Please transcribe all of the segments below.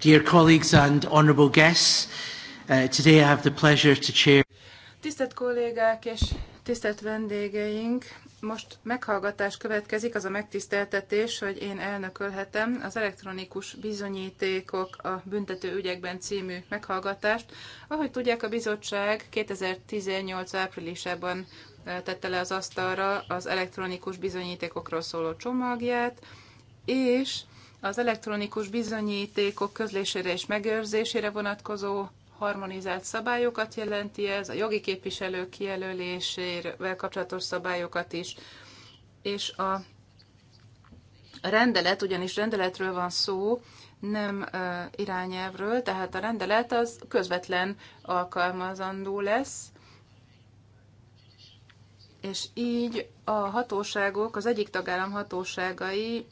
Dear colleagues and honorable guests, uh, today I have the pleasure to chair. Tisztelt kollégák és tisztelt vendégeink, most meghallgatás következik, az a megtiszteltetés, hogy én elnökölhetem az elektronikus bizonyítékok a büntető ügyekben című meghallgatást. Ahogy tudják, a bizottság 2018 áprilisában uh, tette le az asztalra az elektronikus bizonyítékokról szóló csomagját, és az elektronikus bizonyítékok közlésére és megőrzésére vonatkozó harmonizált szabályokat jelenti ez, a jogi képviselők kijelölésével kapcsolatos szabályokat is, és a rendelet, ugyanis rendeletről van szó, nem irányelvről, tehát a rendelet az közvetlen alkalmazandó lesz, és így a hatóságok, az egyik tagállam hatóságai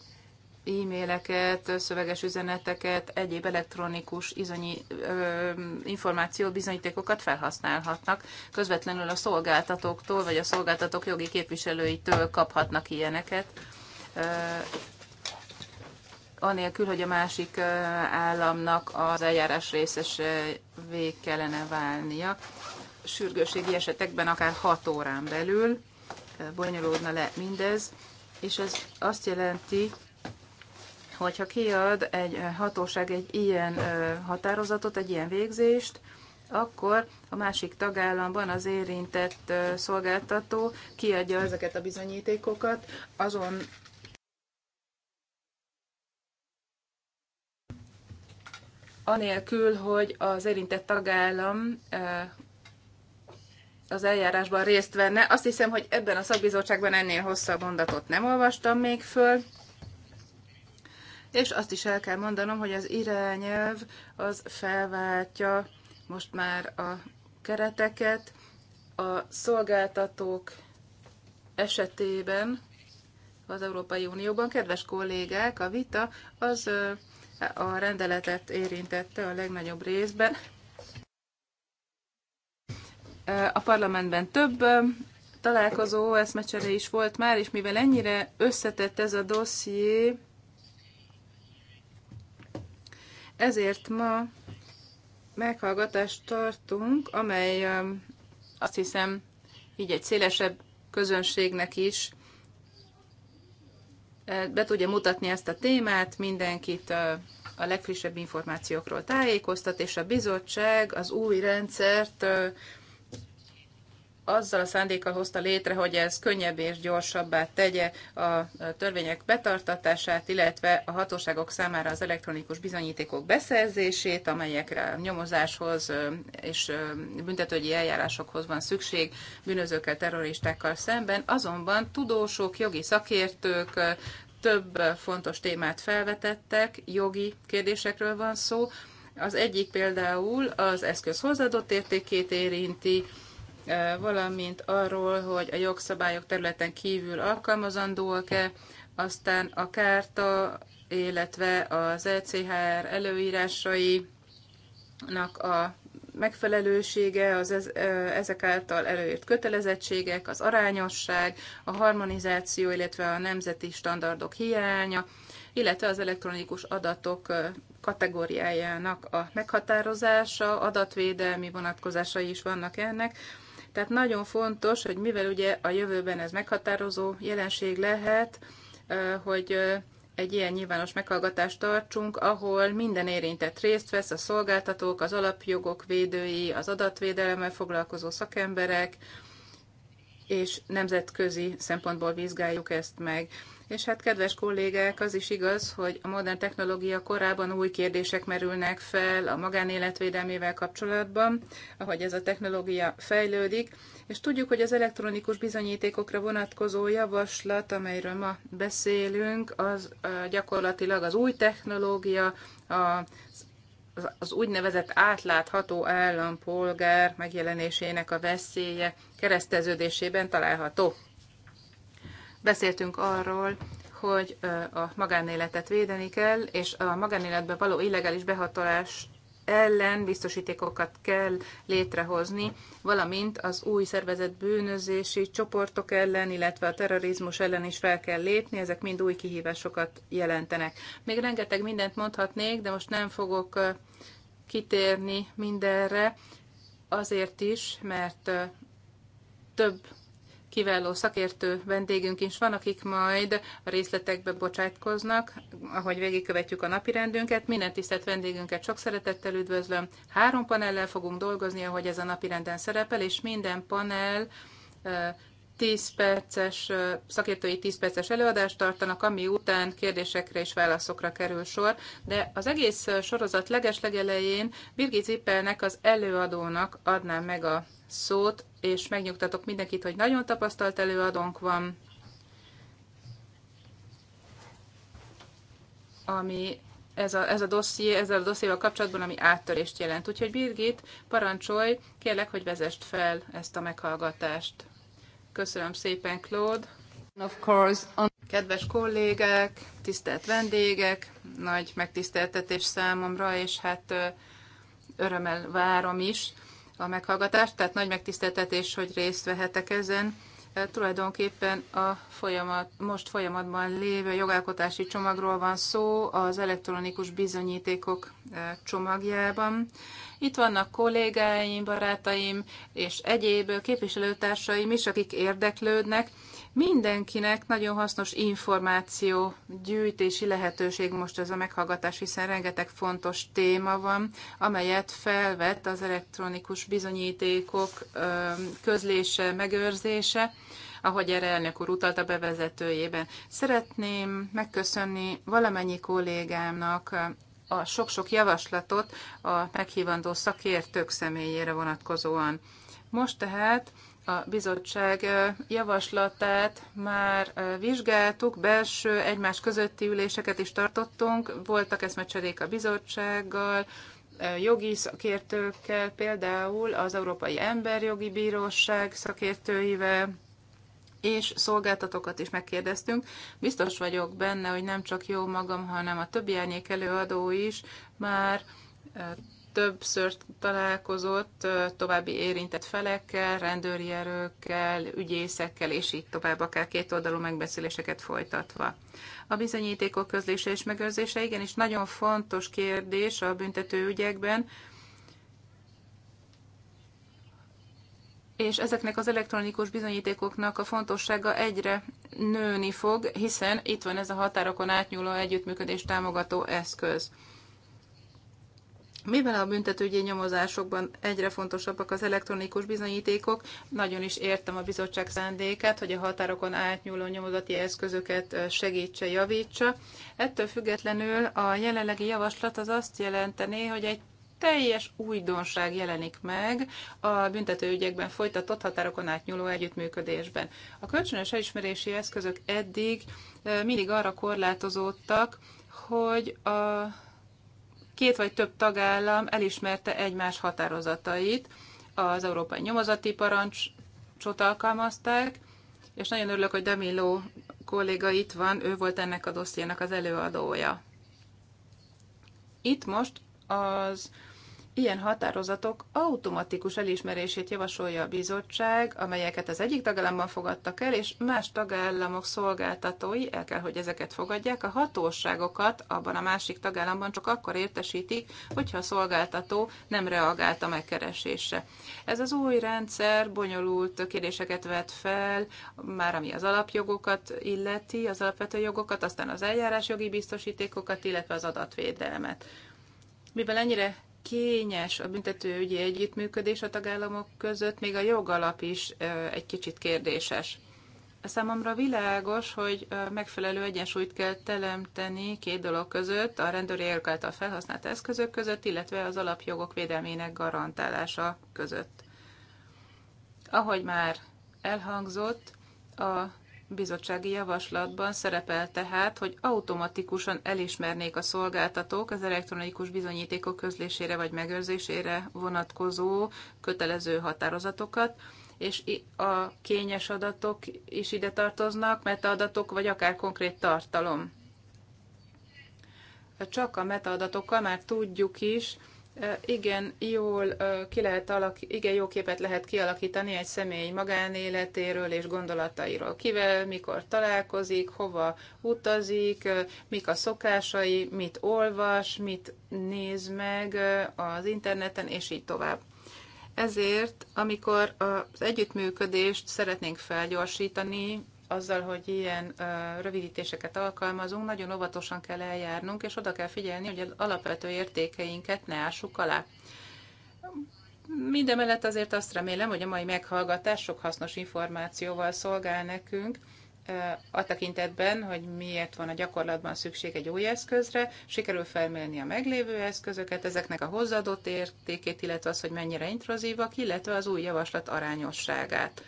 e-maileket, szöveges üzeneteket, egyéb elektronikus izonyi, ö, információ bizonyítékokat felhasználhatnak. Közvetlenül a szolgáltatóktól vagy a szolgáltatók jogi képviselőitől kaphatnak ilyeneket. Ö, anélkül, hogy a másik államnak az eljárás vég kellene válnia. Sürgőségi esetekben akár 6 órán belül bonyolódna le mindez, és ez azt jelenti, hogyha kiad egy hatóság egy ilyen határozatot, egy ilyen végzést, akkor a másik tagállamban az érintett szolgáltató kiadja ezeket a bizonyítékokat azon anélkül, hogy az érintett tagállam az eljárásban részt venne. Azt hiszem, hogy ebben a szakbizottságban ennél hosszabb mondatot nem olvastam még föl, és azt is el kell mondanom, hogy az irányelv az felváltja most már a kereteket a szolgáltatók esetében az Európai Unióban. Kedves kollégák, a vita az a rendeletet érintette a legnagyobb részben. A parlamentben több találkozó eszmecsere is volt már, és mivel ennyire összetett ez a dosszié, Ezért ma meghallgatást tartunk, amely um, azt hiszem így egy szélesebb közönségnek is eh, be tudja mutatni ezt a témát, mindenkit eh, a legfrissebb információkról tájékoztat, és a bizottság az új rendszert eh, azzal a szándékkal hozta létre, hogy ez könnyebb és gyorsabbá tegye a törvények betartatását, illetve a hatóságok számára az elektronikus bizonyítékok beszerzését, amelyekre nyomozáshoz és büntetőgyi eljárásokhoz van szükség bűnözőkkel, terroristákkal szemben. Azonban tudósok, jogi szakértők, több fontos témát felvetettek, jogi kérdésekről van szó. Az egyik például az eszköz hozzáadott értékét érinti, valamint arról, hogy a jogszabályok területen kívül alkalmazandóak-e, aztán a kárta, illetve az ECHR előírásainak a megfelelősége, az ezek által előírt kötelezettségek, az arányosság, a harmonizáció, illetve a nemzeti standardok hiánya, illetve az elektronikus adatok kategóriájának a meghatározása, adatvédelmi vonatkozásai is vannak ennek. Tehát nagyon fontos, hogy mivel ugye a jövőben ez meghatározó jelenség lehet, hogy egy ilyen nyilvános meghallgatást tartsunk, ahol minden érintett részt vesz, a szolgáltatók, az alapjogok védői, az adatvédelemmel foglalkozó szakemberek, és nemzetközi szempontból vizsgáljuk ezt meg. És hát, kedves kollégák, az is igaz, hogy a modern technológia korában új kérdések merülnek fel a magánéletvédelmével kapcsolatban, ahogy ez a technológia fejlődik, és tudjuk, hogy az elektronikus bizonyítékokra vonatkozó javaslat, amelyről ma beszélünk, az gyakorlatilag az új technológia, az az úgynevezett átlátható állampolgár megjelenésének a veszélye kereszteződésében található beszéltünk arról, hogy a magánéletet védeni kell, és a magánéletbe való illegális behatolás ellen biztosítékokat kell létrehozni, valamint az új szervezett bűnözési csoportok ellen, illetve a terrorizmus ellen is fel kell lépni, ezek mind új kihívásokat jelentenek. Még rengeteg mindent mondhatnék, de most nem fogok kitérni mindenre, azért is, mert több kiváló szakértő vendégünk is van, akik majd a részletekbe bocsátkoznak, ahogy végigkövetjük a napirendünket. Minden tisztelt vendégünket sok szeretettel üdvözlöm. Három panellel fogunk dolgozni, ahogy ez a napirenden szerepel, és minden panel 10 perces, szakértői 10 perces előadást tartanak, ami után kérdésekre és válaszokra kerül sor, de az egész sorozat legeslegelején Birgit Zippelnek az előadónak adnám meg a szót, és megnyugtatok mindenkit, hogy nagyon tapasztalt előadónk van, ami ez a, ez a dosszié, ezzel a dossziéval kapcsolatban, ami áttörést jelent. Úgyhogy Birgit, parancsolj, kérlek, hogy vezest fel ezt a meghallgatást. Köszönöm szépen, Claude. Of course, on... Kedves kollégák, tisztelt vendégek, nagy megtiszteltetés számomra, és hát örömmel várom is a meghallgatást, tehát nagy megtiszteltetés, hogy részt vehetek ezen. E, tulajdonképpen a folyamat, most folyamatban lévő jogalkotási csomagról van szó, az elektronikus bizonyítékok e, csomagjában. Itt vannak kollégáim, barátaim és egyéb képviselőtársaim is, akik érdeklődnek Mindenkinek nagyon hasznos információ gyűjtési lehetőség most ez a meghallgatás, hiszen rengeteg fontos téma van, amelyet felvett az elektronikus bizonyítékok közlése, megőrzése, ahogy erre elnök úr utalt a bevezetőjében. Szeretném megköszönni valamennyi kollégámnak a sok-sok javaslatot a meghívandó szakértők személyére vonatkozóan. Most tehát a bizottság javaslatát már vizsgáltuk, belső egymás közötti üléseket is tartottunk, voltak eszmecserék a bizottsággal, jogi szakértőkkel, például az Európai Emberjogi Bíróság szakértőivel, és szolgáltatókat is megkérdeztünk. Biztos vagyok benne, hogy nem csak jó magam, hanem a többi árnyék előadó is már többször találkozott további érintett felekkel, rendőri erőkkel, ügyészekkel, és így tovább, akár két oldalú megbeszéléseket folytatva. A bizonyítékok közlése és megőrzése igenis nagyon fontos kérdés a büntető ügyekben, és ezeknek az elektronikus bizonyítékoknak a fontossága egyre nőni fog, hiszen itt van ez a határokon átnyúló együttműködés támogató eszköz. Mivel a büntetőgyi nyomozásokban egyre fontosabbak az elektronikus bizonyítékok, nagyon is értem a bizottság szándékát, hogy a határokon átnyúló nyomozati eszközöket segítse, javítsa. Ettől függetlenül a jelenlegi javaslat az azt jelentené, hogy egy teljes újdonság jelenik meg a büntetőügyekben folytatott határokon átnyúló együttműködésben. A kölcsönös elismerési eszközök eddig mindig arra korlátozódtak, hogy a két vagy több tagállam elismerte egymás határozatait, az európai nyomozati parancsot alkalmazták, és nagyon örülök, hogy Demiló kolléga itt van, ő volt ennek a dossziénak az előadója. Itt most az Ilyen határozatok automatikus elismerését javasolja a bizottság, amelyeket az egyik tagállamban fogadtak el, és más tagállamok szolgáltatói el kell, hogy ezeket fogadják. A hatóságokat abban a másik tagállamban csak akkor értesítik, hogyha a szolgáltató nem reagált a megkeresésre. Ez az új rendszer bonyolult kérdéseket vet fel, már ami az alapjogokat illeti, az alapvető jogokat, aztán az eljárásjogi biztosítékokat, illetve az adatvédelmet. Mivel ennyire kényes a büntetőügyi együttműködés a tagállamok között, még a jogalap is egy kicsit kérdéses. Számomra világos, hogy megfelelő egyensúlyt kell teremteni két dolog között, a rendőri érk által felhasznált eszközök között, illetve az alapjogok védelmének garantálása között. Ahogy már elhangzott, a bizottsági javaslatban szerepel tehát, hogy automatikusan elismernék a szolgáltatók az elektronikus bizonyítékok közlésére vagy megőrzésére vonatkozó kötelező határozatokat, és a kényes adatok is ide tartoznak, metaadatok vagy akár konkrét tartalom. Csak a metaadatokkal már tudjuk is, igen, jól ki lehet alak, igen, jó képet lehet kialakítani egy személy magánéletéről és gondolatairól. Kivel, mikor találkozik, hova utazik, mik a szokásai, mit olvas, mit néz meg az interneten, és így tovább. Ezért, amikor az együttműködést szeretnénk felgyorsítani, azzal, hogy ilyen rövidítéseket alkalmazunk, nagyon óvatosan kell eljárnunk, és oda kell figyelni, hogy az alapvető értékeinket ne ássuk alá. Mindemellett azért azt remélem, hogy a mai meghallgatás sok hasznos információval szolgál nekünk, a tekintetben, hogy miért van a gyakorlatban szükség egy új eszközre, sikerül felmérni a meglévő eszközöket, ezeknek a hozzáadott értékét, illetve az, hogy mennyire introzívak, illetve az új javaslat arányosságát.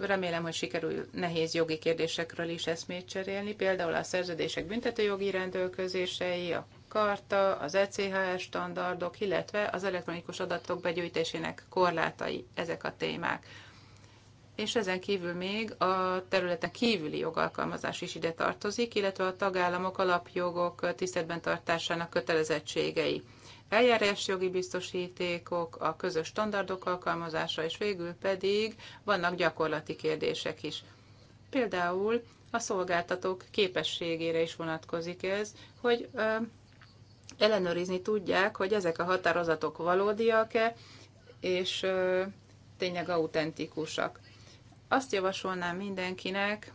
Remélem, hogy sikerül nehéz jogi kérdésekről is eszmét cserélni, például a szerződések büntetőjogi rendelkezései, a karta, az ECHS standardok, illetve az elektronikus adatok begyűjtésének korlátai, ezek a témák. És ezen kívül még a területen kívüli jogalkalmazás is ide tartozik, illetve a tagállamok alapjogok tiszteletben tartásának kötelezettségei eljárásjogi biztosítékok, a közös standardok alkalmazása, és végül pedig vannak gyakorlati kérdések is. Például a szolgáltatók képességére is vonatkozik ez, hogy ö, ellenőrizni tudják, hogy ezek a határozatok valódiak-e, és ö, tényleg autentikusak. Azt javasolnám mindenkinek,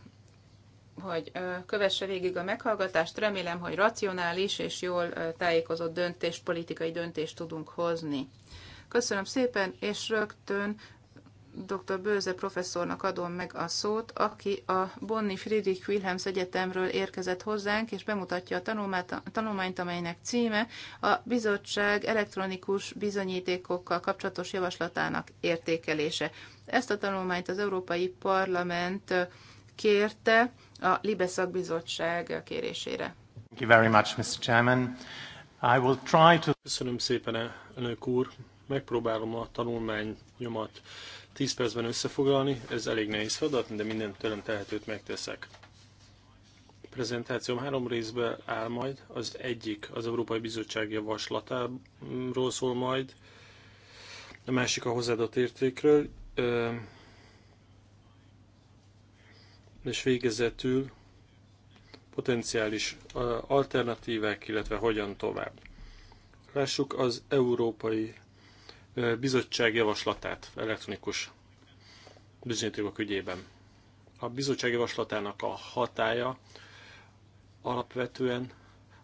hogy kövesse végig a meghallgatást. Remélem, hogy racionális és jól tájékozott döntést, politikai döntést tudunk hozni. Köszönöm szépen, és rögtön dr. Bőze professzornak adom meg a szót, aki a Bonni Friedrich Wilhelms Egyetemről érkezett hozzánk, és bemutatja a tanulmányt, amelynek címe a bizottság elektronikus bizonyítékokkal kapcsolatos javaslatának értékelése. Ezt a tanulmányt az Európai Parlament kérte a Libe szakbizottság kérésére. Thank you very much, Mr. Chairman. I will try to... Köszönöm szépen, elnök úr. Megpróbálom a tanulmányomat 10 percben összefoglalni. Ez elég nehéz feladat, de minden tőlem tehetőt megteszek. A prezentációm három részbe áll majd. Az egyik az Európai Bizottság javaslatáról szól majd, a másik a hozzáadott értékről, és végezetül potenciális alternatívák, illetve hogyan tovább. Lássuk az Európai Bizottság javaslatát elektronikus bizonyítékok ügyében. A bizottság javaslatának a hatája alapvetően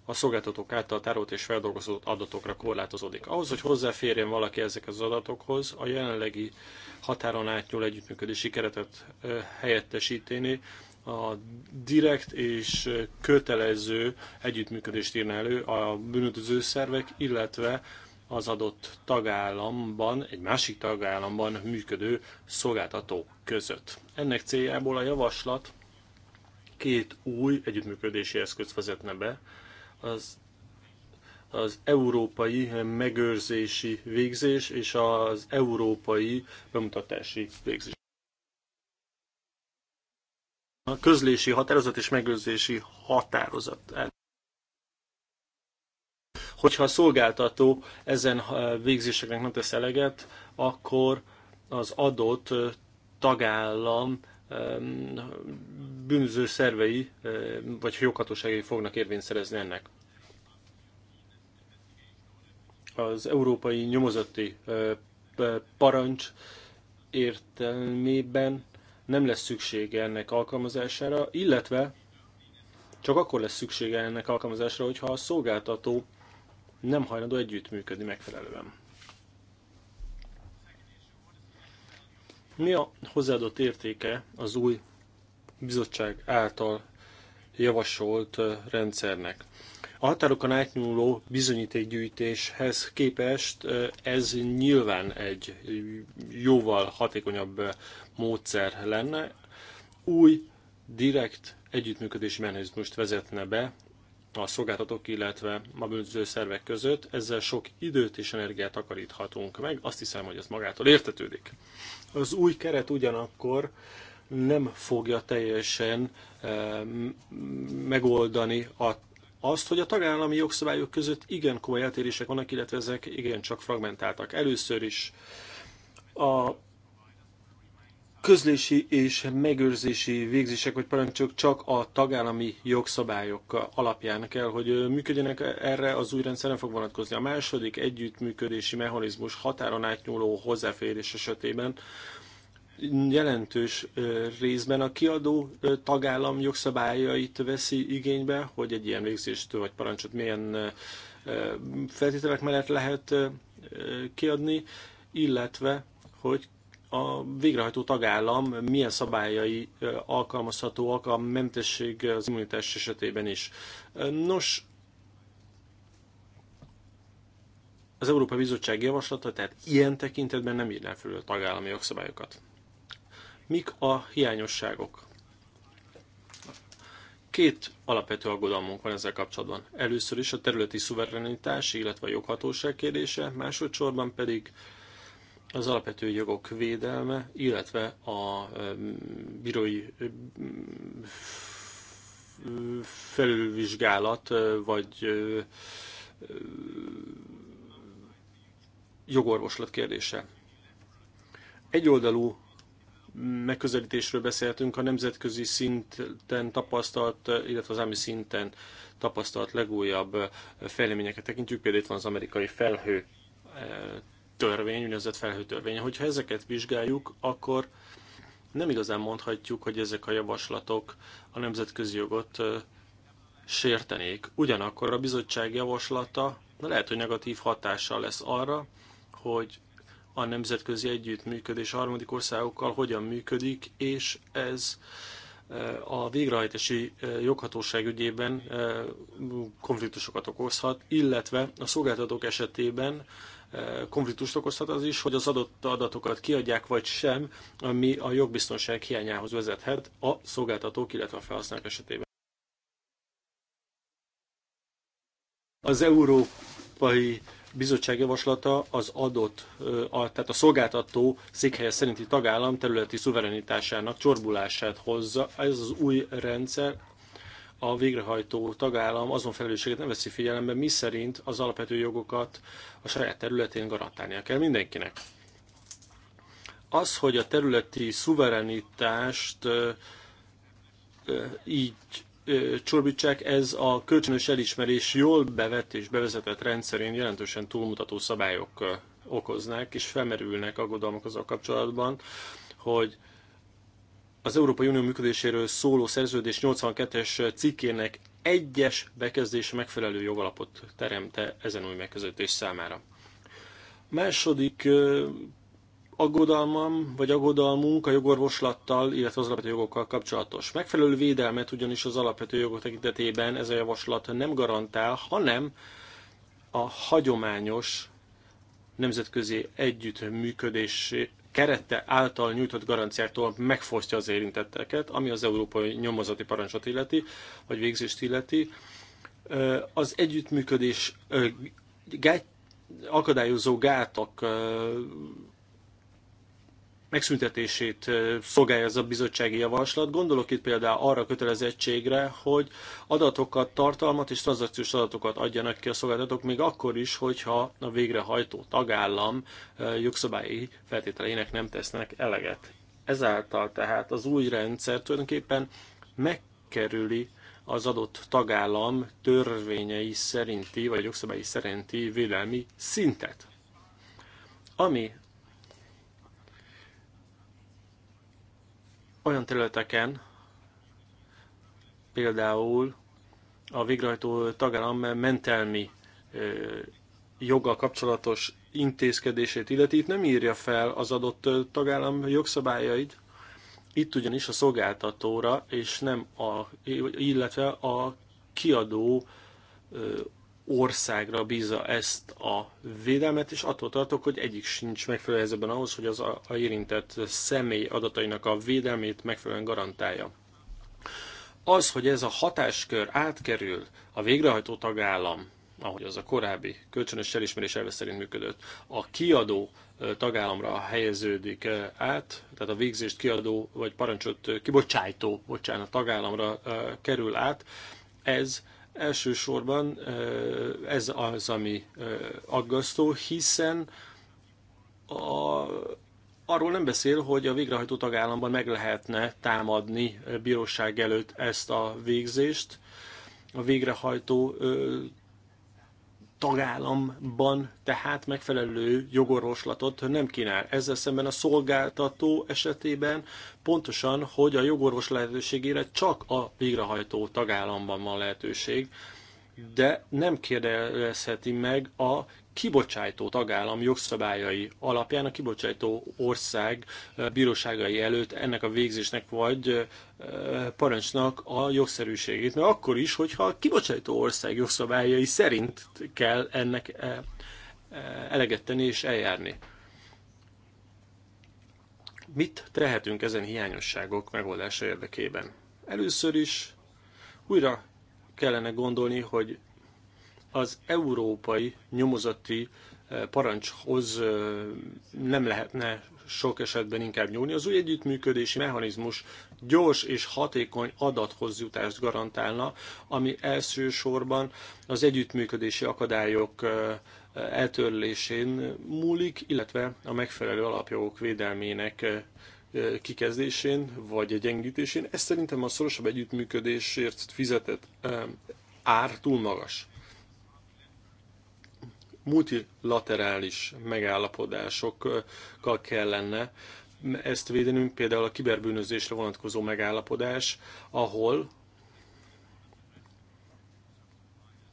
a szolgáltatók által tárolt és feldolgozott adatokra korlátozódik. Ahhoz, hogy hozzáférjen valaki ezek az adatokhoz, a jelenlegi határon átnyúl együttműködési keretet helyettesíteni, a direkt és kötelező együttműködést írna elő a bűnöző szervek, illetve az adott tagállamban, egy másik tagállamban működő szolgáltató között. Ennek céljából a javaslat két új együttműködési eszközt vezetne be, az, az európai megőrzési végzés és az európai bemutatási végzés. A közlési határozat és megőrzési határozat. Hogyha a szolgáltató ezen végzéseknek nem tesz eleget, akkor az adott tagállam bűnző szervei vagy joghatóságai fognak érvényt szerezni ennek. Az európai nyomozati parancs értelmében nem lesz szüksége ennek alkalmazására, illetve csak akkor lesz szüksége ennek alkalmazásra, hogyha a szolgáltató nem hajlandó együttműködni megfelelően. Mi a hozzáadott értéke az új bizottság által javasolt rendszernek? A határokon átnyúló bizonyítékgyűjtéshez képest ez nyilván egy jóval hatékonyabb módszer lenne. Új, direkt együttműködési mechanizmust vezetne be a szolgáltatók, illetve a bűnöző szervek között. Ezzel sok időt és energiát takaríthatunk meg, azt hiszem, hogy ez magától értetődik. Az új keret ugyanakkor nem fogja teljesen e, megoldani a, azt, hogy a tagállami jogszabályok között igen komoly eltérések vannak, illetve ezek igen csak fragmentáltak. Először is a közlési és megőrzési végzések vagy parancsok csak a tagállami jogszabályok alapján kell, hogy működjenek erre, az új rendszer nem fog vonatkozni. A második együttműködési mechanizmus határon átnyúló hozzáférés esetében jelentős részben a kiadó tagállam jogszabályait veszi igénybe, hogy egy ilyen végzést vagy parancsot milyen feltételek mellett lehet kiadni, illetve hogy a végrehajtó tagállam milyen szabályai alkalmazhatóak a mentesség az immunitás esetében is. Nos, az Európai Bizottság javaslata, tehát ilyen tekintetben nem írná fölül a tagállami jogszabályokat. Mik a hiányosságok? Két alapvető aggodalmunk van ezzel kapcsolatban. Először is a területi szuverenitás, illetve a joghatóság kérdése, másodszorban pedig az alapvető jogok védelme, illetve a bírói felülvizsgálat, vagy jogorvoslat kérdése. Egyoldalú megközelítésről beszéltünk, a nemzetközi szinten tapasztalt, illetve az ami szinten tapasztalt legújabb fejleményeket tekintjük, például itt van az amerikai felhő törvény, úgynevezett felhőtörvény. Hogyha ezeket vizsgáljuk, akkor nem igazán mondhatjuk, hogy ezek a javaslatok a nemzetközi jogot sértenék. Ugyanakkor a bizottság javaslata lehet, hogy negatív hatással lesz arra, hogy a nemzetközi együttműködés harmadik országokkal hogyan működik, és ez a végrehajtási joghatóság ügyében konfliktusokat okozhat, illetve a szolgáltatók esetében konfliktust okozhat az is, hogy az adott adatokat kiadják vagy sem, ami a jogbiztonság hiányához vezethet a szolgáltatók, illetve a felhasználók esetében. Az Európai Bizottság javaslata az adott, a, tehát a szolgáltató székhelye szerinti tagállam területi szuverenitásának csorbulását hozza. Ez az új rendszer a végrehajtó tagállam azon felelősséget nem veszi figyelembe, mi szerint az alapvető jogokat a saját területén garantálnia kell mindenkinek. Az, hogy a területi szuverenitást így csorbítsák, ez a kölcsönös elismerés jól bevett és bevezetett rendszerén jelentősen túlmutató szabályok okoznak, és felmerülnek aggodalmak azzal kapcsolatban, hogy az Európai Unió működéséről szóló szerződés 82-es cikkének egyes bekezdése megfelelő jogalapot teremte ezen új megközelítés számára. Második aggodalmam vagy aggodalmunk a jogorvoslattal, illetve az alapvető jogokkal kapcsolatos. Megfelelő védelmet ugyanis az alapvető jogok tekintetében ez a javaslat nem garantál, hanem a hagyományos nemzetközi együttműködés kerette által nyújtott garanciáktól megfosztja az érintetteket, ami az európai nyomozati parancsot illeti, vagy végzést illeti. Az együttműködés gát, akadályozó gátak megszüntetését szolgálja ez a bizottsági javaslat. Gondolok itt például arra kötelezettségre, hogy adatokat, tartalmat és tranzakciós adatokat adjanak ki a szolgáltatók, még akkor is, hogyha a végrehajtó tagállam jogszabályi feltételeinek nem tesznek eleget. Ezáltal tehát az új rendszer tulajdonképpen megkerüli az adott tagállam törvényei szerinti, vagy jogszabályi szerinti védelmi szintet. Ami olyan területeken, például a végrehajtó tagállam mentelmi joga kapcsolatos intézkedését illeti, itt nem írja fel az adott tagállam jogszabályait, itt ugyanis a szolgáltatóra, és nem a, illetve a kiadó országra bízza ezt a védelmet, és attól tartok, hogy egyik sincs megfelelő helyzetben ahhoz, hogy az a érintett személy adatainak a védelmét megfelelően garantálja. Az, hogy ez a hatáskör átkerül a végrehajtó tagállam, ahogy az a korábbi kölcsönös elismerés elve szerint működött, a kiadó tagállamra helyeződik át, tehát a végzést kiadó vagy parancsot kibocsájtó, bocsánat, tagállamra kerül át, ez Elsősorban eh, ez az, ami eh, aggasztó, hiszen a, arról nem beszél, hogy a végrehajtó tagállamban meg lehetne támadni eh, bíróság előtt ezt a végzést. A végrehajtó tagállamban tehát megfelelő jogorvoslatot nem kínál. Ezzel szemben a szolgáltató esetében pontosan, hogy a jogorvos lehetőségére csak a végrehajtó tagállamban van lehetőség, de nem kérdezheti meg a kibocsátó tagállam jogszabályai alapján a kibocsátó ország bíróságai előtt ennek a végzésnek vagy parancsnak a jogszerűségét, mert akkor is, hogyha a kibocsátó ország jogszabályai szerint kell ennek eleget tenni és eljárni. Mit tehetünk ezen hiányosságok megoldása érdekében? Először is újra kellene gondolni, hogy az európai nyomozati eh, parancshoz eh, nem lehetne sok esetben inkább nyúlni. Az új együttműködési mechanizmus gyors és hatékony adathoz jutást garantálna, ami elsősorban az együttműködési akadályok eh, eltörlésén múlik, illetve a megfelelő alapjogok védelmének kikezdésén vagy gyengítésén. Ez szerintem a szorosabb együttműködésért fizetett ár túl magas multilaterális megállapodásokkal kellene ezt védenünk, például a kiberbűnözésre vonatkozó megállapodás, ahol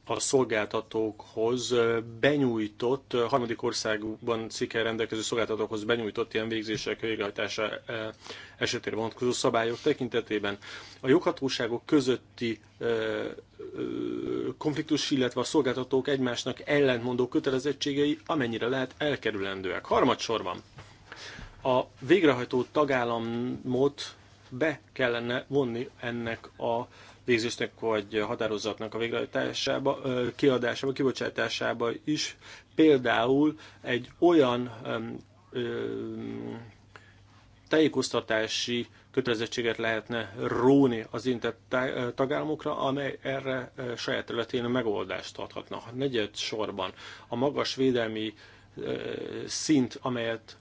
a szolgáltatókhoz benyújtott, harmadik országban cikkel rendelkező szolgáltatókhoz benyújtott ilyen végzések végrehajtása eh, esetére vonatkozó szabályok tekintetében. A joghatóságok közötti eh, eh, konfliktus, illetve a szolgáltatók egymásnak ellentmondó kötelezettségei amennyire lehet elkerülendőek. Harmadsorban a végrehajtó tagállamot be kellene vonni ennek a végzésnek vagy határozatnak a végrehajtásába, kiadásába, kibocsátásába is. Például egy olyan tájékoztatási kötelezettséget lehetne róni az intett tagállamokra, amely erre saját területén megoldást adhatna. A negyed sorban a magas védelmi szint, amelyet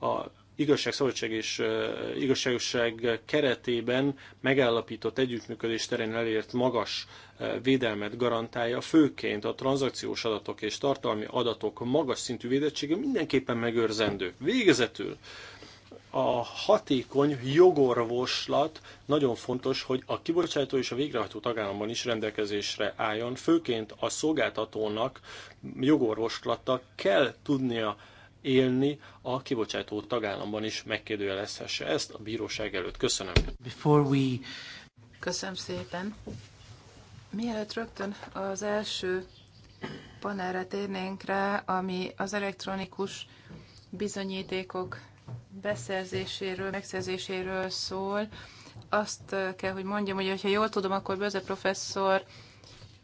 a igazságszabadság és igazságosság keretében megállapított együttműködés terén elért magas védelmet garantálja, főként a tranzakciós adatok és tartalmi adatok magas szintű védettsége mindenképpen megőrzendő. Végezetül a hatékony jogorvoslat nagyon fontos, hogy a kibocsátó és a végrehajtó tagállamban is rendelkezésre álljon, főként a szolgáltatónak jogorvoslata kell tudnia élni a kibocsátó tagállamban is megkérdőjelezhesse ezt a bíróság előtt. Köszönöm. Before we... Köszönöm szépen. Mielőtt rögtön az első panelre térnénk rá, ami az elektronikus bizonyítékok beszerzéséről, megszerzéséről szól, azt kell, hogy mondjam, hogy ha jól tudom, akkor Böze professzor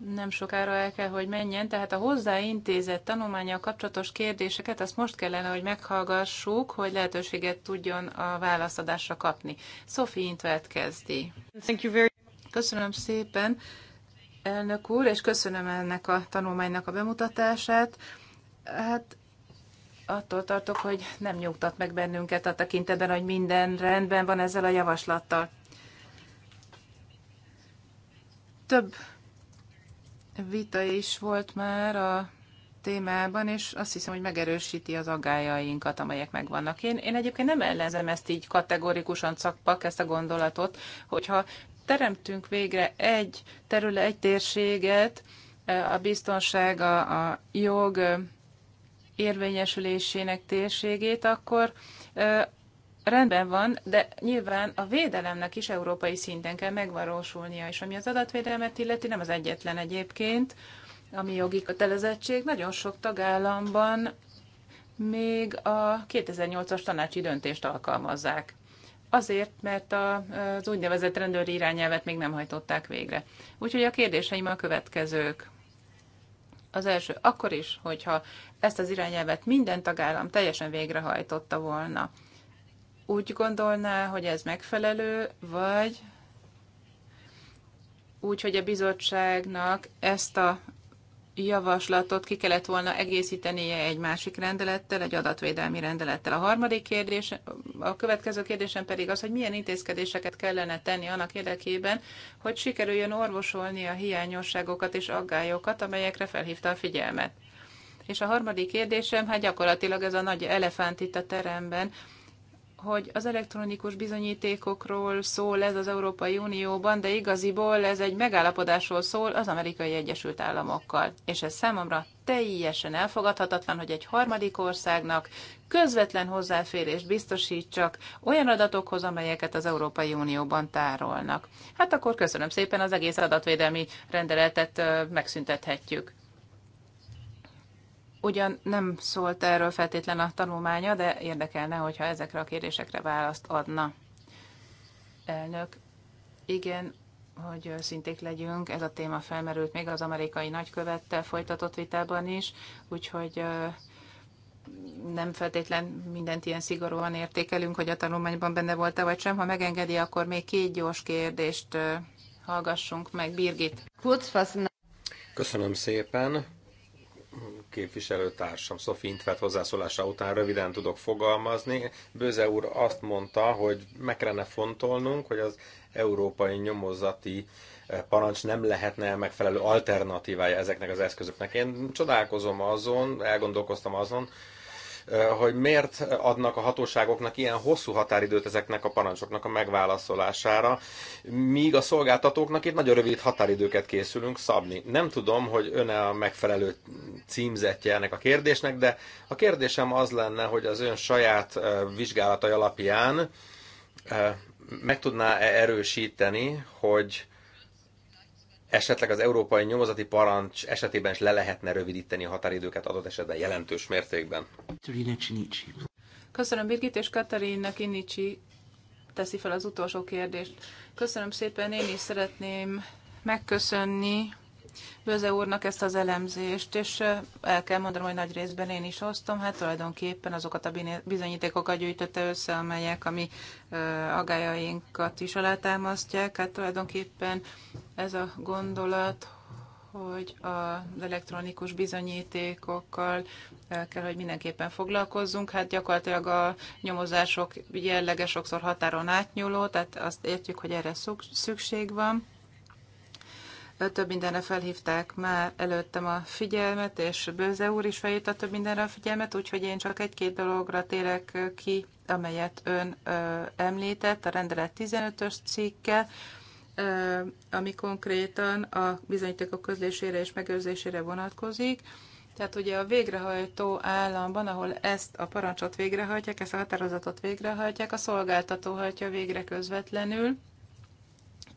nem sokára el kell, hogy menjen, tehát a hozzáintézett a kapcsolatos kérdéseket azt most kellene, hogy meghallgassuk, hogy lehetőséget tudjon a válaszadásra kapni. Sophie Intvet kezdi. Thank you very Köszönöm szépen, elnök úr, és köszönöm ennek a tanulmánynak a bemutatását. Hát attól tartok, hogy nem nyugtat meg bennünket a tekintetben, hogy minden rendben van ezzel a javaslattal. Több vita is volt már a témában, és azt hiszem, hogy megerősíti az aggájainkat, amelyek megvannak. Én, én egyébként nem ellenzem ezt így kategorikusan szakpak, ezt a gondolatot, hogyha teremtünk végre egy terület, egy térséget, eh, a biztonság, a, a jog eh, érvényesülésének térségét, akkor eh, rendben van, de nyilván a védelemnek is európai szinten kell megvalósulnia, és ami az adatvédelmet illeti, nem az egyetlen egyébként, ami jogi kötelezettség, nagyon sok tagállamban még a 2008-as tanácsi döntést alkalmazzák. Azért, mert az úgynevezett rendőri irányelvet még nem hajtották végre. Úgyhogy a kérdéseim a következők. Az első, akkor is, hogyha ezt az irányelvet minden tagállam teljesen végrehajtotta volna, úgy gondolná, hogy ez megfelelő, vagy úgy, hogy a bizottságnak ezt a javaslatot ki kellett volna egészítenie egy másik rendelettel, egy adatvédelmi rendelettel. A harmadik kérdés, a következő kérdésem pedig az, hogy milyen intézkedéseket kellene tenni annak érdekében, hogy sikerüljön orvosolni a hiányosságokat és aggályokat, amelyekre felhívta a figyelmet. És a harmadik kérdésem, hát gyakorlatilag ez a nagy elefánt itt a teremben, hogy az elektronikus bizonyítékokról szól ez az Európai Unióban, de igaziból ez egy megállapodásról szól az Amerikai Egyesült Államokkal. És ez számomra teljesen elfogadhatatlan, hogy egy harmadik országnak közvetlen hozzáférést biztosítsak olyan adatokhoz, amelyeket az Európai Unióban tárolnak. Hát akkor köszönöm szépen, az egész adatvédelmi rendeletet megszüntethetjük. Ugyan nem szólt erről feltétlen a tanulmánya, de érdekelne, hogyha ezekre a kérdésekre választ adna. Elnök, igen, hogy szinték legyünk, ez a téma felmerült még az amerikai nagykövettel folytatott vitában is, úgyhogy nem feltétlen mindent ilyen szigorúan értékelünk, hogy a tanulmányban benne volt-e vagy sem. Ha megengedi, akkor még két gyors kérdést hallgassunk meg. Birgit. Köszönöm szépen képviselőtársam Sophie Intvet hozzászólása után röviden tudok fogalmazni. Bőze úr azt mondta, hogy meg kellene fontolnunk, hogy az európai nyomozati eh, parancs nem lehetne megfelelő alternatívája ezeknek az eszközöknek. Én csodálkozom azon, elgondolkoztam azon, Eh, hogy miért adnak a hatóságoknak ilyen hosszú határidőt ezeknek a parancsoknak a megválaszolására, míg a szolgáltatóknak itt nagyon rövid határidőket készülünk szabni. Nem tudom, hogy ön a megfelelő címzetje ennek a kérdésnek, de a kérdésem az lenne, hogy az ön saját eh, vizsgálatai alapján eh, meg tudná -e erősíteni, hogy esetleg az európai nyomozati parancs esetében is le lehetne rövidíteni a határidőket adott esetben jelentős mértékben. Köszönöm Birgit és Katarina Kinicsi teszi fel az utolsó kérdést. Köszönöm szépen, én is szeretném megköszönni Böze úrnak ezt az elemzést, és el kell mondanom, hogy nagy részben én is osztom, hát tulajdonképpen azokat a bizonyítékokat gyűjtötte össze, amelyek a mi agájainkat is alátámasztják. Hát tulajdonképpen ez a gondolat, hogy az elektronikus bizonyítékokkal kell, hogy mindenképpen foglalkozzunk. Hát gyakorlatilag a nyomozások jellege sokszor határon átnyúló, tehát azt értjük, hogy erre szükség van több mindenre felhívták már előttem a figyelmet, és Bőze úr is felhívta több mindenre a figyelmet, úgyhogy én csak egy-két dologra térek ki, amelyet ön ö, említett, a rendelet 15-ös cikke, ö, ami konkrétan a bizonyítékok közlésére és megőrzésére vonatkozik. Tehát ugye a végrehajtó államban, ahol ezt a parancsot végrehajtják, ezt a határozatot végrehajtják, a szolgáltató hajtja végre közvetlenül,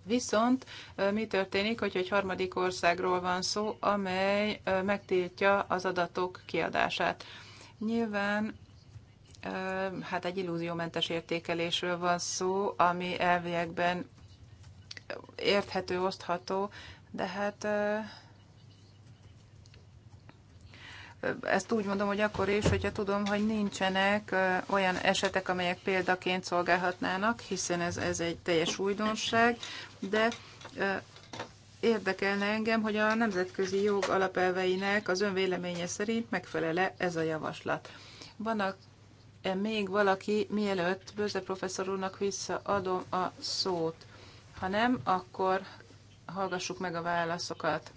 Viszont mi történik, hogy egy harmadik országról van szó, amely megtiltja az adatok kiadását? Nyilván hát egy illúziómentes értékelésről van szó, ami elviekben érthető, osztható, de hát ezt úgy mondom, hogy akkor is, hogyha tudom, hogy nincsenek olyan esetek, amelyek példaként szolgálhatnának, hiszen ez, ez egy teljes újdonság, de érdekelne engem, hogy a nemzetközi jog alapelveinek az ön véleménye szerint megfelele ez a javaslat. van -e még valaki, mielőtt Bőze professzor úrnak visszaadom a szót? Ha nem, akkor hallgassuk meg a válaszokat.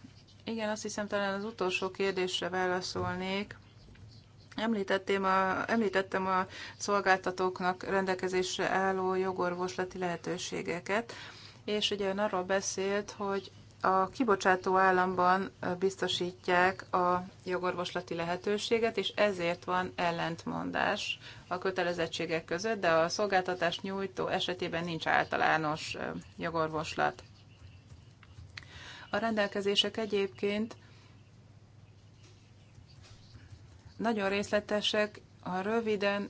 Igen, azt hiszem talán az utolsó kérdésre válaszolnék. Említettem a, említettem a szolgáltatóknak rendelkezésre álló jogorvoslati lehetőségeket és ugye ön arról beszélt, hogy a kibocsátó államban biztosítják a jogorvoslati lehetőséget, és ezért van ellentmondás a kötelezettségek között, de a szolgáltatást nyújtó esetében nincs általános jogorvoslat. A rendelkezések egyébként nagyon részletesek, ha röviden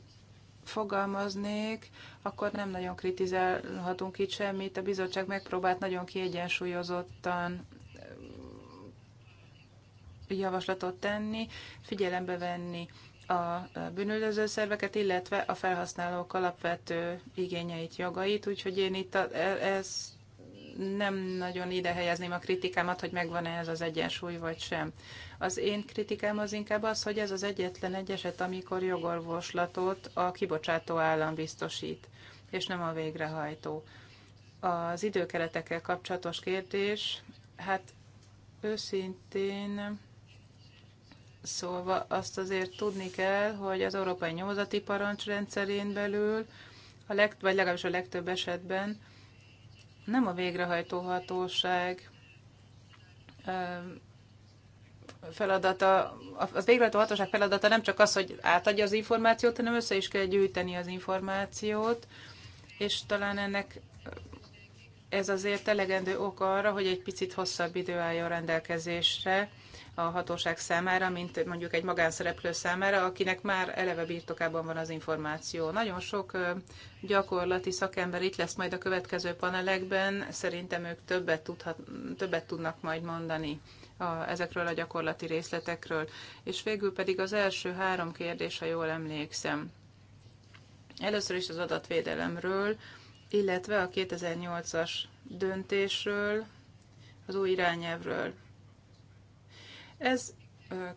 fogalmaznék, akkor nem nagyon kritizálhatunk itt semmit. A bizottság megpróbált nagyon kiegyensúlyozottan javaslatot tenni, figyelembe venni a bűnüldöző szerveket, illetve a felhasználók alapvető igényeit, jogait, úgyhogy én itt a, e, ezt nem nagyon ide helyezném a kritikámat, hogy megvan-e ez az egyensúly, vagy sem. Az én kritikám az inkább az, hogy ez az egyetlen egyeset, amikor jogorvoslatot a kibocsátó állam biztosít, és nem a végrehajtó. Az időkeretekkel kapcsolatos kérdés, hát őszintén szólva azt azért tudni kell, hogy az európai nyomozati parancs rendszerén belül, a leg, vagy legalábbis a legtöbb esetben nem a végrehajtó hatóság feladata, a végrehajtó hatóság feladata nem csak az, hogy átadja az információt, hanem össze is kell gyűjteni az információt, és talán ennek ez azért elegendő ok arra, hogy egy picit hosszabb idő álljon rendelkezésre, a hatóság számára, mint mondjuk egy magánszereplő számára, akinek már eleve birtokában van az információ. Nagyon sok gyakorlati szakember itt lesz majd a következő panelekben, szerintem ők többet, tudhat, többet tudnak majd mondani a, ezekről a gyakorlati részletekről. És végül pedig az első három kérdés, ha jól emlékszem. Először is az adatvédelemről, illetve a 2008-as döntésről, az új irányelvről. Ez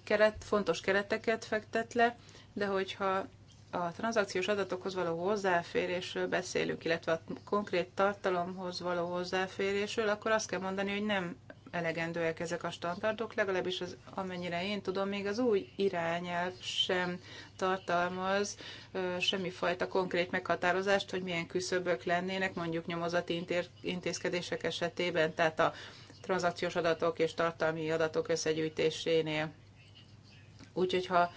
keret, fontos kereteket fektet le, de hogyha a tranzakciós adatokhoz való hozzáférésről beszélünk, illetve a konkrét tartalomhoz való hozzáférésről, akkor azt kell mondani, hogy nem elegendőek ezek a standardok, legalábbis az, amennyire én tudom, még az új irányelv sem tartalmaz ö, semmifajta konkrét meghatározást, hogy milyen küszöbök lennének mondjuk nyomozati intézkedések esetében, tehát a tranzakciós adatok és tartalmi adatok összegyűjtésénél. Úgyhogy ha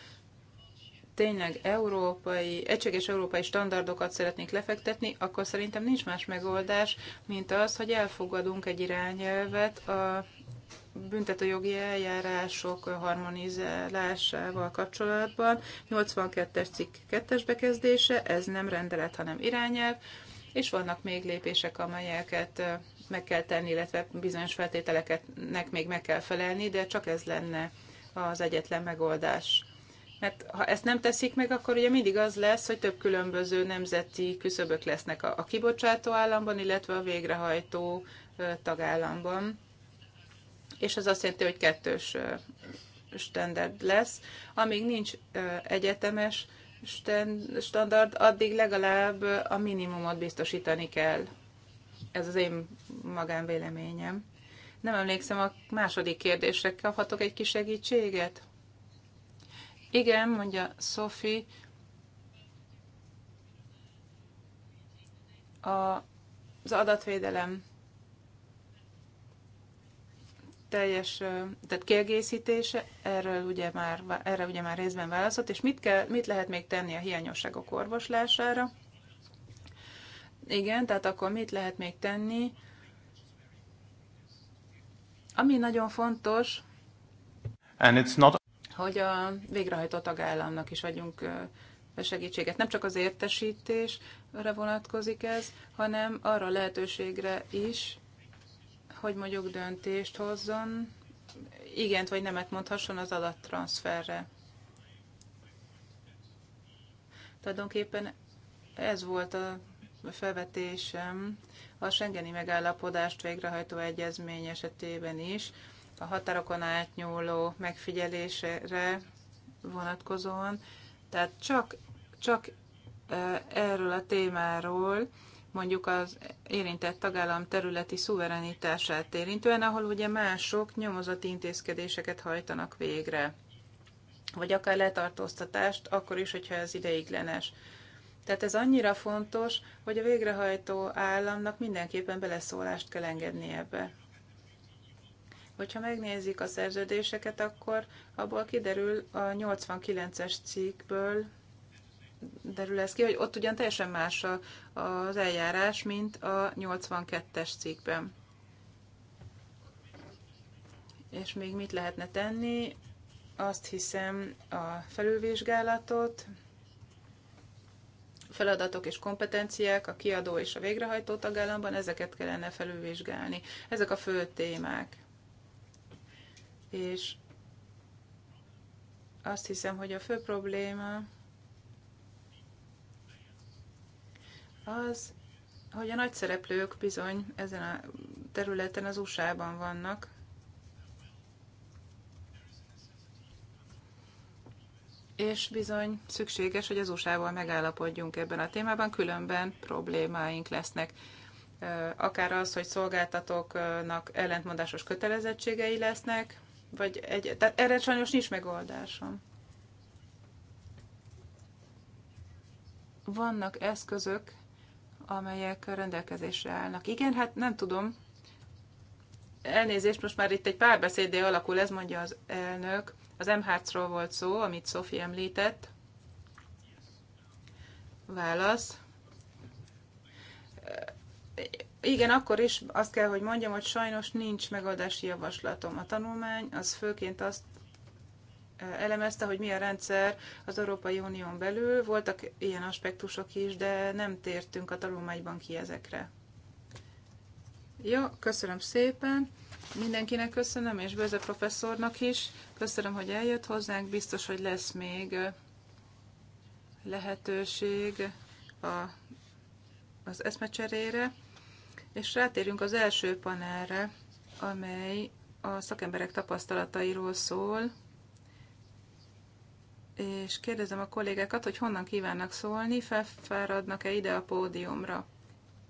tényleg európai, egységes európai standardokat szeretnénk lefektetni, akkor szerintem nincs más megoldás, mint az, hogy elfogadunk egy irányelvet a büntetőjogi eljárások harmonizálásával kapcsolatban. 82-es cikk 2 bekezdése, ez nem rendelet, hanem irányelv, és vannak még lépések, amelyeket meg kell tenni, illetve bizonyos feltételeknek még meg kell felelni, de csak ez lenne az egyetlen megoldás. Mert ha ezt nem teszik meg, akkor ugye mindig az lesz, hogy több különböző nemzeti küszöbök lesznek a, a kibocsátó államban, illetve a végrehajtó tagállamban. És ez azt jelenti, hogy kettős standard lesz. Amíg nincs egyetemes standard, addig legalább a minimumot biztosítani kell. Ez az én magánvéleményem. Nem emlékszem, a második kérdésre kaphatok egy kis segítséget? Igen, mondja Sophie. A, az adatvédelem teljes, tehát kiegészítése, erről ugye már, erre ugye már részben válaszolt, és mit, kell, mit lehet még tenni a hiányosságok orvoslására? Igen, tehát akkor mit lehet még tenni? Ami nagyon fontos, And it's not... hogy a végrehajtó tagállamnak is adjunk segítséget. Nem csak az értesítésre vonatkozik ez, hanem arra a lehetőségre is, hogy mondjuk döntést hozzon, igent vagy nemet mondhasson az adattranszferre. Tulajdonképpen ez volt a felvetésem a Schengeni megállapodást végrehajtó egyezmény esetében is a határokon átnyúló megfigyelésre vonatkozóan. Tehát csak, csak erről a témáról, mondjuk az érintett tagállam területi szuverenitását érintően, ahol ugye mások nyomozati intézkedéseket hajtanak végre, vagy akár letartóztatást, akkor is, hogyha ez ideiglenes. Tehát ez annyira fontos, hogy a végrehajtó államnak mindenképpen beleszólást kell engedni ebbe. Hogyha megnézik a szerződéseket, akkor abból kiderül a 89-es cikkből, derül ez ki, hogy ott ugyan teljesen más az eljárás, mint a 82-es cikkben. És még mit lehetne tenni? Azt hiszem a felülvizsgálatot, feladatok és kompetenciák a kiadó és a végrehajtó tagállamban, ezeket kellene felülvizsgálni. Ezek a fő témák. És azt hiszem, hogy a fő probléma az, hogy a nagy szereplők bizony ezen a területen az USA-ban vannak, és bizony szükséges, hogy az USA-val megállapodjunk ebben a témában, különben problémáink lesznek. Akár az, hogy szolgáltatóknak ellentmondásos kötelezettségei lesznek, vagy egy, tehát erre sajnos nincs megoldásom. Vannak eszközök, amelyek rendelkezésre állnak. Igen, hát nem tudom. Elnézést, most már itt egy párbeszédé alakul, ez mondja az elnök. Az m ról volt szó, amit Sophie említett. Válasz. Igen, akkor is azt kell, hogy mondjam, hogy sajnos nincs megoldási javaslatom. A tanulmány az főként azt eh, elemezte, hogy mi a rendszer az Európai Unión belül. Voltak ilyen aspektusok is, de nem tértünk a tanulmányban ki ezekre. Jó, köszönöm szépen. Mindenkinek köszönöm, és Böze professzornak is. Köszönöm, hogy eljött hozzánk. Biztos, hogy lesz még lehetőség a, az eszmecserére. És rátérünk az első panelre, amely a szakemberek tapasztalatairól szól. És kérdezem a kollégákat, hogy honnan kívánnak szólni, felfáradnak-e ide a pódiumra.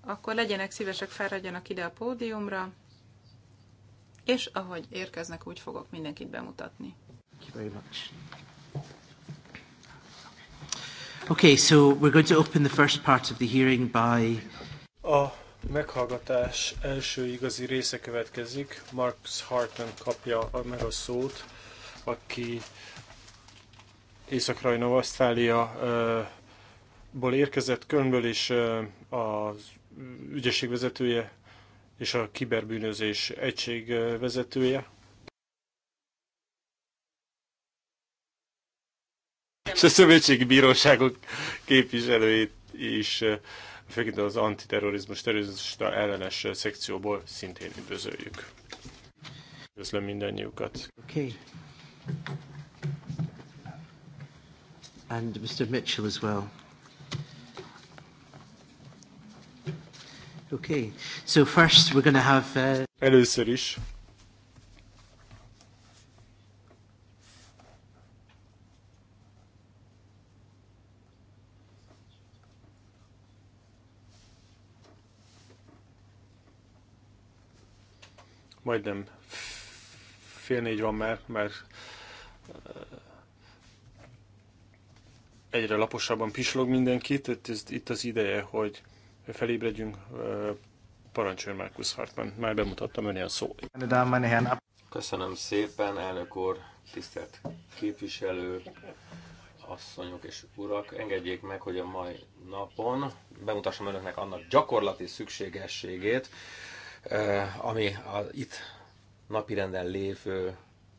Akkor legyenek szívesek, fáradjanak ide a pódiumra és ahogy érkeznek, úgy fogok mindenkit bemutatni. Okay, so we're going to open the first part of the hearing by... A meghallgatás első igazi része következik. Mark Harton kapja meg a szót, aki Észak-Rajna, Asztrália ból érkezett Kölnből, és az ügyesség vezetője és a kiberbűnözés egység vezetője. És a szövetségi bíróságok képviselőjét is, főként az antiterrorizmus, terrorizmusra ellenes szekcióból szintén üdvözöljük. Köszönöm mindannyiukat. Okay. And Mr. Mitchell as well. Okay. So first we're have, uh... Először is majdnem fél négy van már, mert uh, egyre laposabban pislog mindenkit, itt az ideje, hogy felébredjünk. Parancsoljon Markus Hartmann, már bemutattam önél szó. Köszönöm szépen, elnök úr, tisztelt képviselő, asszonyok és urak, engedjék meg, hogy a mai napon bemutassam önöknek annak gyakorlati szükségességét, ami a itt napirenden lévő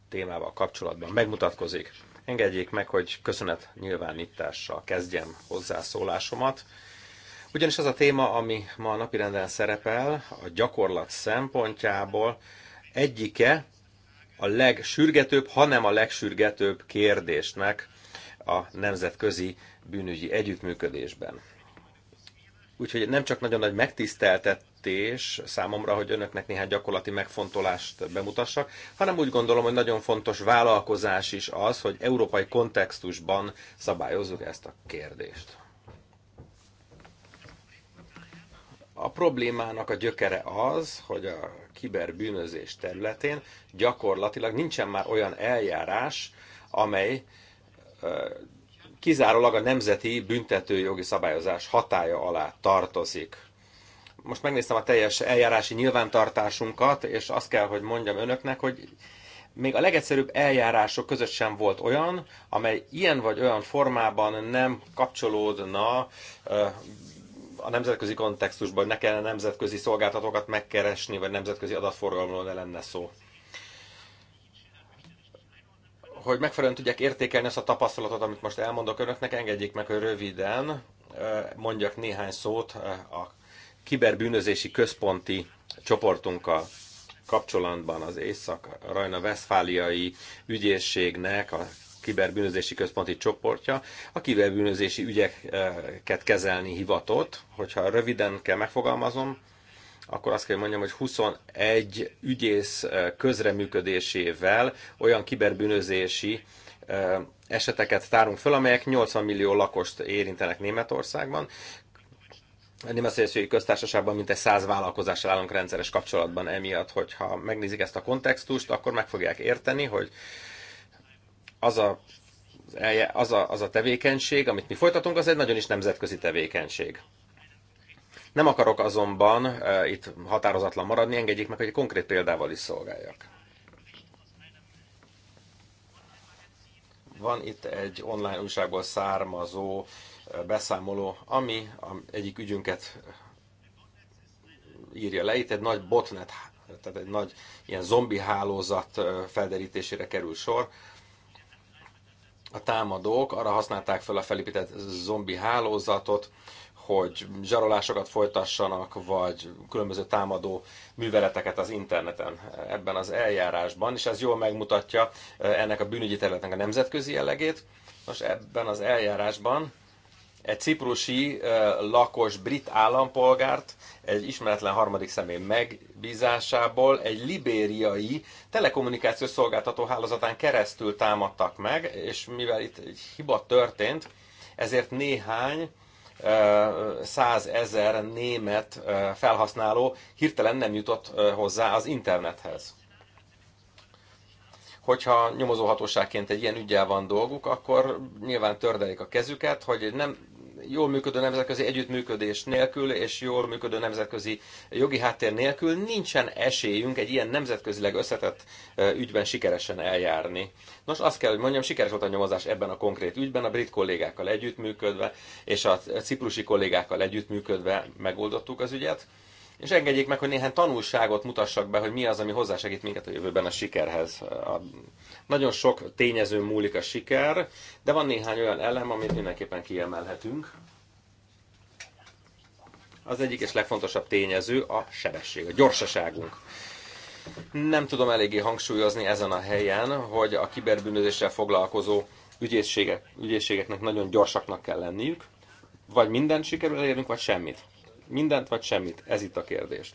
témával kapcsolatban megmutatkozik. Engedjék meg, hogy köszönet nyilvánítással kezdjem hozzászólásomat. Ugyanis az a téma, ami ma a napirenden szerepel, a gyakorlat szempontjából egyike a legsürgetőbb, hanem a legsürgetőbb kérdésnek a nemzetközi bűnügyi együttműködésben. Úgyhogy nem csak nagyon nagy megtiszteltetés számomra, hogy önöknek néhány gyakorlati megfontolást bemutassak, hanem úgy gondolom, hogy nagyon fontos vállalkozás is az, hogy európai kontextusban szabályozzuk ezt a kérdést. A problémának a gyökere az, hogy a kiberbűnözés területén gyakorlatilag nincsen már olyan eljárás, amely kizárólag a nemzeti büntetőjogi szabályozás hatája alá tartozik. Most megnéztem a teljes eljárási nyilvántartásunkat, és azt kell, hogy mondjam önöknek, hogy még a legegyszerűbb eljárások között sem volt olyan, amely ilyen vagy olyan formában nem kapcsolódna a nemzetközi kontextusban ne kellene nemzetközi szolgáltatókat megkeresni, vagy nemzetközi adatforgalomról ne lenne szó. Hogy megfelelően tudják értékelni azt a tapasztalatot, amit most elmondok önöknek, engedjék meg, hogy röviden mondjak néhány szót a kiberbűnözési központi csoportunkkal kapcsolatban az Észak-Rajna-Veszfáliai ügyészségnek a kiberbűnözési központi csoportja a kiberbűnözési ügyeket kezelni hivatott. Hogyha röviden kell megfogalmazom, akkor azt kell mondjam, hogy 21 ügyész közreműködésével olyan kiberbűnözési eseteket tárunk föl, amelyek 80 millió lakost érintenek Németországban. A Német Szövetségi Köztársaságban mintegy száz vállalkozással állunk rendszeres kapcsolatban emiatt, hogyha megnézik ezt a kontextust, akkor meg fogják érteni, hogy az a az a, az a tevékenység, amit mi folytatunk, az egy nagyon is nemzetközi tevékenység. Nem akarok azonban e, itt határozatlan maradni, engedjék meg, hogy egy konkrét példával is szolgáljak. Van itt egy online újságból származó beszámoló, ami egyik ügyünket írja le. Itt egy nagy botnet, tehát egy nagy ilyen zombi hálózat felderítésére kerül sor a támadók arra használták fel a felépített zombi hálózatot, hogy zsarolásokat folytassanak, vagy különböző támadó műveleteket az interneten ebben az eljárásban, és ez jól megmutatja eh, ennek a bűnügyi területnek a nemzetközi jellegét. Most ebben az eljárásban egy ciprusi eh, lakos brit állampolgárt egy ismeretlen harmadik személy megbízásából egy libériai telekommunikációs szolgáltató hálózatán keresztül támadtak meg, és mivel itt egy hiba történt, ezért néhány százezer német felhasználó hirtelen nem jutott hozzá az internethez. Hogyha nyomozóhatóságként egy ilyen ügyel van dolguk, akkor nyilván tördelik a kezüket, hogy nem jól működő nemzetközi együttműködés nélkül és jól működő nemzetközi jogi háttér nélkül nincsen esélyünk egy ilyen nemzetközileg összetett ügyben sikeresen eljárni. Nos, azt kell, hogy mondjam, sikeres volt a nyomozás ebben a konkrét ügyben, a brit kollégákkal együttműködve és a ciprusi kollégákkal együttműködve megoldottuk az ügyet és engedjék meg, hogy néhány tanulságot mutassak be, hogy mi az, ami hozzásegít minket a jövőben a sikerhez. A, nagyon sok tényező múlik a siker, de van néhány olyan elem, amit mindenképpen kiemelhetünk. Az egyik és legfontosabb tényező a sebesség, a gyorsaságunk. Nem tudom eléggé hangsúlyozni ezen a helyen, hogy a kiberbűnözéssel foglalkozó ügyészségek, ügyészségeknek nagyon gyorsaknak kell lenniük, vagy mindent sikerül elérnünk, vagy semmit. Mindent vagy semmit? Ez itt a kérdés.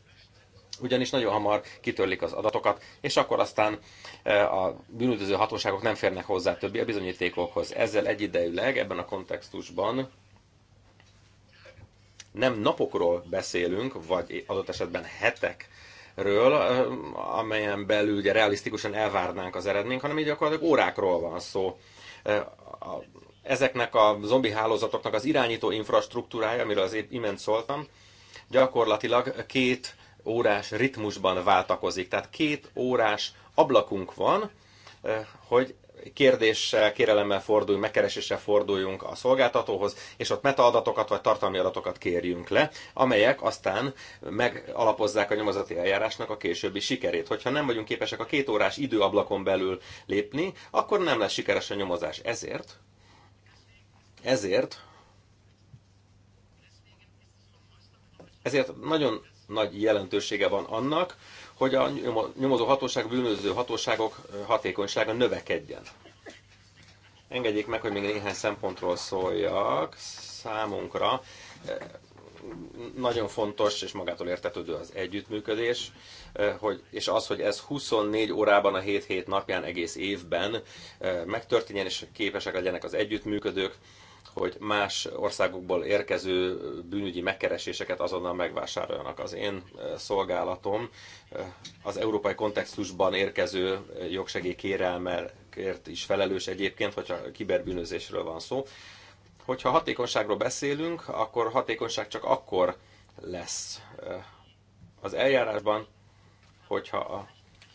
Ugyanis nagyon hamar kitörlik az adatokat, és akkor aztán e, a bűnüldöző hatóságok nem férnek hozzá többi a bizonyítékokhoz. Ezzel egyidejűleg ebben a kontextusban nem napokról beszélünk, vagy adott esetben hetek, ről, e, amelyen belül ugye realisztikusan elvárnánk az eredményt, hanem így gyakorlatilag órákról van szó. E, ezeknek a zombi hálózatoknak az irányító infrastruktúrája, amiről az imént szóltam, gyakorlatilag két órás ritmusban váltakozik. Tehát két órás ablakunk van, eh, hogy kérdéssel, kérelemmel forduljunk, megkereséssel forduljunk a szolgáltatóhoz, és ott metaadatokat vagy tartalmi adatokat kérjünk le, amelyek aztán megalapozzák a nyomozati eljárásnak a későbbi sikerét. Hogyha nem vagyunk képesek a két órás időablakon belül lépni, akkor nem lesz sikeres a nyomozás. Ezért ezért Ezért nagyon nagy jelentősége van annak, hogy a nyomozó hatóság, bűnöző hatóságok hatékonysága növekedjen. Engedjék meg, hogy még néhány szempontról szóljak. Számunkra nagyon fontos és magától értetődő az együttműködés, hogy, és az, hogy ez 24 órában a 7 hét napján egész évben megtörténjen, és képesek legyenek az együttműködők hogy más országokból érkező bűnügyi megkereséseket azonnal megvásároljanak. Az én szolgálatom az európai kontextusban érkező jogsegély is felelős egyébként, hogyha kiberbűnözésről van szó. Hogyha hatékonyságról beszélünk, akkor hatékonyság csak akkor lesz az eljárásban, hogyha a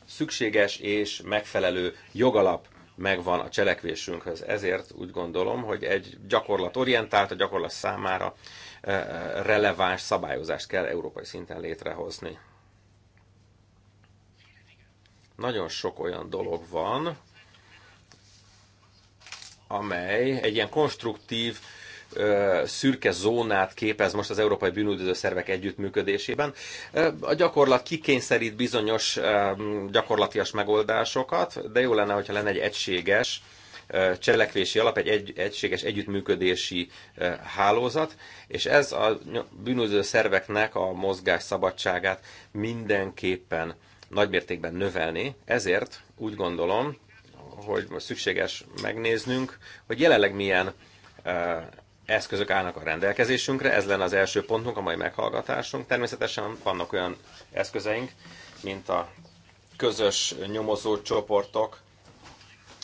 szükséges és megfelelő jogalap megvan a cselekvésünkhöz. Ezért úgy gondolom, hogy egy gyakorlat orientált a gyakorlat számára eh, eh, releváns szabályozást kell európai szinten létrehozni. Nagyon sok olyan dolog van, amely egy ilyen konstruktív szürke zónát képez most az európai bűnüldöző szervek együttműködésében. A gyakorlat kikényszerít bizonyos gyakorlatias megoldásokat, de jó lenne, hogyha lenne egy egységes cselekvési alap, egy, egy egységes együttműködési hálózat, és ez a bűnöző szerveknek a mozgás szabadságát mindenképpen nagymértékben növelni. Ezért úgy gondolom, hogy most szükséges megnéznünk, hogy jelenleg milyen eszközök állnak a rendelkezésünkre, ez lenne az első pontunk, a mai meghallgatásunk. Természetesen vannak olyan eszközeink, mint a közös nyomozó csoportok,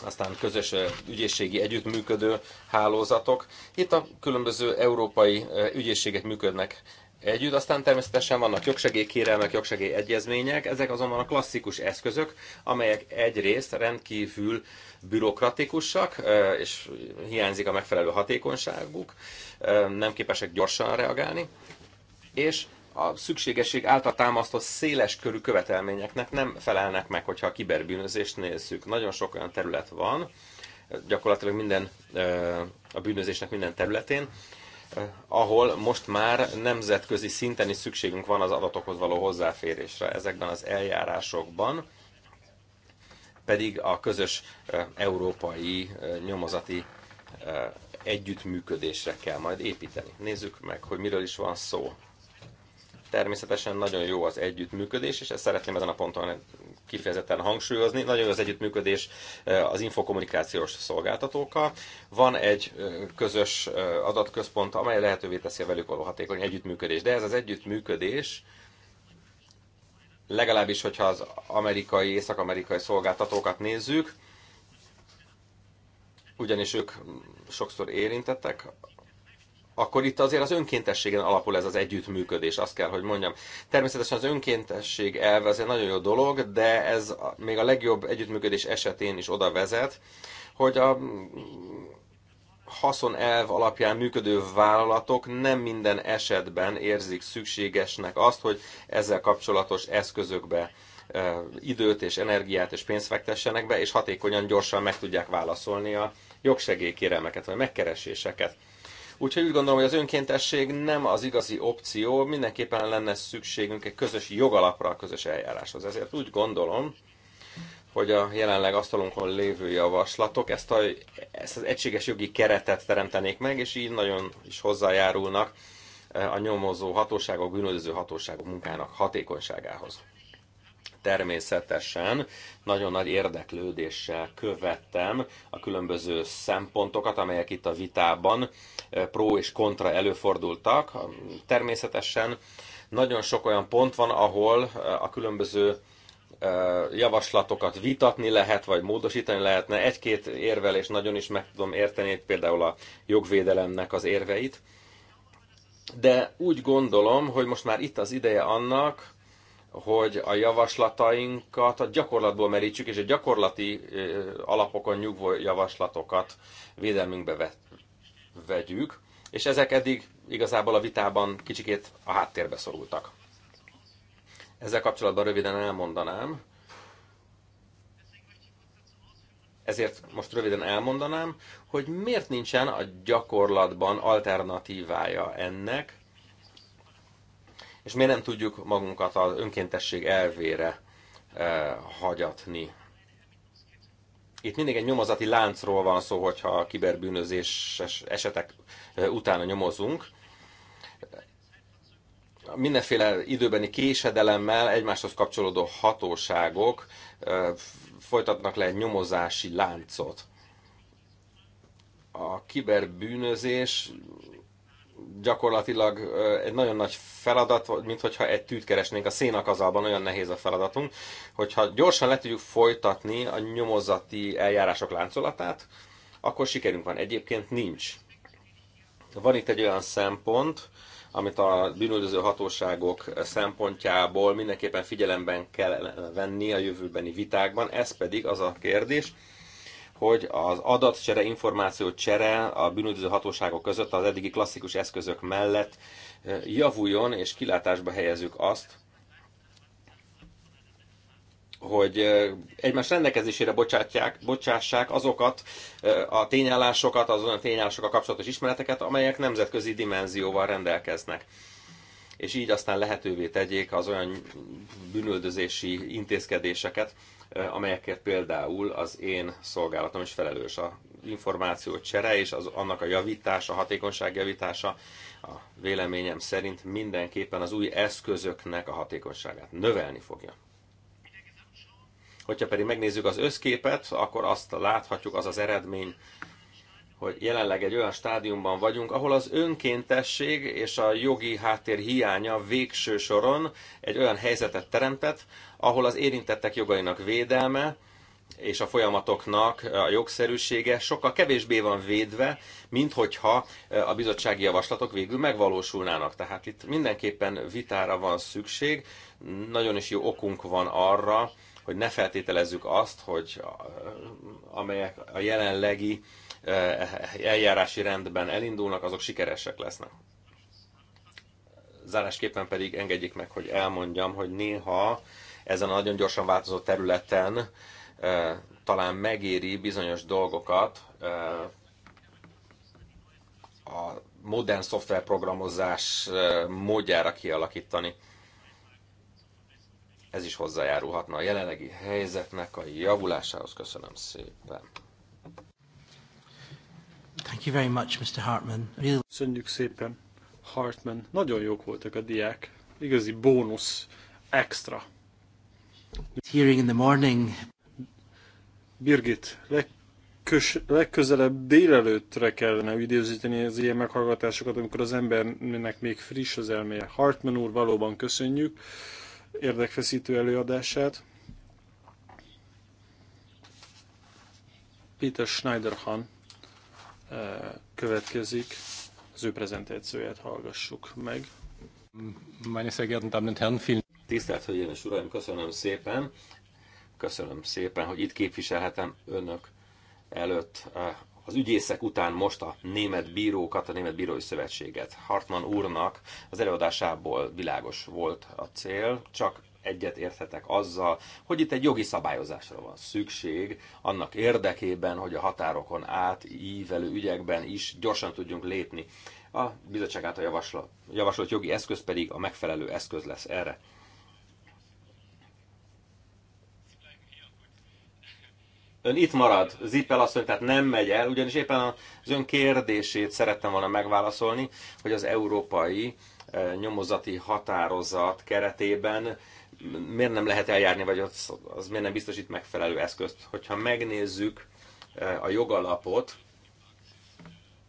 aztán közös ügyészségi együttműködő hálózatok. Itt a különböző európai ügyészségek működnek együtt. Aztán természetesen vannak jogsegélykérelmek, jogsegélyegyezmények, ezek azonban a klasszikus eszközök, amelyek egyrészt rendkívül bürokratikusak, és hiányzik a megfelelő hatékonyságuk, nem képesek gyorsan reagálni, és a szükségesség által támasztott széles körű követelményeknek nem felelnek meg, hogyha a kiberbűnözést nézzük. Nagyon sok olyan terület van, gyakorlatilag minden, a bűnözésnek minden területén, ahol most már nemzetközi szinten is szükségünk van az adatokhoz való hozzáférésre. Ezekben az eljárásokban pedig a közös eh, európai eh, nyomozati eh, együttműködésre kell majd építeni. Nézzük meg, hogy miről is van szó. Természetesen nagyon jó az együttműködés, és ezt szeretném ezen a ponton kifejezetten hangsúlyozni. Nagyon jó az együttműködés az infokommunikációs szolgáltatókkal. Van egy közös adatközpont, amely lehetővé teszi a velük való hatékony együttműködés. De ez az együttműködés legalábbis, hogyha az amerikai, észak-amerikai szolgáltatókat nézzük, ugyanis ők sokszor érintettek akkor itt azért az önkéntességen alapul ez az együttműködés, azt kell, hogy mondjam. Természetesen az önkéntesség elve az egy nagyon jó dolog, de ez még a legjobb együttműködés esetén is oda vezet, hogy a haszon elv alapján működő vállalatok nem minden esetben érzik szükségesnek azt, hogy ezzel kapcsolatos eszközökbe e, időt és energiát és pénzt fektessenek be, és hatékonyan, gyorsan meg tudják válaszolni a jogsegélykérelmeket vagy megkereséseket Úgyhogy úgy gondolom, hogy az önkéntesség nem az igazi opció, mindenképpen lenne szükségünk egy közös jogalapra a közös eljáráshoz. Ezért úgy gondolom, hogy a jelenleg asztalunkon lévő javaslatok ezt, a, ezt az egységes jogi keretet teremtenék meg, és így nagyon is hozzájárulnak eh, a nyomozó hatóságok, bűnöző hatóságok munkának hatékonyságához természetesen nagyon nagy érdeklődéssel követtem a különböző szempontokat, amelyek itt a vitában eh, pró és kontra előfordultak. Természetesen nagyon sok olyan pont van, ahol eh, a különböző eh, javaslatokat vitatni lehet, vagy módosítani lehetne. Egy-két érvel, és nagyon is meg tudom érteni például a jogvédelemnek az érveit. De úgy gondolom, hogy most már itt az ideje annak, hogy a javaslatainkat a gyakorlatból merítsük, és a gyakorlati alapokon nyugvó javaslatokat védelmünkbe vegyük, és ezek eddig igazából a vitában kicsikét a háttérbe szorultak. Ezzel kapcsolatban röviden elmondanám, ezért most röviden elmondanám, hogy miért nincsen a gyakorlatban alternatívája ennek, és miért nem tudjuk magunkat az önkéntesség elvére eh, hagyatni. Itt mindig egy nyomozati láncról van szó, hogyha a kiberbűnözés esetek eh, utána nyomozunk. Mindenféle időbeni késedelemmel egymáshoz kapcsolódó hatóságok eh, folytatnak le egy nyomozási láncot. A kiberbűnözés gyakorlatilag egy nagyon nagy feladat, mint hogyha egy tűt keresnénk a szénakazalban, olyan nehéz a feladatunk, hogyha gyorsan le tudjuk folytatni a nyomozati eljárások láncolatát, akkor sikerünk van. Egyébként nincs. Van itt egy olyan szempont, amit a bűnöldöző hatóságok szempontjából mindenképpen figyelemben kell venni a jövőbeni vitákban, ez pedig az a kérdés, hogy az adatcsere, csere a bűnöző hatóságok között az eddigi klasszikus eszközök mellett javuljon, és kilátásba helyezzük azt, hogy egymás rendelkezésére bocsátják, bocsássák azokat a tényállásokat, az olyan tényállásokkal kapcsolatos ismereteket, amelyek nemzetközi dimenzióval rendelkeznek. És így aztán lehetővé tegyék az olyan bűnöldözési intézkedéseket, amelyekért például az én szolgálatom is felelős. A információ csere és az, annak a javítása, a hatékonyság javítása a véleményem szerint mindenképpen az új eszközöknek a hatékonyságát növelni fogja. Hogyha pedig megnézzük az összképet, akkor azt láthatjuk, az az eredmény, hogy jelenleg egy olyan stádiumban vagyunk, ahol az önkéntesség és a jogi háttér hiánya végső soron egy olyan helyzetet teremtett, ahol az érintettek jogainak védelme és a folyamatoknak a jogszerűsége sokkal kevésbé van védve, mint hogyha e, a bizottsági javaslatok végül megvalósulnának. Tehát itt mindenképpen vitára van szükség, nagyon is jó okunk van arra, hogy ne feltételezzük azt, hogy amelyek a jelenlegi Eh, eljárási rendben elindulnak, azok sikeresek lesznek. Zárásképpen pedig engedjék meg, hogy elmondjam, hogy néha ezen a nagyon gyorsan változó területen eh, talán megéri bizonyos dolgokat eh, a modern szoftverprogramozás módjára kialakítani. Ez is hozzájárulhatna a jelenlegi helyzetnek a javulásához. Köszönöm szépen! Thank you very much, Mr. Hartman. Really... Köszönjük szépen, Hartman. Nagyon jók voltak a diák. Igazi bónusz, extra. Hearing in the morning. Birgit, legkös, legközelebb délelőttre kellene időzíteni az ilyen meghallgatásokat, amikor az embernek még friss az elméje. Hartman úr, valóban köszönjük érdekfeszítő előadását. Peter Schneiderhan következik. Az ő prezentációját hallgassuk meg. Meine sehr geehrten Damen und Herren, vielen Tisztelt Hölgyeim és Uraim, köszönöm szépen. Köszönöm szépen, hogy itt képviselhetem önök előtt az ügyészek után most a német bírókat, a német bírói szövetséget. Hartmann úrnak az előadásából világos volt a cél, csak egyet érthetek azzal, hogy itt egy jogi szabályozásra van szükség, annak érdekében, hogy a határokon át ívelő ügyekben is gyorsan tudjunk lépni. A bizottság által javaslott, javasolt jogi eszköz pedig a megfelelő eszköz lesz erre. ön itt marad, Zippel asszony, tehát nem megy el, ugyanis éppen az ön kérdését szerettem volna megválaszolni, hogy az európai eh, nyomozati határozat keretében miért nem lehet eljárni, vagy az, az miért nem biztosít megfelelő eszközt. Hogyha megnézzük eh, a jogalapot,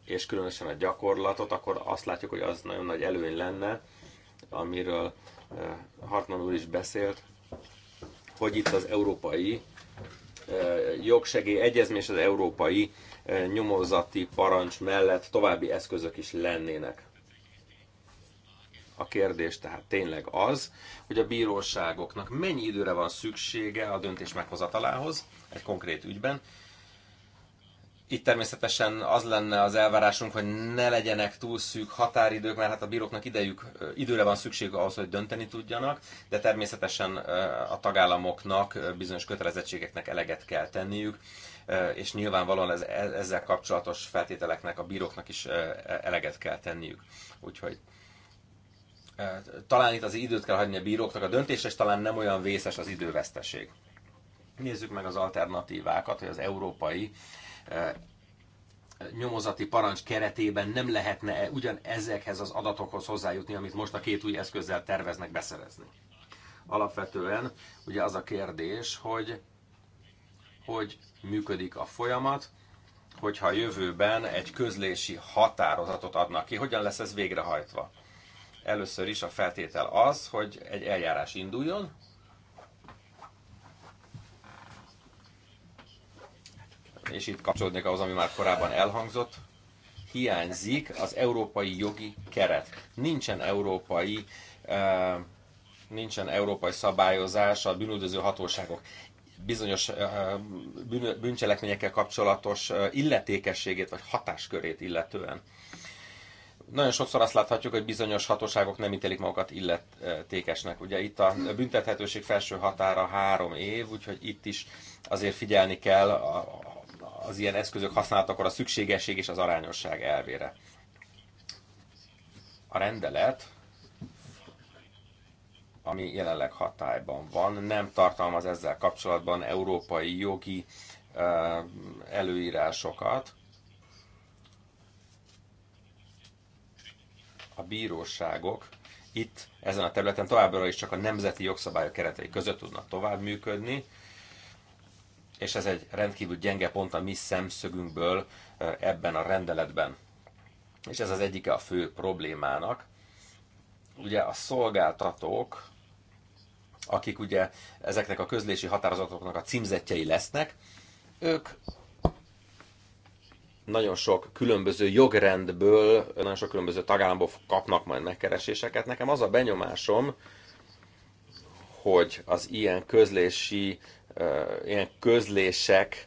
és különösen a gyakorlatot, akkor azt látjuk, hogy az nagyon nagy előny lenne, amiről eh, Hartmann úr is beszélt, hogy itt az európai eh, jogsegély egyezmény és az európai nyomozati parancs mellett további eszközök is lennének. A kérdés tehát tényleg az, hogy a bíróságoknak mennyi időre van szüksége a döntés meghozatalához egy konkrét ügyben. Itt természetesen az lenne az elvárásunk, hogy ne legyenek túl szűk határidők, mert hát a bíróknak idejük, időre van szükség ahhoz, hogy dönteni tudjanak, de természetesen a tagállamoknak bizonyos kötelezettségeknek eleget kell tenniük és nyilvánvalóan e, ezzel kapcsolatos feltételeknek a bíróknak is e, eleget kell tenniük. Úgyhogy talán itt az időt kell hagyni a bíróknak a döntésre, és talán nem olyan vészes az időveszteség. Nézzük meg az alternatívákat, hogy az európai nyomozati parancs keretében nem lehetne -e ugyan ezekhez az adatokhoz hozzájutni, amit most a két új eszközzel terveznek beszerezni. Alapvetően ugye az a kérdés, hogy hogy működik a folyamat, hogyha a jövőben egy közlési határozatot adnak ki, hogyan lesz ez végrehajtva. Először is a feltétel az, hogy egy eljárás induljon, és itt kapcsolódnék ahhoz, ami már korábban elhangzott, hiányzik az európai jogi keret. Nincsen európai, eh, nincsen európai szabályozás a bűnüldöző hatóságok bizonyos eh, bűncselekményekkel kapcsolatos eh, illetékességét vagy hatáskörét illetően nagyon sokszor azt láthatjuk, hogy bizonyos hatóságok nem ítélik magukat illetékesnek. Ugye itt a büntethetőség felső határa három év, úgyhogy itt is azért figyelni kell a, az ilyen eszközök használatakor a szükségesség és az arányosság elvére. A rendelet, ami jelenleg hatályban van, nem tartalmaz ezzel kapcsolatban európai jogi előírásokat, a bíróságok itt ezen a területen továbbra is csak a nemzeti jogszabályok keretei között tudnak tovább működni, és ez egy rendkívül gyenge pont a mi szemszögünkből ebben a rendeletben. És ez az egyike a fő problémának. Ugye a szolgáltatók, akik ugye ezeknek a közlési határozatoknak a címzetjei lesznek, ők nagyon sok különböző jogrendből, nagyon sok különböző tagállamból kapnak majd megkereséseket. Nekem az a benyomásom, hogy az ilyen közlési, ilyen közlésekre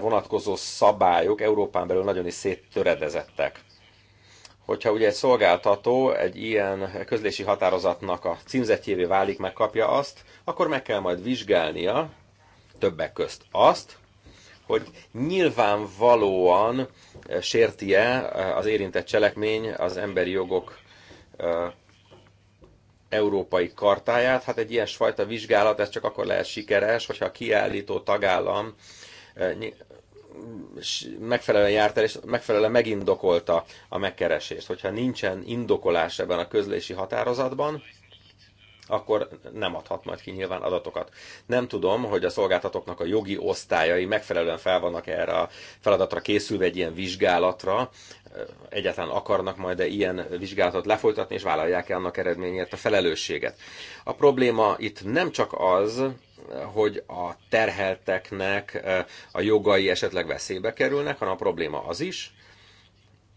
vonatkozó szabályok Európán belül nagyon is széttöredezettek. Hogyha ugye egy szolgáltató egy ilyen közlési határozatnak a címzetjévé válik, megkapja azt, akkor meg kell majd vizsgálnia többek közt azt, hogy nyilvánvalóan eh, sérti-e eh, az érintett cselekmény az emberi jogok eh, európai kartáját. Hát egy ilyen fajta vizsgálat, ez csak akkor lehet sikeres, hogyha a kiállító tagállam megfelelően járt el, és megfelelően megindokolta a megkeresést. Hogyha nincsen indokolás ebben a közlési határozatban, akkor nem adhat majd ki nyilván adatokat. Nem tudom, hogy a szolgáltatóknak a jogi osztályai megfelelően fel vannak erre a feladatra készülve egy ilyen vizsgálatra, egyáltalán akarnak majd -e ilyen vizsgálatot lefolytatni, és vállalják-e annak eredményért a felelősséget. A probléma itt nem csak az, hogy a terhelteknek eh, a jogai esetleg veszélybe kerülnek, hanem a probléma az is,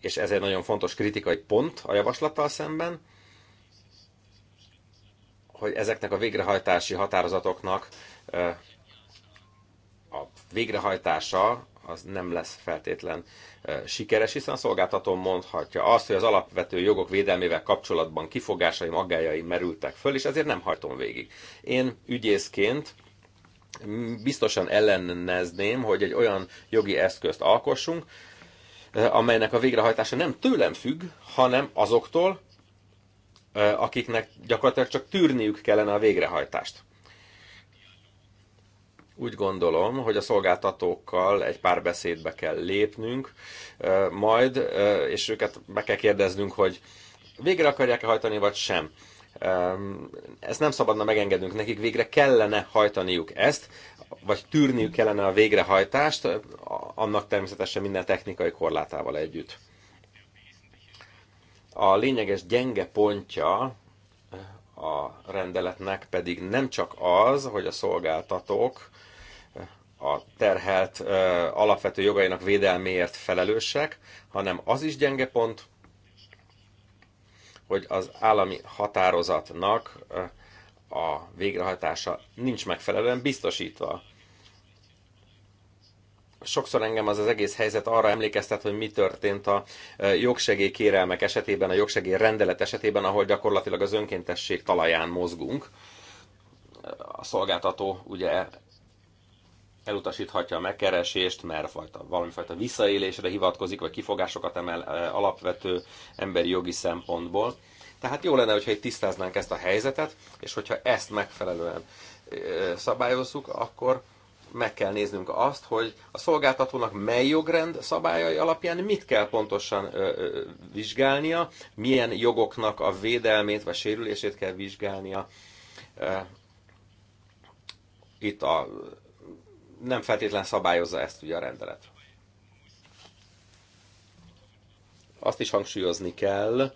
és ez egy nagyon fontos kritikai pont a javaslattal szemben, hogy ezeknek a végrehajtási határozatoknak a végrehajtása az nem lesz feltétlen sikeres, hiszen a szolgáltató mondhatja azt, hogy az alapvető jogok védelmével kapcsolatban kifogásaim, aggájaim merültek föl, és ezért nem hajtom végig. Én ügyészként biztosan ellenezném, hogy egy olyan jogi eszközt alkossunk, amelynek a végrehajtása nem tőlem függ, hanem azoktól, akiknek gyakorlatilag csak tűrniük kellene a végrehajtást. Úgy gondolom, hogy a szolgáltatókkal egy pár beszédbe kell lépnünk, majd, és őket be kell kérdeznünk, hogy végre akarják-e hajtani, vagy sem. Ezt nem szabadna megengednünk nekik, végre kellene hajtaniuk ezt, vagy tűrniük kellene a végrehajtást, annak természetesen minden technikai korlátával együtt. A lényeges gyenge pontja eh, a rendeletnek pedig nem csak az, hogy a szolgáltatók eh, a terhelt eh, alapvető jogainak védelméért felelősek, hanem az is gyenge pont, hogy az állami határozatnak a végrehajtása nincs megfelelően biztosítva sokszor engem az az egész helyzet arra emlékeztet, hogy mi történt a e, jogsegély kérelmek esetében, a jogsegély rendelet esetében, ahol gyakorlatilag az önkéntesség talaján mozgunk. A szolgáltató ugye elutasíthatja a megkeresést, mert fajta, valamifajta visszaélésre hivatkozik, vagy kifogásokat emel e, alapvető emberi jogi szempontból. Tehát jó lenne, hogyha itt tisztáznánk ezt a helyzetet, és hogyha ezt megfelelően e, szabályozzuk, akkor meg kell néznünk azt, hogy a szolgáltatónak mely jogrend szabályai alapján mit kell pontosan vizsgálnia, milyen jogoknak a védelmét vagy sérülését kell vizsgálnia. Itt a, nem feltétlen szabályozza ezt ugye a rendelet. Azt is hangsúlyozni kell,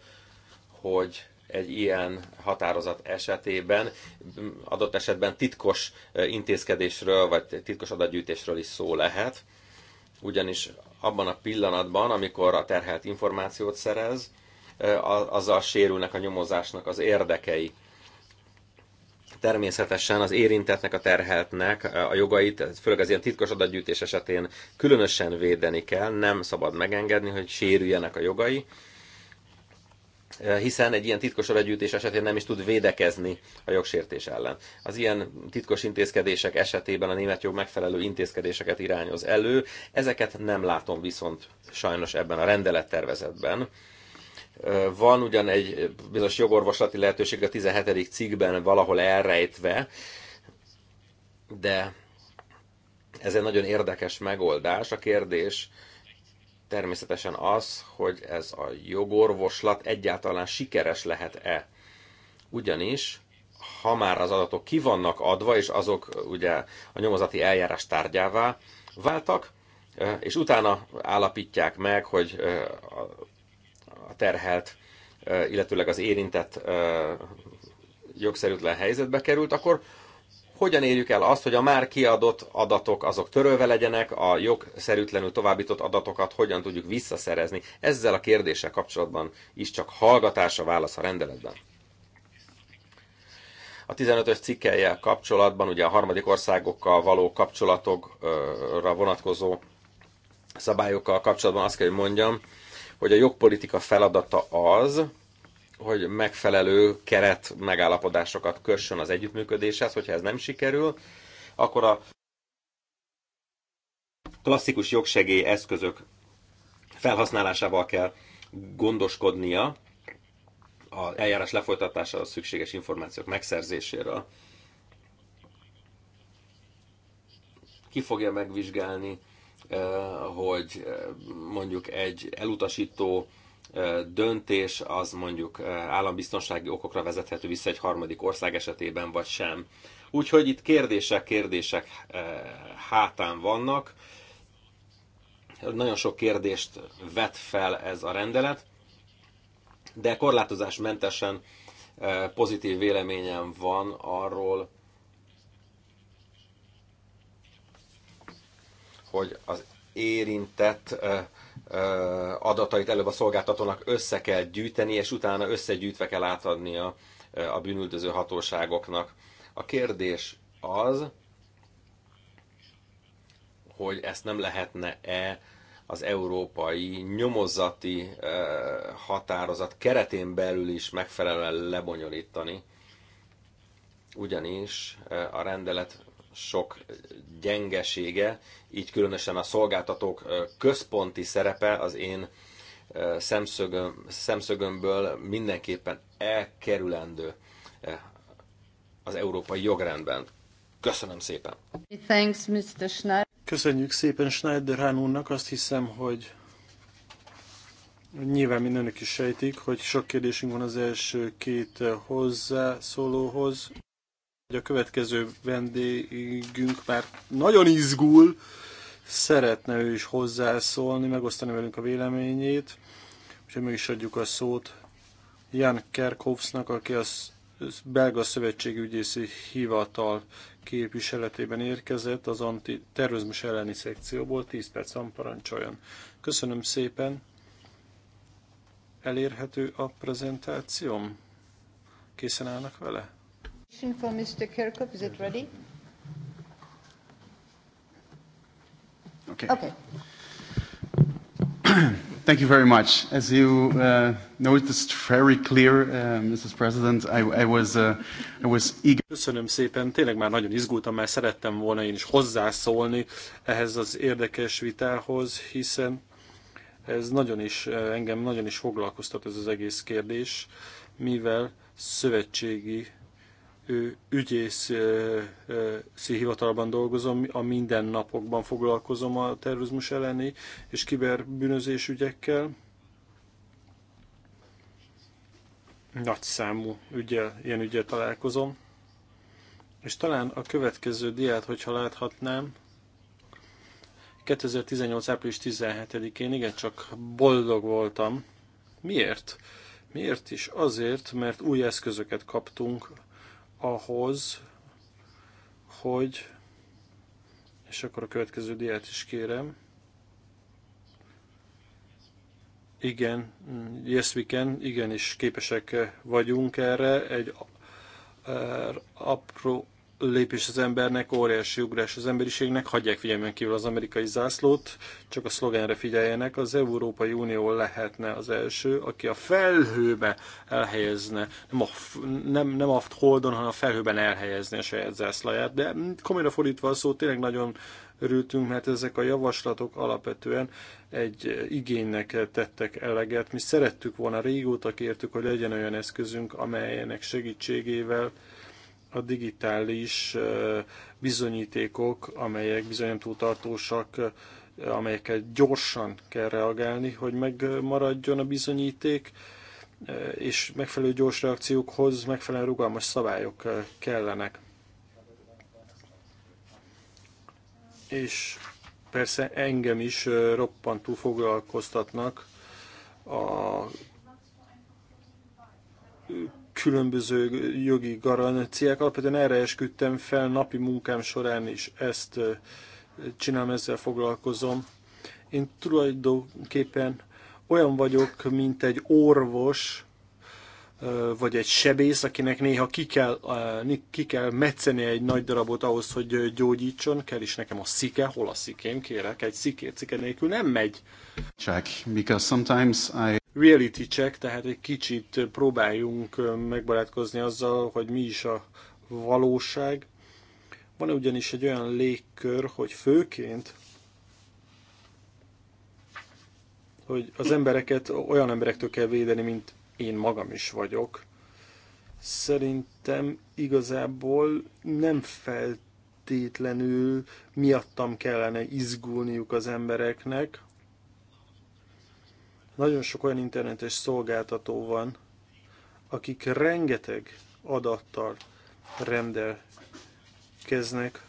hogy egy ilyen határozat esetében adott esetben titkos intézkedésről vagy titkos adatgyűjtésről is szó lehet, ugyanis abban a pillanatban, amikor a terhelt információt szerez, azzal sérülnek a nyomozásnak az érdekei. Természetesen az érintetnek, a terheltnek a jogait, főleg az ilyen titkos adatgyűjtés esetén különösen védeni kell, nem szabad megengedni, hogy sérüljenek a jogai, hiszen egy ilyen titkos adatgyűjtés esetén nem is tud védekezni a jogsértés ellen. Az ilyen titkos intézkedések esetében a német jog megfelelő intézkedéseket irányoz elő, ezeket nem látom viszont sajnos ebben a rendelettervezetben. Van ugyan egy bizonyos jogorvoslati lehetőség a 17. cikkben valahol elrejtve, de ez egy nagyon érdekes megoldás. A kérdés, természetesen az, hogy ez a jogorvoslat egyáltalán sikeres lehet-e. Ugyanis, ha már az adatok ki vannak adva, és azok ugye a nyomozati eljárás tárgyává váltak, és utána állapítják meg, hogy a terhelt, illetőleg az érintett jogszerűtlen helyzetbe került, akkor hogyan érjük el azt, hogy a már kiadott adatok azok törölve legyenek, a jogszerűtlenül továbbított adatokat hogyan tudjuk visszaszerezni. Ezzel a kérdéssel kapcsolatban is csak a válasz a rendeletben. A 15-ös cikkeljel kapcsolatban, ugye a harmadik országokkal való kapcsolatokra vonatkozó szabályokkal kapcsolatban azt kell, hogy mondjam, hogy a jogpolitika feladata az, hogy megfelelő keret megállapodásokat kössön az együttműködéshez, hogyha ez nem sikerül, akkor a klasszikus jogsegély eszközök felhasználásával kell gondoskodnia az eljárás lefolytatása a szükséges információk megszerzéséről. Ki fogja megvizsgálni, eh, hogy eh, mondjuk egy elutasító döntés az mondjuk állambiztonsági okokra vezethető vissza egy harmadik ország esetében, vagy sem. Úgyhogy itt kérdések, kérdések hátán vannak. Nagyon sok kérdést vet fel ez a rendelet, de korlátozásmentesen pozitív véleményem van arról, hogy az érintett adatait előbb a szolgáltatónak össze kell gyűjteni, és utána összegyűjtve kell átadnia a bűnüldöző hatóságoknak. A kérdés az, hogy ezt nem lehetne-e az európai nyomozati határozat keretén belül is megfelelően lebonyolítani, ugyanis a rendelet sok gyengesége így különösen a szolgáltatók központi szerepe az én szemszögöm, szemszögömből mindenképpen elkerülendő az európai jogrendben. Köszönöm szépen! Thanks, Mr. Schneider. Köszönjük szépen Schneider Hán úrnak, azt hiszem, hogy Nyilván mindenük is sejtik, hogy sok kérdésünk van az első két hozzászólóhoz. A következő vendégünk már nagyon izgul, szeretne ő is hozzászólni, megosztani velünk a véleményét, úgyhogy meg is adjuk a szót Jan Kerkhoffsnak, aki a belga ügyészi hivatal képviseletében érkezett az antiterrorizmus elleni szekcióból, 10 perc van, parancsoljon. Köszönöm szépen. Elérhető a prezentációm? Készen állnak vele? Mr. is it ready? Okay. Okay. Thank you very much. As you uh, noticed very clear, uh, Mrs. President, I, I was, uh, I was eager. Köszönöm szépen, tényleg már nagyon izgultam, mert szerettem volna én is hozzászólni ehhez az érdekes vitához, hiszen ez nagyon is, uh, engem nagyon is foglalkoztat ez az egész kérdés, mivel szövetségi ügyészi hivatalban dolgozom, a mindennapokban foglalkozom a terrorizmus elleni és kiberbűnözés ügyekkel. Nagy számú ügyel, ilyen ügyel találkozom. És talán a következő diát, hogyha láthatnám, 2018. április 17-én igen csak boldog voltam. Miért? Miért is? Azért, mert új eszközöket kaptunk ahhoz, hogy, és akkor a következő diát is kérem, igen, yes we can, igenis képesek vagyunk erre, egy eh, apró lépés az embernek, óriási ugrás az emberiségnek, hagyják figyelmen kívül az amerikai zászlót, csak a szlogenre figyeljenek, az Európai Unió lehetne az első, aki a felhőbe elhelyezne, nem a, nem, nem a holdon, hanem a felhőben elhelyezni a saját zászlaját, de komolyra fordítva a szó, tényleg nagyon örültünk, mert ezek a javaslatok alapvetően egy igénynek tettek eleget. Mi szerettük volna, régóta kértük, hogy legyen olyan eszközünk, amelynek segítségével a digitális bizonyítékok, amelyek bizony nem túl tartósak, amelyeket gyorsan kell reagálni, hogy megmaradjon a bizonyíték, és megfelelő gyors reakciókhoz megfelelően rugalmas szabályok kellenek. És persze engem is roppantú foglalkoztatnak a különböző jogi garanciák. Alapvetően erre esküdtem fel napi munkám során is, ezt csinálom, ezzel foglalkozom. Én tulajdonképpen olyan vagyok, mint egy orvos, vagy egy sebész, akinek néha ki kell, ki kell metszeni egy nagy darabot ahhoz, hogy gyógyítson, kell is nekem a szike, hol a szikém, kérek, egy szikét, szike nélkül nem megy. Check, because sometimes I reality check, tehát egy kicsit próbáljunk megbarátkozni azzal, hogy mi is a valóság. Van -e ugyanis egy olyan légkör, hogy főként hogy az embereket olyan emberektől kell védeni, mint én magam is vagyok. Szerintem igazából nem feltétlenül miattam kellene izgulniuk az embereknek, nagyon sok olyan internetes szolgáltató van, akik rengeteg adattal rendelkeznek,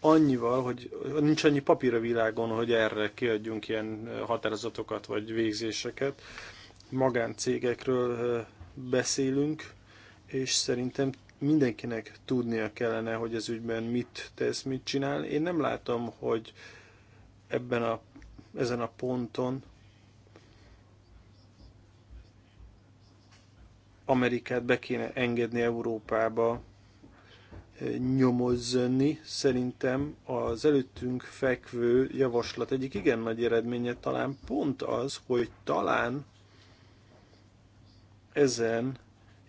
annyival, hogy nincs annyi papír a világon, hogy erre kiadjunk ilyen határozatokat vagy végzéseket. Magáncégekről beszélünk, és szerintem mindenkinek tudnia kellene, hogy ez ügyben mit tesz, mit csinál. Én nem látom, hogy ebben a, ezen a ponton Amerikát be kéne engedni Európába eh, nyomozni. Szerintem az előttünk fekvő javaslat egyik igen nagy eredménye talán pont az, hogy talán ezen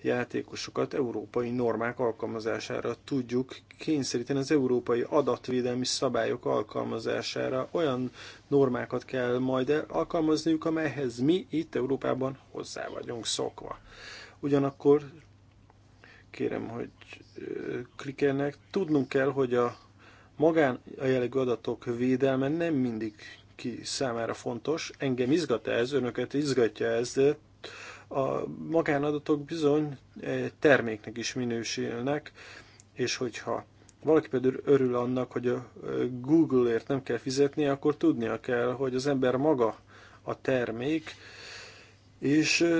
játékosokat európai normák alkalmazására tudjuk kényszeríteni az európai adatvédelmi szabályok alkalmazására. Olyan normákat kell majd alkalmazniuk, amelyhez mi itt Európában hozzá vagyunk szokva. Ugyanakkor kérem, hogy klikkelnek. Tudnunk kell, hogy a magán a jellegű adatok védelme nem mindig ki számára fontos. Engem izgat ez, önöket izgatja ez, de a magánadatok bizony e, terméknek is minősülnek, és hogyha valaki például örül annak, hogy a e, Google-ért nem kell fizetni, akkor tudnia kell, hogy az ember maga a termék, és e,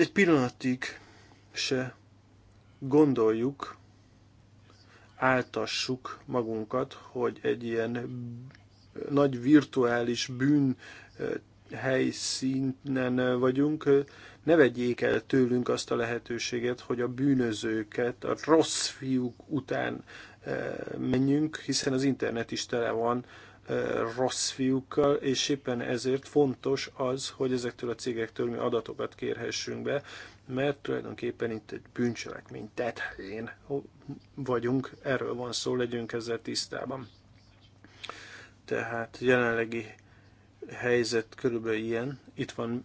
egy pillanatig se gondoljuk, áltassuk magunkat, hogy egy ilyen nagy virtuális bűn helyszínen vagyunk, ne vegyék el tőlünk azt a lehetőséget, hogy a bűnözőket, a rossz fiúk után menjünk, hiszen az internet is tele van rossz fiúkkal, és éppen ezért fontos az, hogy ezektől a cégektől mi adatokat kérhessünk be, mert tulajdonképpen itt egy bűncselekmény tetején vagyunk, erről van szó, legyünk ezzel tisztában. Tehát jelenlegi helyzet körülbelül ilyen. Itt van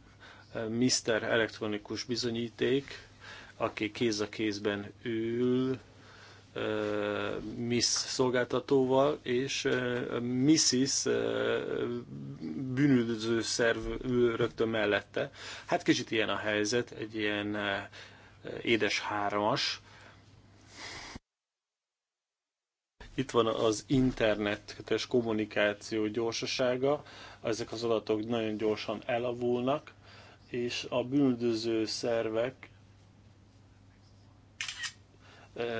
Mr. Elektronikus Bizonyíték, aki kéz a kézben ül, Miss szolgáltatóval és Mrs. bűnöző szerv rögtön mellette. Hát kicsit ilyen a helyzet, egy ilyen édes hármas. Itt van az internetes kommunikáció gyorsasága, ezek az adatok nagyon gyorsan elavulnak, és a bűnöző szervek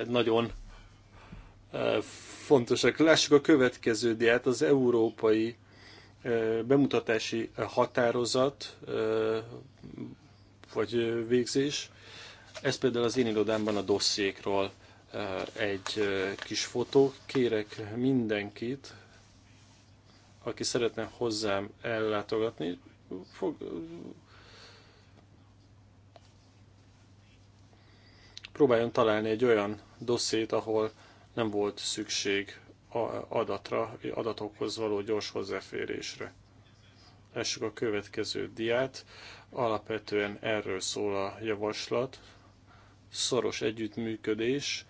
nagyon fontosak. Lássuk a következő diát, az európai bemutatási határozat vagy végzés. Ez például az én irodámban a dossziékról egy kis fotó. Kérek mindenkit, aki szeretne hozzám ellátogatni, fog, próbáljon találni egy olyan dosszét, ahol nem volt szükség adatra, adatokhoz való gyors hozzáférésre. Lássuk a következő diát. Alapvetően erről szól a javaslat. Szoros együttműködés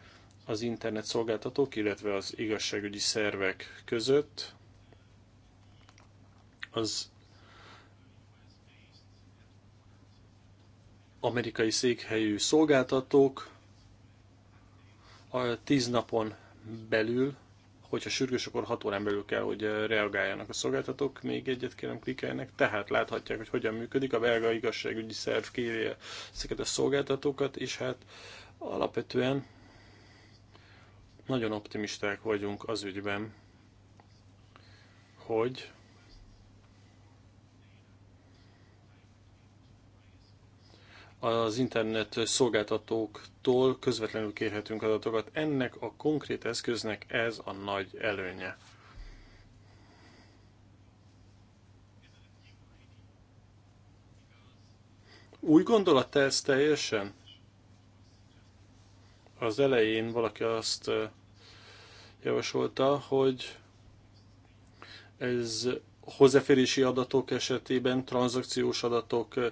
az internet szolgáltatók, illetve az igazságügyi szervek között. Az amerikai székhelyű szolgáltatók a tíz napon belül, hogyha sürgős, akkor 6 órán belül kell, hogy eh, reagáljanak a szolgáltatók. Még egyet kérem klikkeljenek, tehát láthatják, hogy hogyan működik. A belga igazságügyi szerv kéri ezeket a szolgáltatókat, és hát alapvetően nagyon optimisták vagyunk az ügyben, hogy az internet szolgáltatóktól közvetlenül kérhetünk adatokat. Ennek a konkrét eszköznek ez a nagy előnye. Új gondolat ez teljesen? Az elején valaki azt eh, javasolta, hogy ez hozzáférési adatok esetében, tranzakciós adatokra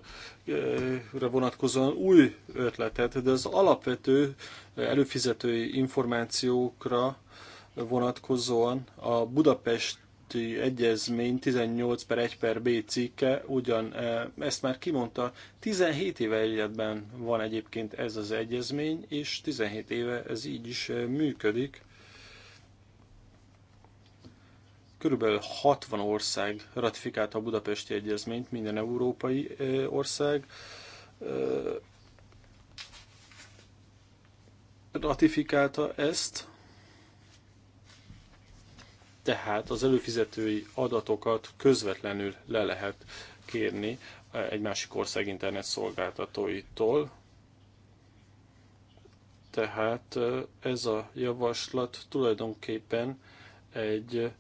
vonatkozóan új ötletet, de az alapvető előfizetői információkra vonatkozóan a budapesti egyezmény 18 per 1 per B cikke ugyan e, ezt már kimondta, 17 éve egyetben van egyébként ez az egyezmény, és 17 éve ez így is e, működik Körülbelül 60 ország ratifikálta a Budapesti Egyezményt, minden európai ország ratifikálta ezt, tehát az előfizetői adatokat közvetlenül le lehet kérni egy másik ország internet szolgáltatóitól. Tehát ez a javaslat tulajdonképpen egy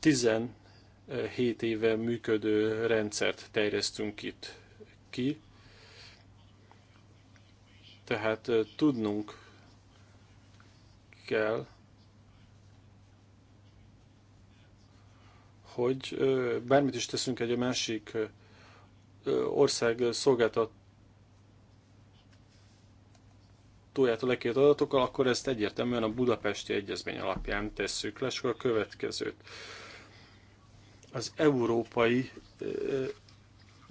17 éve működő rendszert terjesztünk itt ki, tehát tudnunk kell, hogy bármit is teszünk egy másik ország szolgáltat gyártójától lekért adatokkal, akkor ezt egyértelműen a budapesti egyezmény alapján tesszük le, és a következőt. Az európai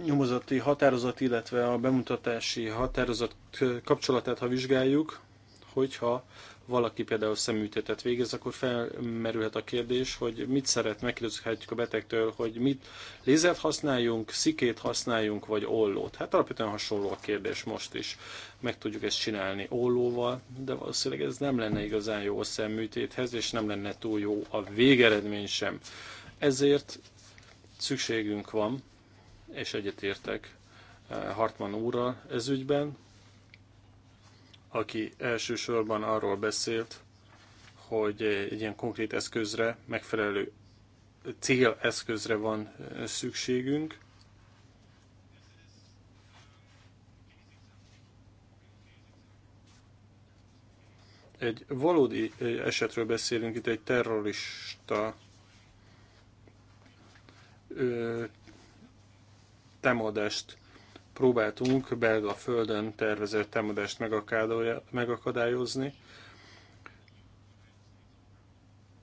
nyomozati határozat, illetve a bemutatási határozat kapcsolatát, ha vizsgáljuk, hogyha valaki például szeműtétet végez, akkor felmerülhet a kérdés, hogy mit szeret, megkérdezhetjük a betegtől, hogy mit lézert használjunk, szikét használjunk, vagy ollót. Hát alapvetően hasonló a kérdés most is. Meg tudjuk ezt csinálni ollóval, de valószínűleg ez nem lenne igazán jó a szemműtéthez, és nem lenne túl jó a végeredmény sem. Ezért szükségünk van, és egyetértek eh, Hartman úrral ez ügyben, aki elsősorban arról beszélt, hogy egy ilyen konkrét eszközre, megfelelő céleszközre van szükségünk. Egy valódi esetről beszélünk, itt egy terrorista támadást próbáltunk belga földön tervezett támadást megakadályozni.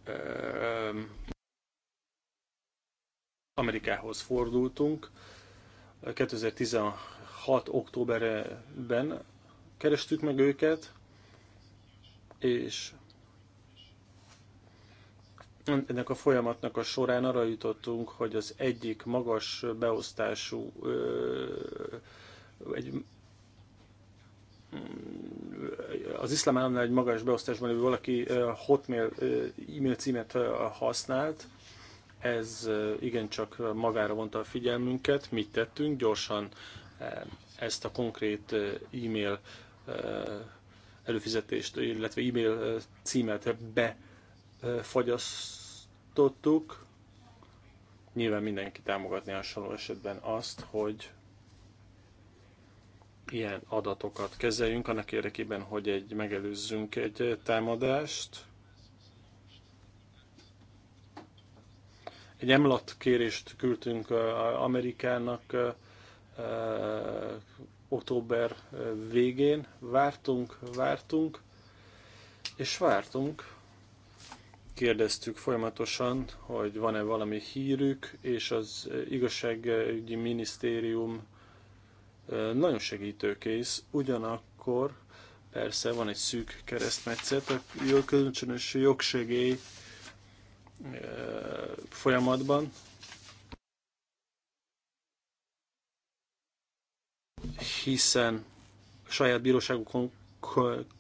Ehm, Amerikához fordultunk. 2016. októberben kerestük meg őket, és ennek a folyamatnak a során arra jutottunk, hogy az egyik magas beosztású egy, az iszlám államnál egy magas beosztásban lévő valaki hotmail e-mail címet használt, ez igencsak magára vonta a figyelmünket, mit tettünk, gyorsan ezt a konkrét e-mail előfizetést, illetve e-mail címet befagyaszt tartottuk. Nyilván mindenki támogatni hasonló esetben azt, hogy ilyen adatokat kezeljünk, annak érdekében, hogy egy megelőzzünk egy támadást. Egy emlat kérést küldtünk Amerikának október végén. Vártunk, vártunk, és vártunk kérdeztük folyamatosan, hogy van-e valami hírük, és az igazságügyi minisztérium nagyon segítőkész, ugyanakkor persze van egy szűk keresztmetszet, a kölcsönös jogsegély folyamatban. Hiszen a saját bíróságukon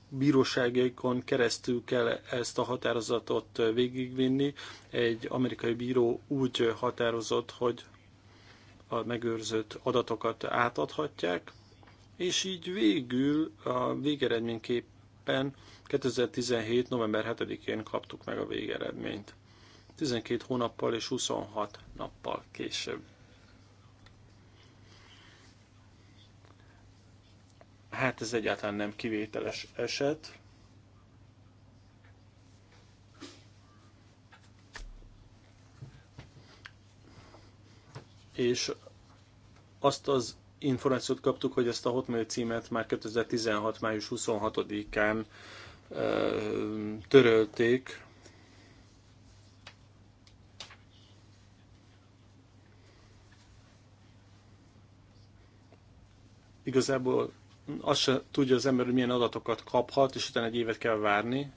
bíróságaikon keresztül kell ezt a határozatot végigvinni. Egy amerikai bíró úgy határozott, hogy a megőrzött adatokat átadhatják, és így végül a végeredményképpen 2017. november 7-én kaptuk meg a végeredményt. 12 hónappal és 26 nappal később. Hát ez egyáltalán nem kivételes eset. És azt az információt kaptuk, hogy ezt a Hotmail címet már 2016. május 26-án törölték. Igazából azt se tudja az ember, hogy milyen adatokat kaphat, és utána egy évet kell várni.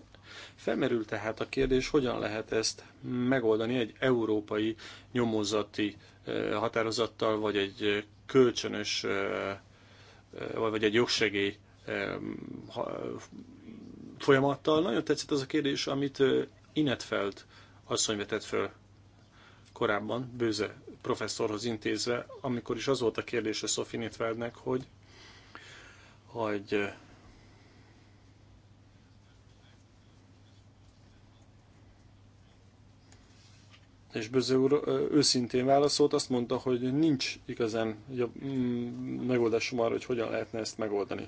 Felmerül tehát a kérdés, hogyan lehet ezt megoldani egy európai nyomozati eh, határozattal, vagy egy eh, kölcsönös, eh, vagy egy jogsegély folyamattal. Nagyon tetszett az a kérdés, amit Inetfeld asszony vetett föl korábban, Bőze professzorhoz intézve, amikor is az volt a kérdése Sophie Netfeldnek, hogy hogy és Böző úr őszintén válaszolt, azt mondta, hogy nincs igazán jobb, mm, megoldásom arra, hogy hogyan lehetne ezt megoldani.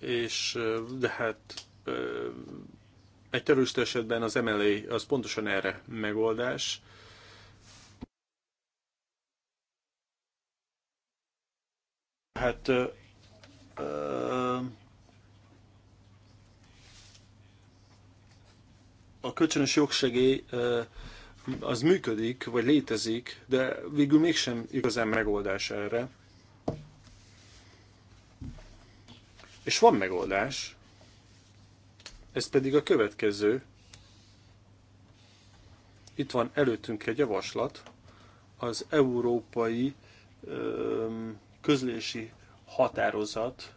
És de hát egy terrorista esetben az MLA az pontosan erre megoldás, Hát ö, ö, a kölcsönös jogsegély ö, az működik, vagy létezik, de végül mégsem igazán megoldás erre. És van megoldás, ez pedig a következő. Itt van előttünk egy javaslat, az európai közlési határozat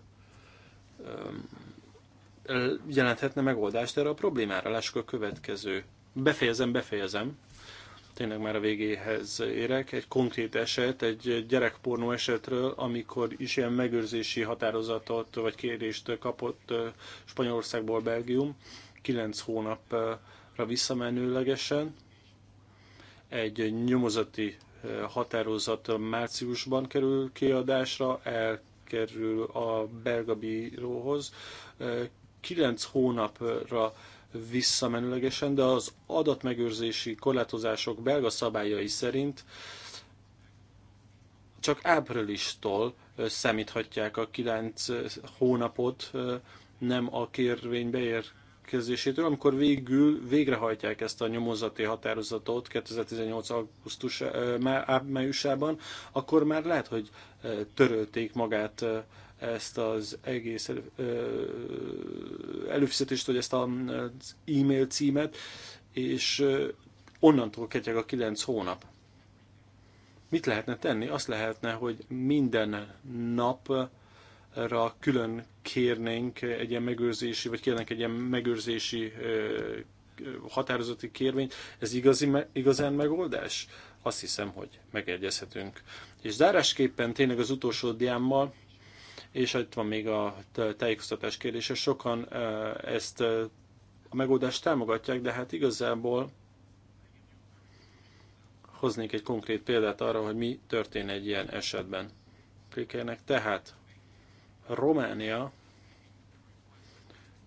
jelenthetne megoldást erre a problémára. Lássuk a következő. Befejezem, befejezem. Tényleg már a végéhez érek. Egy konkrét eset, egy gyerekpornó esetről, amikor is ilyen megőrzési határozatot vagy kérést kapott Spanyolországból Belgium, 9 hónapra visszamenőlegesen. Egy nyomozati határozat márciusban kerül kiadásra, elkerül a belga bíróhoz. Kilenc hónapra visszamenőlegesen, de az adatmegőrzési korlátozások belga szabályai szerint csak áprilistól számíthatják a kilenc hónapot, nem a kérvény beér rendelkezésétől, amikor végül végrehajtják ezt a nyomozati határozatot 2018. augusztus eh, májusában, akkor már lehet, hogy eh, törölték magát eh, ezt az egész előfizetést, vagy ezt az e-mail címet, és onnantól ketyeg a kilenc hónap. Mit lehetne tenni? Azt lehetne, hogy minden nap ra külön kérnénk egy ilyen megőrzési, vagy kérnek egy ilyen megőrzési határozati kérvényt, ez igazi, igazán megoldás? Azt hiszem, hogy megegyezhetünk. És zárásképpen tényleg az utolsó diámmal, és itt van még a tájékoztatás kérdése, sokan ezt a megoldást támogatják, de hát igazából hoznék egy konkrét példát arra, hogy mi történ egy ilyen esetben. Klikkeljenek. tehát Románia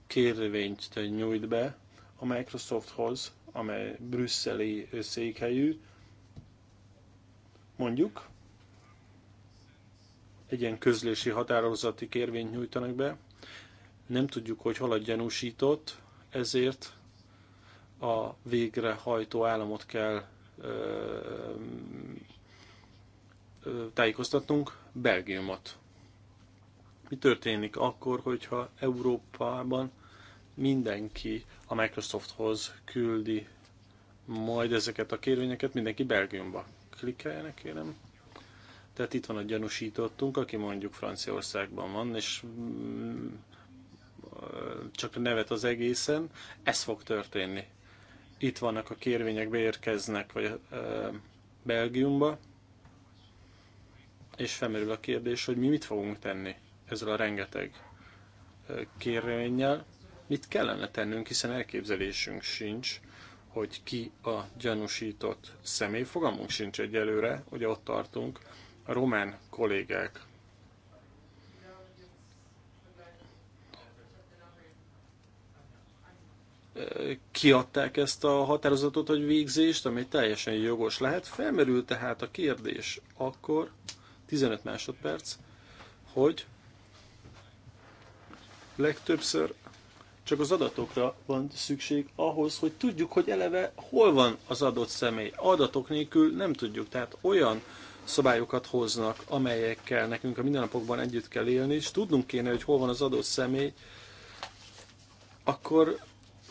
kérvényt nyújt be a Microsofthoz, amely brüsszeli székhelyű, mondjuk, egy ilyen közlési határozati kérvényt nyújtanak be. Nem tudjuk, hogy hol a gyanúsított, ezért a végrehajtó államot kell ö, ö, tájékoztatnunk, Belgiumot. Mi történik akkor, hogyha Európában mindenki a Microsofthoz küldi majd ezeket a kérvényeket, mindenki Belgiumba. Klikkeljenek, kérem. Tehát itt van a gyanúsítottunk, aki mondjuk Franciaországban van, és mm, csak nevet az egészen, ez fog történni. Itt vannak a kérvények, beérkeznek vagy, Belgiumba, és felmerül a kérdés, hogy mi mit fogunk tenni ezzel a rengeteg kérvényel, Mit kellene tennünk, hiszen elképzelésünk sincs, hogy ki a gyanúsított személy. Fogalmunk sincs egyelőre, ugye ott tartunk. A román kollégák kiadták ezt a határozatot hogy végzést, ami teljesen jogos lehet. Felmerül tehát a kérdés akkor, 15 másodperc, hogy legtöbbször csak az adatokra van szükség ahhoz, hogy tudjuk, hogy eleve hol van az adott személy. Adatok nélkül nem tudjuk, tehát olyan szabályokat hoznak, amelyekkel nekünk a mindennapokban együtt kell élni, és tudnunk kéne, hogy hol van az adott személy, akkor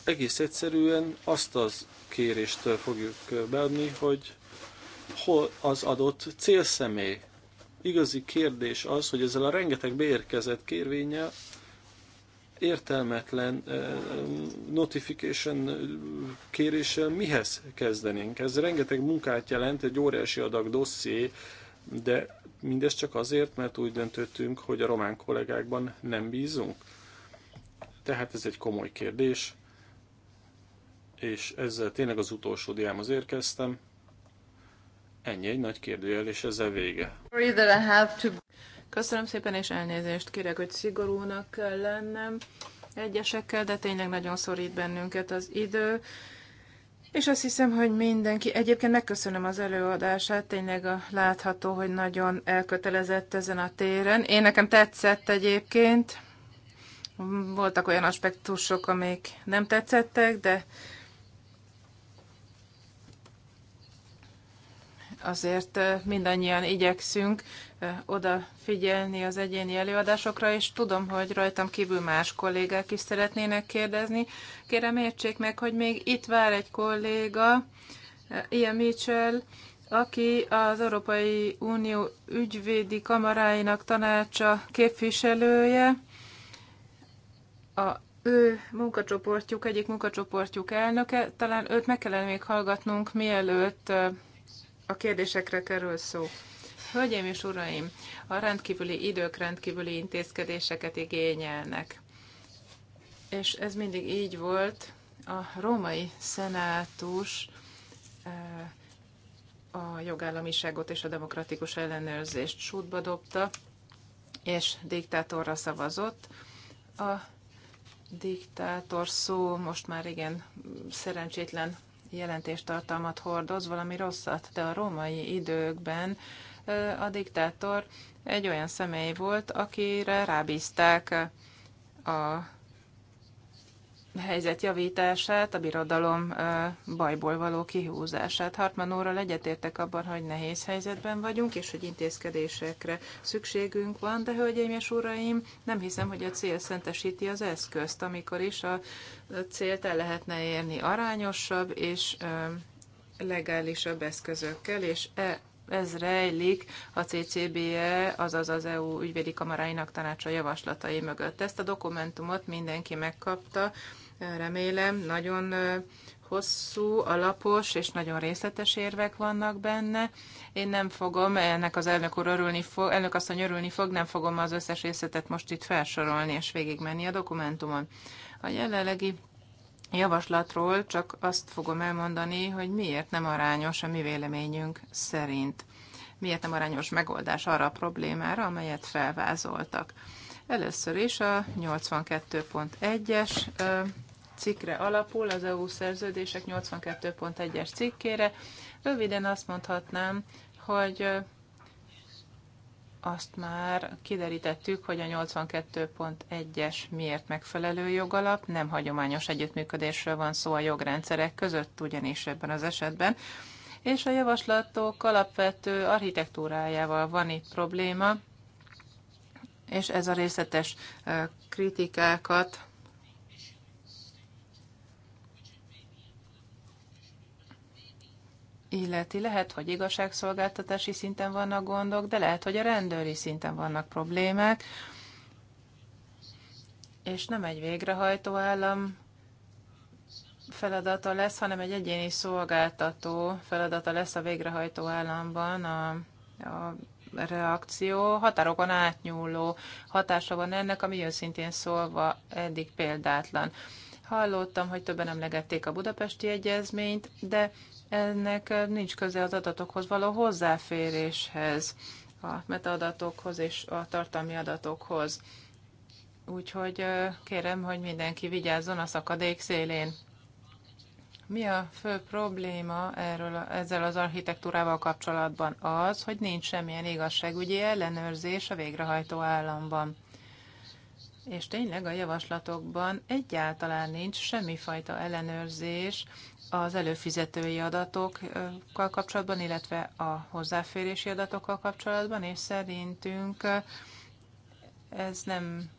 egész egyszerűen azt az kérést fogjuk beadni, hogy hol az adott célszemély. Igazi kérdés az, hogy ezzel a rengeteg beérkezett kérvényel értelmetlen eh, notification kéréssel mihez kezdenénk? Ez rengeteg munkát jelent, egy óriási adag dosszié, de mindez csak azért, mert úgy döntöttünk, hogy a román kollégákban nem bízunk. Tehát ez egy komoly kérdés, és ezzel tényleg az utolsó diámhoz érkeztem. Ennyi egy nagy kérdőjel, és ezzel vége. Köszönöm szépen, és elnézést kérek, hogy szigorúnak kell lennem egyesekkel, de tényleg nagyon szorít bennünket az idő. És azt hiszem, hogy mindenki, egyébként megköszönöm az előadását, tényleg a, látható, hogy nagyon elkötelezett ezen a téren. Én nekem tetszett egyébként, voltak olyan aspektusok, amik nem tetszettek, de azért mindannyian igyekszünk odafigyelni az egyéni előadásokra, és tudom, hogy rajtam kívül más kollégák is szeretnének kérdezni. Kérem, értsék meg, hogy még itt vár egy kolléga, Ian Mitchell, aki az Európai Unió ügyvédi kamaráinak tanácsa képviselője. A ő munkacsoportjuk, egyik munkacsoportjuk elnöke, talán őt meg kellene még hallgatnunk, mielőtt a kérdésekre kerül szó. Hölgyeim és uraim, a rendkívüli idők rendkívüli intézkedéseket igényelnek. És ez mindig így volt. A római szenátus eh, a jogállamiságot és a demokratikus ellenőrzést sútba dobta, és diktátorra szavazott. A diktátor szó most már igen szerencsétlen jelentéstartalmat hordoz, valami rosszat, de a római időkben a diktátor egy olyan személy volt, akire rábízták a helyzet javítását, a birodalom bajból való kihúzását. Hartman óra, egyetértek abban, hogy nehéz helyzetben vagyunk, és hogy intézkedésekre szükségünk van, de hölgyeim és uraim, nem hiszem, hogy a cél szentesíti az eszközt, amikor is a célt el lehetne érni arányosabb és legálisabb eszközökkel, és e ez rejlik a CCBE, azaz az EU ügyvédi kamaráinak tanácsa javaslatai mögött. Ezt a dokumentumot mindenki megkapta, remélem, nagyon hosszú, alapos és nagyon részletes érvek vannak benne. Én nem fogom, ennek az elnök úr örülni fog, elnök asszony örülni fog, nem fogom az összes részletet most itt felsorolni és végigmenni a dokumentumon. A jelenlegi javaslatról csak azt fogom elmondani, hogy miért nem arányos a mi véleményünk szerint. Miért nem arányos megoldás arra a problémára, amelyet felvázoltak. Először is a 82.1-es cikkre alapul, az EU szerződések 82.1-es cikkére. Röviden azt mondhatnám, hogy azt már kiderítettük, hogy a 82.1-es miért megfelelő jogalap, nem hagyományos együttműködésről van szó a jogrendszerek között, ugyanis ebben az esetben, és a javaslatok alapvető architektúrájával van itt probléma, és ez a részletes kritikákat illeti. Lehet, hogy igazságszolgáltatási szinten vannak gondok, de lehet, hogy a rendőri szinten vannak problémák, és nem egy végrehajtó állam feladata lesz, hanem egy egyéni szolgáltató feladata lesz a végrehajtó államban a, a reakció határokon átnyúló hatása van ennek, ami őszintén szólva eddig példátlan. Hallottam, hogy többen emlegették a budapesti egyezményt, de ennek nincs köze az adatokhoz való hozzáféréshez, a metaadatokhoz és a tartalmi adatokhoz. Úgyhogy kérem, hogy mindenki vigyázzon a szakadék szélén. Mi a fő probléma erről, ezzel az architektúrával kapcsolatban? Az, hogy nincs semmilyen igazságügyi ellenőrzés a végrehajtó államban. És tényleg a javaslatokban egyáltalán nincs semmifajta ellenőrzés az előfizetői adatokkal kapcsolatban, illetve a hozzáférési adatokkal kapcsolatban, és szerintünk ez nem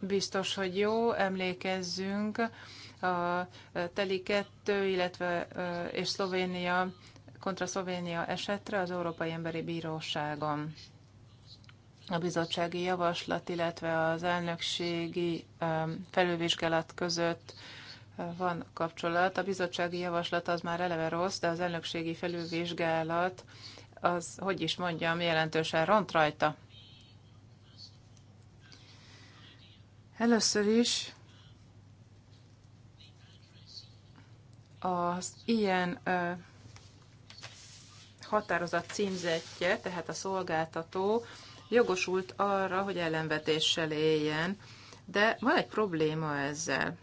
biztos, hogy jó, emlékezzünk a Teli 2, illetve és Szlovénia kontra Szlovénia esetre az Európai Emberi Bíróságon a bizottsági javaslat, illetve az elnökségi felülvizsgálat között van kapcsolat. A bizottsági javaslat az már eleve rossz, de az elnökségi felülvizsgálat az, hogy is mondjam, jelentősen ront rajta. Először is az ilyen határozat címzetje, tehát a szolgáltató jogosult arra, hogy ellenvetéssel éljen, de van egy probléma ezzel.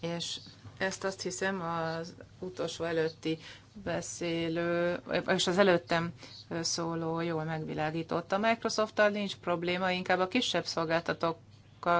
És ezt azt hiszem az utolsó előtti beszélő, és az előttem szóló jól megvilágította. Microsofttal nincs probléma, inkább a kisebb szolgáltatók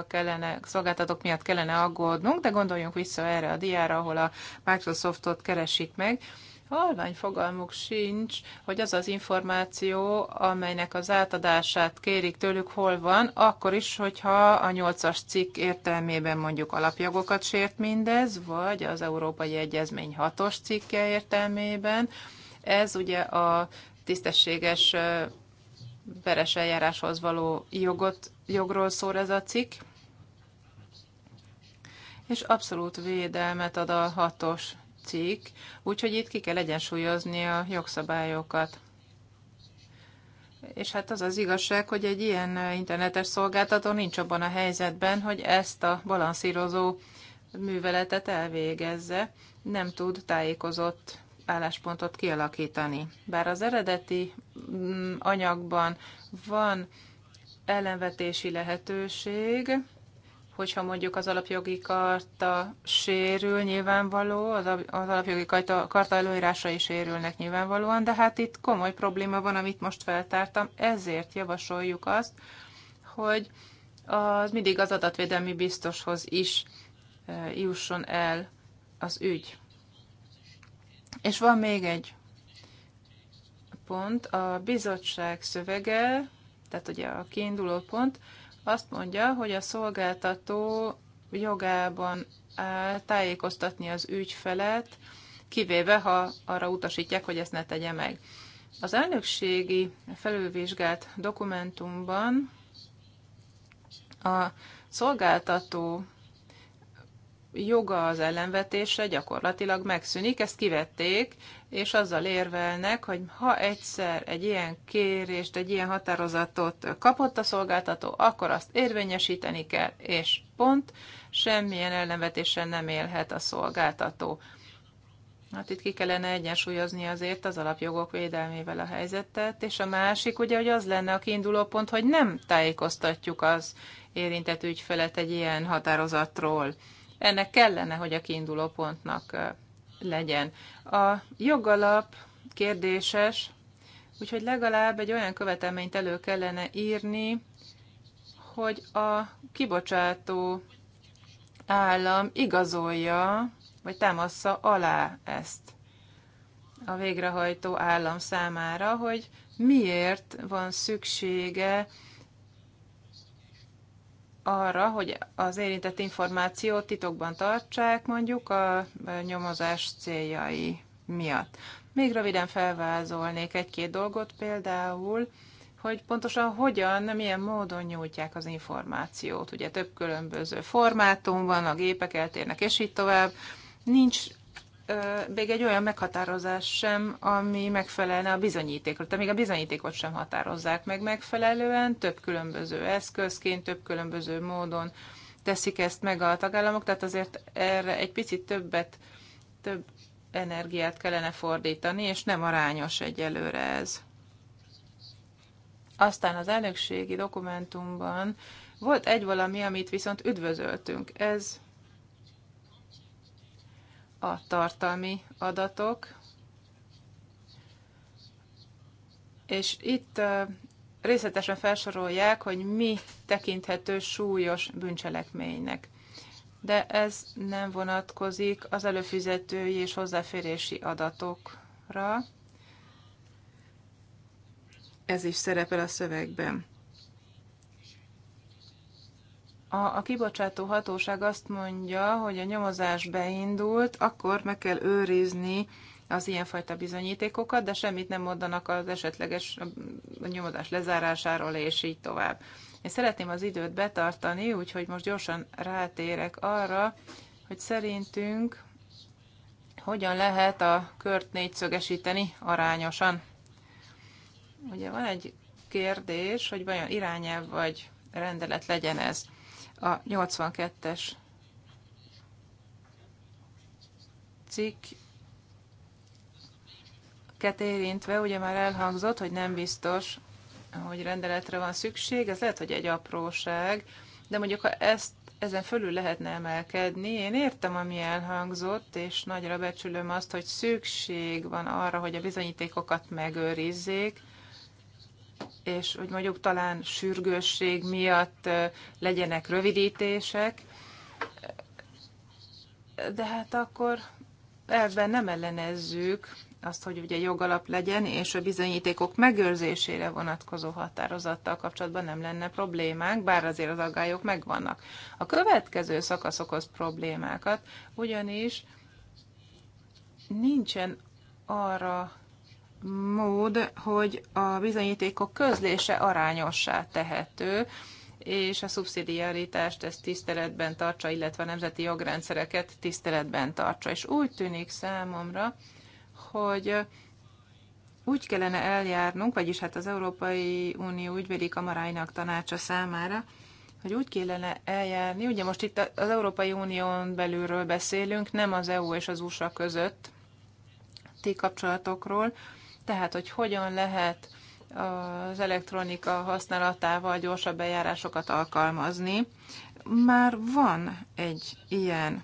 kellene, szolgáltatók miatt kellene aggódnunk, de gondoljunk vissza erre a diára, ahol a Microsoftot keresik meg halvány fogalmuk sincs, hogy az az információ, amelynek az átadását kérik tőlük, hol van, akkor is, hogyha a nyolcas cikk értelmében mondjuk alapjogokat sért mindez, vagy az Európai Egyezmény hatos cikke értelmében. Ez ugye a tisztességes peres eljáráshoz való jogot, jogról szól ez a cikk, és abszolút védelmet ad a hatos cikk, úgyhogy itt ki kell egyensúlyozni a jogszabályokat. És hát az az igazság, hogy egy ilyen internetes szolgáltató nincs abban a helyzetben, hogy ezt a balanszírozó műveletet elvégezze, nem tud tájékozott álláspontot kialakítani. Bár az eredeti mm, anyagban van ellenvetési lehetőség, hogyha mondjuk az alapjogi karta sérül nyilvánvaló, az, az alapjogi karta, karta előírásai sérülnek nyilvánvalóan, de hát itt komoly probléma van, amit most feltártam, ezért javasoljuk azt, hogy az mindig az adatvédelmi biztoshoz is e, jusson el az ügy. És van még egy pont, a bizottság szövege, tehát ugye a kiinduló pont, azt mondja, hogy a szolgáltató jogában áll e, tájékoztatni az ügyfelet, kivéve ha arra utasítják, hogy ezt ne tegye meg. Az elnökségi felülvizsgált dokumentumban a szolgáltató joga az ellenvetésre gyakorlatilag megszűnik, ezt kivették, és azzal érvelnek, hogy ha egyszer egy ilyen kérést, egy ilyen határozatot kapott a szolgáltató, akkor azt érvényesíteni kell, és pont semmilyen ellenvetéssel nem élhet a szolgáltató. Hát itt ki kellene egyensúlyozni azért az alapjogok védelmével a helyzetet, és a másik ugye, hogy az lenne a kiinduló pont, hogy nem tájékoztatjuk az érintett ügyfelet egy ilyen határozatról. Ennek kellene, hogy a kiinduló pontnak legyen. A jogalap kérdéses, úgyhogy legalább egy olyan követelményt elő kellene írni, hogy a kibocsátó állam igazolja, vagy támassza alá ezt a végrehajtó állam számára, hogy miért van szüksége arra, hogy az érintett információt titokban tartsák mondjuk a nyomozás céljai miatt. Még röviden felvázolnék egy-két dolgot, például, hogy pontosan hogyan, milyen módon nyújtják az információt. Ugye több különböző formátum van, a gépek eltérnek, és így tovább. Nincs még egy olyan meghatározás sem, ami megfelelne a bizonyítékra. Tehát még a bizonyítékot sem határozzák meg megfelelően, több különböző eszközként, több különböző módon teszik ezt meg a tagállamok, tehát azért erre egy picit többet, több energiát kellene fordítani, és nem arányos egyelőre ez. Aztán az elnökségi dokumentumban volt egy valami, amit viszont üdvözöltünk. Ez a tartalmi adatok, és itt részletesen felsorolják, hogy mi tekinthető súlyos bűncselekménynek. De ez nem vonatkozik az előfizetői és hozzáférési adatokra. Ez is szerepel a szövegben a, a kibocsátó hatóság azt mondja, hogy a nyomozás beindult, akkor meg kell őrizni az ilyenfajta bizonyítékokat, de semmit nem mondanak az esetleges a nyomozás lezárásáról, és így tovább. Én szeretném az időt betartani, úgyhogy most gyorsan rátérek arra, hogy szerintünk hogyan lehet a kört négyszögesíteni arányosan. Ugye van egy kérdés, hogy vajon irányelv vagy rendelet legyen ez. A 82-es cikk ket érintve, ugye már elhangzott, hogy nem biztos, hogy rendeletre van szükség, ez lehet, hogy egy apróság, de mondjuk ha ezt ezen fölül lehetne emelkedni. Én értem, ami elhangzott, és nagyra becsülöm azt, hogy szükség van arra, hogy a bizonyítékokat megőrizzék, és hogy mondjuk talán sürgősség miatt legyenek rövidítések, de hát akkor ebben nem ellenezzük azt, hogy ugye jogalap legyen, és a bizonyítékok megőrzésére vonatkozó határozattal kapcsolatban nem lenne problémák, bár azért az aggályok megvannak. A következő szakasz okoz problémákat, ugyanis nincsen arra mód, hogy a bizonyítékok közlése arányossá tehető, és a szubszidiaritást ezt tiszteletben tartsa, illetve a nemzeti jogrendszereket tiszteletben tartsa. És úgy tűnik számomra, hogy úgy kellene eljárnunk, vagyis hát az Európai Unió ügyvédi kamaráinak tanácsa számára, hogy úgy kellene eljárni, ugye most itt az Európai Unión belülről beszélünk, nem az EU és az USA közötti kapcsolatokról, tehát, hogy hogyan lehet az elektronika használatával gyorsabb eljárásokat alkalmazni. Már van egy ilyen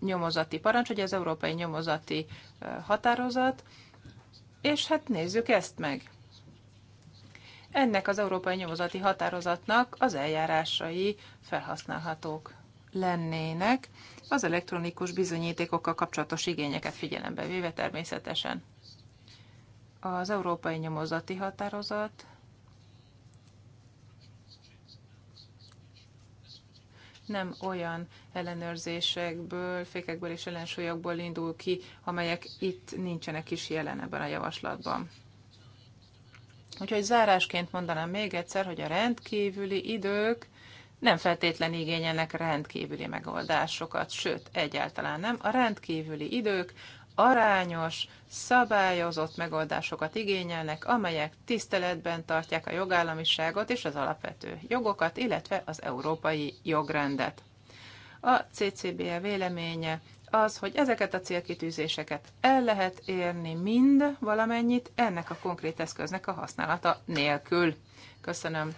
nyomozati parancs, hogy az európai nyomozati határozat, és hát nézzük ezt meg. Ennek az európai nyomozati határozatnak az eljárásai felhasználhatók lennének, az elektronikus bizonyítékokkal kapcsolatos igényeket figyelembe véve természetesen az európai nyomozati határozat nem olyan ellenőrzésekből, fékekből és ellensúlyokból indul ki, amelyek itt nincsenek is jelen ebben a javaslatban. Úgyhogy zárásként mondanám még egyszer, hogy a rendkívüli idők nem feltétlen igényelnek rendkívüli megoldásokat, sőt, egyáltalán nem. A rendkívüli idők arányos, szabályozott megoldásokat igényelnek, amelyek tiszteletben tartják a jogállamiságot és az alapvető jogokat, illetve az európai jogrendet. A CCB e véleménye az, hogy ezeket a célkitűzéseket el lehet érni mind valamennyit ennek a konkrét eszköznek a használata nélkül. Köszönöm.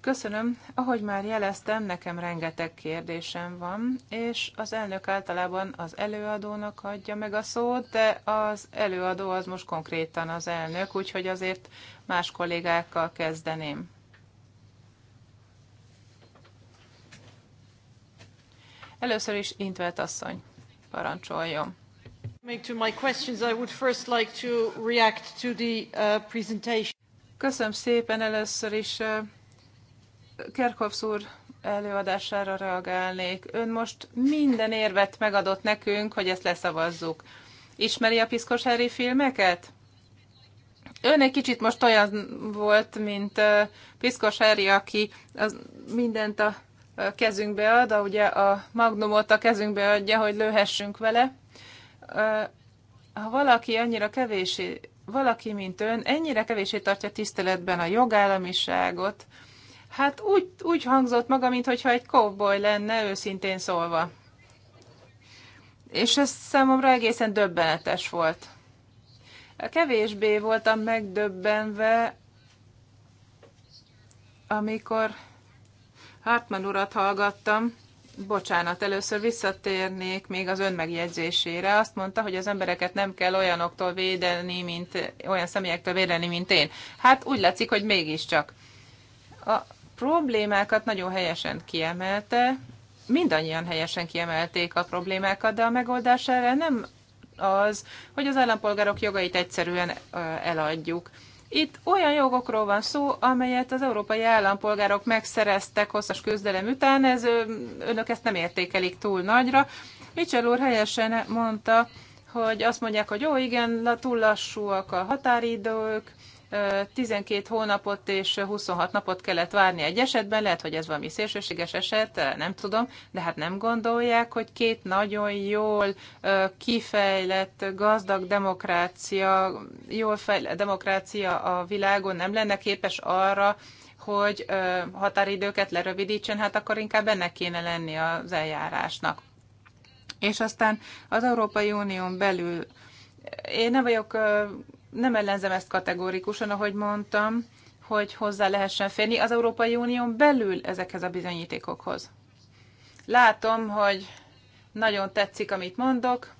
Köszönöm. Ahogy már jeleztem, nekem rengeteg kérdésem van, és az elnök általában az előadónak adja meg a szót, de az előadó az most konkrétan az elnök, úgyhogy azért más kollégákkal kezdeném. Először is Intvelt asszony, parancsoljon. To my questions, I would first like to react to the uh, presentation. Köszönöm szépen először is. Uh, Kerkhoffs úr előadására reagálnék. Ön most minden érvet megadott nekünk, hogy ezt leszavazzuk. Ismeri a piszkos Harry filmeket? Ön egy kicsit most olyan volt, mint Piszkos Harry, aki az mindent a kezünkbe ad, a, ugye a magnumot a kezünkbe adja, hogy lőhessünk vele. Ha valaki annyira kevésé, valaki, mint ön, ennyire kevésé tartja tiszteletben a jogállamiságot, Hát úgy, úgy hangzott maga, mintha egy cowboy lenne, őszintén szólva. És ez számomra egészen döbbenetes volt. Kevésbé voltam megdöbbenve, amikor Hartmann urat hallgattam, bocsánat, először visszatérnék még az ön megjegyzésére. Azt mondta, hogy az embereket nem kell olyanoktól védeni, mint olyan személyektől védeni, mint én. Hát úgy látszik, hogy mégiscsak. A problémákat nagyon helyesen kiemelte, mindannyian helyesen kiemelték a problémákat, de a megoldás erre nem az, hogy az állampolgárok jogait egyszerűen eladjuk. Itt olyan jogokról van szó, amelyet az európai állampolgárok megszereztek hosszas küzdelem után, ez, önök ezt nem értékelik túl nagyra. Mitchell úr helyesen mondta, hogy azt mondják, hogy jó, igen, túl lassúak a határidők, 12 hónapot és 26 napot kellett várni egy esetben, lehet, hogy ez valami szélsőséges eset, nem tudom, de hát nem gondolják, hogy két nagyon jól kifejlett, gazdag demokrácia, jól fejlett demokrácia a világon nem lenne képes arra, hogy határidőket lerövidítsen, hát akkor inkább ennek kéne lenni az eljárásnak. És aztán az Európai Unión belül én nem vagyok nem ellenzem ezt kategórikusan, ahogy mondtam, hogy hozzá lehessen férni az Európai Unión belül ezekhez a bizonyítékokhoz. Látom, hogy nagyon tetszik, amit mondok,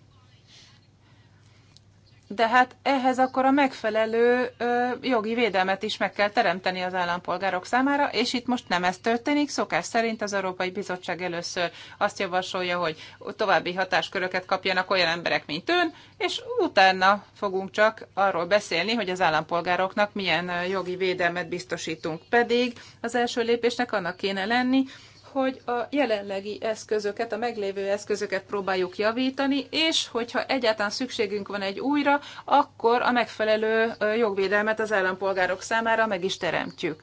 de hát ehhez akkor a megfelelő ö, jogi védelmet is meg kell teremteni az állampolgárok számára, és itt most nem ez történik. Szokás szerint az Európai Bizottság először azt javasolja, hogy további hatásköröket kapjanak olyan emberek, mint ön, és utána fogunk csak arról beszélni, hogy az állampolgároknak milyen jogi védelmet biztosítunk. Pedig az első lépésnek annak kéne lenni, hogy a jelenlegi eszközöket, a meglévő eszközöket próbáljuk javítani, és hogyha egyáltalán szükségünk van egy újra, akkor a megfelelő jogvédelmet az állampolgárok számára meg is teremtjük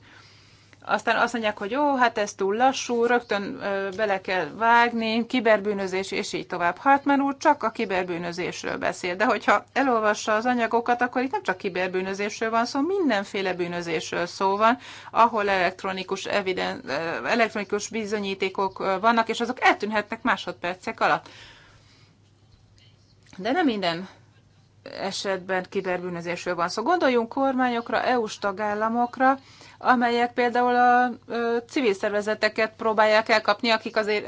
aztán azt mondják, hogy jó, hát ez túl lassú, rögtön ö, bele kell vágni, kiberbűnözés, és így tovább. Hartmann úr csak a kiberbűnözésről beszél, de hogyha elolvassa az anyagokat, akkor itt nem csak kiberbűnözésről van szó, mindenféle bűnözésről szó van, ahol elektronikus, eviden, elektronikus bizonyítékok vannak, és azok eltűnhetnek másodpercek alatt. De nem minden esetben kiberbűnözésről van szó. Szóval gondoljunk kormányokra, EU-s tagállamokra, amelyek például a civil szervezeteket próbálják elkapni, akik azért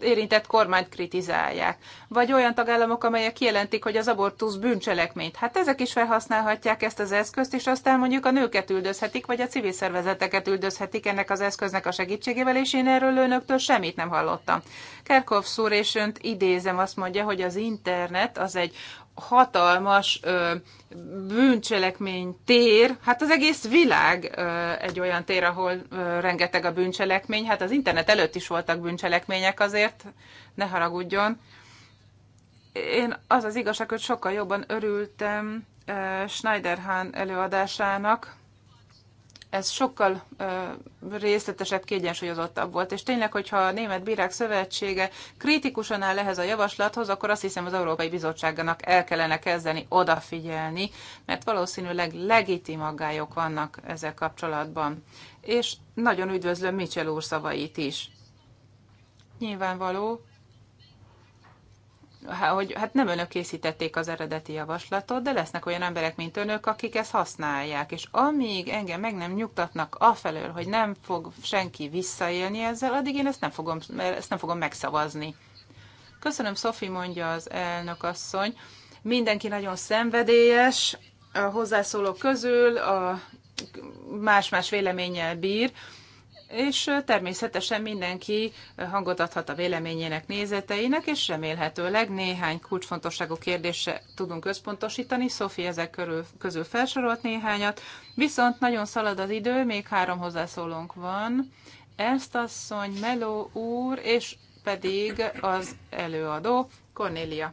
érintett kormányt kritizálják. Vagy olyan tagállamok, amelyek kijelentik, hogy az abortusz bűncselekményt. Hát ezek is felhasználhatják ezt az eszközt, és aztán mondjuk a nőket üldözhetik, vagy a civil szervezeteket üldözhetik ennek az eszköznek a segítségével, és én erről önöktől semmit nem hallottam. Kerkhoff szúr, és önt idézem, azt mondja, hogy az internet az egy hatalmas ö, bűncselekmény tér, hát az egész világ ö, egy olyan tér, ahol ö, rengeteg a bűncselekmény, hát az internet előtt is voltak bűncselekmények azért, ne haragudjon. Én az az igazság, hogy sokkal jobban örültem ö, Schneiderhán előadásának, ez sokkal ö, részletesebb, kiegyensúlyozottabb volt. És tényleg, hogyha a Német Bírák Szövetsége kritikusan áll ehhez a javaslathoz, akkor azt hiszem az Európai Bizottságnak el kellene kezdeni odafigyelni, mert valószínűleg legitim aggályok vannak ezzel kapcsolatban. És nagyon üdvözlöm Mitchell úr szavait is. Nyilvánvaló, hogy hát nem önök készítették az eredeti javaslatot, de lesznek olyan emberek, mint önök, akik ezt használják. És amíg engem meg nem nyugtatnak afelől, hogy nem fog senki visszaélni ezzel, addig én ezt nem fogom, ezt nem fogom megszavazni. Köszönöm, Szofi, mondja az elnök asszony. Mindenki nagyon szenvedélyes a hozzászólók közül, a más-más véleménnyel bír és természetesen mindenki hangot adhat a véleményének, nézeteinek, és remélhetőleg néhány kulcsfontosságú kérdésre tudunk összpontosítani. Szofi ezek körül, közül felsorolt néhányat, viszont nagyon szalad az idő, még három hozzászólónk van. Ezt asszony, Meló úr, és pedig az előadó, Cornélia.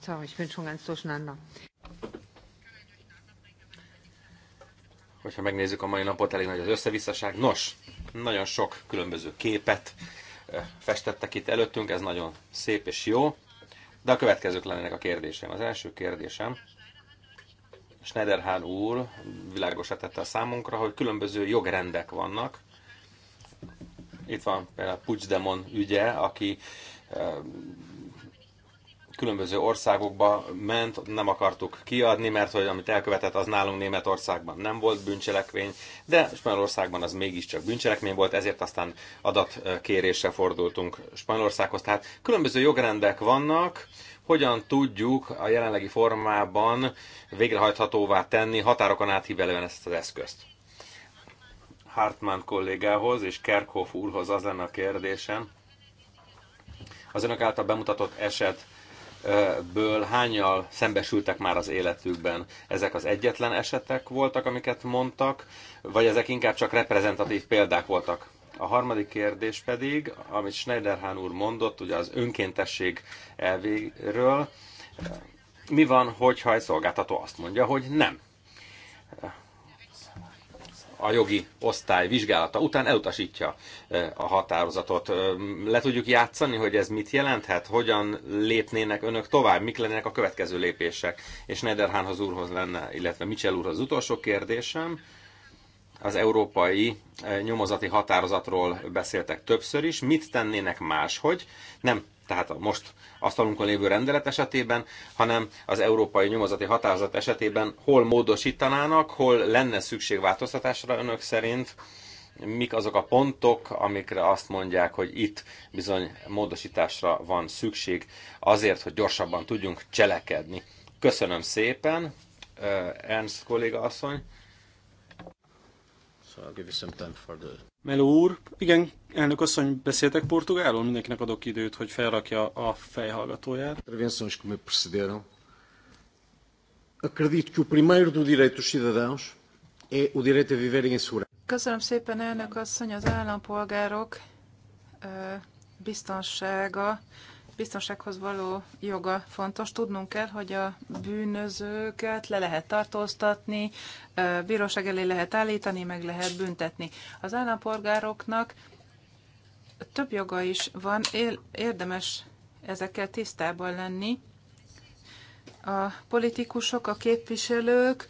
Szóval, ich bin schon ganz durcheinander hogyha megnézzük a mai napot, elég nagy az összevisszaság. Nos, nagyon sok különböző képet festettek itt előttünk, ez nagyon szép és jó. De a következők lennének a kérdésem. Az első kérdésem, Schneiderhán úr világosra tette a számunkra, hogy különböző jogrendek vannak. Itt van például Puigdemont ügye, aki különböző országokba ment, nem akartuk kiadni, mert hogy amit elkövetett, az nálunk Németországban nem volt bűncselekmény, de Spanyolországban az mégiscsak bűncselekmény volt, ezért aztán adatkérésre fordultunk Spanyolországhoz. Tehát különböző jogrendek vannak, hogyan tudjuk a jelenlegi formában végrehajthatóvá tenni határokon áthívelően ezt az eszközt. Hartmann kollégához és Kerkhoff úrhoz az lenne a kérdésem. Az önök által bemutatott eset ből hányal szembesültek már az életükben? Ezek az egyetlen esetek voltak, amiket mondtak, vagy ezek inkább csak reprezentatív példák voltak? A harmadik kérdés pedig, amit Schneiderhán úr mondott, ugye az önkéntesség elvéről. Mi van, hogyha egy szolgáltató azt mondja, hogy nem? a jogi osztály vizsgálata után elutasítja eh, a határozatot. Le tudjuk játszani, hogy ez mit jelenthet, hogyan lépnének önök tovább, mik lennének a következő lépések. És Nederhánhoz úrhoz lenne, illetve Michel úrhoz az utolsó kérdésem. Az európai eh, nyomozati határozatról beszéltek többször is. Mit tennének máshogy? Nem tehát a most asztalunkon lévő rendelet esetében, hanem az európai nyomozati határozat esetében hol módosítanának, hol lenne szükség változtatásra önök szerint, mik azok a pontok, amikre azt mondják, hogy itt bizony módosításra van szükség azért, hogy gyorsabban tudjunk cselekedni. Köszönöm szépen, Ernst kolléga asszony so I'll give you some time for the... Meló úr, igen, elnök asszony, beszéltek portugálul? Mindenkinek adok időt, hogy felrakja a fejhallgatóját. Intervenções que me precederam. Acredito que o primeiro do direito dos cidadãos é o direito a viverem em segurança. Köszönöm szépen, elnök asszony, az állampolgárok biztonsága biztonsághoz való joga fontos. Tudnunk kell, hogy a bűnözőket le lehet tartóztatni, bíróság elé lehet állítani, meg lehet büntetni. Az állampolgároknak több joga is van, érdemes ezekkel tisztában lenni. A politikusok, a képviselők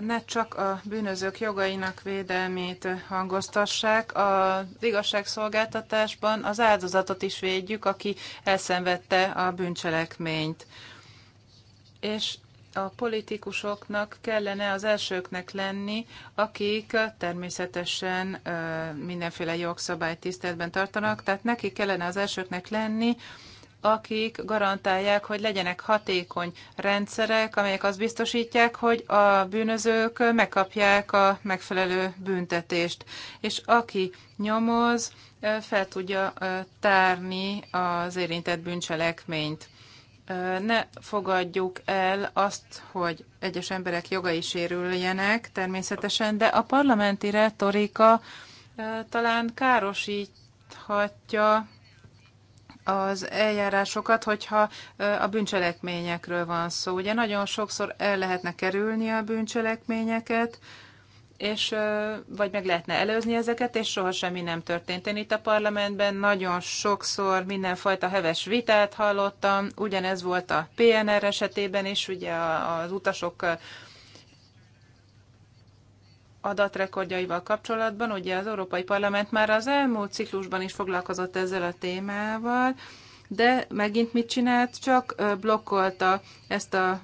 ne csak a bűnözők jogainak védelmét hangoztassák, az igazságszolgáltatásban az áldozatot is védjük, aki elszenvedte a bűncselekményt. És a politikusoknak kellene az elsőknek lenni, akik természetesen mindenféle jogszabályt tiszteletben tartanak, tehát neki kellene az elsőknek lenni, akik garantálják, hogy legyenek hatékony rendszerek, amelyek azt biztosítják, hogy a bűnözők megkapják a megfelelő büntetést. És aki nyomoz, fel tudja tárni az érintett bűncselekményt. Ne fogadjuk el azt, hogy egyes emberek jogai sérüljenek természetesen, de a parlamenti retorika talán károsíthatja az eljárásokat, hogyha a bűncselekményekről van szó. Ugye nagyon sokszor el lehetne kerülni a bűncselekményeket, és vagy meg lehetne előzni ezeket, és soha semmi nem történt. Én itt a parlamentben nagyon sokszor mindenfajta heves vitát hallottam, ugyanez volt a PNR esetében is, ugye az utasok adatrekordjaival kapcsolatban, ugye az Európai Parlament már az elmúlt ciklusban is foglalkozott ezzel a témával, de megint mit csinált? Csak blokkolta ezt a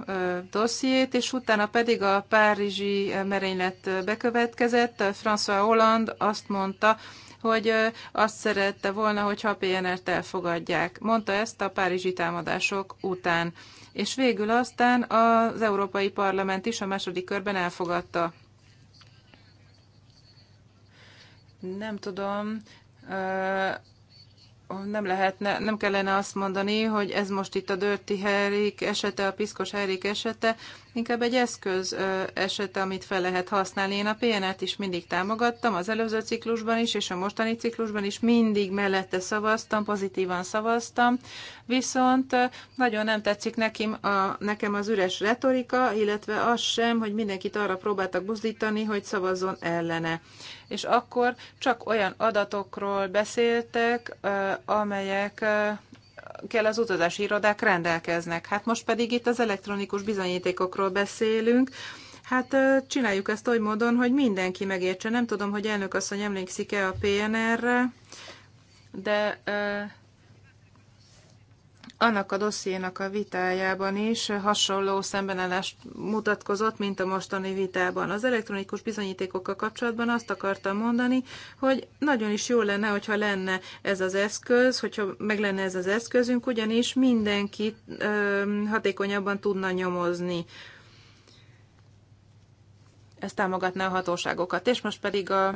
dossziét, és utána pedig a párizsi merénylet bekövetkezett. François Hollande azt mondta, hogy azt szerette volna, hogyha a PNR-t elfogadják. Mondta ezt a párizsi támadások után. És végül aztán az Európai Parlament is a második körben elfogadta Nem tudom, nem lehetne, nem kellene azt mondani, hogy ez most itt a Dirty Harry esete, a piszkos Harry esete, inkább egy eszköz eset, amit fel lehet használni. Én a PNR-t is mindig támogattam, az előző ciklusban is, és a mostani ciklusban is mindig mellette szavaztam, pozitívan szavaztam, viszont nagyon nem tetszik nekem, a, nekem az üres retorika, illetve az sem, hogy mindenkit arra próbáltak buzdítani, hogy szavazzon ellene. És akkor csak olyan adatokról beszéltek, amelyek kell az utazási irodák rendelkeznek. Hát most pedig itt az elektronikus bizonyítékokról beszélünk, Hát csináljuk ezt oly módon, hogy mindenki megértse. Nem tudom, hogy elnök asszony emlékszik-e a PNR-re, de annak a dossziénak a vitájában is hasonló szembenállást mutatkozott, mint a mostani vitában. Az elektronikus bizonyítékokkal kapcsolatban azt akartam mondani, hogy nagyon is jó lenne, hogyha lenne ez az eszköz, hogyha meg lenne ez az eszközünk, ugyanis mindenki ö, hatékonyabban tudna nyomozni. Ez támogatná a hatóságokat. És most pedig a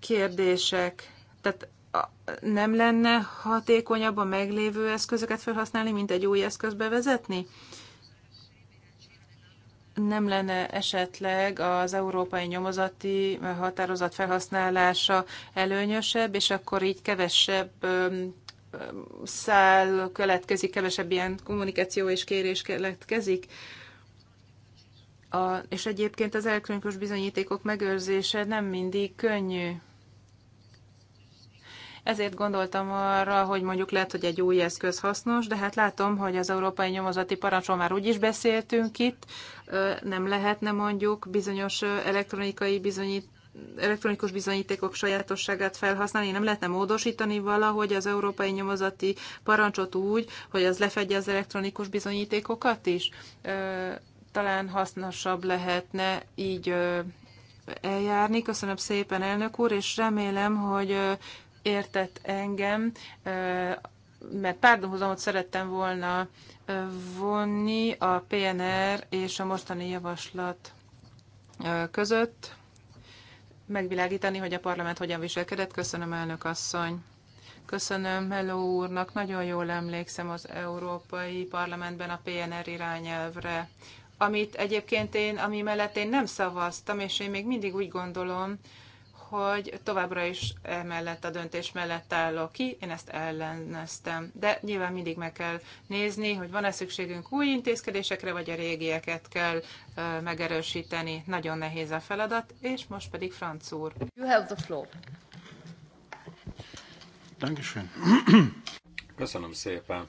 kérdések. Tehát nem lenne hatékonyabb a meglévő eszközöket felhasználni, mint egy új eszköz bevezetni? nem lenne esetleg az európai nyomozati határozat felhasználása előnyösebb, és akkor így kevesebb szál keletkezik, kevesebb ilyen kommunikáció és kérés keletkezik. A, és egyébként az elektronikus bizonyítékok megőrzése nem mindig könnyű. Ezért gondoltam arra, hogy mondjuk lehet, hogy egy új eszköz hasznos, de hát látom, hogy az európai nyomozati parancsról már úgy is beszéltünk itt, nem lehetne mondjuk bizonyos elektronikai bizonyít elektronikus bizonyítékok sajátosságát felhasználni, nem lehetne módosítani valahogy az európai nyomozati parancsot úgy, hogy az lefedje az elektronikus bizonyítékokat is? Talán hasznosabb lehetne így eljárni. Köszönöm szépen, elnök úr, és remélem, hogy értett engem, mert párdomhozamot szerettem volna vonni a PNR és a mostani javaslat között, megvilágítani, hogy a parlament hogyan viselkedett. Köszönöm, elnök asszony! Köszönöm Hello úrnak, nagyon jól emlékszem az Európai Parlamentben a PNR irányelvre, amit egyébként én, ami mellett én nem szavaztam, és én még mindig úgy gondolom, hogy továbbra is emellett a döntés mellett állok ki, én ezt elleneztem. De nyilván mindig meg kell nézni, hogy van-e szükségünk új intézkedésekre, vagy a régieket kell uh, megerősíteni. Nagyon nehéz a feladat, és most pedig Franc úr. You have the floor. Dankeschön. Köszönöm szépen.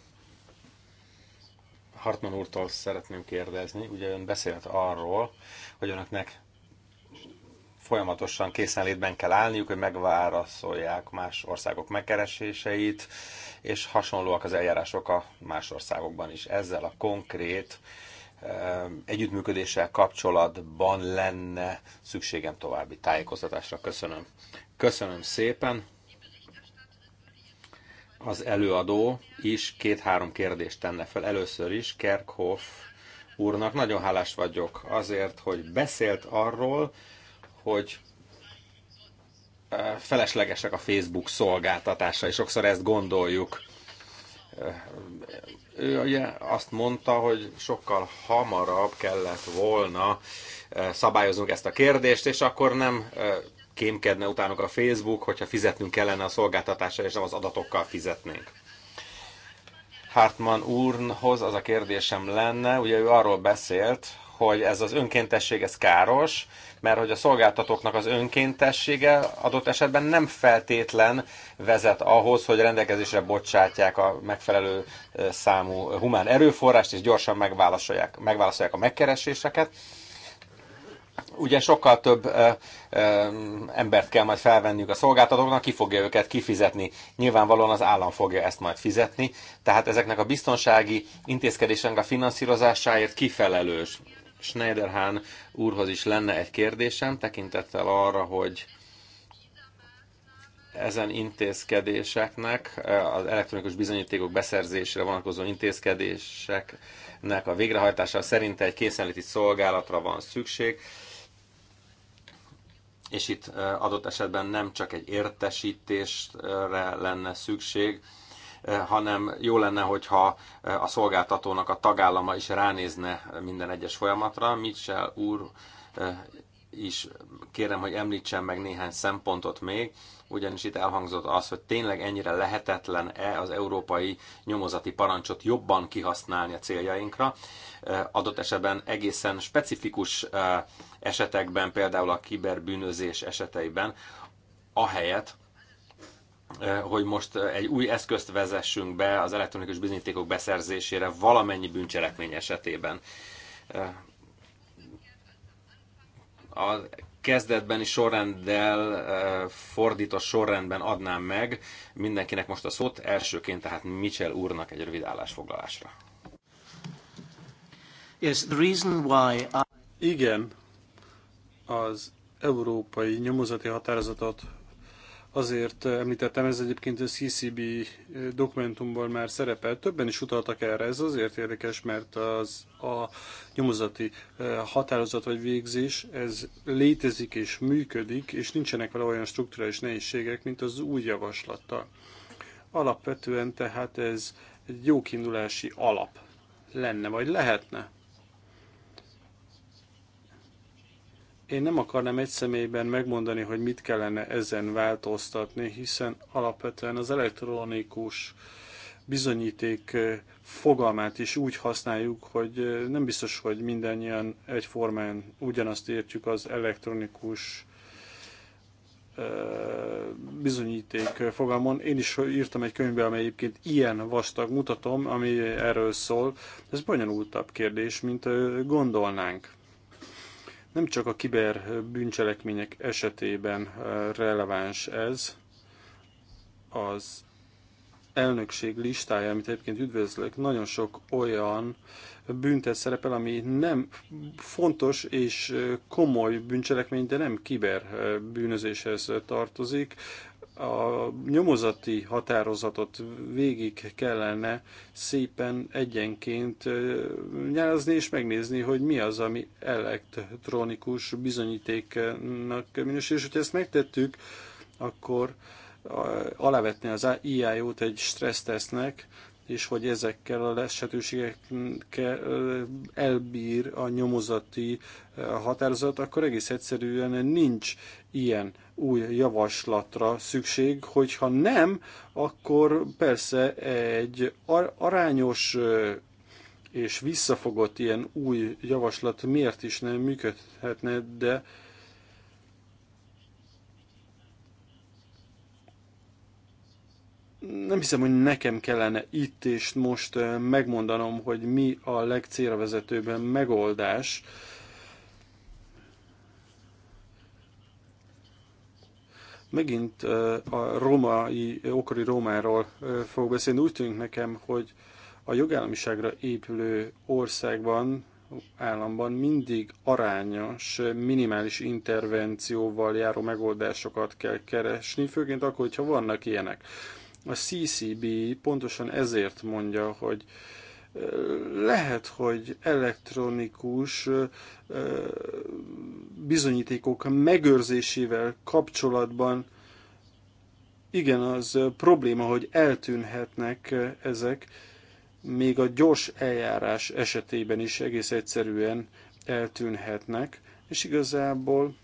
Hartman úrtól szeretném kérdezni, ugye ön beszélt arról, hogy önöknek folyamatosan készenlétben kell állniuk, hogy megválaszolják más országok megkereséseit, és hasonlóak az eljárások a más országokban is. Ezzel a konkrét együttműködéssel kapcsolatban lenne szükségem további tájékoztatásra. Köszönöm. Köszönöm szépen. Az előadó is két-három kérdést tenne fel. Először is Kerkhoff úrnak nagyon hálás vagyok azért, hogy beszélt arról, hogy feleslegesek a Facebook szolgáltatásai. Sokszor ezt gondoljuk. Ő ugye azt mondta, hogy sokkal hamarabb kellett volna szabályoznunk ezt a kérdést, és akkor nem kémkedne utánuk a Facebook, hogyha fizetnünk kellene a szolgáltatásra, és nem az adatokkal fizetnénk. Hartman úrhoz az a kérdésem lenne, ugye ő arról beszélt, hogy ez az önkéntesség, ez káros, mert hogy a szolgáltatóknak az önkéntessége adott esetben nem feltétlen vezet ahhoz, hogy rendelkezésre bocsátják a megfelelő számú humán erőforrást, és gyorsan megválaszolják, megválaszolják a megkereséseket ugye sokkal több ö, ö, embert kell majd felvenniük a szolgáltatóknak, ki fogja őket kifizetni. Nyilvánvalóan az állam fogja ezt majd fizetni, tehát ezeknek a biztonsági intézkedésnek a finanszírozásáért kifelelős. Schneiderhán úrhoz is lenne egy kérdésem, tekintettel arra, hogy ezen intézkedéseknek, az elektronikus bizonyítékok beszerzésére vonatkozó intézkedéseknek a végrehajtása szerint egy készenléti szolgálatra van szükség, és itt eh, adott esetben nem csak egy értesítésre lenne szükség, Eh, hanem jó lenne, hogyha eh, a szolgáltatónak a tagállama is ránézne minden egyes folyamatra. Mitchell úr eh, is kérem, hogy említsen meg néhány szempontot még, ugyanis itt elhangzott az, hogy tényleg ennyire lehetetlen-e az európai nyomozati parancsot jobban kihasználni a céljainkra. Adott esetben egészen specifikus esetekben, például a kiberbűnözés eseteiben, ahelyett, Eh, hogy most eh, egy új eszközt vezessünk be az elektronikus bizonyítékok beszerzésére valamennyi bűncselekmény esetében. Eh, a kezdetben is sorrenddel, fordított sorrendben adnám meg mindenkinek most a szót, elsőként tehát Mitchell úrnak egy rövid állásfoglalásra. Yes, the reason why I... Igen, az európai nyomozati határozatot Azért eh, említettem, ez egyébként a CCB eh, dokumentumban már szerepel, többen is utaltak erre, ez azért érdekes, mert az a nyomozati eh, határozat vagy végzés, ez létezik és működik, és nincsenek vele olyan struktúrális nehézségek, mint az új javaslattal. Alapvetően tehát ez egy jó kiindulási alap lenne, vagy lehetne. Én nem akarnám egy személyben megmondani, hogy mit kellene ezen változtatni, hiszen alapvetően az elektronikus bizonyíték fogalmát is úgy használjuk, hogy nem biztos, hogy mindannyian egyformán ugyanazt értjük az elektronikus bizonyíték fogalmon. Én is írtam egy könyvbe, amely egyébként ilyen vastag mutatom, ami erről szól. Ez bonyolultabb kérdés, mint gondolnánk. Nem csak a kiber bűncselekmények esetében eh, releváns ez, az elnökség listája, amit egyébként üdvözlök, nagyon sok olyan büntet szerepel, ami nem fontos és eh, komoly bűncselekmény, de nem kiber eh, bűnözéshez tartozik a nyomozati határozatot végig kellene szépen egyenként nyelzni és megnézni, hogy mi az, ami elektronikus bizonyítéknak minősül, és hogyha ezt megtettük, akkor alávetni az IIO-t egy stressztesznek, és hogy ezekkel a lehetőségekkel elbír a nyomozati határozat, akkor egész egyszerűen nincs ilyen új javaslatra szükség, hogyha nem, akkor persze egy arányos és visszafogott ilyen új javaslat miért is nem működhetne, de nem hiszem, hogy nekem kellene itt és most megmondanom, hogy mi a legcélra vezetőben megoldás. Megint a római, okori Rómáról fogok beszélni. Úgy tűnik nekem, hogy a jogállamiságra épülő országban, államban mindig arányos, minimális intervencióval járó megoldásokat kell keresni, főként akkor, hogyha vannak ilyenek. A CCB pontosan ezért mondja, hogy lehet, hogy elektronikus bizonyítékok megőrzésével kapcsolatban igen, az probléma, hogy eltűnhetnek ezek, még a gyors eljárás esetében is egész egyszerűen eltűnhetnek, és igazából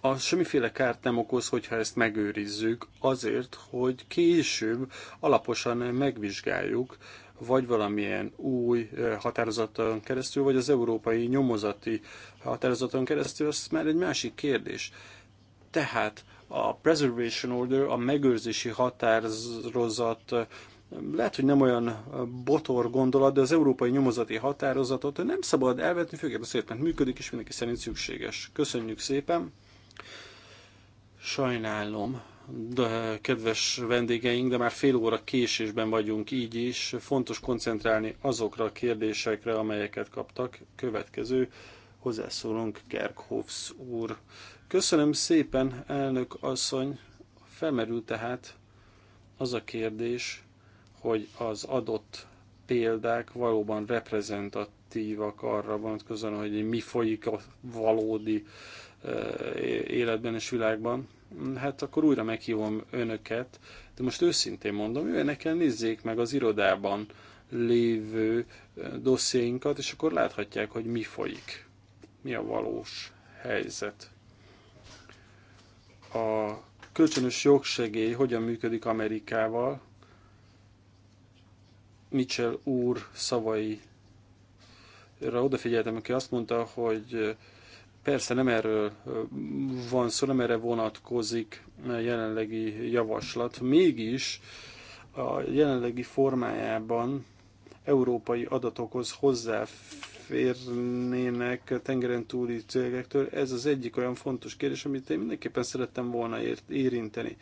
az semmiféle kárt nem okoz, hogyha ezt megőrizzük, azért, hogy később alaposan megvizsgáljuk, vagy valamilyen új eh, határozaton keresztül, vagy az európai nyomozati határozaton keresztül, az már egy másik kérdés. Tehát a preservation order, a megőrzési határozat eh, lehet, hogy nem olyan eh, botor gondolat, de az európai nyomozati határozatot nem szabad elvetni, főképp azért, mert működik, és mindenki szerint szükséges. Köszönjük szépen! Sajnálom, de, kedves vendégeink, de már fél óra késésben vagyunk így is. Fontos koncentrálni azokra a kérdésekre, amelyeket kaptak. Következő hozzászólunk Gerghofs úr. Köszönöm szépen, elnök asszony. Felmerül tehát az a kérdés, hogy az adott példák valóban reprezentatívak arra vonatkozóan, hogy mi folyik a valódi életben és világban, hát akkor újra meghívom önöket, de most őszintén mondom, hogy nekem nézzék meg az irodában lévő dossziéinkat, és akkor láthatják, hogy mi folyik, mi a valós helyzet. A kölcsönös jogsegély hogyan működik Amerikával, Mitchell úr szavaira odafigyeltem, aki azt mondta, hogy Persze nem erről van szó, nem erre vonatkozik a jelenlegi javaslat. Mégis a jelenlegi formájában európai adatokhoz hozzáférnének tengeren túli cégektől. Ez az egyik olyan fontos kérdés, amit én mindenképpen szerettem volna érinteni.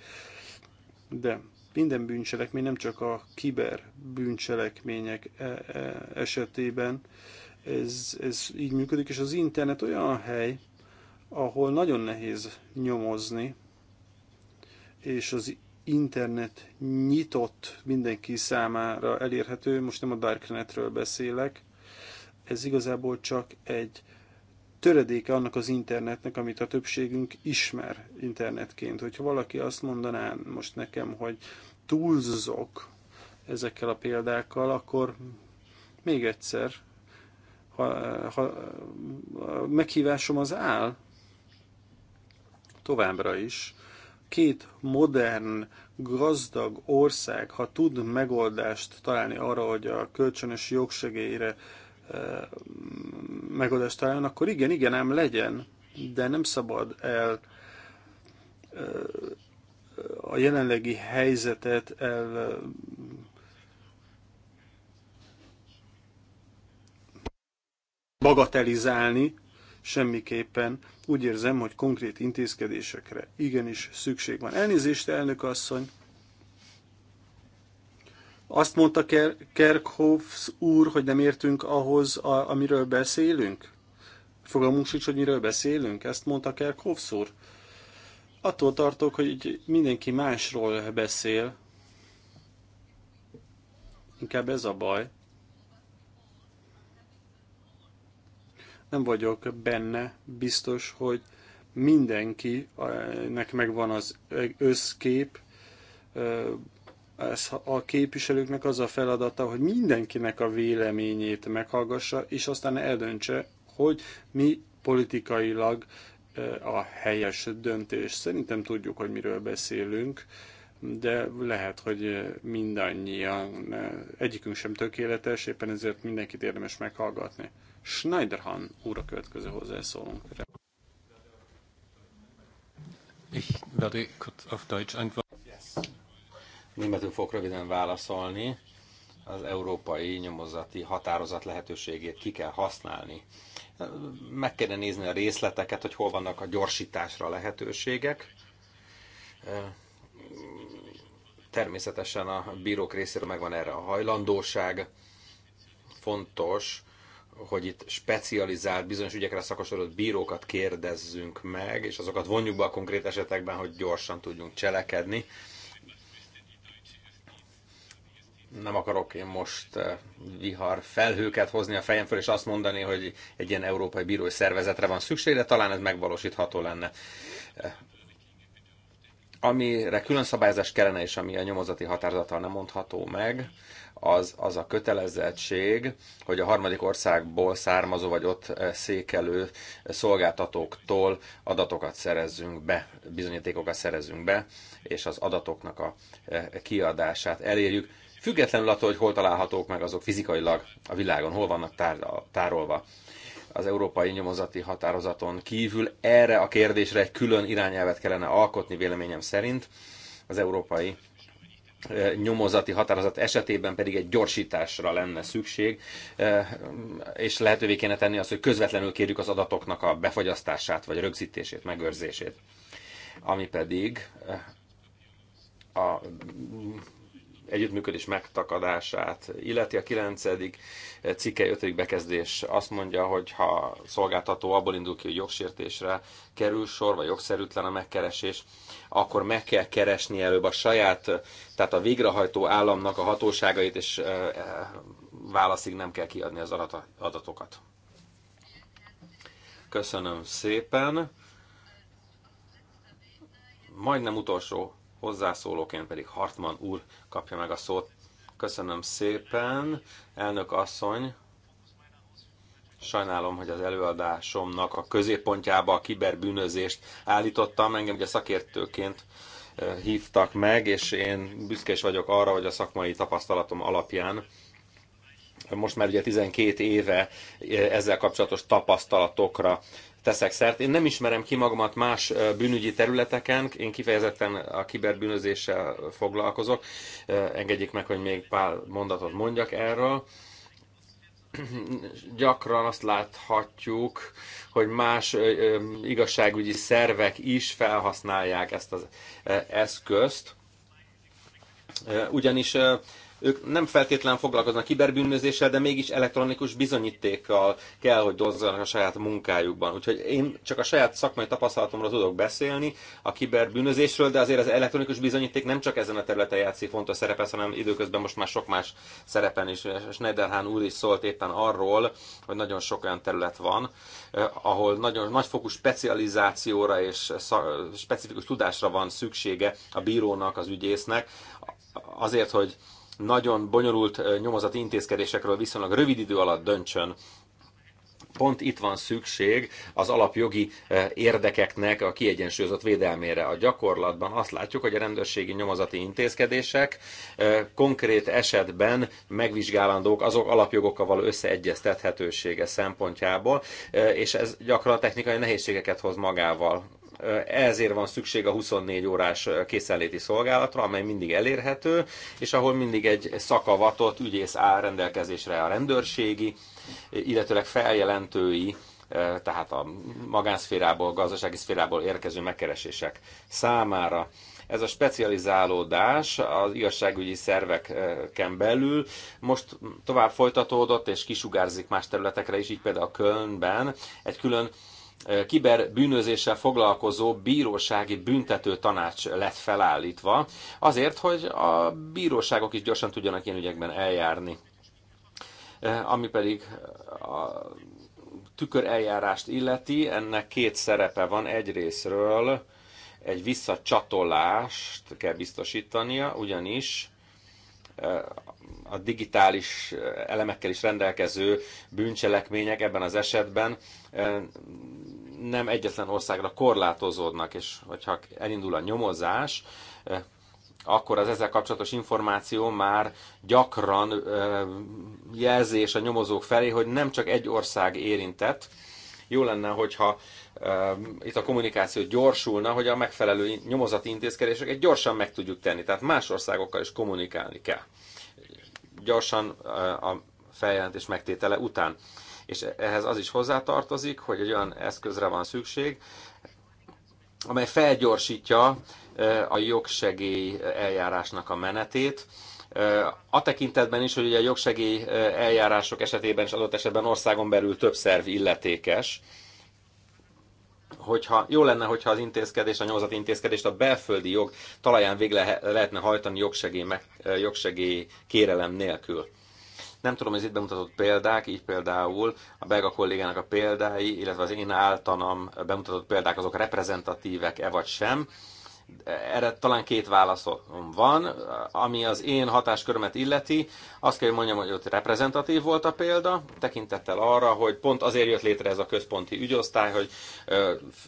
De minden bűncselekmény, nem csak a kiber bűncselekmények e, e, esetében ez, ez így működik, és az internet olyan hely, ahol nagyon nehéz nyomozni, és az internet nyitott mindenki számára elérhető, most nem a darknetről beszélek, ez igazából csak egy töredéke annak az internetnek, amit a többségünk ismer internetként. Hogyha valaki azt mondaná most nekem, hogy túlzok ezekkel a példákkal, akkor még egyszer ha, ha a meghívásom az áll, továbbra is, két modern, gazdag ország, ha tud megoldást találni arra, hogy a kölcsönös jogsegélyre eh, megoldást találjon, akkor igen, igen, ám legyen, de nem szabad el eh, a jelenlegi helyzetet el bagatelizálni semmiképpen. Úgy érzem, hogy konkrét intézkedésekre igenis szükség van. Elnézést, elnök asszony! Azt mondta Ker- Kerkhoffs úr, hogy nem értünk ahhoz, a- amiről beszélünk? Fogalmunk sincs, hogy miről beszélünk? Ezt mondta Kerkhoffs úr? Attól tartok, hogy mindenki másról beszél. Inkább ez a baj. nem vagyok benne biztos, hogy mindenkinek megvan az összkép, ez a képviselőknek az a feladata, hogy mindenkinek a véleményét meghallgassa, és aztán eldöntse, hogy mi politikailag a helyes döntés. Szerintem tudjuk, hogy miről beszélünk, de lehet, hogy mindannyian, egyikünk sem tökéletes, éppen ezért mindenkit érdemes meghallgatni. Schneiderhan úr a következő hozzászólunk. Ich werde kurz auf Deutsch antworten. Yes. Németül fogok röviden válaszolni. Az európai nyomozati határozat lehetőségét ki kell használni. Meg kell nézni a részleteket, hogy hol vannak a gyorsításra lehetőségek. Természetesen a bírók részéről megvan erre a hajlandóság. Fontos, hogy itt specializált, bizonyos ügyekre szakosodott bírókat kérdezzünk meg, és azokat vonjuk be a konkrét esetekben, hogy gyorsan tudjunk cselekedni. Nem akarok én most eh, vihar felhőket hozni a fejem föl, és azt mondani, hogy egy ilyen európai bírói szervezetre van szükség, de talán ez megvalósítható lenne eh, amire külön szabályozás kellene, és ami a nyomozati határozattal nem mondható meg, az, az a kötelezettség, hogy a harmadik országból származó vagy ott eh, székelő eh, szolgáltatóktól adatokat szerezzünk be, bizonyítékokat szerezzünk be, és az adatoknak a eh, kiadását elérjük. Függetlenül attól, hogy hol találhatók meg azok fizikailag a világon, hol vannak tár- tárolva az európai nyomozati határozaton kívül. Erre a kérdésre egy külön irányelvet kellene alkotni véleményem szerint az európai nyomozati határozat esetében pedig egy gyorsításra lenne szükség, és lehetővé kéne tenni azt, hogy közvetlenül kérjük az adatoknak a befagyasztását, vagy rögzítését, megőrzését. Ami pedig a együttműködés megtakadását illeti. A 9. cikke 5. bekezdés azt mondja, hogy ha szolgáltató abból indul ki, hogy jogsértésre kerül sor, vagy jogszerűtlen a megkeresés, akkor meg kell keresni előbb a saját, tehát a végrehajtó államnak a hatóságait, és e, válaszig nem kell kiadni az adatokat. Köszönöm szépen. Majdnem utolsó hozzászólóként pedig Hartman úr kapja meg a szót. Köszönöm szépen, elnök asszony. Sajnálom, hogy az előadásomnak a középpontjába a kiberbűnözést állítottam. Engem ugye szakértőként hívtak meg, és én büszkés vagyok arra, hogy a szakmai tapasztalatom alapján most már ugye 12 éve ezzel kapcsolatos tapasztalatokra teszek szert. Én nem ismerem ki magamat más bűnügyi területeken, én kifejezetten a kiberbűnözéssel foglalkozok. Engedjék meg, hogy még pár mondatot mondjak erről gyakran azt láthatjuk, hogy más igazságügyi szervek is felhasználják ezt az eszközt, ugyanis ők nem feltétlen foglalkoznak kiberbűnözéssel, de mégis elektronikus bizonyítékkal kell, hogy dolgozzanak a saját munkájukban. Úgyhogy én csak a saját szakmai tapasztalatomról tudok beszélni a kiberbűnözésről, de azért az elektronikus bizonyíték nem csak ezen a területen játszik fontos szerepet, hanem időközben most már sok más szerepen is. Schneiderhán úr is szólt éppen arról, hogy nagyon sok olyan terület van, eh, ahol nagyon nagyfokú specializációra és specifikus tudásra van szüksége a bírónak, az ügyésznek, azért, hogy nagyon bonyolult nyomozati intézkedésekről viszonylag rövid idő alatt döntsön pont itt van szükség az alapjogi érdekeknek a kiegyensúlyozott védelmére. A gyakorlatban azt látjuk, hogy a rendőrségi nyomozati intézkedések konkrét esetben megvizsgálandók azok alapjogokkal való összeegyeztethetősége szempontjából, és ez gyakran technikai nehézségeket hoz magával ezért van szükség a 24 órás készenléti szolgálatra, amely mindig elérhető, és ahol mindig egy szakavatott ügyész áll rendelkezésre a rendőrségi, illetőleg feljelentői, tehát a magánszférából, gazdasági szférából érkező megkeresések számára. Ez a specializálódás az igazságügyi szerveken belül most tovább folytatódott és kisugárzik más területekre is, így például Kölnben egy külön Eh, kiberbűnözéssel foglalkozó bírósági büntető tanács lett felállítva, azért, hogy a bíróságok is gyorsan tudjanak ilyen ügyekben eljárni. Eh, ami pedig a tükör eljárást illeti, ennek két szerepe van részről: egy visszacsatolást kell biztosítania, ugyanis a digitális elemekkel is rendelkező bűncselekmények ebben az esetben nem egyetlen országra korlátozódnak, és hogyha elindul a nyomozás, akkor az ezzel kapcsolatos információ már gyakran jelzés a nyomozók felé, hogy nem csak egy ország érintett, jó lenne, hogyha itt a kommunikáció gyorsulna, hogy a megfelelő nyomozati intézkedéseket gyorsan meg tudjuk tenni. Tehát más országokkal is kommunikálni kell. Gyorsan eh, a feljelentés megtétele után. És ehhez az is hozzátartozik, hogy egy olyan eszközre van szükség, amely felgyorsítja eh, a jogsegély eljárásnak a menetét, a tekintetben is, hogy ugye a jogsegély eljárások esetében és adott esetben országon belül több szerv illetékes, hogyha jó lenne, hogyha az intézkedés, a nyomozati intézkedést a belföldi jog talaján végre lehetne hajtani jogsegély, meg, jogsegély kérelem nélkül. Nem tudom, az itt bemutatott példák, így például a belga kollégának a példái, illetve az én általam bemutatott példák, azok reprezentatívek-e vagy sem erre talán két válaszom van. Ami az én hatáskörömet illeti, azt kell, hogy mondjam, hogy ott reprezentatív volt a példa, tekintettel arra, hogy pont azért jött létre ez a központi ügyosztály, hogy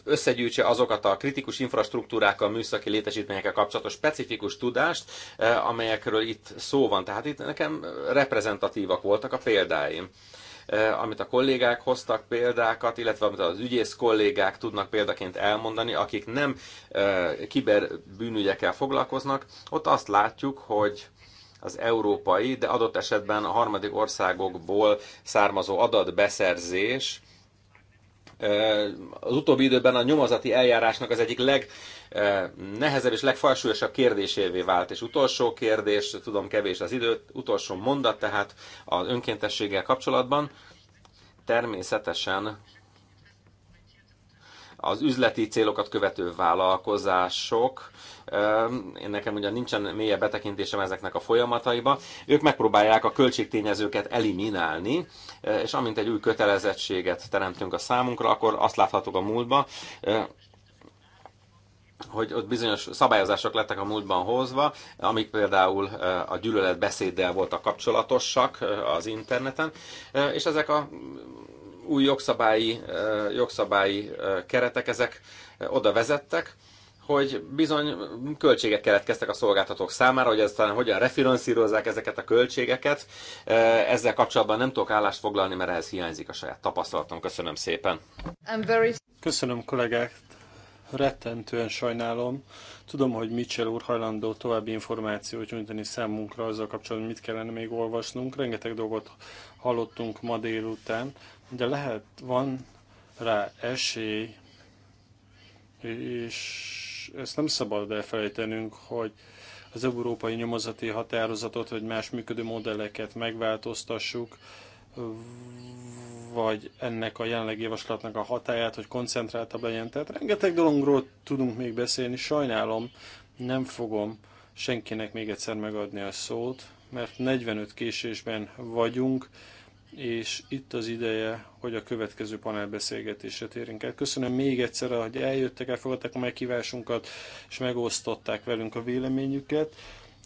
összegyűjtse azokat a kritikus infrastruktúrákkal, műszaki létesítményekkel kapcsolatos specifikus tudást, amelyekről itt szó van. Tehát itt nekem reprezentatívak voltak a példáim. Eh, amit a kollégák hoztak példákat, illetve amit az ügyész kollégák tudnak példaként elmondani, akik nem eh, kiberbűnügyekkel foglalkoznak, ott azt látjuk, hogy az európai, de adott esetben a harmadik országokból származó adatbeszerzés az utóbbi időben a nyomozati eljárásnak az egyik legnehezebb és legfajsúlyosabb kérdésévé vált. És utolsó kérdés, tudom kevés az idő, utolsó mondat tehát az önkéntességgel kapcsolatban. Természetesen az üzleti célokat követő vállalkozások, én nekem ugye nincsen mélyebb betekintésem ezeknek a folyamataiba, ők megpróbálják a költségtényezőket eliminálni, és amint egy új kötelezettséget teremtünk a számunkra, akkor azt láthatok a múltba, hogy ott bizonyos szabályozások lettek a múltban hozva, amik például a gyűlöletbeszéddel voltak kapcsolatosak az interneten, és ezek a új jogszabályi, jogszabályi keretek, ezek oda vezettek, hogy bizony költségek keletkeztek a szolgáltatók számára, hogy ez talán hogyan refinanszírozzák ezeket a költségeket. Ezzel kapcsolatban nem tudok állást foglalni, mert ehhez hiányzik a saját tapasztalatom. Köszönöm szépen. Very... Köszönöm kollégák, rettentően sajnálom. Tudom, hogy Mitchell úr hajlandó további információt nyújtani számunkra azzal kapcsolatban, mit kellene még olvasnunk. Rengeteg dolgot hallottunk ma délután, de lehet, van rá esély, és ezt nem szabad elfelejtenünk, hogy az európai nyomozati határozatot, vagy más működő modelleket megváltoztassuk, vagy ennek a jelenlegi javaslatnak a hatáját, hogy koncentráltabb legyen. Tehát rengeteg dologról tudunk még beszélni, sajnálom, nem fogom senkinek még egyszer megadni a szót mert 45 késésben vagyunk, és itt az ideje, hogy a következő panelbeszélgetésre térjünk el. Köszönöm még egyszer, hogy eljöttek, elfogadták a meghívásunkat, és megosztották velünk a véleményüket.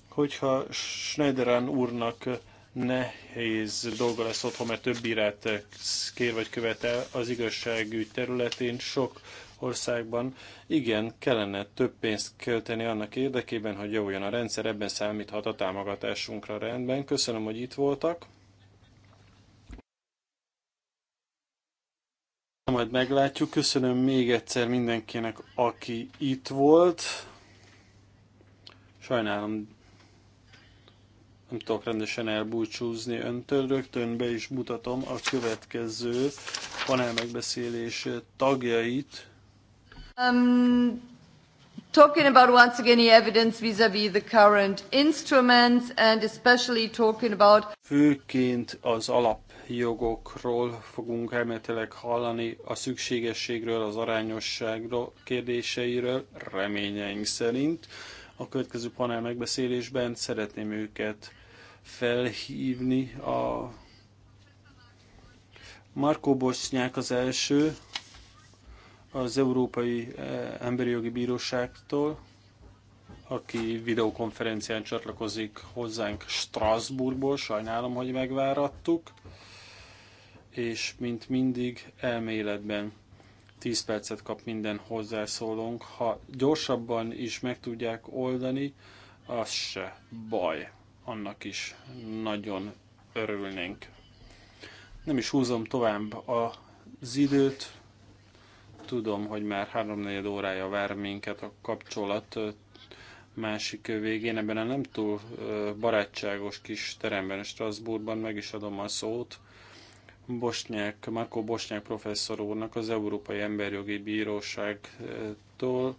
Hogyha Schneiderán úrnak nehéz dolga lesz otthon, mert több bírát kér vagy követel az igazságügy területén, sok országban. Igen, kellene több pénzt költeni annak érdekében, hogy javuljon a rendszer, ebben számíthat a támogatásunkra rendben. Köszönöm, hogy itt voltak. Majd meglátjuk. Köszönöm még egyszer mindenkinek, aki itt volt. Sajnálom, nem tudok rendesen elbúcsúzni öntől, rögtön be is mutatom a következő panel megbeszélés tagjait. Um, talking about once again the evidence vis-à-vis -vis the current instruments and especially talking about Főként az alapjogokról fogunk elméletileg hallani, a szükségességről, az arányosságról, kérdéseiről, reményeink szerint. A következő panel megbeszélésben szeretném őket felhívni a Markó Bosznyák az első, az Európai eh, Emberi Jogi Bíróságtól, aki videokonferencián csatlakozik hozzánk Strasbourgból, sajnálom, hogy megvárattuk, és mint mindig elméletben 10 percet kap minden hozzászólónk. Ha gyorsabban is meg tudják oldani, az se baj. Annak is nagyon örülnénk. Nem is húzom tovább az időt, Tudom, hogy már háromnegyed órája vár minket a kapcsolat másik végén, ebben a nem túl barátságos kis teremben, Strasbourgban meg is adom a szót. Bosnyák, Marko Bosnyák professzor úrnak az Európai Emberjogi Bíróságtól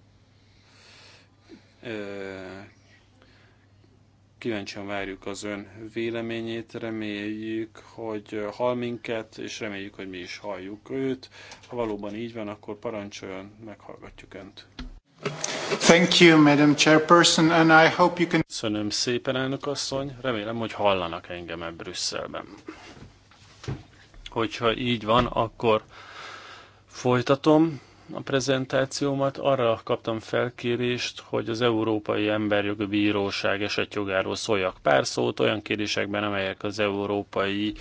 Kíváncsian várjuk az ön véleményét, reméljük, hogy hall minket, és reméljük, hogy mi is halljuk őt. Ha valóban így van, akkor parancsoljon, meghallgatjuk önt. Thank you, Madam Chairperson, and I hope you can... Köszönöm szépen, elnök asszony. Remélem, hogy hallanak engem ebben Brüsszelben. Hogyha így van, akkor folytatom a prezentációmat, arra kaptam felkérést, hogy az Európai Emberjogi Bíróság esetjogáról szóljak pár szót, olyan kérdésekben, amelyek az Európai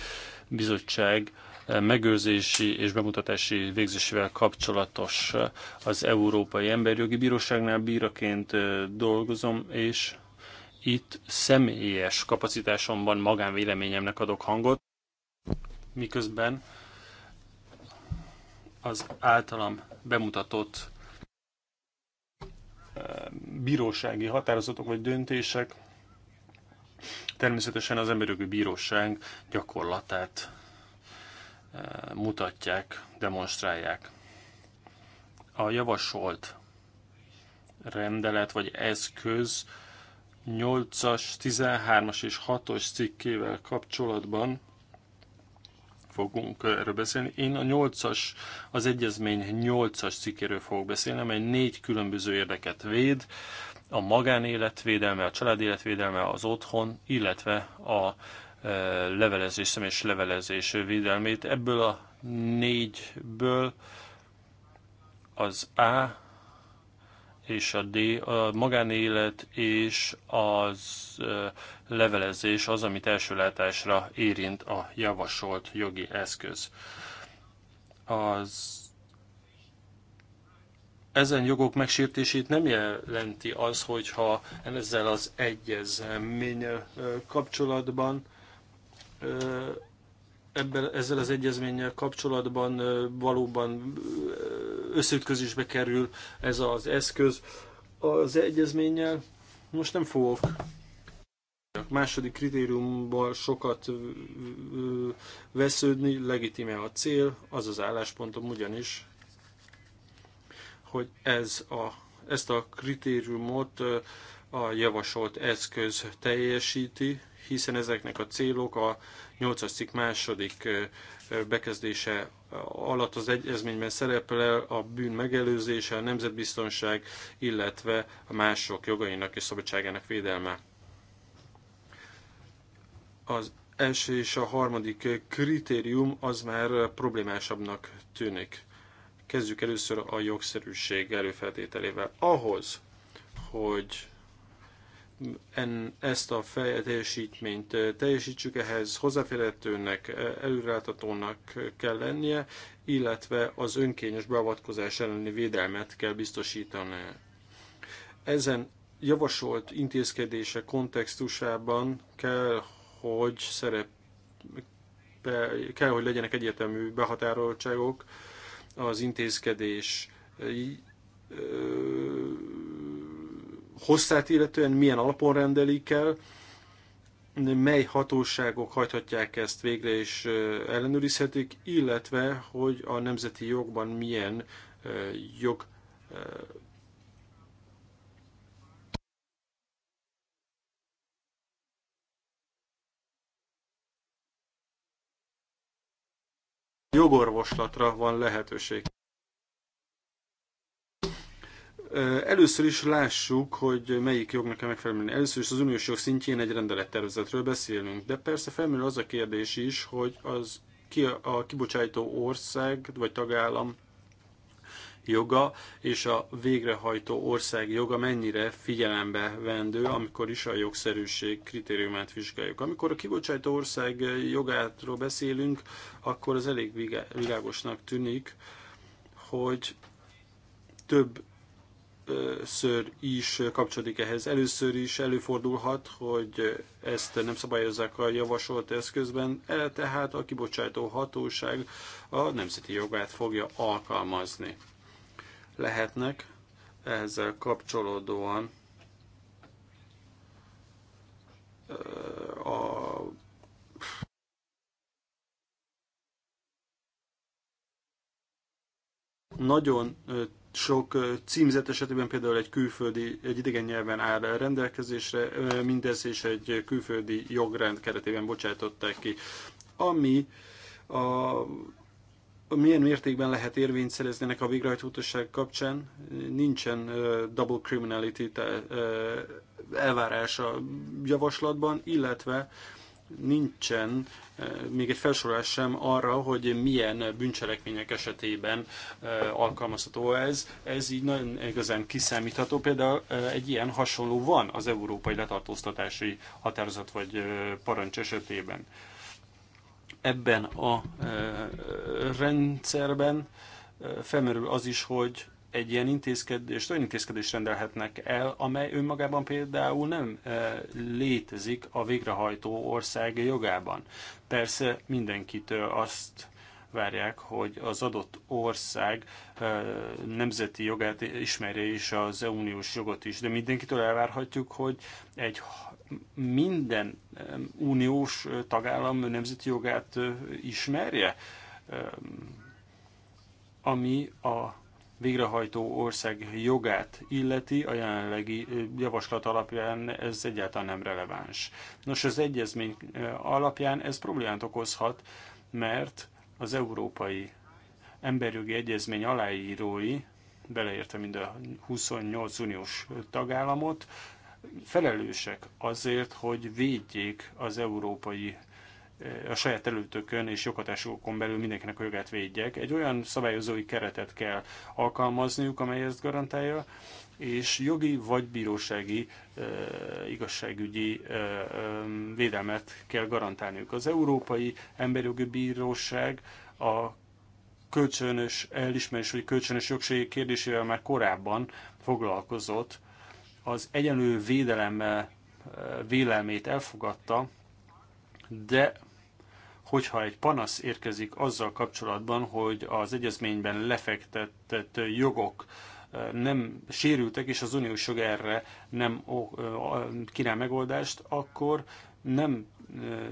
Bizottság megőrzési és bemutatási végzésével kapcsolatos az Európai Emberjogi Bíróságnál bíraként dolgozom, és itt személyes kapacitásomban magánvéleményemnek adok hangot, miközben az általam bemutatott bírósági határozatok vagy döntések természetesen az emberjogi bíróság gyakorlatát mutatják, demonstrálják. A javasolt rendelet vagy eszköz 8-as, 13-as és 6-os cikkével kapcsolatban fogunk erről beszélni. Én a 8-as, az egyezmény 8-as cikkéről fogok beszélni, amely négy különböző érdeket véd, a magánélet védelme, a család életvédelme, az otthon, illetve a e, levelezés, személyes levelezés védelmét. Ebből a négyből az A, és a D, a magánélet és az levelezés az, amit első látásra érint a javasolt jogi eszköz. Az ezen jogok megsértését nem jelenti az, hogyha ezzel az egyezmény kapcsolatban ebben, ezzel az egyezménnyel kapcsolatban valóban összeütközésbe kerül ez az eszköz az egyezménnyel. Most nem fogok a második kritériumban sokat vesződni, legitime a cél, az az álláspontom ugyanis, hogy ez a, ezt a kritériumot a javasolt eszköz teljesíti, hiszen ezeknek a célok a 8-as cikk második bekezdése alatt az egyezményben szerepel a bűn megelőzése, a nemzetbiztonság, illetve a mások jogainak és szabadságának védelme. Az első és a harmadik kritérium az már problémásabbnak tűnik. Kezdjük először a jogszerűség előfeltételével. Ahhoz, hogy en, ezt a teljesítményt teljesítsük, ehhez hozzáférhetőnek, előreáltatónak kell lennie, illetve az önkényes beavatkozás elleni védelmet kell biztosítani. Ezen javasolt intézkedése kontextusában kell, hogy szerep, kell, hogy legyenek egyértelmű behatároltságok az intézkedés hosszát illetően milyen alapon rendelik el, mely hatóságok hajthatják ezt végre és ellenőrizhetik, illetve hogy a nemzeti jogban milyen jog jogorvoslatra van lehetőség. Először is lássuk, hogy melyik jognak kell megfelelni. Először is az uniós jog szintjén egy rendelettervezetről beszélünk, de persze felmerül az a kérdés is, hogy az ki a kibocsátó ország vagy tagállam joga és a végrehajtó ország joga mennyire figyelembe vendő, amikor is a jogszerűség kritériumát vizsgáljuk. Amikor a kibocsátó ország jogátról beszélünk, akkor az elég világosnak tűnik, hogy több először is kapcsolódik ehhez. Először is előfordulhat, hogy ezt nem szabályozzák a javasolt eszközben, e, tehát a kibocsátó hatóság a nemzeti jogát fogja alkalmazni. Lehetnek ezzel kapcsolódóan e, a nagyon sok címzet esetében például egy külföldi, egy idegen nyelven áll rendelkezésre, mindez és egy külföldi jogrend keretében bocsátották ki. Ami a, a milyen mértékben lehet érvényt szerezni ennek a végrehajtótosság kapcsán? Nincsen uh, double criminality uh, elvárása javaslatban, illetve uh, nincsen eh, még egy felsorolás sem arra, hogy milyen bűncselekmények esetében eh, alkalmazható ez. Ez így nagyon igazán kiszámítható. Például eh, egy ilyen hasonló van az európai letartóztatási határozat vagy parancs esetében. Ebben a rendszerben felmerül az is, hogy egy ilyen intézkedést, olyan intézkedést rendelhetnek el, amely önmagában például nem e, létezik a végrehajtó ország jogában. Persze mindenkitől azt várják, hogy az adott ország e, nemzeti jogát ismerje és az uniós jogot is, de mindenkitől elvárhatjuk, hogy egy minden e, uniós tagállam nemzeti jogát ismerje, ami a végrehajtó ország jogát illeti, a jelenlegi javaslat alapján ez egyáltalán nem releváns. Nos, az egyezmény alapján ez problémát okozhat, mert az Európai Emberjogi Egyezmény aláírói, beleértve mind a 28 uniós tagállamot, felelősek azért, hogy védjék az európai a saját előtökön és jogatásokon belül mindenkinek a jogát védjek. Egy olyan szabályozói keretet kell alkalmazniuk, amely ezt garantálja, és jogi vagy bírósági igazságügyi védelmet kell garantálniuk. Az Európai Emberjogi Bíróság a kölcsönös elismerés vagy kölcsönös jogsági kérdésével már korábban foglalkozott, az egyenlő védelemmel vélelmét elfogadta, de hogyha egy panasz érkezik azzal kapcsolatban, hogy az egyezményben lefektetett jogok eh, nem sérültek, és az uniós jog erre nem eh, kínál megoldást, akkor nem eh,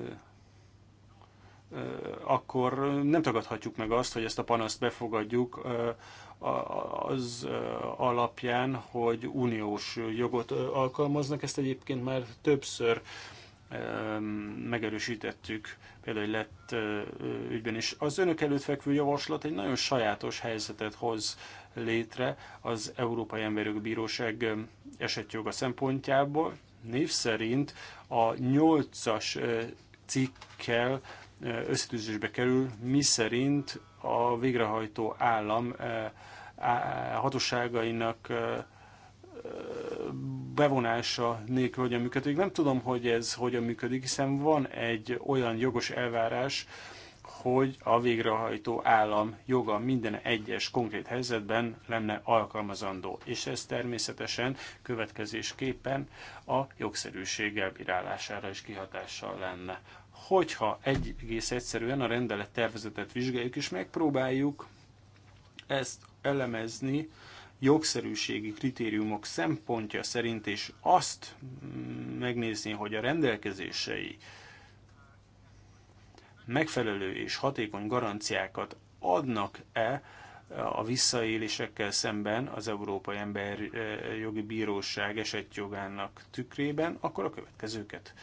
akkor nem tagadhatjuk meg azt, hogy ezt a panaszt befogadjuk az alapján, hogy uniós jogot alkalmaznak. Ezt egyébként már többször megerősítettük, például lett ügyben is. Az önök előtt fekvő javaslat egy nagyon sajátos helyzetet hoz létre az Európai Emberjog Bíróság esetjoga szempontjából. Név szerint a 8-as cikkkel összetűzésbe kerül, mi szerint a végrehajtó állam hatóságainak bevonása nélkül hogyan működik. Nem tudom, hogy ez hogyan működik, hiszen van egy olyan jogos elvárás, hogy a végrehajtó állam joga minden egyes konkrét helyzetben lenne alkalmazandó, és ez természetesen következésképpen a jogszerűség elbírálására is kihatással lenne. Hogyha egy, egész egyszerűen a rendelet tervezetet vizsgáljuk, és megpróbáljuk ezt elemezni, jogszerűségi kritériumok szempontja szerint, és azt megnézni, hogy a rendelkezései megfelelő és hatékony garanciákat adnak-e a visszaélésekkel szemben az Európai eh, jogi Bíróság esetjogának tükrében, akkor a következőket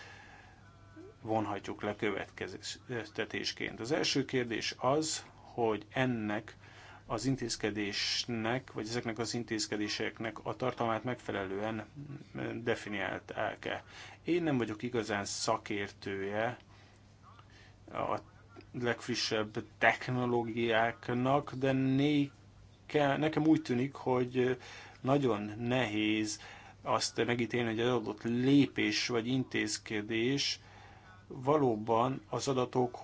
vonhatjuk le következtetésként. Az első kérdés az, hogy ennek az intézkedésnek, vagy ezeknek az intézkedéseknek a tartalmát megfelelően el e Én nem vagyok igazán szakértője a legfrissebb technológiáknak, de néke, nekem úgy tűnik, hogy nagyon nehéz azt megítélni, hogy egy adott lépés vagy intézkedés valóban az adatok,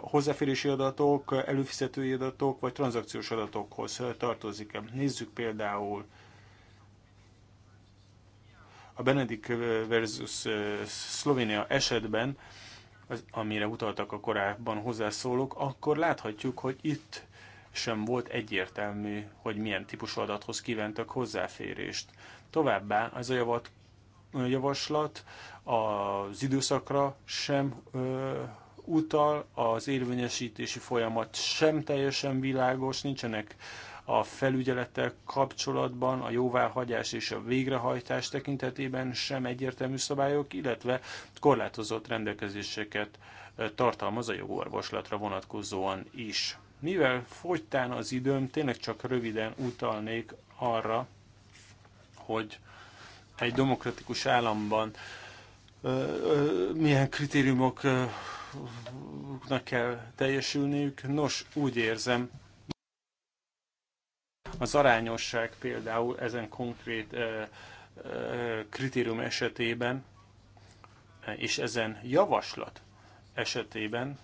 hozzáférési adatok, előfizetői adatok vagy tranzakciós adatokhoz tartozik-e. Nézzük például a Benedik versus Szlovénia esetben, az, amire utaltak a korábban hozzászólók, akkor láthatjuk, hogy itt sem volt egyértelmű, hogy milyen típusú adathoz kívántak hozzáférést. Továbbá az a javat javaslat az időszakra sem utal, az érvényesítési folyamat sem teljesen világos, nincsenek a felügyelettel kapcsolatban, a jóváhagyás és a végrehajtás tekintetében sem egyértelmű szabályok, illetve korlátozott rendelkezéseket tartalmaz a jogorvoslatra vonatkozóan is. Mivel fogytán az időm, tényleg csak röviden utalnék arra, hogy egy demokratikus államban milyen kritériumoknak kell teljesülniük. Nos, úgy érzem, az arányosság például ezen konkrét kritérium esetében, és ezen javaslat esetében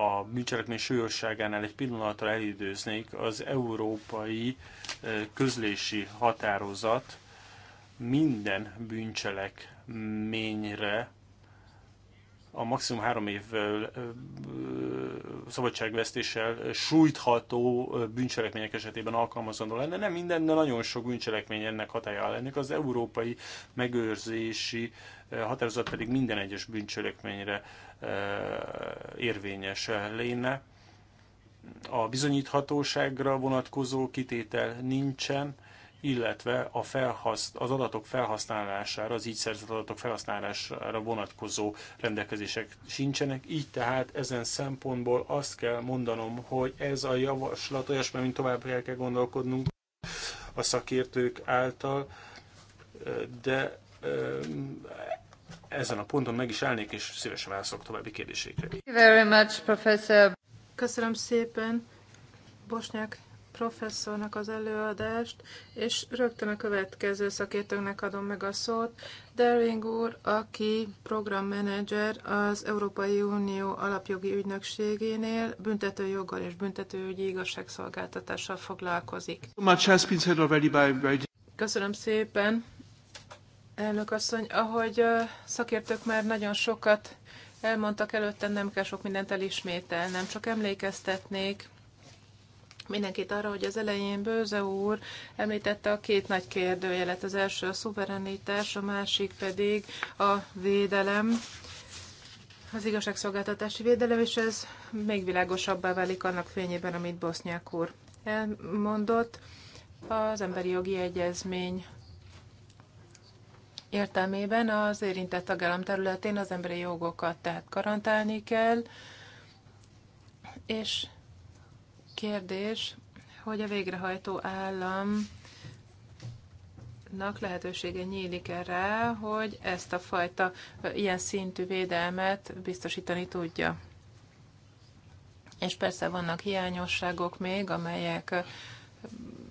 a bűncselekmény súlyosságánál egy pillanatra elidőznék, az európai közlési határozat minden bűncselekményre a maximum három év szabadságvesztéssel sújtható bűncselekmények esetében alkalmazandó lenne. Nem minden, de nagyon sok bűncselekmény ennek hatája lennék. Az európai megőrzési határozat pedig minden egyes bűncselekményre érvényes lenne. A bizonyíthatóságra vonatkozó kitétel nincsen illetve a felhaszt, az adatok felhasználására, az így szerzett adatok felhasználására vonatkozó rendelkezések sincsenek, így tehát ezen szempontból azt kell mondanom, hogy ez a javaslat olyasmi, mint tovább el kell gondolkodnunk a szakértők által, de eh, ezen a ponton meg is állnék, és szívesen válaszolok további kérdésekre. Very much, professor. Köszönöm szépen, Bosnyák professzornak az előadást, és rögtön a következő szakértőnek adom meg a szót. Derving úr, aki programmenedzser az Európai Unió alapjogi ügynökségénél büntetőjoggal és büntetőügyi igazságszolgáltatással foglalkozik. Köszönöm szépen, elnök asszony. Ahogy szakértők már nagyon sokat elmondtak előttem, nem kell sok mindent elismételnem, csak emlékeztetnék mindenkit arra, hogy az elején Bőze úr említette a két nagy kérdőjelet. Az első a szuverenitás, a másik pedig a védelem, az igazságszolgáltatási védelem, és ez még világosabbá válik annak fényében, amit Bosznyák úr elmondott. Az emberi jogi egyezmény értelmében az érintett tagállam területén az emberi jogokat tehát garantálni kell, és kérdés, hogy a végrehajtó államnak lehetősége nyílik erre, hogy ezt a fajta ilyen szintű védelmet biztosítani tudja. És persze vannak hiányosságok még, amelyek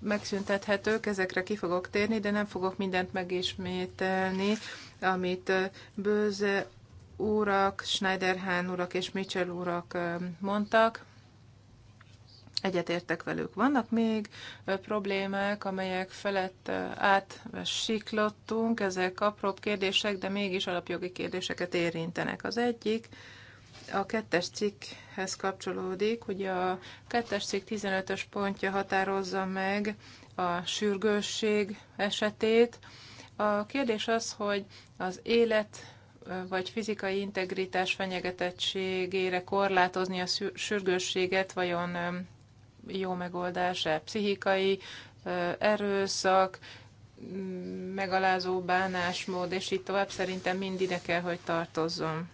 megszüntethetők, ezekre ki fogok térni, de nem fogok mindent megismételni, amit Bőze úrak, Schneiderhán urak és Mitchell urak mondtak egyetértek velük. Vannak még problémák, amelyek felett átsiklottunk, ezek apróbb kérdések, de mégis alapjogi kérdéseket érintenek. Az egyik a kettes cikkhez kapcsolódik, hogy a kettes cikk 15-ös pontja határozza meg a sürgősség esetét. A kérdés az, hogy az élet vagy fizikai integritás fenyegetettségére korlátozni a sürgősséget vajon jó megoldás-e, pszichikai e, erőszak, megalázó bánásmód, és így tovább szerintem mind ide kell, hogy tartozzon.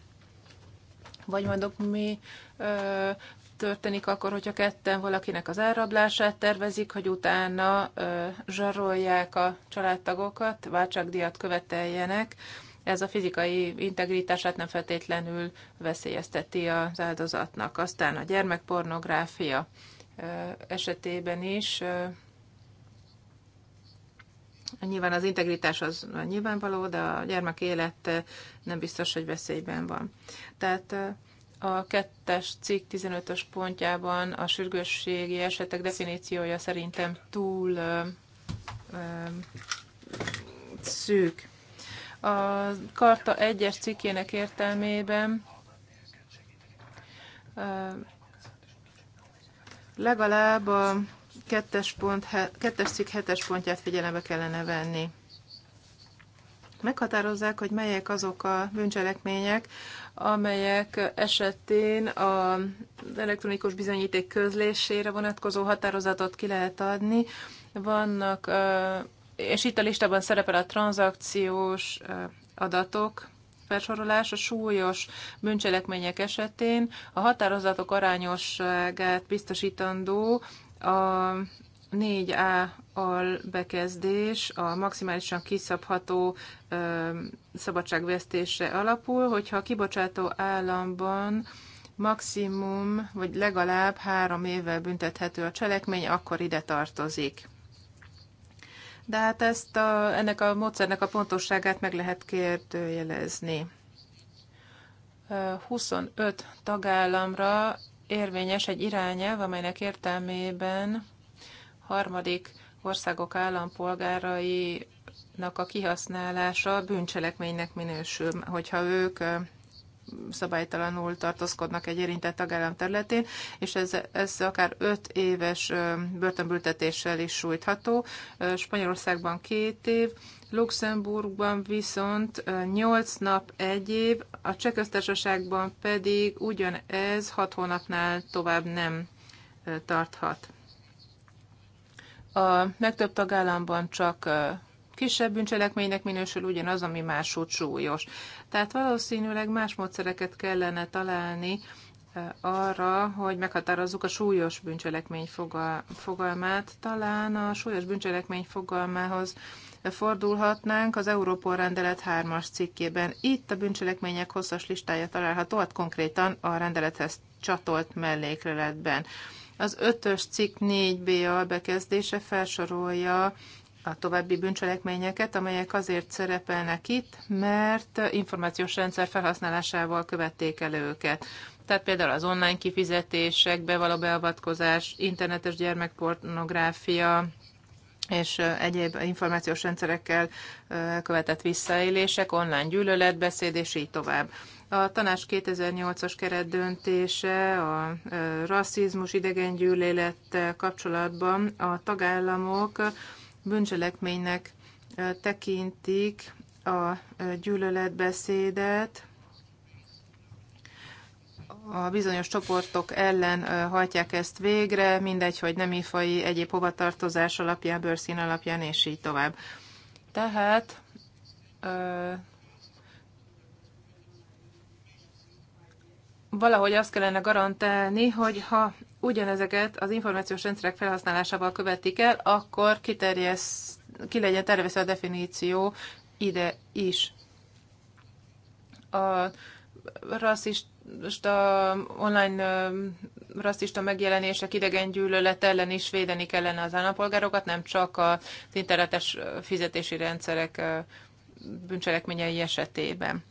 Vagy mondok, mi ö, e, történik akkor, hogyha ketten valakinek az elrablását tervezik, hogy utána ö, e, zsarolják a családtagokat, váltságdiat követeljenek. Ez a fizikai integritását nem feltétlenül veszélyezteti az áldozatnak. Aztán a gyermekpornográfia esetében is Nyilván az integritás az nyilvánvaló, de a gyermek élet nem biztos, hogy veszélyben van. Tehát a kettes cikk 15-ös pontjában a sürgősségi esetek definíciója szerintem túl ö, ö, szűk. A karta 1-es cikkének értelmében ö, legalább a kettes, pont, kettes cikk hetes pontját figyelembe kellene venni. Meghatározzák, hogy melyek azok a bűncselekmények, amelyek esetén az elektronikus bizonyíték közlésére vonatkozó határozatot ki lehet adni. Vannak, és itt a listában szerepel a tranzakciós adatok, felsorolás a súlyos bűncselekmények esetén a határozatok arányosságát biztosítandó a 4A albekezdés a maximálisan kiszabható ö, szabadságvesztésre alapul, hogyha a kibocsátó államban maximum vagy legalább három évvel büntethető a cselekmény, akkor ide tartozik de hát ezt a, ennek a módszernek a pontosságát meg lehet kérdőjelezni. 25 tagállamra érvényes egy irányelv, amelynek értelmében harmadik országok állampolgárainak a kihasználása bűncselekménynek minősül, hogyha ők szabálytalanul tartózkodnak egy érintett tagállam területén, és ez, ez akár öt éves börtönbüntetéssel is sújtható. Spanyolországban két év, Luxemburgban viszont 8 nap egy év, a Csehköztársaságban pedig ugyanez 6 hónapnál tovább nem tarthat. A legtöbb tagállamban csak kisebb bűncselekménynek minősül ugyanaz, ami máshogy súlyos. Tehát valószínűleg más módszereket kellene találni eh, arra, hogy meghatározzuk a súlyos bűncselekmény fogalmát. Talán a súlyos bűncselekmény fogalmához fordulhatnánk az Európol rendelet 3-as cikkében. Itt a bűncselekmények hosszas listája található, hát konkrétan a rendelethez csatolt mellékletben. Az 5-ös cikk 4b bekezdése felsorolja a további bűncselekményeket, amelyek azért szerepelnek itt, mert információs rendszer felhasználásával követték el őket. Tehát például az online kifizetésekbe való beavatkozás, internetes gyermekpornográfia, és egyéb információs rendszerekkel követett visszaélések, online gyűlöletbeszéd, és így tovább. A tanács 2008-as keret döntése a rasszizmus idegengyűlölettel kapcsolatban a tagállamok bűncselekménynek tekintik a gyűlöletbeszédet, a bizonyos csoportok ellen hajtják ezt végre, mindegy, hogy ifai egyéb hovatartozás alapján, bőrszín alapján, és így tovább. Tehát valahogy azt kellene garantálni, hogy ha ugyanezeket az információs rendszerek felhasználásával követik el, akkor ki legyen tervezve a definíció ide is. A rasszista, online rasszista megjelenések, idegen gyűlölet ellen is védeni kellene az állampolgárokat, nem csak az internetes fizetési rendszerek bűncselekményei esetében.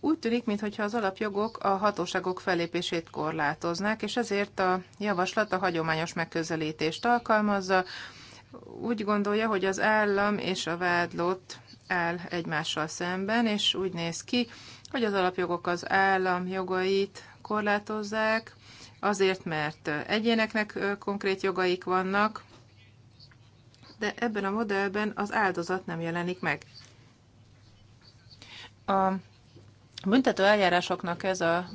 Úgy tűnik, mintha az alapjogok a hatóságok felépését korlátoznák, és ezért a javaslat a hagyományos megközelítést alkalmazza. Úgy gondolja, hogy az állam és a vádlott áll egymással szemben, és úgy néz ki, hogy az alapjogok az állam jogait korlátozzák, azért, mert egyéneknek konkrét jogaik vannak, de ebben a modellben az áldozat nem jelenik meg. A büntető eljárásoknak ez a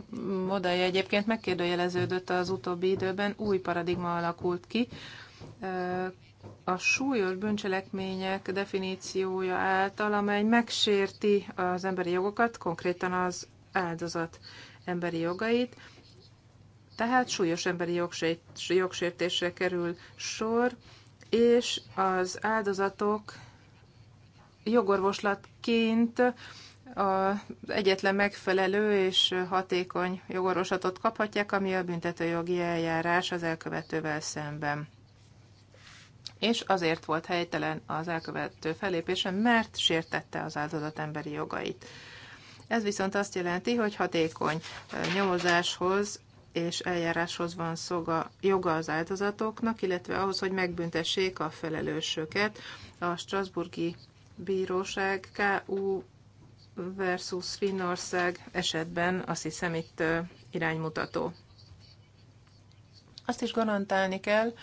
modellje egyébként megkérdőjeleződött az utóbbi időben, új paradigma alakult ki. A súlyos bűncselekmények definíciója által, amely megsérti az emberi jogokat, konkrétan az áldozat emberi jogait, tehát súlyos emberi jogsértésre kerül sor, és az áldozatok jogorvoslatként a egyetlen megfelelő és hatékony jogorvoslatot kaphatják, ami a büntetőjogi eljárás az elkövetővel szemben. És azért volt helytelen az elkövető felépése, mert sértette az áldozat emberi jogait. Ez viszont azt jelenti, hogy hatékony eh, nyomozáshoz és eljáráshoz van szoga, joga az áldozatoknak, illetve ahhoz, hogy megbüntessék a felelősöket. A Strasburgi Bíróság KU versus Finnország esetben azt hiszem itt iránymutató. Azt is garantálni kell,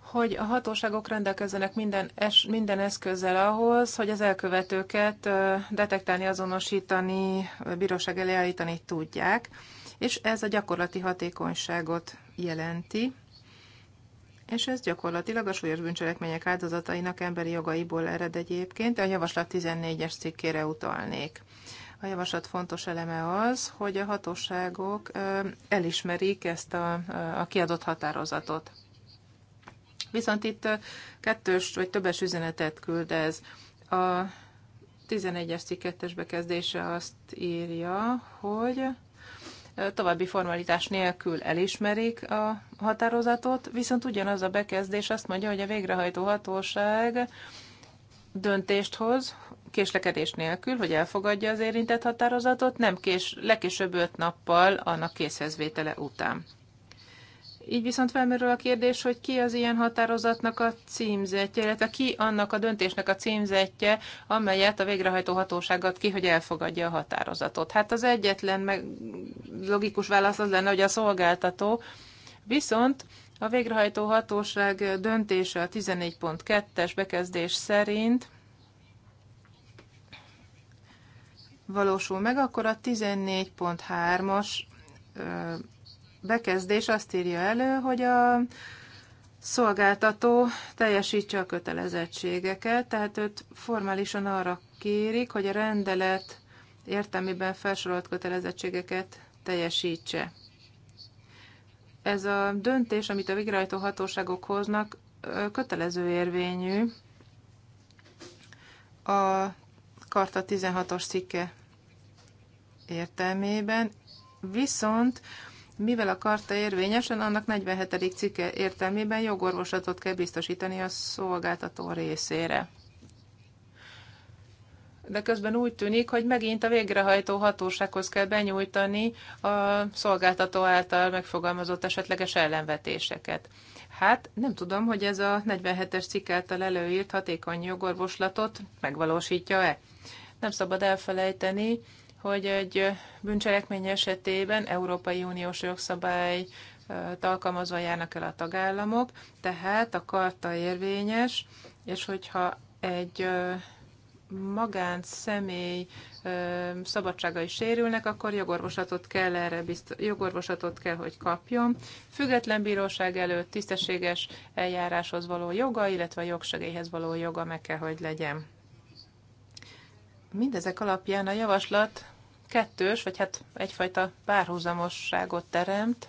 hogy a hatóságok rendelkezzenek minden, es, minden eszközzel ahhoz, hogy az elkövetőket detektálni, azonosítani, bíróság elé állítani tudják, és ez a gyakorlati hatékonyságot jelenti és ez gyakorlatilag a súlyos bűncselekmények áldozatainak emberi jogaiból ered egyébként, a javaslat 14-es cikkére utalnék. A javaslat fontos eleme az, hogy a hatóságok elismerik ezt a, a kiadott határozatot. Viszont itt kettős vagy többes üzenetet küld ez. A 11-es cikk 2 bekezdése azt írja, hogy további formalitás nélkül elismerik a határozatot, viszont ugyanaz a bekezdés azt mondja, hogy a végrehajtó hatóság döntést hoz, késlekedés nélkül, hogy elfogadja az érintett határozatot, nem kés, legkésőbb öt nappal annak készhezvétele után. Így viszont felmerül a kérdés, hogy ki az ilyen határozatnak a címzetje, illetve ki annak a döntésnek a címzetje, amelyet a végrehajtó hatóságot ki, hogy elfogadja a határozatot. Hát az egyetlen meg logikus válasz az lenne, hogy a szolgáltató, viszont a végrehajtó hatóság döntése a 14.2-es bekezdés szerint valósul meg, akkor a 14.3-as bekezdés azt írja elő, hogy a szolgáltató teljesítse a kötelezettségeket, tehát őt formálisan arra kérik, hogy a rendelet értelmében felsorolt kötelezettségeket teljesítse. Ez a döntés, amit a végrehajtó hatóságok hoznak, kötelező érvényű a Karta 16-os cikke értelmében, viszont mivel a karta érvényesen, annak 47. cikke értelmében jogorvoslatot kell biztosítani a szolgáltató részére. De közben úgy tűnik, hogy megint a végrehajtó hatósághoz kell benyújtani a szolgáltató által megfogalmazott esetleges ellenvetéseket. Hát nem tudom, hogy ez a 47-es cikk által előírt hatékony jogorvoslatot megvalósítja-e. Nem szabad elfelejteni, hogy egy bűncselekmény esetében Európai Uniós jogszabály alkalmazva járnak el a tagállamok, tehát a karta érvényes, és hogyha egy magánszemély szabadságai sérülnek, akkor jogorvoslatot kell erre bizt- jogorvoslatot kell, hogy kapjon. Független bíróság előtt tisztességes eljáráshoz való joga, illetve a jogsegélyhez való joga meg kell, hogy legyen. Mindezek alapján a javaslat kettős, vagy hát egyfajta párhuzamosságot teremt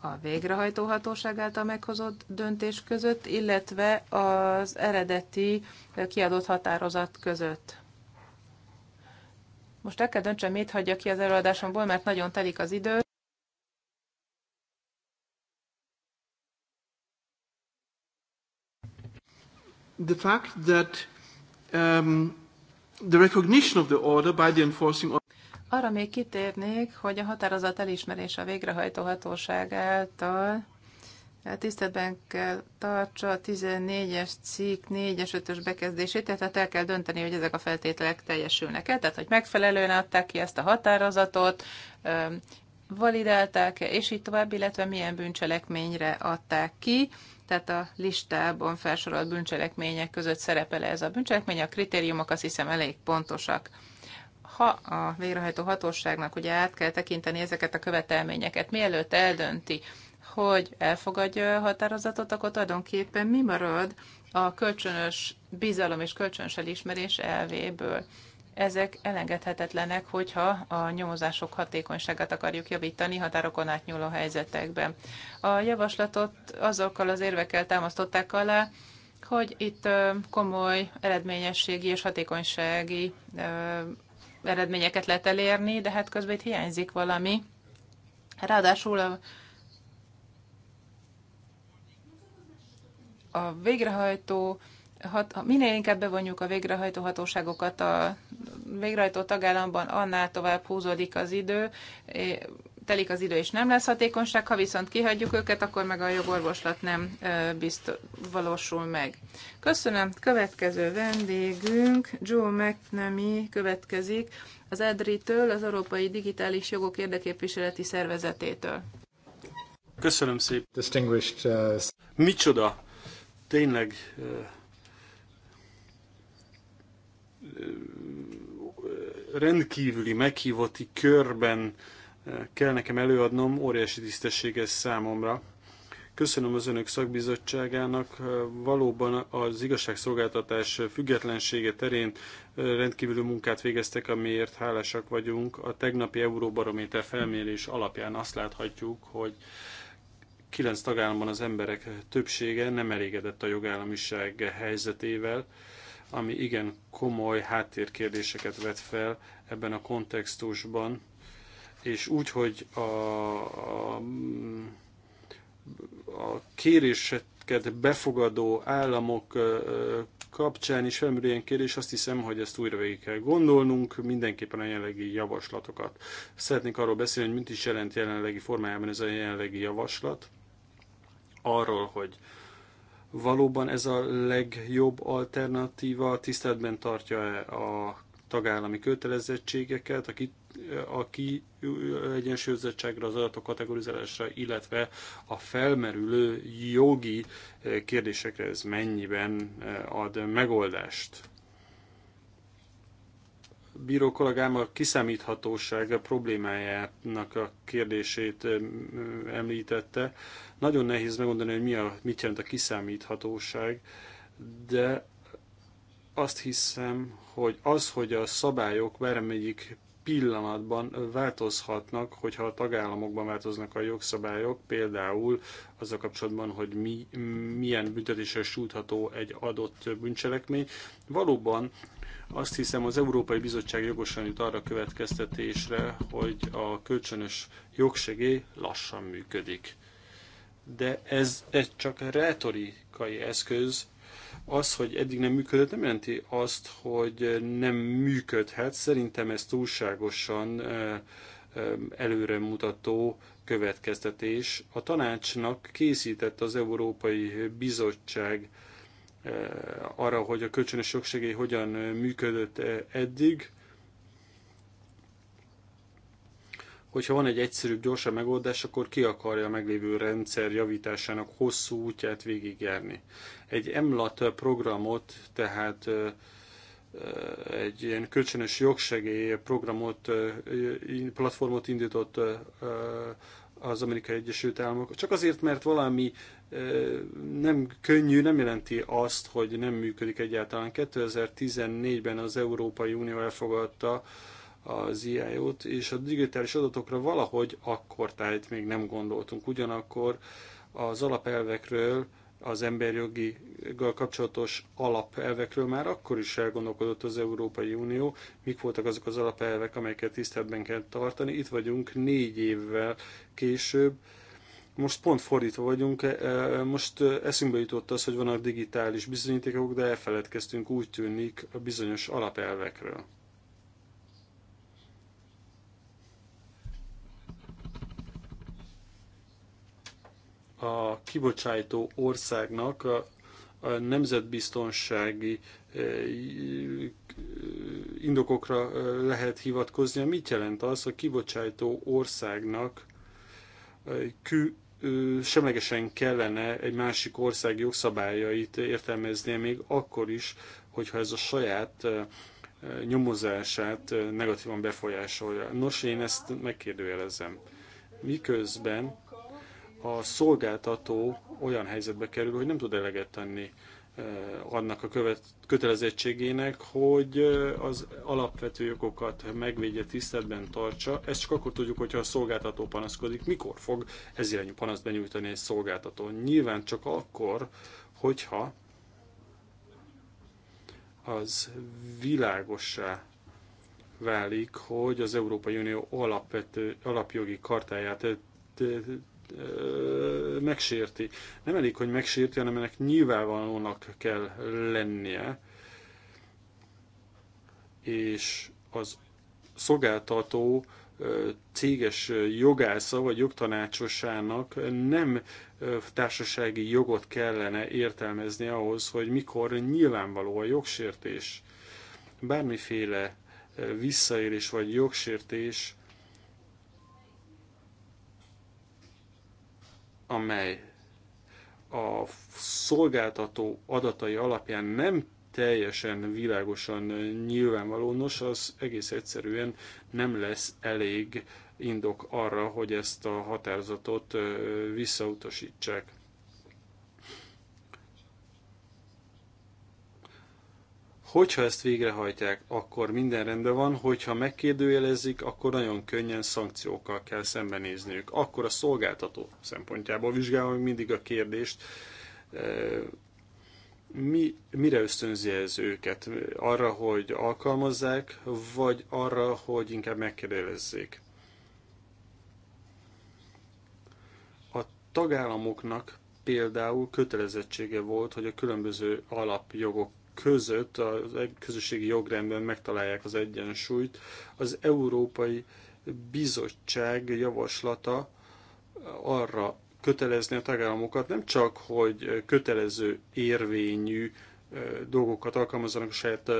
a végrehajtó hatóság által meghozott döntés között, illetve az eredeti kiadott határozat között. Most el kell döntsem, mit hagyja ki az előadásomból, mert nagyon telik az idő. The fact that um, the recognition of the order by the enforcing order. Arra még kitérnék, hogy a határozat elismerése a végrehajtó hatóság által eh, tiszteletben kell tartsa a 14-es cikk 4-es 5-ös bekezdését, tehát el kell dönteni, hogy ezek a feltételek teljesülnek-e, tehát hogy megfelelően adták ki ezt a határozatot, eh, validálták-e, és így tovább, illetve milyen bűncselekményre adták ki, tehát a listában felsorolt bűncselekmények között szerepel ez a bűncselekmény, a kritériumok azt hiszem elég pontosak. Ha a végrehajtó hatóságnak ugye át kell tekinteni ezeket a követelményeket, mielőtt eldönti, hogy elfogadja a határozatot, akkor tulajdonképpen mi marad a kölcsönös bizalom és kölcsönös elismerés elvéből. Ezek elengedhetetlenek, hogyha a nyomozások hatékonyságát akarjuk javítani határokon átnyúló helyzetekben. A javaslatot azokkal az érvekkel támasztották alá, hogy itt komoly eredményességi és hatékonysági eredményeket lehet elérni, de hát közben itt hiányzik valami. Ráadásul a, a végrehajtó hat, minél inkább bevonjuk a végrehajtó hatóságokat a végrehajtó tagállamban, annál tovább húzódik az idő, telik az idő, és nem lesz hatékonyság, ha viszont kihagyjuk őket, akkor meg a jogorvoslat nem biztos, valósul meg. Köszönöm. Következő vendégünk, Joe McNamee következik az EDRI-től, az Európai Digitális Jogok Érdeképviseleti Szervezetétől. Köszönöm szépen. Distinguished, uh... Micsoda! Tényleg uh rendkívüli meghívotti körben eh, kell nekem előadnom, óriási tisztesség ez számomra. Köszönöm az Önök szakbizottságának, eh, valóban az igazságszolgáltatás függetlensége terén eh, rendkívüli munkát végeztek, amiért hálásak vagyunk. A tegnapi Euróbarométer felmérés alapján azt láthatjuk, hogy kilenc tagállamban az emberek többsége nem elégedett a jogállamiság helyzetével, ami igen komoly háttérkérdéseket vet fel ebben a kontextusban, és úgy, hogy a, a, a kéréseket befogadó államok kapcsán is felmerül ilyen kérdés, azt hiszem, hogy ezt újra végig kell gondolnunk, mindenképpen a jelenlegi javaslatokat. Szeretnék arról beszélni, hogy mit is jelent jelenlegi formájában ez a jelenlegi javaslat, arról, hogy Valóban ez a legjobb alternatíva tiszteletben tartja a tagállami kötelezettségeket, a, ki, a az adatok kategorizálásra, illetve a felmerülő jogi kérdésekre ez mennyiben ad megoldást. A bíró kollégám a kiszámíthatóság problémájának a kérdését említette. Nagyon nehéz megmondani, hogy mi a, mit jelent a kiszámíthatóság, de azt hiszem, hogy az, hogy a szabályok bármelyik pillanatban változhatnak, hogyha a tagállamokban változnak a jogszabályok, például a kapcsolatban, hogy mi, milyen büntetéssel sújtható egy adott bűncselekmény. Valóban azt hiszem az Európai Bizottság jogosan jut arra következtetésre, hogy a kölcsönös jogsegély lassan működik de ez, ez csak retorikai eszköz. Az, hogy eddig nem működött, nem jelenti azt, hogy nem működhet. Szerintem ez túlságosan előremutató következtetés. A tanácsnak készített az Európai Bizottság arra, hogy a kölcsönös jogsegély hogyan működött eddig. hogyha van egy egyszerűbb, gyorsabb megoldás, akkor ki akarja a meglévő rendszer javításának hosszú útját végigjárni. Egy emlat programot, tehát egy ilyen kölcsönös jogsegély programot, platformot indított az Amerikai Egyesült Államok. Csak azért, mert valami nem könnyű, nem jelenti azt, hogy nem működik egyáltalán. 2014-ben az Európai Unió elfogadta az IIO-t, és a digitális adatokra valahogy akkor tájt még nem gondoltunk. Ugyanakkor az alapelvekről, az emberjogi kapcsolatos alapelvekről már akkor is elgondolkodott az Európai Unió, mik voltak azok az alapelvek, amelyeket tiszteletben kell tartani. Itt vagyunk négy évvel később, most pont fordítva vagyunk, e, e, most eszünkbe jutott az, hogy vannak digitális bizonyítékok, de elfeledkeztünk úgy tűnik a bizonyos alapelvekről. a kibocsájtó országnak a nemzetbiztonsági eh, indokokra eh, lehet hivatkozni. Mit jelent az, hogy kibocsájtó országnak eh, kül semlegesen kellene egy másik ország jogszabályait értelmeznie még akkor is, hogyha ez a saját nyomozását negatívan befolyásolja. Nos, én ezt megkérdőjelezem. Miközben a szolgáltató olyan helyzetbe kerül, hogy nem tud eleget tenni eh, annak a követ, kötelezettségének, hogy eh, az alapvető jogokat megvédje, tiszteletben tartsa. Ezt csak akkor tudjuk, hogyha a szolgáltató panaszkodik, mikor fog ez irányú panaszt benyújtani egy szolgáltató. Nyilván csak akkor, hogyha az világossá válik, hogy az Európai Unió alapvető, alapjogi kartáját eh, megsérti. Nem elég, hogy megsérti, hanem ennek nyilvánvalónak kell lennie, és az szolgáltató céges jogásza vagy jogtanácsosának nem társasági jogot kellene értelmezni ahhoz, hogy mikor nyilvánvaló a jogsértés. Bármiféle visszaélés vagy jogsértés amely a szolgáltató adatai alapján nem teljesen világosan nyilvánvaló, nos, az egész egyszerűen nem lesz elég indok arra, hogy ezt a határozatot visszautasítsák. Hogyha ezt végrehajtják, akkor minden rendben van, hogyha megkérdőjelezik, akkor nagyon könnyen szankciókkal kell szembenézniük. Akkor a szolgáltató szempontjából vizsgálom mindig a kérdést, eh, mi, mire ösztönzi ez őket? Arra, hogy alkalmazzák, vagy arra, hogy inkább megkérdelezzék? A tagállamoknak például kötelezettsége volt, hogy a különböző alapjogok között, a közösségi jogrendben megtalálják az egyensúlyt. Az Európai Bizottság javaslata arra kötelezni a tagállamokat nem csak, hogy kötelező érvényű dolgokat alkalmazzanak a saját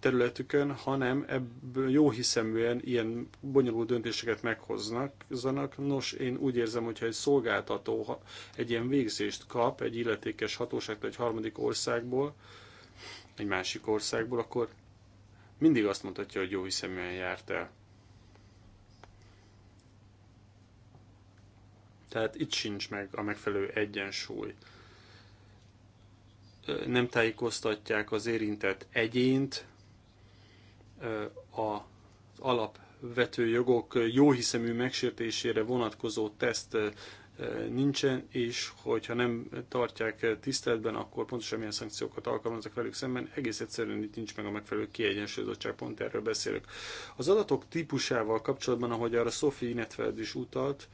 területükön, hanem ebből jó hiszeműen ilyen bonyolult döntéseket meghoznak. Nos, én úgy érzem, hogyha egy szolgáltató egy ilyen végzést kap egy illetékes hatóságtól egy harmadik országból, egy másik országból, akkor mindig azt mondhatja, hogy jó hiszeműen járt el. Tehát itt sincs meg a megfelelő egyensúly. Nem tájékoztatják az érintett egyént az alapvető jogok jóhiszemű megsértésére vonatkozó teszt nincsen, és hogyha nem tartják tiszteletben, akkor pontosan milyen szankciókat alkalmaznak velük szemben. Egész egyszerűen itt nincs meg a megfelelő kiegyensúlyozottság, pont erről beszélek. Az adatok típusával kapcsolatban, ahogy arra Sophie Inetfeld is utalt,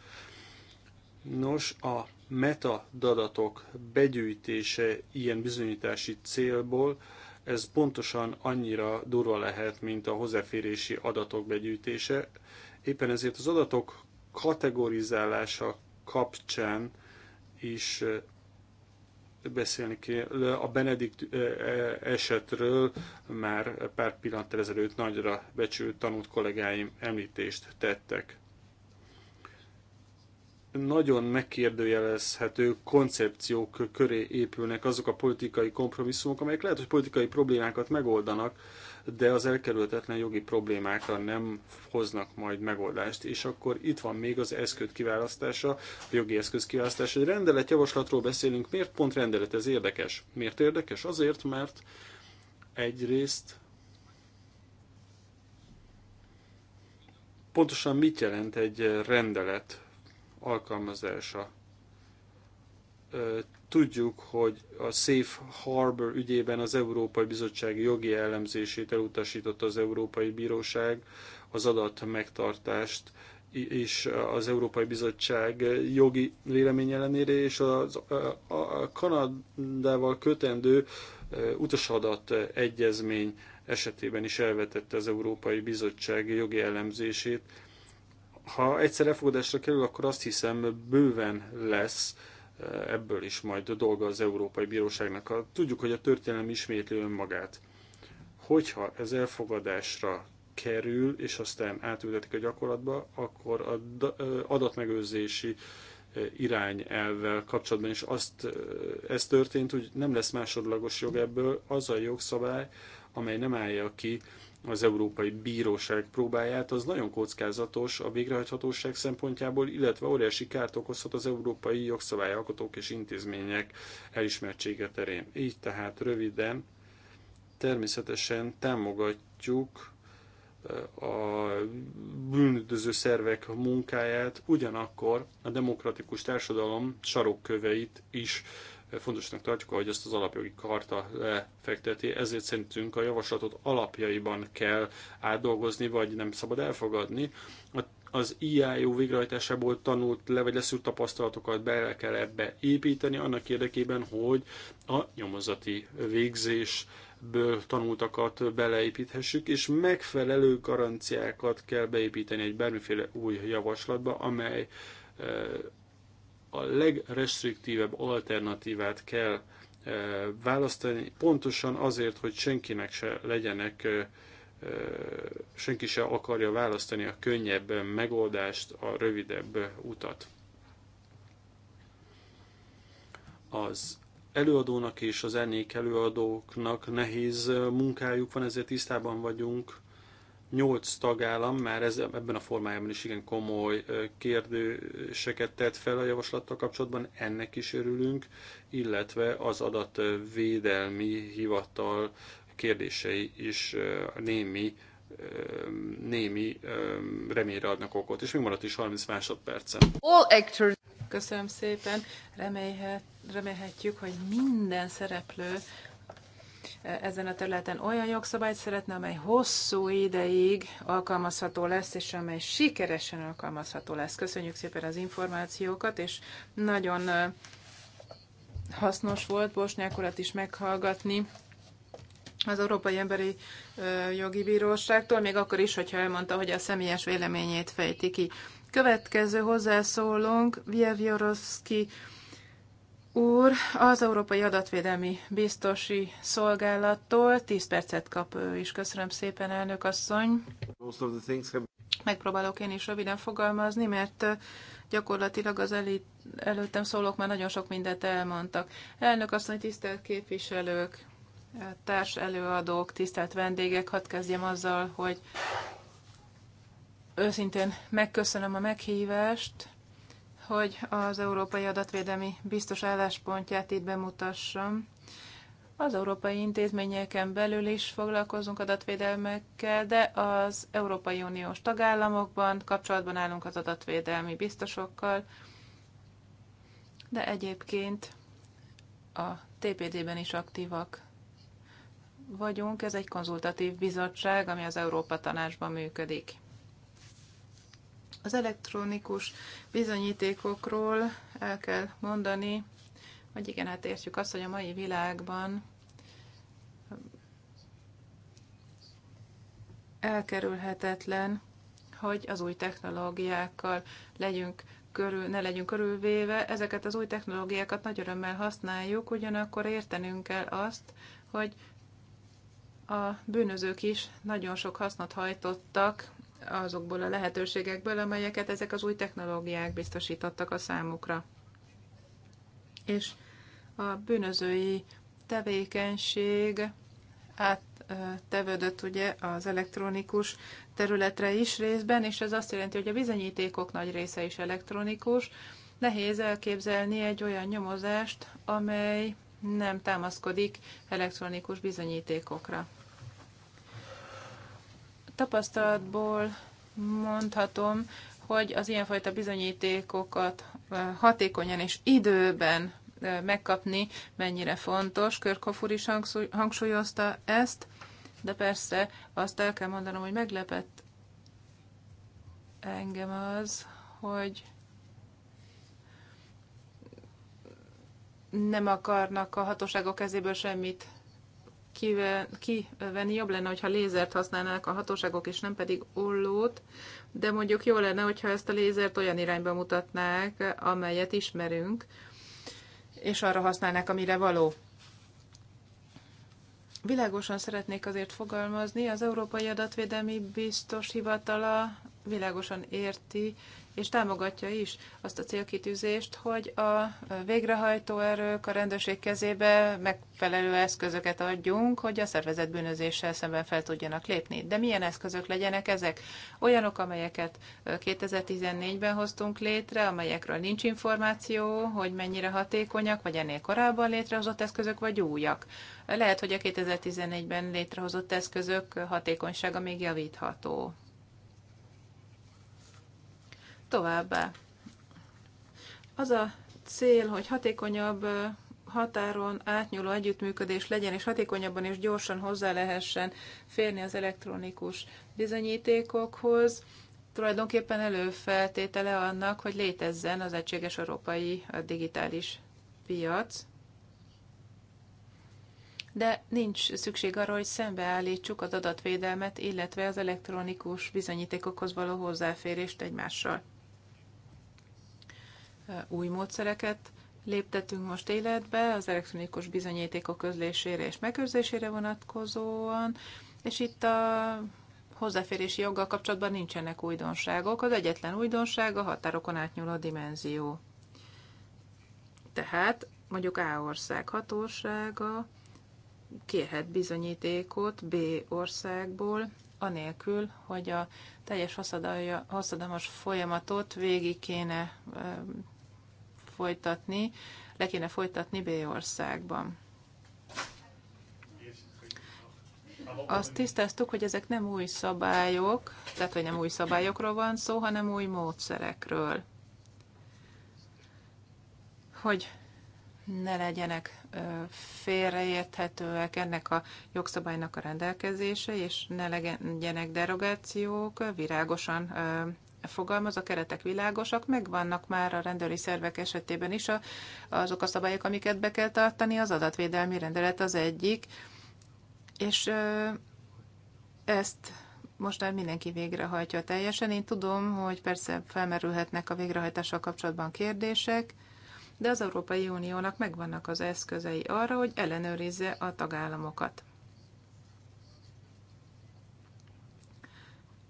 nos, a metadatok begyűjtése ilyen bizonyítási célból, ez pontosan annyira durva lehet, mint a hozzáférési adatok begyűjtése. Éppen ezért az adatok kategorizálása kapcsán is beszélni kell. A Benedikt e, esetről már pár pillanat ezelőtt nagyra becsült tanult kollégáim említést tettek. Nagyon megkérdőjelezhető koncepciók köré épülnek azok a politikai kompromisszumok, amelyek lehet, hogy politikai problémákat megoldanak, de az elkerülhetetlen jogi problémákra nem hoznak majd megoldást. És akkor itt van még az eszköz kiválasztása, a jogi eszköz kiválasztása. Egy rendeletjavaslatról beszélünk, miért pont rendelet? Ez érdekes. Miért érdekes? Azért, mert egyrészt pontosan mit jelent egy rendelet alkalmazása? Tudjuk, hogy a Safe Harbor ügyében az Európai Bizottság jogi elemzését elutasította az Európai Bíróság, az adat megtartást és az Európai Bizottság jogi vélemény ellenére, és az, a, a Kanadával kötendő utasadat egyezmény esetében is elvetette az Európai Bizottság jogi elemzését. Ha egyszer elfogadásra kerül, akkor azt hiszem bőven lesz ebből is majd a dolga az Európai Bíróságnak. Tudjuk, hogy a történelem ismétli önmagát. Hogyha ez elfogadásra kerül, és aztán átültetik a gyakorlatba, akkor a adatmegőrzési irányelvvel kapcsolatban is azt, ez történt, hogy nem lesz másodlagos jog ebből, az a jogszabály, amely nem állja ki az Európai Bíróság próbáját, az nagyon kockázatos a végrehajthatóság szempontjából, illetve óriási kárt okozhat az európai jogszabályalkotók és intézmények elismertsége terén. Így tehát röviden természetesen támogatjuk eh, a bűnöző szervek munkáját, ugyanakkor a demokratikus társadalom sarokköveit is fontosnak tartjuk, ahogy ezt az alapjogi karta lefekteti, ezért szerintünk a javaslatot alapjaiban kell átdolgozni, vagy nem szabad elfogadni. A az IAU e végrehajtásából tanult le, vagy leszűrt tapasztalatokat bele kell ebbe építeni, annak érdekében, hogy a nyomozati végzésből tanultakat beleépíthessük, és megfelelő garanciákat kell beépíteni egy bármiféle új javaslatba, amely a legrestriktívebb alternatívát kell eh, választani, pontosan azért, hogy senkinek se legyenek, eh, eh, senki se akarja választani a könnyebb megoldást, a rövidebb utat. Az előadónak és az ennék előadóknak nehéz munkájuk van, ezért tisztában vagyunk Nyolc tagállam már ez, ebben a formájában is igen komoly kérdéseket tett fel a javaslattal kapcsolatban, ennek is örülünk, illetve az adatvédelmi hivatal kérdései is némi némi reményre adnak okot. És mi maradt is 30 másodpercen. All actors. Köszönöm szépen. Remélhet, remélhetjük, hogy minden szereplő ezen a területen olyan jogszabályt szeretne, amely hosszú ideig alkalmazható lesz, és amely sikeresen alkalmazható lesz. Köszönjük szépen az információkat, és nagyon hasznos volt Bosnyák urat is meghallgatni az Európai Emberi Jogi Bíróságtól, még akkor is, hogyha elmondta, hogy a személyes véleményét fejti ki. Következő hozzászólónk Vjevjorovszki úr az Európai Adatvédelmi Biztosi Szolgálattól 10 percet kap ő is. Köszönöm szépen, elnök asszony. Megpróbálok én is röviden fogalmazni, mert gyakorlatilag az elit, előttem szólók már nagyon sok mindent elmondtak. Elnök asszony, tisztelt képviselők, társ előadók, tisztelt vendégek, hadd kezdjem azzal, hogy őszintén megköszönöm a meghívást, hogy az Európai Adatvédelmi Biztos álláspontját itt bemutassam. Az európai intézményeken belül is foglalkozunk adatvédelmekkel, de az Európai Uniós tagállamokban kapcsolatban állunk az adatvédelmi biztosokkal, de egyébként a TPD-ben is aktívak vagyunk. Ez egy konzultatív bizottság, ami az Európa Tanácsban működik. Az elektronikus bizonyítékokról el kell mondani, hogy igen, hát értjük azt, hogy a mai világban elkerülhetetlen, hogy az új technológiákkal legyünk körül, ne legyünk körülvéve. Ezeket az új technológiákat nagy örömmel használjuk, ugyanakkor értenünk kell azt, hogy a bűnözők is nagyon sok hasznot hajtottak azokból a lehetőségekből, amelyeket ezek az új technológiák biztosítottak a számukra. És a bűnözői tevékenység áttevődött ugye az elektronikus területre is részben, és ez azt jelenti, hogy a bizonyítékok nagy része is elektronikus. Nehéz elképzelni egy olyan nyomozást, amely nem támaszkodik elektronikus bizonyítékokra. Tapasztalatból mondhatom, hogy az ilyenfajta bizonyítékokat hatékonyan és időben megkapni mennyire fontos. Körkhoff is hangsúlyozta ezt, de persze azt el kell mondanom, hogy meglepett engem az, hogy nem akarnak a hatóságok kezéből semmit kivenni. Jobb lenne, hogyha lézert használnák a hatóságok, és nem pedig ollót, de mondjuk jó lenne, hogyha ezt a lézert olyan irányba mutatnák, amelyet ismerünk, és arra használnák, amire való. Világosan szeretnék azért fogalmazni, az Európai Adatvédelmi Biztos Hivatala világosan érti és támogatja is azt a célkitűzést, hogy a végrehajtó erők a rendőrség kezébe megfelelő eszközöket adjunk, hogy a szervezet bűnözéssel szemben fel tudjanak lépni. De milyen eszközök legyenek ezek? Olyanok, amelyeket 2014-ben hoztunk létre, amelyekről nincs információ, hogy mennyire hatékonyak, vagy ennél korábban létrehozott eszközök, vagy újak. Lehet, hogy a 2014-ben létrehozott eszközök hatékonysága még javítható Továbbá az a cél, hogy hatékonyabb határon átnyúló együttműködés legyen, és hatékonyabban és gyorsan hozzá lehessen férni az elektronikus bizonyítékokhoz, tulajdonképpen előfeltétele annak, hogy létezzen az egységes európai digitális piac, de nincs szükség arra, hogy szembeállítsuk az adatvédelmet, illetve az elektronikus bizonyítékokhoz való hozzáférést egymással új módszereket léptetünk most életbe az elektronikus bizonyítékok közlésére és megőrzésére vonatkozóan, és itt a hozzáférési joggal kapcsolatban nincsenek újdonságok. Az egyetlen újdonság a határokon átnyúló dimenzió. Tehát mondjuk A ország hatósága kérhet bizonyítékot B országból, anélkül, hogy a teljes hosszadalmas folyamatot végig kéne folytatni, le kéne folytatni B-országban. Azt tisztáztuk, hogy ezek nem új szabályok, tehát hogy nem új szabályokról van szó, hanem új módszerekről. Hogy ne legyenek félreérthetőek ennek a jogszabálynak a rendelkezése, és ne legyenek derogációk, virágosan fogalmaz, a keretek világosak, megvannak már a rendőri szervek esetében is a, azok a szabályok, amiket be kell tartani, az adatvédelmi rendelet az egyik, és ezt most már mindenki végrehajtja teljesen. Én tudom, hogy persze felmerülhetnek a végrehajtással kapcsolatban kérdések, de az Európai Uniónak megvannak az eszközei arra, hogy ellenőrizze a tagállamokat.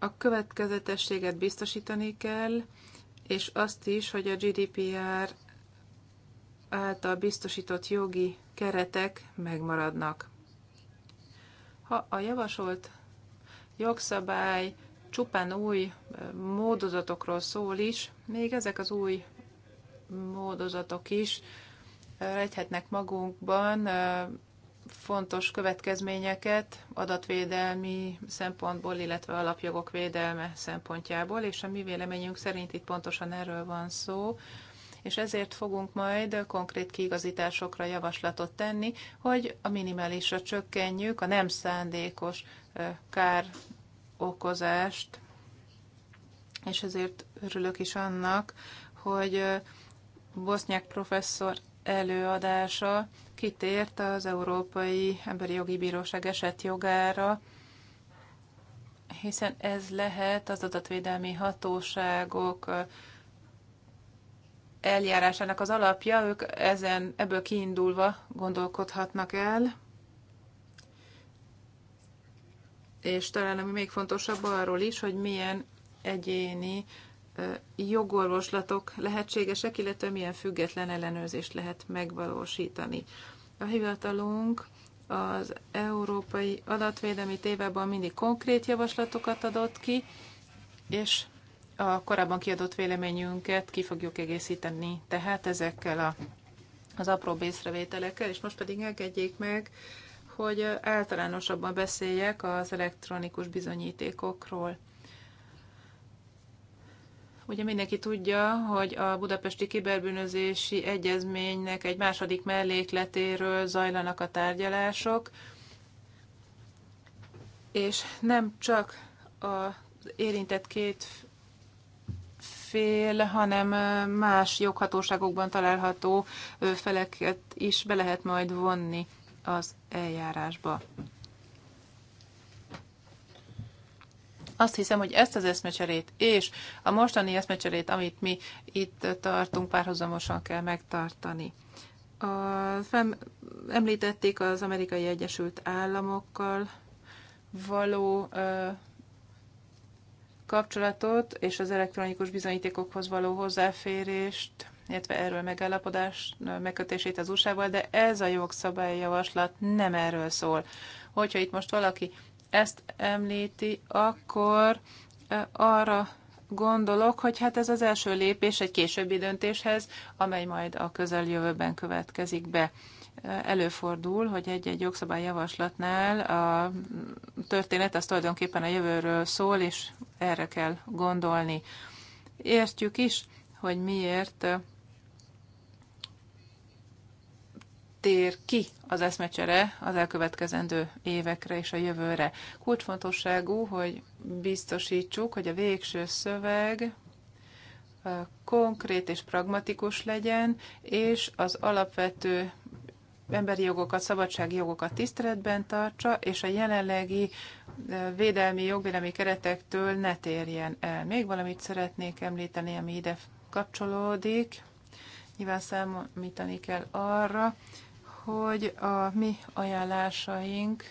A következetességet biztosítani kell, és azt is, hogy a GDPR által biztosított jogi keretek megmaradnak. Ha a javasolt jogszabály csupán új módozatokról szól is, még ezek az új módozatok is rejthetnek magunkban fontos következményeket adatvédelmi szempontból, illetve alapjogok védelme szempontjából, és a mi véleményünk szerint itt pontosan erről van szó, és ezért fogunk majd konkrét kiigazításokra javaslatot tenni, hogy a minimálisra csökkenjük a nem szándékos kár okozást, és ezért örülök is annak, hogy Bosznyák professzor előadása kitért az Európai Emberi Jogi Bíróság esetjogára, hiszen ez lehet az adatvédelmi hatóságok eljárásának az alapja, ők ezen, ebből kiindulva gondolkodhatnak el. És talán ami még fontosabb arról is, hogy milyen egyéni jogorvoslatok lehetségesek, illetve milyen független ellenőrzést lehet megvalósítani. A hivatalunk az Európai Adatvédelmi Tévában mindig konkrét javaslatokat adott ki, és a korábban kiadott véleményünket ki fogjuk egészíteni, tehát ezekkel a, az apró észrevételekkel, és most pedig engedjék meg, hogy általánosabban beszéljek az elektronikus bizonyítékokról. Ugye mindenki tudja, hogy a budapesti kiberbűnözési egyezménynek egy második mellékletéről zajlanak a tárgyalások, és nem csak az érintett két fél, hanem más joghatóságokban található feleket is be lehet majd vonni az eljárásba. Azt hiszem, hogy ezt az eszmecserét és a mostani eszmecserét, amit mi itt tartunk, párhuzamosan kell megtartani. A, fem, említették az Amerikai Egyesült Államokkal való ö, kapcsolatot és az elektronikus bizonyítékokhoz való hozzáférést, illetve erről megállapodás megkötését az USA-val, de ez a jogszabályjavaslat nem erről szól. Hogyha itt most valaki ezt említi, akkor arra gondolok, hogy hát ez az első lépés egy későbbi döntéshez, amely majd a közeljövőben következik be. Előfordul, hogy egy-egy jogszabályjavaslatnál a történet az tulajdonképpen a jövőről szól, és erre kell gondolni. Értjük is, hogy miért tér ki az eszmecsere az elkövetkezendő évekre és a jövőre. Kulcsfontosságú, hogy biztosítsuk, hogy a végső szöveg konkrét és pragmatikus legyen, és az alapvető emberi jogokat, szabadsági jogokat tiszteletben tartsa, és a jelenlegi védelmi jogvédelmi keretektől ne térjen el. Még valamit szeretnék említeni, ami ide kapcsolódik. Nyilván számítani kell arra, hogy a mi ajánlásaink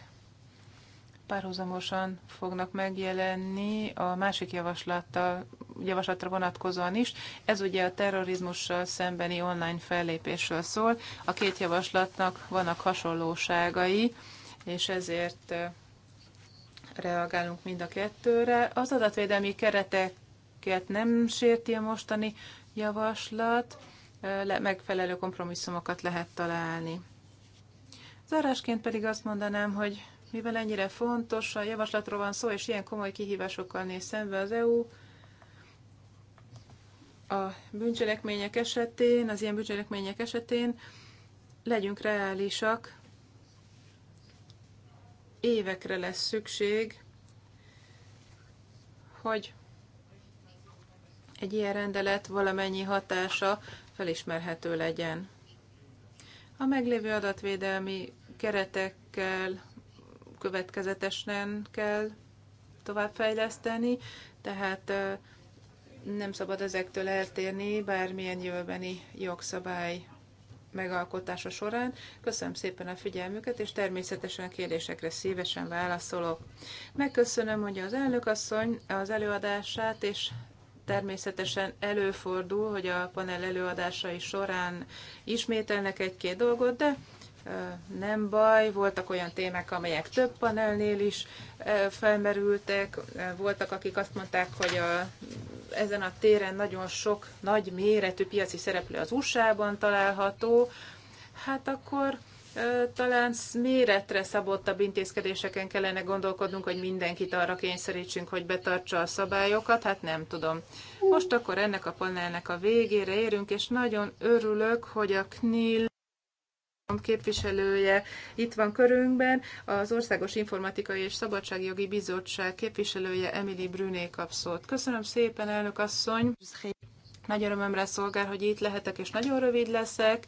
párhuzamosan fognak megjelenni a másik javaslattal, javaslatra vonatkozóan is. Ez ugye a terrorizmussal szembeni online fellépésről szól. A két javaslatnak vannak hasonlóságai, és ezért eh, reagálunk mind a kettőre. Az adatvédelmi kereteket nem sérti a mostani javaslat, eh, megfelelő kompromisszumokat lehet találni. Zárásként pedig azt mondanám, hogy mivel ennyire fontos, a javaslatról van szó, és ilyen komoly kihívásokkal néz szembe az EU, a bűncselekmények esetén, az ilyen bűncselekmények esetén legyünk reálisak, évekre lesz szükség, hogy egy ilyen rendelet valamennyi hatása felismerhető legyen. A meglévő adatvédelmi keretekkel következetesen kell továbbfejleszteni, tehát nem szabad ezektől eltérni bármilyen jövőbeni jogszabály megalkotása során. Köszönöm szépen a figyelmüket, és természetesen a kérdésekre szívesen válaszolok. Megköszönöm, hogy az elnökasszony az előadását, és Természetesen előfordul, hogy a panel előadásai során ismételnek egy-két dolgot, de nem baj, voltak olyan témák, amelyek több panelnél is felmerültek, voltak, akik azt mondták, hogy a, ezen a téren nagyon sok nagy méretű piaci szereplő az USA-ban található, hát akkor talán méretre szabottabb intézkedéseken kellene gondolkodnunk, hogy mindenkit arra kényszerítsünk, hogy betartsa a szabályokat, hát nem tudom. Most akkor ennek a panelnek a végére érünk, és nagyon örülök, hogy a KNIL képviselője itt van körünkben, az Országos Informatikai és Szabadságjogi Bizottság képviselője Emily Brüné kapszót. Köszönöm szépen, elnök asszony! Nagy örömömre szolgál, hogy itt lehetek, és nagyon rövid leszek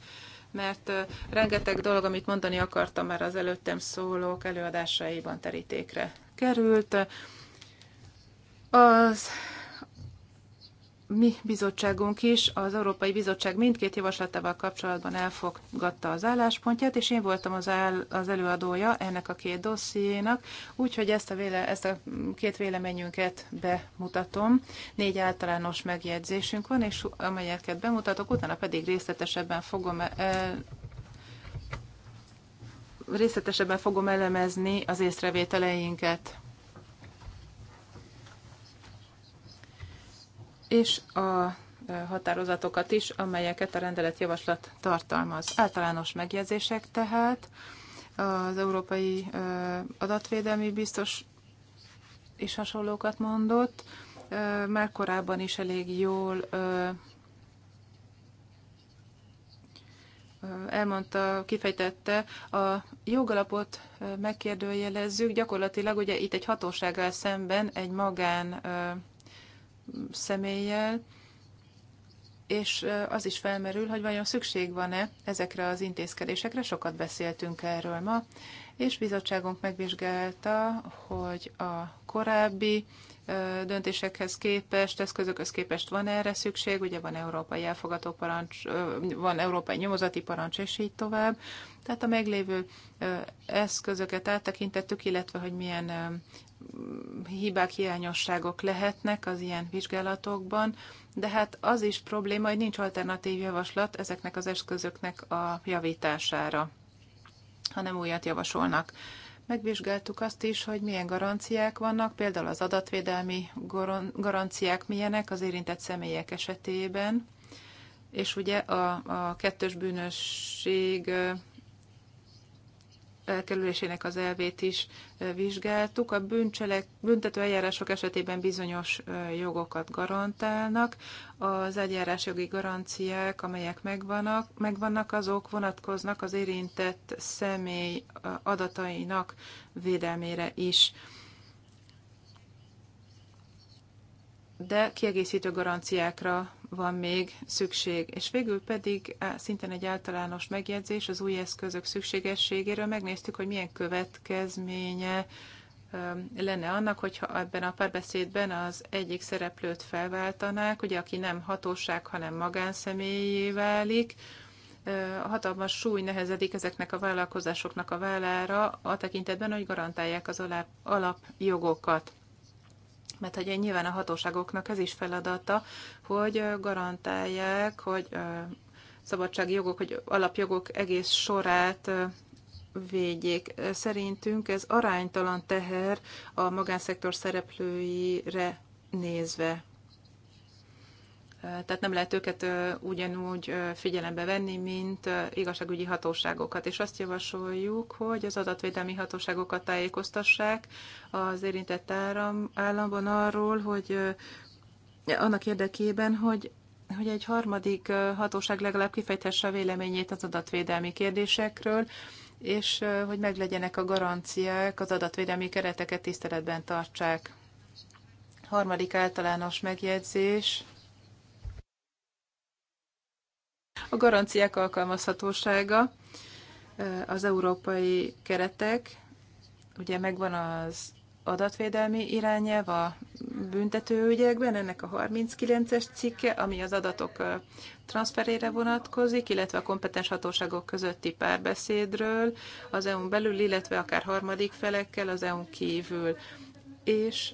mert rengeteg dolog, amit mondani akartam már az előttem szólók előadásaiban terítékre került. Az mi bizottságunk is az Európai Bizottság mindkét javaslatával kapcsolatban elfogadta az álláspontját, és én voltam az, el, az előadója ennek a két dossziénak, úgyhogy ezt a, véle, ezt a két véleményünket bemutatom. Négy általános megjegyzésünk van, és amelyeket bemutatok, utána pedig részletesebben fogom el, e, részletesebben fogom elemezni az észrevételeinket. és a határozatokat is, amelyeket a rendeletjavaslat tartalmaz. Általános megjegyzések tehát az Európai Adatvédelmi Biztos is hasonlókat mondott, már korábban is elég jól elmondta, kifejtette, a jogalapot megkérdőjelezzük, gyakorlatilag ugye itt egy hatósággal szemben egy magán személlyel, és az is felmerül, hogy vajon szükség van-e ezekre az intézkedésekre, sokat beszéltünk erről ma, és bizottságunk megvizsgálta, hogy a korábbi döntésekhez képest, eszközökhöz képest van erre szükség, ugye van európai elfogató parancs, van európai nyomozati parancs, és így tovább. Tehát a meglévő eszközöket áttekintettük, illetve hogy milyen hibák, hiányosságok lehetnek az ilyen vizsgálatokban, de hát az is probléma, hogy nincs alternatív javaslat ezeknek az eszközöknek a javítására, hanem újat javasolnak. Megvizsgáltuk azt is, hogy milyen garanciák vannak, például az adatvédelmi garanciák milyenek az érintett személyek esetében, és ugye a, a kettős bűnösség elkerülésének az elvét is vizsgáltuk. A bűncselek, büntető eljárások esetében bizonyos jogokat garantálnak. Az eljárás jogi garanciák, amelyek megvannak, megvannak, azok vonatkoznak az érintett személy adatainak védelmére is. De kiegészítő garanciákra van még szükség. És végül pedig e, szintén egy általános megjegyzés az új eszközök szükségességéről. Megnéztük, hogy milyen következménye e, lenne annak, hogyha ebben a párbeszédben az egyik szereplőt felváltanák, ugye aki nem hatóság, hanem magánszemélyé válik, e, hatalmas súly nehezedik ezeknek a vállalkozásoknak a vállára a tekintetben, hogy garantálják az alapjogokat mert hogy nyilván a hatóságoknak ez is feladata, hogy garantálják, hogy szabadsági jogok, hogy alapjogok egész sorát védjék. Szerintünk ez aránytalan teher a magánszektor szereplőire nézve tehát nem lehet őket ugyanúgy figyelembe venni, mint igazságügyi hatóságokat. És azt javasoljuk, hogy az adatvédelmi hatóságokat tájékoztassák az érintett áram, államban arról, hogy annak érdekében, hogy hogy egy harmadik hatóság legalább kifejthesse a véleményét az adatvédelmi kérdésekről, és hogy meglegyenek a garanciák, az adatvédelmi kereteket tiszteletben tartsák. Harmadik általános megjegyzés, a garanciák alkalmazhatósága, az európai keretek, ugye megvan az adatvédelmi irányelv a büntetőügyekben, ennek a 39-es cikke, ami az adatok transferére vonatkozik, illetve a kompetens hatóságok közötti párbeszédről az EU-n belül, illetve akár harmadik felekkel az EU-n kívül. És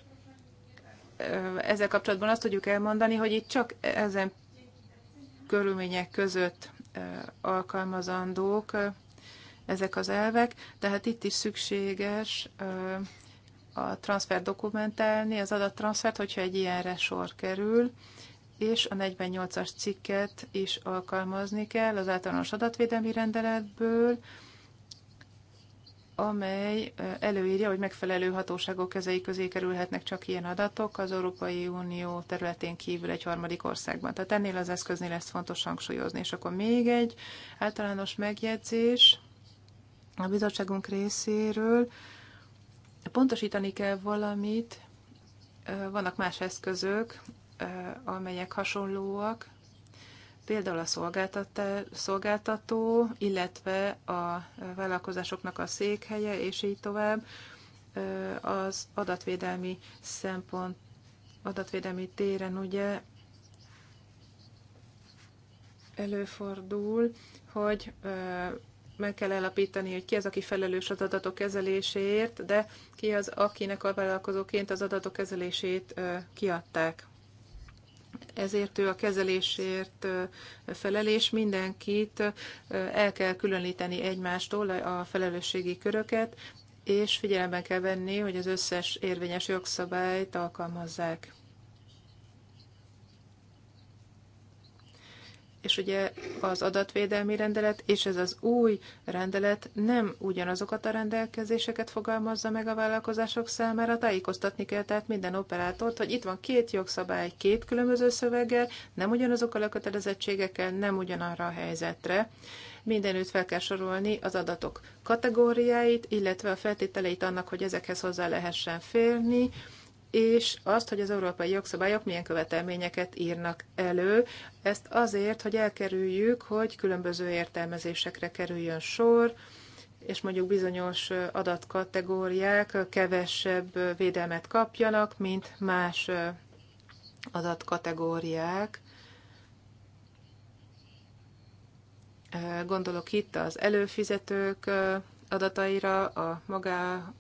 ezzel kapcsolatban azt tudjuk elmondani, hogy itt csak ezen körülmények között alkalmazandók ezek az elvek, tehát itt is szükséges a transfer dokumentálni, az adattranszfert, hogyha egy ilyenre sor kerül, és a 48-as cikket is alkalmazni kell az általános adatvédelmi rendeletből, amely előírja, hogy megfelelő hatóságok kezei közé kerülhetnek csak ilyen adatok az Európai Unió területén kívül egy harmadik országban. Tehát ennél az eszköznél lesz fontos hangsúlyozni. És akkor még egy általános megjegyzés a bizottságunk részéről. Pontosítani kell valamit, vannak más eszközök, amelyek hasonlóak, például a szolgáltató, illetve a vállalkozásoknak a székhelye, és így tovább az adatvédelmi szempont, adatvédelmi téren ugye előfordul, hogy meg kell elapítani, hogy ki az, aki felelős az adatok kezeléséért, de ki az, akinek a vállalkozóként az adatok kezelését kiadták ezért ő a kezelésért felelés mindenkit, el kell különíteni egymástól a felelősségi köröket, és figyelembe kell venni, hogy az összes érvényes jogszabályt alkalmazzák. és ugye az adatvédelmi rendelet és ez az új rendelet nem ugyanazokat a rendelkezéseket fogalmazza meg a vállalkozások számára, tájékoztatni kell tehát minden operátort, hogy itt van két jogszabály, két különböző szöveggel, nem ugyanazokkal a kötelezettségekkel, nem ugyanarra a helyzetre. Mindenütt fel kell sorolni az adatok kategóriáit, illetve a feltételeit annak, hogy ezekhez hozzá lehessen férni, és azt, hogy az európai jogszabályok milyen követelményeket írnak elő. Ezt azért, hogy elkerüljük, hogy különböző értelmezésekre kerüljön sor, és mondjuk bizonyos adatkategóriák kevesebb védelmet kapjanak, mint más adatkategóriák. Gondolok itt az előfizetők adataira, a magá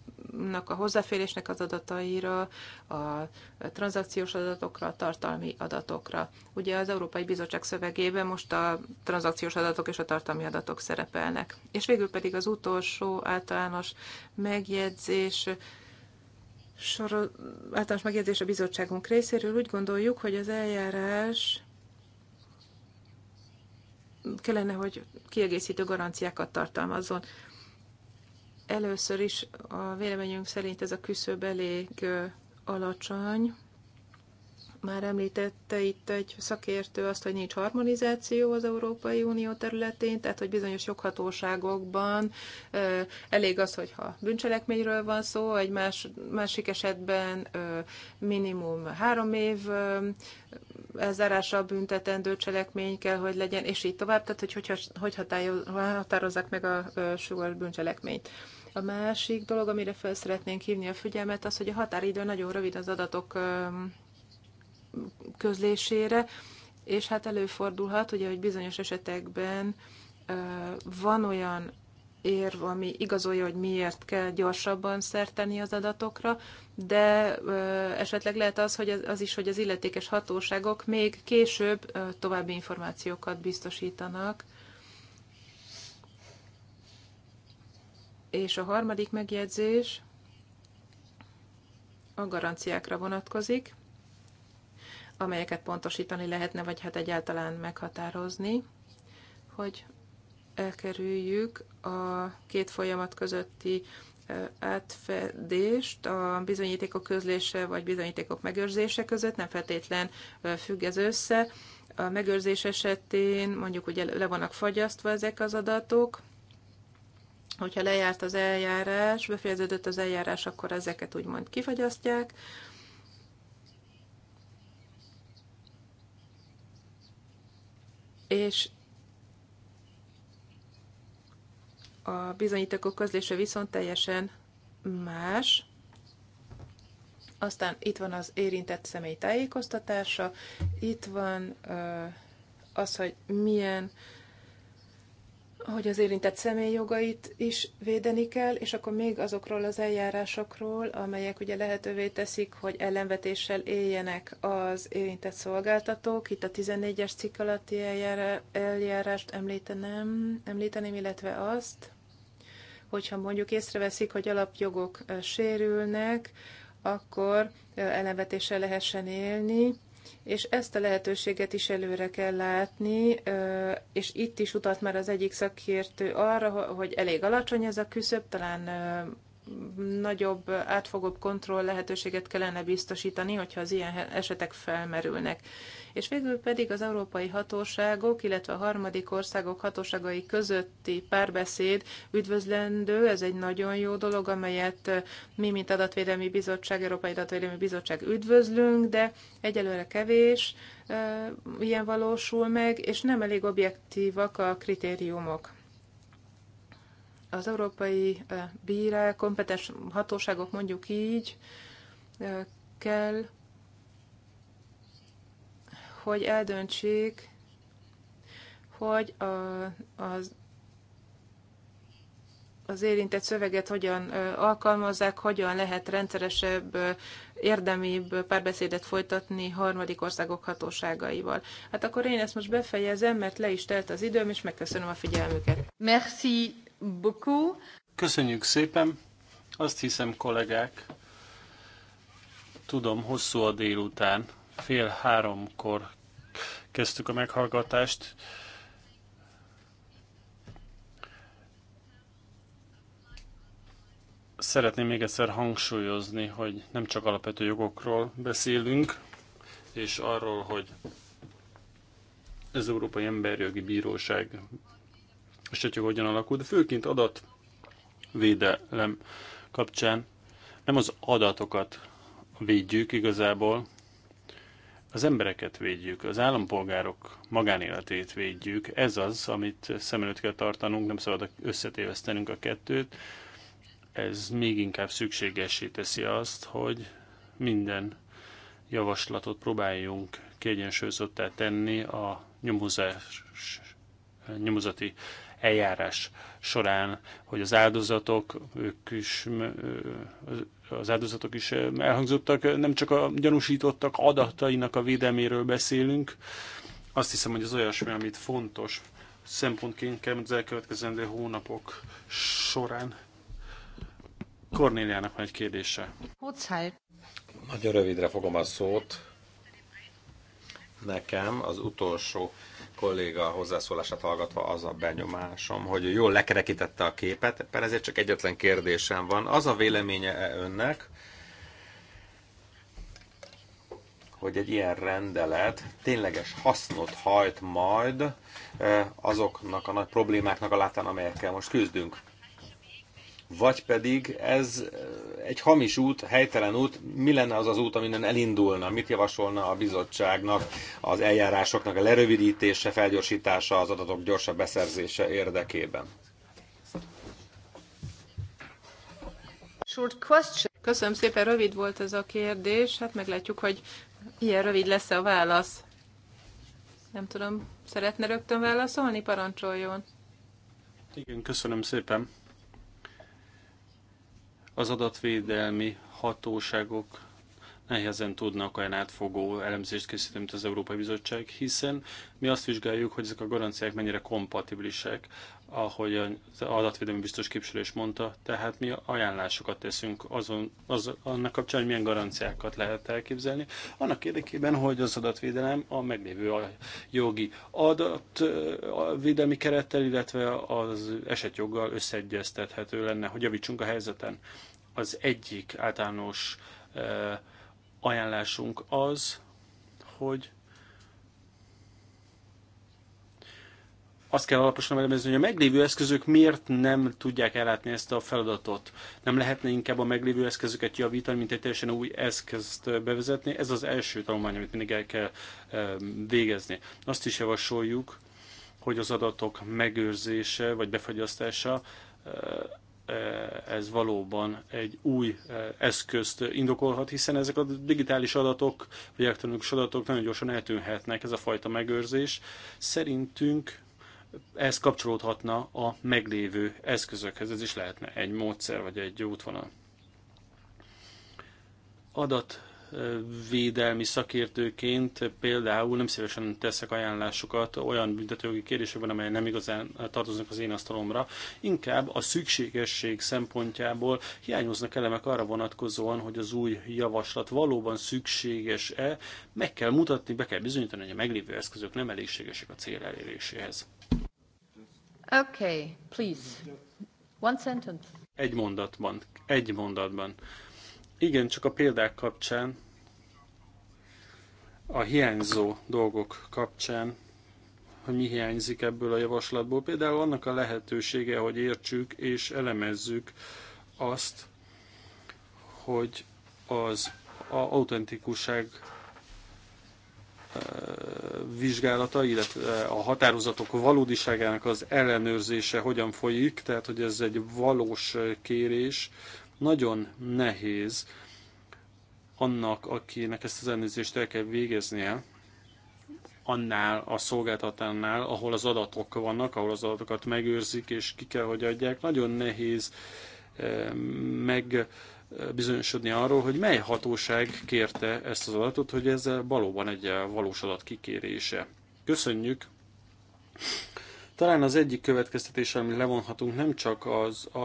a hozzáférésnek az adataira, a tranzakciós adatokra, a tartalmi adatokra. Ugye az Európai Bizottság szövegében most a tranzakciós adatok és a tartalmi adatok szerepelnek. És végül pedig az utolsó általános megjegyzés, soro, általános megjegyzés a bizottságunk részéről. Úgy gondoljuk, hogy az eljárás kellene, hogy kiegészítő garanciákat tartalmazzon. Először is a véleményünk szerint ez a küszöb elég alacsony. Már említette itt egy szakértő azt, hogy nincs harmonizáció az Európai Unió területén, tehát hogy bizonyos joghatóságokban elég az, hogyha bűncselekményről van szó, egy más, másik esetben minimum három év a büntetendő cselekmény kell, hogy legyen, és így tovább, tehát hogy, hogy, hogy határozzák meg a súlyos bűncselekményt. A másik dolog, amire fel szeretnénk hívni a figyelmet, az, hogy a határidő nagyon rövid az adatok közlésére, és hát előfordulhat, ugye, hogy bizonyos esetekben van olyan érv, ami igazolja, hogy miért kell gyorsabban szerteni az adatokra, de ö, esetleg lehet az, hogy az, az is, hogy az illetékes hatóságok még később ö, további információkat biztosítanak, És a harmadik megjegyzés a garanciákra vonatkozik, amelyeket pontosítani lehetne, vagy hát egyáltalán meghatározni, hogy elkerüljük a két folyamat közötti átfedést a bizonyítékok közlése vagy bizonyítékok megőrzése között, nem feltétlen függ ez össze. A megőrzés esetén mondjuk ugye le vannak fagyasztva ezek az adatok, hogyha lejárt az eljárás, befejeződött az eljárás, akkor ezeket úgymond kifagyasztják, és a bizonyítékok közlése viszont teljesen más. Aztán itt van az érintett személy tájékoztatása, itt van az, hogy milyen hogy az érintett személy jogait is védeni kell, és akkor még azokról az eljárásokról, amelyek ugye lehetővé teszik, hogy ellenvetéssel éljenek az érintett szolgáltatók. Itt a 14-es cikk alatti eljárást említenem, említeném, illetve azt, hogyha mondjuk észreveszik, hogy alapjogok sérülnek, akkor ellenvetéssel lehessen élni, és ezt a lehetőséget is előre kell látni, és itt is utalt már az egyik szakértő arra, hogy elég alacsony ez a küszöb, talán nagyobb, átfogóbb kontroll lehetőséget kellene biztosítani, hogyha az ilyen esetek felmerülnek. És végül pedig az európai hatóságok, illetve a harmadik országok hatóságai közötti párbeszéd üdvözlendő, ez egy nagyon jó dolog, amelyet eh, mi, mint Adatvédelmi Bizottság, Európai Adatvédelmi Bizottság üdvözlünk, de egyelőre kevés eh, ilyen valósul meg, és nem elég objektívak a kritériumok az európai bírák, kompetens hatóságok mondjuk így kell, hogy eldöntsék, hogy a, az, az érintett szöveget hogyan alkalmazzák, hogyan lehet rendszeresebb, érdemibb párbeszédet folytatni harmadik országok hatóságaival. Hát akkor én ezt most befejezem, mert le is telt az időm, és megköszönöm a figyelmüket. Merci beaucoup. Köszönjük szépen. Azt hiszem, kollégák, tudom, hosszú a délután, fél háromkor kezdtük a meghallgatást. Szeretném még egyszer hangsúlyozni, hogy nem csak alapvető jogokról beszélünk, és arról, hogy az Európai Emberjogi Bíróság esetleg hogyan alakul, de főként adatvédelem kapcsán nem az adatokat védjük igazából, az embereket védjük, az állampolgárok magánéletét védjük. Ez az, amit szem előtt kell tartanunk, nem szabad összetévesztenünk a kettőt. Ez még inkább szükségessé teszi azt, hogy minden javaslatot próbáljunk kiegyensúlyozottá tenni a nyomozás, nyomozati eljárás során, hogy az áldozatok, ők is, az áldozatok is elhangzottak, nem csak a gyanúsítottak adatainak a védelméről beszélünk, azt hiszem, hogy az olyasmi, amit fontos szempontként kell az elkövetkezendő hónapok során. Kornéliának van egy kérdése. Nagyon rövidre fogom a szót. Nekem az utolsó kolléga hozzászólását hallgatva az a benyomásom, hogy jól lekerekítette a képet, per ezért csak egyetlen kérdésem van. Az a véleménye -e önnek, hogy egy ilyen rendelet tényleges hasznot hajt majd e, azoknak a nagy problémáknak a látán, amelyekkel most küzdünk vagy pedig ez eh, egy hamis út, helytelen út, mi lenne az az út, aminen elindulna, mit javasolna a bizottságnak, az eljárásoknak a lerövidítése, felgyorsítása, az adatok gyorsabb beszerzése érdekében? Köszönöm szépen, rövid volt ez a kérdés, hát meglátjuk, hogy ilyen rövid lesz a válasz. Nem tudom, szeretne rögtön válaszolni? Parancsoljon. Igen, köszönöm szépen az adatvédelmi hatóságok nehezen tudnak olyan átfogó elemzést készíteni, mint az Európai Bizottság, hiszen mi azt vizsgáljuk, hogy ezek a garanciák mennyire kompatibilisek, ahogy az adatvédelmi biztos képviselő is mondta, tehát mi ajánlásokat teszünk azon, az, annak kapcsán, hogy milyen garanciákat lehet elképzelni, annak érdekében, hogy az adatvédelem a meglévő a jogi adatvédelmi kerettel, illetve az esetjoggal összeegyeztethető lenne, hogy javítsunk a helyzeten. Az egyik általános uh, ajánlásunk az, hogy azt kell alaposan elemezni, hogy a meglévő eszközök miért nem tudják ellátni ezt a feladatot. Nem lehetne inkább a meglévő eszközöket javítani, mint egy teljesen új eszközt bevezetni. Ez az első tanulmány, amit mindig el kell végezni. Azt is javasoljuk, hogy az adatok megőrzése vagy befagyasztása Eh, ez valóban egy új eh, eszközt indokolhat, hiszen ezek a digitális adatok, vagy elektronikus adatok nagyon gyorsan eltűnhetnek, ez a fajta megőrzés. Szerintünk ez kapcsolódhatna a meglévő eszközökhez, ez is lehetne egy módszer, vagy egy útvonal. Adat védelmi szakértőként például nem szívesen teszek ajánlásokat olyan büntetőjogi kérdésekben, amelyek nem igazán tartoznak az én asztalomra. Inkább a szükségesség szempontjából hiányoznak elemek arra vonatkozóan, hogy az új javaslat valóban szükséges-e, meg kell mutatni, be kell bizonyítani, hogy a meglévő eszközök nem elégségesek a cél eléréséhez. Okay, please. One sentence. Egy mondatban. Egy mondatban. Igen, csak a példák kapcsán a hiányzó dolgok kapcsán, hogy mi hiányzik ebből a javaslatból. Például annak a lehetősége, hogy értsük és elemezzük azt, hogy az a autentikuság vizsgálata, illetve a határozatok valódiságának az ellenőrzése hogyan folyik, tehát hogy ez egy valós kérés, nagyon nehéz annak, akinek ezt az ellenőrzést el kell végeznie, annál a szolgáltatánál, ahol az adatok vannak, ahol az adatokat megőrzik és ki kell, hogy adják. Nagyon nehéz eh, meg eh, bizonyosodni arról, hogy mely hatóság kérte ezt az adatot, hogy ez valóban egy eh, valós adat kikérése. Köszönjük talán az egyik következtetés, amit levonhatunk, nem csak az a,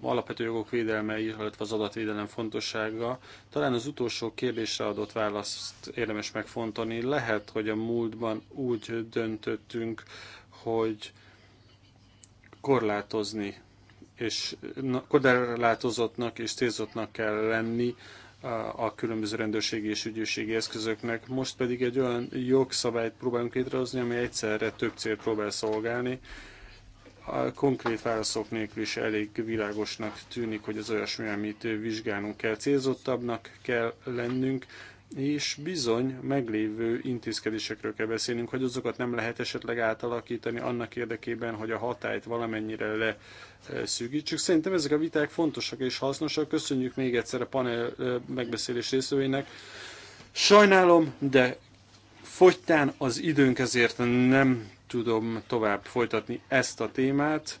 alapvető jogok védelme, illetve az adatvédelem fontossága, talán az utolsó kérdésre adott választ érdemes megfontolni. Lehet, hogy a múltban úgy döntöttünk, hogy korlátozni és korlátozottnak és tézottnak kell lenni a különböző rendőrségi és ügyőségi eszközöknek. Most pedig egy olyan jogszabályt próbálunk létrehozni, ami egyszerre több célt próbál szolgálni. A konkrét válaszok nélkül is elég világosnak tűnik, hogy az olyasmi, amit vizsgálnunk kell, célzottabbnak kell lennünk, és bizony meglévő intézkedésekről kell beszélnünk, hogy azokat nem lehet esetleg átalakítani annak érdekében, hogy a hatályt valamennyire leszűkítsük. E, Szerintem ezek a viták fontosak és hasznosak. Köszönjük még egyszer a panel e, megbeszélés részvénynek. Sajnálom, de fogytán az időnk ezért nem tudom tovább folytatni ezt a témát.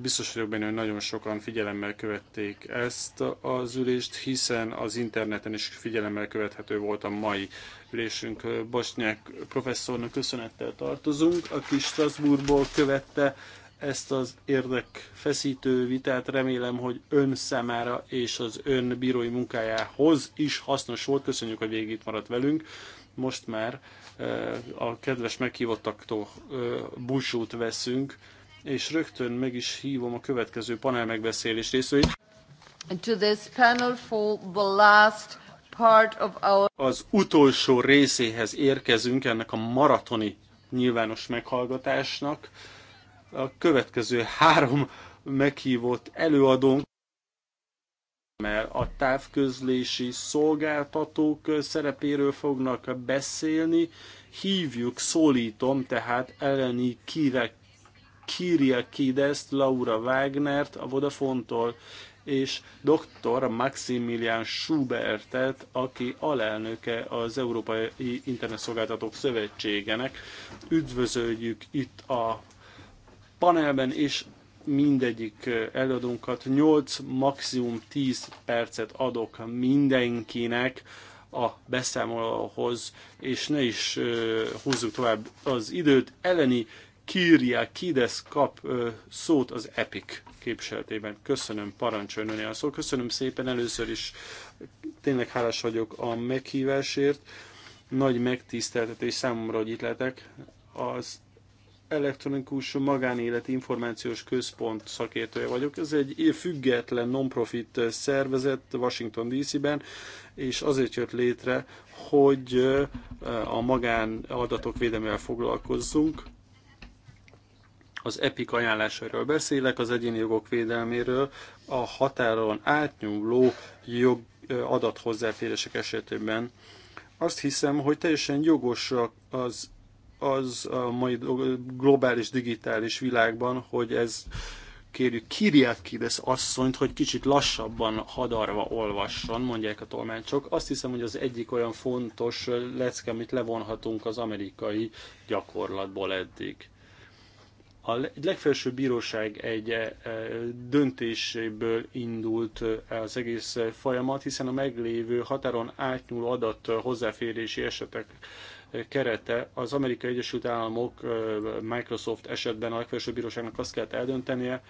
Biztos vagyok benne, hogy nagyon sokan figyelemmel követték ezt az ülést, hiszen az interneten is figyelemmel követhető volt a mai ülésünk. Bosnyák professzornak köszönettel tartozunk, aki Strasbourgból követte ezt az érdekfeszítő vitát. Remélem, hogy ön számára és az ön bírói munkájához is hasznos volt. Köszönjük, hogy végig itt maradt velünk. Most már eh, a kedves meghívottaktól eh, búcsút veszünk és rögtön meg is hívom a következő panel megbeszélés részét. To this panel for the last part of our... Az utolsó részéhez érkezünk ennek a maratoni nyilvános meghallgatásnak. A következő három meghívott előadónk mert a távközlési szolgáltatók szerepéről fognak beszélni. Hívjuk, szólítom tehát Eleni Kirek Kiria Kideszt, Laura Wagnert a Vodafontól, és dr. Maximilian Schubertet, aki alelnöke az Európai Internetszolgáltatók Szövetségenek. Üdvözöljük itt a panelben, és mindegyik előadónkat 8, maximum 10 percet adok mindenkinek a beszámolóhoz, és ne is húzzuk tovább az időt. Eleni Kyria Kides kap szót az EPIC képviseletében. Köszönöm, parancsoljon önél szó. Köszönöm szépen először is, tényleg hálás vagyok a meghívásért. Nagy megtiszteltetés számomra, hogy itt lehetek. Az elektronikus magánéleti információs központ szakértője vagyok. Ez egy független non-profit szervezet Washington DC-ben, és azért jött létre, hogy a magán adatok védelmével foglalkozzunk az EPIC ajánlásairól beszélek, az egyéni jogok védelméről, a határon átnyúló jog adathozzáférések esetében. Azt hiszem, hogy teljesen jogos az, az a mai globális digitális világban, hogy ez kérjük Kiriakides asszonyt, hogy kicsit lassabban hadarva olvasson, mondják a tolmácsok. Azt hiszem, hogy az egyik olyan fontos lecke, amit levonhatunk az amerikai gyakorlatból eddig. A legfelsőbb bíróság egy e, e, döntésből indult e, az egész folyamat, hiszen a meglévő határon átnyúló adat hozzáférési esetek kerete. Az Amerikai Egyesült Államok Microsoft esetben a legfelsőbb bíróságnak azt kellett eldöntenie,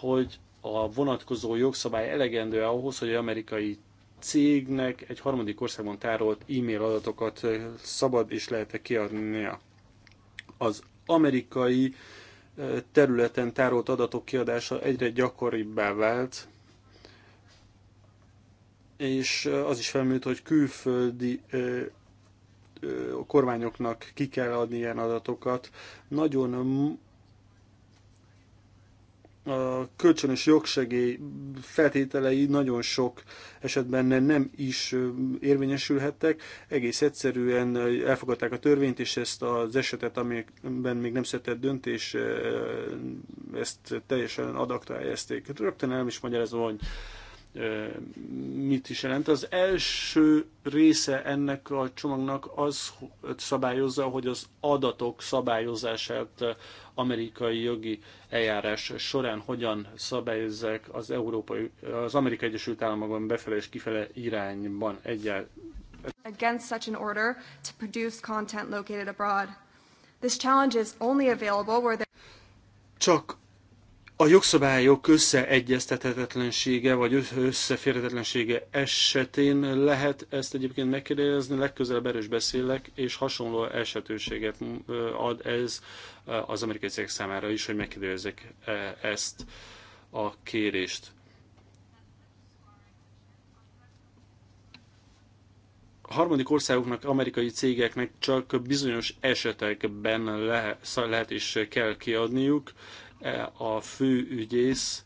hogy a vonatkozó jogszabály elegendő ahhoz, hogy az amerikai cégnek egy harmadik országban tárolt e-mail adatokat szabad és lehet-e kiadnia. Az amerikai területen tárolt adatok kiadása egyre gyakoribbá vált, és az is felműlt, hogy külföldi kormányoknak ki kell adni ilyen adatokat. Nagyon a kölcsönös jogsegély feltételei nagyon sok esetben nem is érvényesülhettek. Egész egyszerűen elfogadták a törvényt, és ezt az esetet, amiben még nem született döntés, ezt teljesen adaktá Rögtön el is magyarázom, hogy mit is jelent. Az első része ennek a csomagnak az szabályozza, hogy az adatok szabályozását amerikai jogi eljárás során hogyan szabályozzák az, Európai, az Amerikai Egyesült Államokban befele és kifele irányban egyel. Against such an order to produce content located abroad. This challenge is only available where there... Csak a jogszabályok összeegyeztethetetlensége vagy összeférhetetlensége esetén lehet ezt egyébként megkérdezni, legközelebb erős beszélek, és hasonló esetőséget mm, ad ez az amerikai cégek számára is, hogy megkérdezzek ezt a kérést. A harmadik országoknak, amerikai cégeknek csak bizonyos esetekben lehet, lehet és kell kiadniuk E a főügyész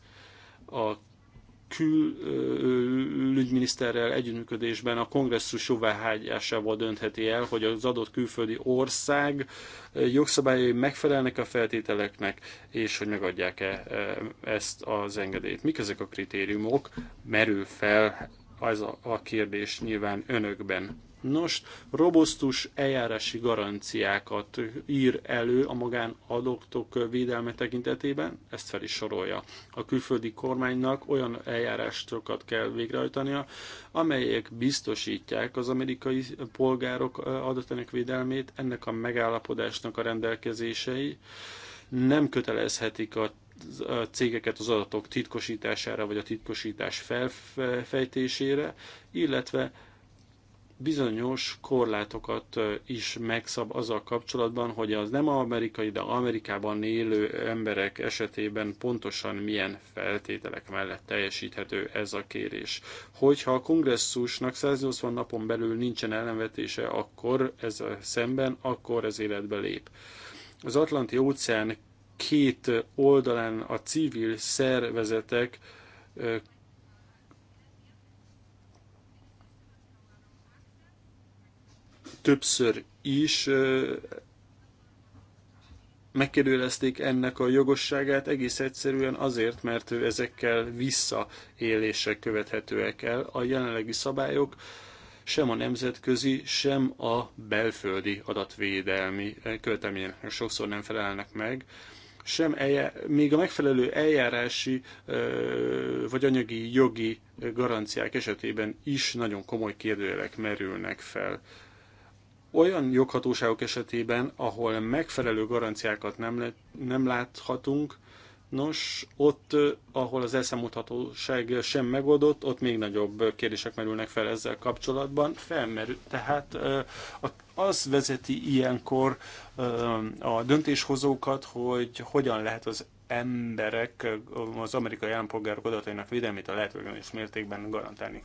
a külügyminiszterrel együttműködésben a kongresszus jóváhagyásával döntheti el, hogy az adott külföldi ország jogszabályai megfelelnek a feltételeknek, és hogy megadják-e e, ezt az engedélyt. Mik ezek a kritériumok? Merül fel az a kérdés nyilván önökben. Nos, robusztus eljárási garanciákat ír elő a magánadoktok védelme tekintetében, ezt fel is sorolja. A külföldi kormánynak olyan eljárásokat kell végrehajtania, amelyek biztosítják az amerikai polgárok adatának védelmét, ennek a megállapodásnak a rendelkezései nem kötelezhetik a cégeket az adatok titkosítására vagy a titkosítás felfejtésére, illetve bizonyos korlátokat is megszab azzal kapcsolatban, hogy az nem amerikai, de Amerikában élő emberek esetében pontosan milyen feltételek mellett teljesíthető ez a kérés. Hogyha a kongresszusnak 180 napon belül nincsen ellenvetése, akkor ez szemben, akkor ez életbe lép. Az Atlanti óceán két oldalán a civil szervezetek többször is megkérdőjelezték ennek a jogosságát egész egyszerűen azért, mert ezekkel visszaélések követhetőek el. A jelenlegi szabályok sem a nemzetközi, sem a belföldi adatvédelmi követelményeknek sokszor nem felelnek meg, sem eljá- még a megfelelő eljárási vagy anyagi jogi garanciák esetében is nagyon komoly kérdőjelek merülnek fel. Olyan joghatóságok esetében, ahol megfelelő garanciákat nem, nem láthatunk, nos, ott, ahol az elszámolhatóság sem megoldott, ott még nagyobb kérdések merülnek fel ezzel kapcsolatban. Felmerül, tehát az vezeti ilyenkor a döntéshozókat, hogy hogyan lehet az emberek, az amerikai állampolgárok adatainak védelmét a lehetőleges mértékben garantálni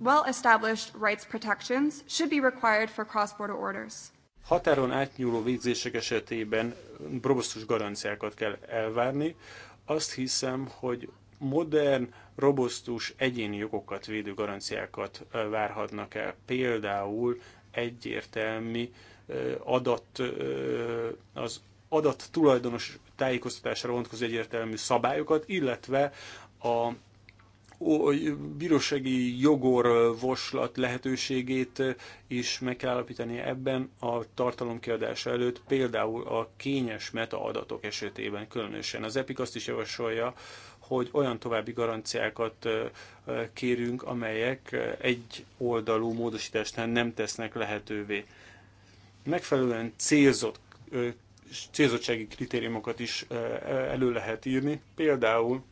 well-established rights protections should be required for cross-border orders. Határon átnyúló végzések esetében robosztus garanciákat kell elvárni. Azt hiszem, hogy modern, robosztus egyéni jogokat védő garanciákat várhatnak el. Például egyértelmű adat, az adat tulajdonos tájékoztatásra vonatkozó egyértelmű szabályokat, illetve a bírósági jogorvoslat lehetőségét is meg kell állapítani ebben a tartalom kiadása előtt, például a kényes metaadatok esetében különösen. Az EPIC azt is javasolja, hogy olyan további garanciákat kérünk, amelyek egy oldalú módosításnál nem tesznek lehetővé. Megfelelően célzott, célzottsági kritériumokat is elő lehet írni, például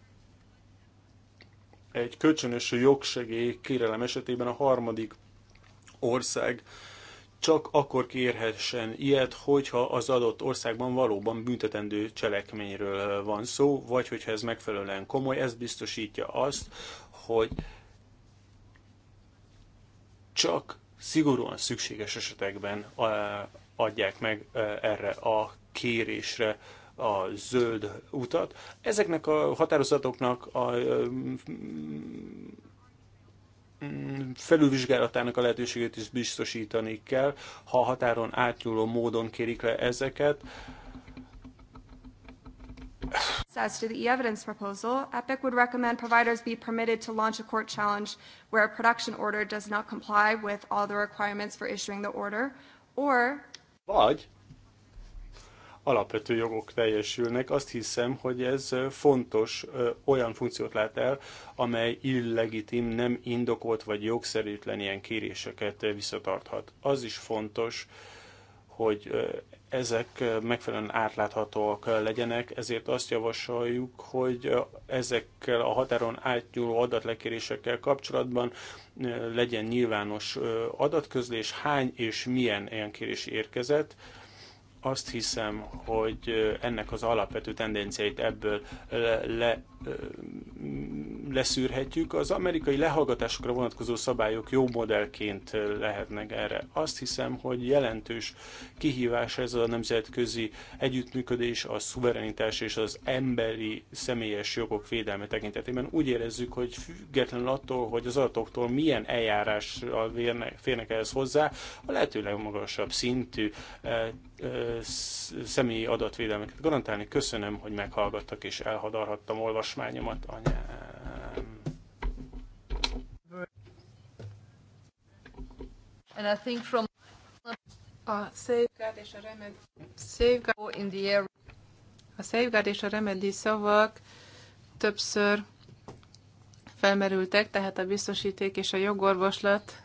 egy kölcsönös jogsegély kérelem esetében a harmadik ország csak akkor kérhessen ilyet, hogyha az adott országban valóban büntetendő cselekményről van szó, vagy hogyha ez megfelelően komoly, ez biztosítja azt, hogy csak szigorúan szükséges esetekben eh, adják meg eh, erre a kérésre a zöld utat. Ezeknek a határozatoknak a mm, felülvizsgálatának a lehetőségét is biztosítani kell, ha határon átnyúló módon kérik le ezeket. As to the e-evidence proposal, EPIC would recommend providers be permitted to launch a court challenge where a production order does not comply with all the requirements for issuing the order, or... Vagy alapvető jogok teljesülnek. Azt hiszem, hogy ez fontos olyan funkciót lát el, amely illegitim, nem indokolt vagy jogszerűtlen ilyen kéréseket visszatarthat. Az is fontos, hogy ezek megfelelően átláthatóak legyenek, ezért azt javasoljuk, hogy ezekkel a határon átnyúló adatlekérésekkel kapcsolatban legyen nyilvános adatközlés, hány és milyen ilyen kérés érkezett, azt hiszem, hogy ennek az alapvető tendenciáit ebből le leszűrhetjük. Az amerikai lehallgatásokra vonatkozó szabályok jó modellként lehetnek erre. Azt hiszem, hogy jelentős kihívás ez a nemzetközi együttműködés, a szuverenitás és az emberi személyes jogok védelme tekintetében. Úgy érezzük, hogy függetlenül attól, hogy az adatoktól milyen eljárás férnek ehhez hozzá, a lehető legmagasabb szintű személyi adatvédelmeket garantálni. Köszönöm, hogy meghallgattak és elhadarhattam olvasni olvasmányomat, anyám. And I think from a safeguard és a remedy safeguard in the air. A safeguard és a remedy szavak többször felmerültek, tehát a biztosíték és a jogorvoslat.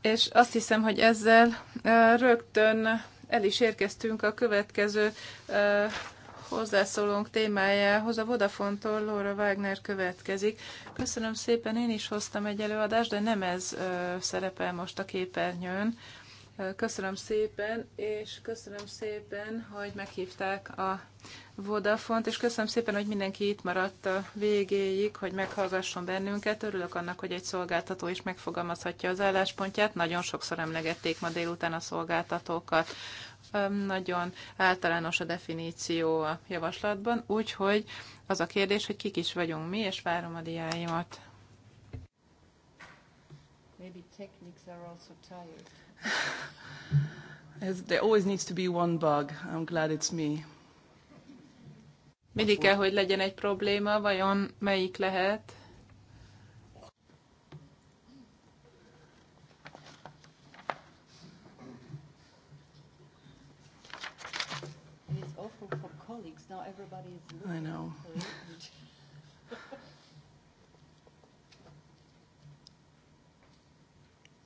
És azt hiszem, hogy ezzel rögtön el is érkeztünk a következő hozzászólónk témájához. A Vodafontól Laura Wagner következik. Köszönöm szépen, én is hoztam egy előadást, de nem ez ö, szerepel most a képernyőn. Köszönöm szépen, és köszönöm szépen, hogy meghívták a Vodafont, és köszönöm szépen, hogy mindenki itt maradt a végéig, hogy meghallgasson bennünket. Örülök annak, hogy egy szolgáltató is megfogalmazhatja az álláspontját. Nagyon sokszor emlegették ma délután a szolgáltatókat nagyon általános a definíció a javaslatban, úgyhogy az a kérdés, hogy kik is vagyunk mi, és várom a diáimat. Maybe techniques are also tired. As there always needs to be one bug. I'm glad it's me. Mindig kell, hogy legyen egy probléma, vajon melyik lehet? Now everybody is looking I know.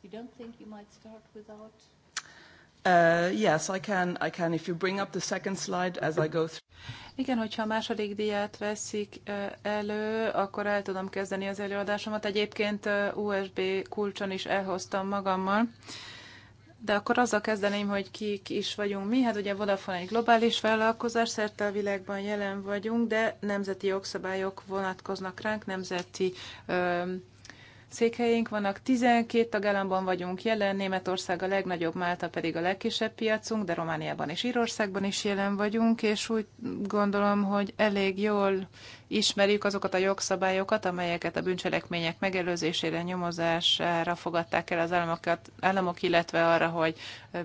you don't think you might start without? Uh, yes, I can. I can. If you bring up the second slide as I go through. Igen, hogyha a második diát veszik uh, elő, akkor el tudom kezdeni az előadásomat. Egyébként USB uh, kulcson is elhoztam magammal. Uh, de akkor azzal kezdeném, hogy kik is vagyunk mi. Hát ugye Vodafone egy globális vállalkozás, szerte a világban jelen vagyunk, de nemzeti jogszabályok vonatkoznak ránk, nemzeti öm, székhelyénk vannak, 12 tagállamban vagyunk jelen, Németország a legnagyobb, Málta pedig a legkisebb piacunk, de Romániában és Írországban is jelen vagyunk, és úgy gondolom, hogy elég jól ismerjük azokat a jogszabályokat, amelyeket a bűncselekmények megelőzésére, nyomozására fogadták el az államokat, államok, illetve arra, hogy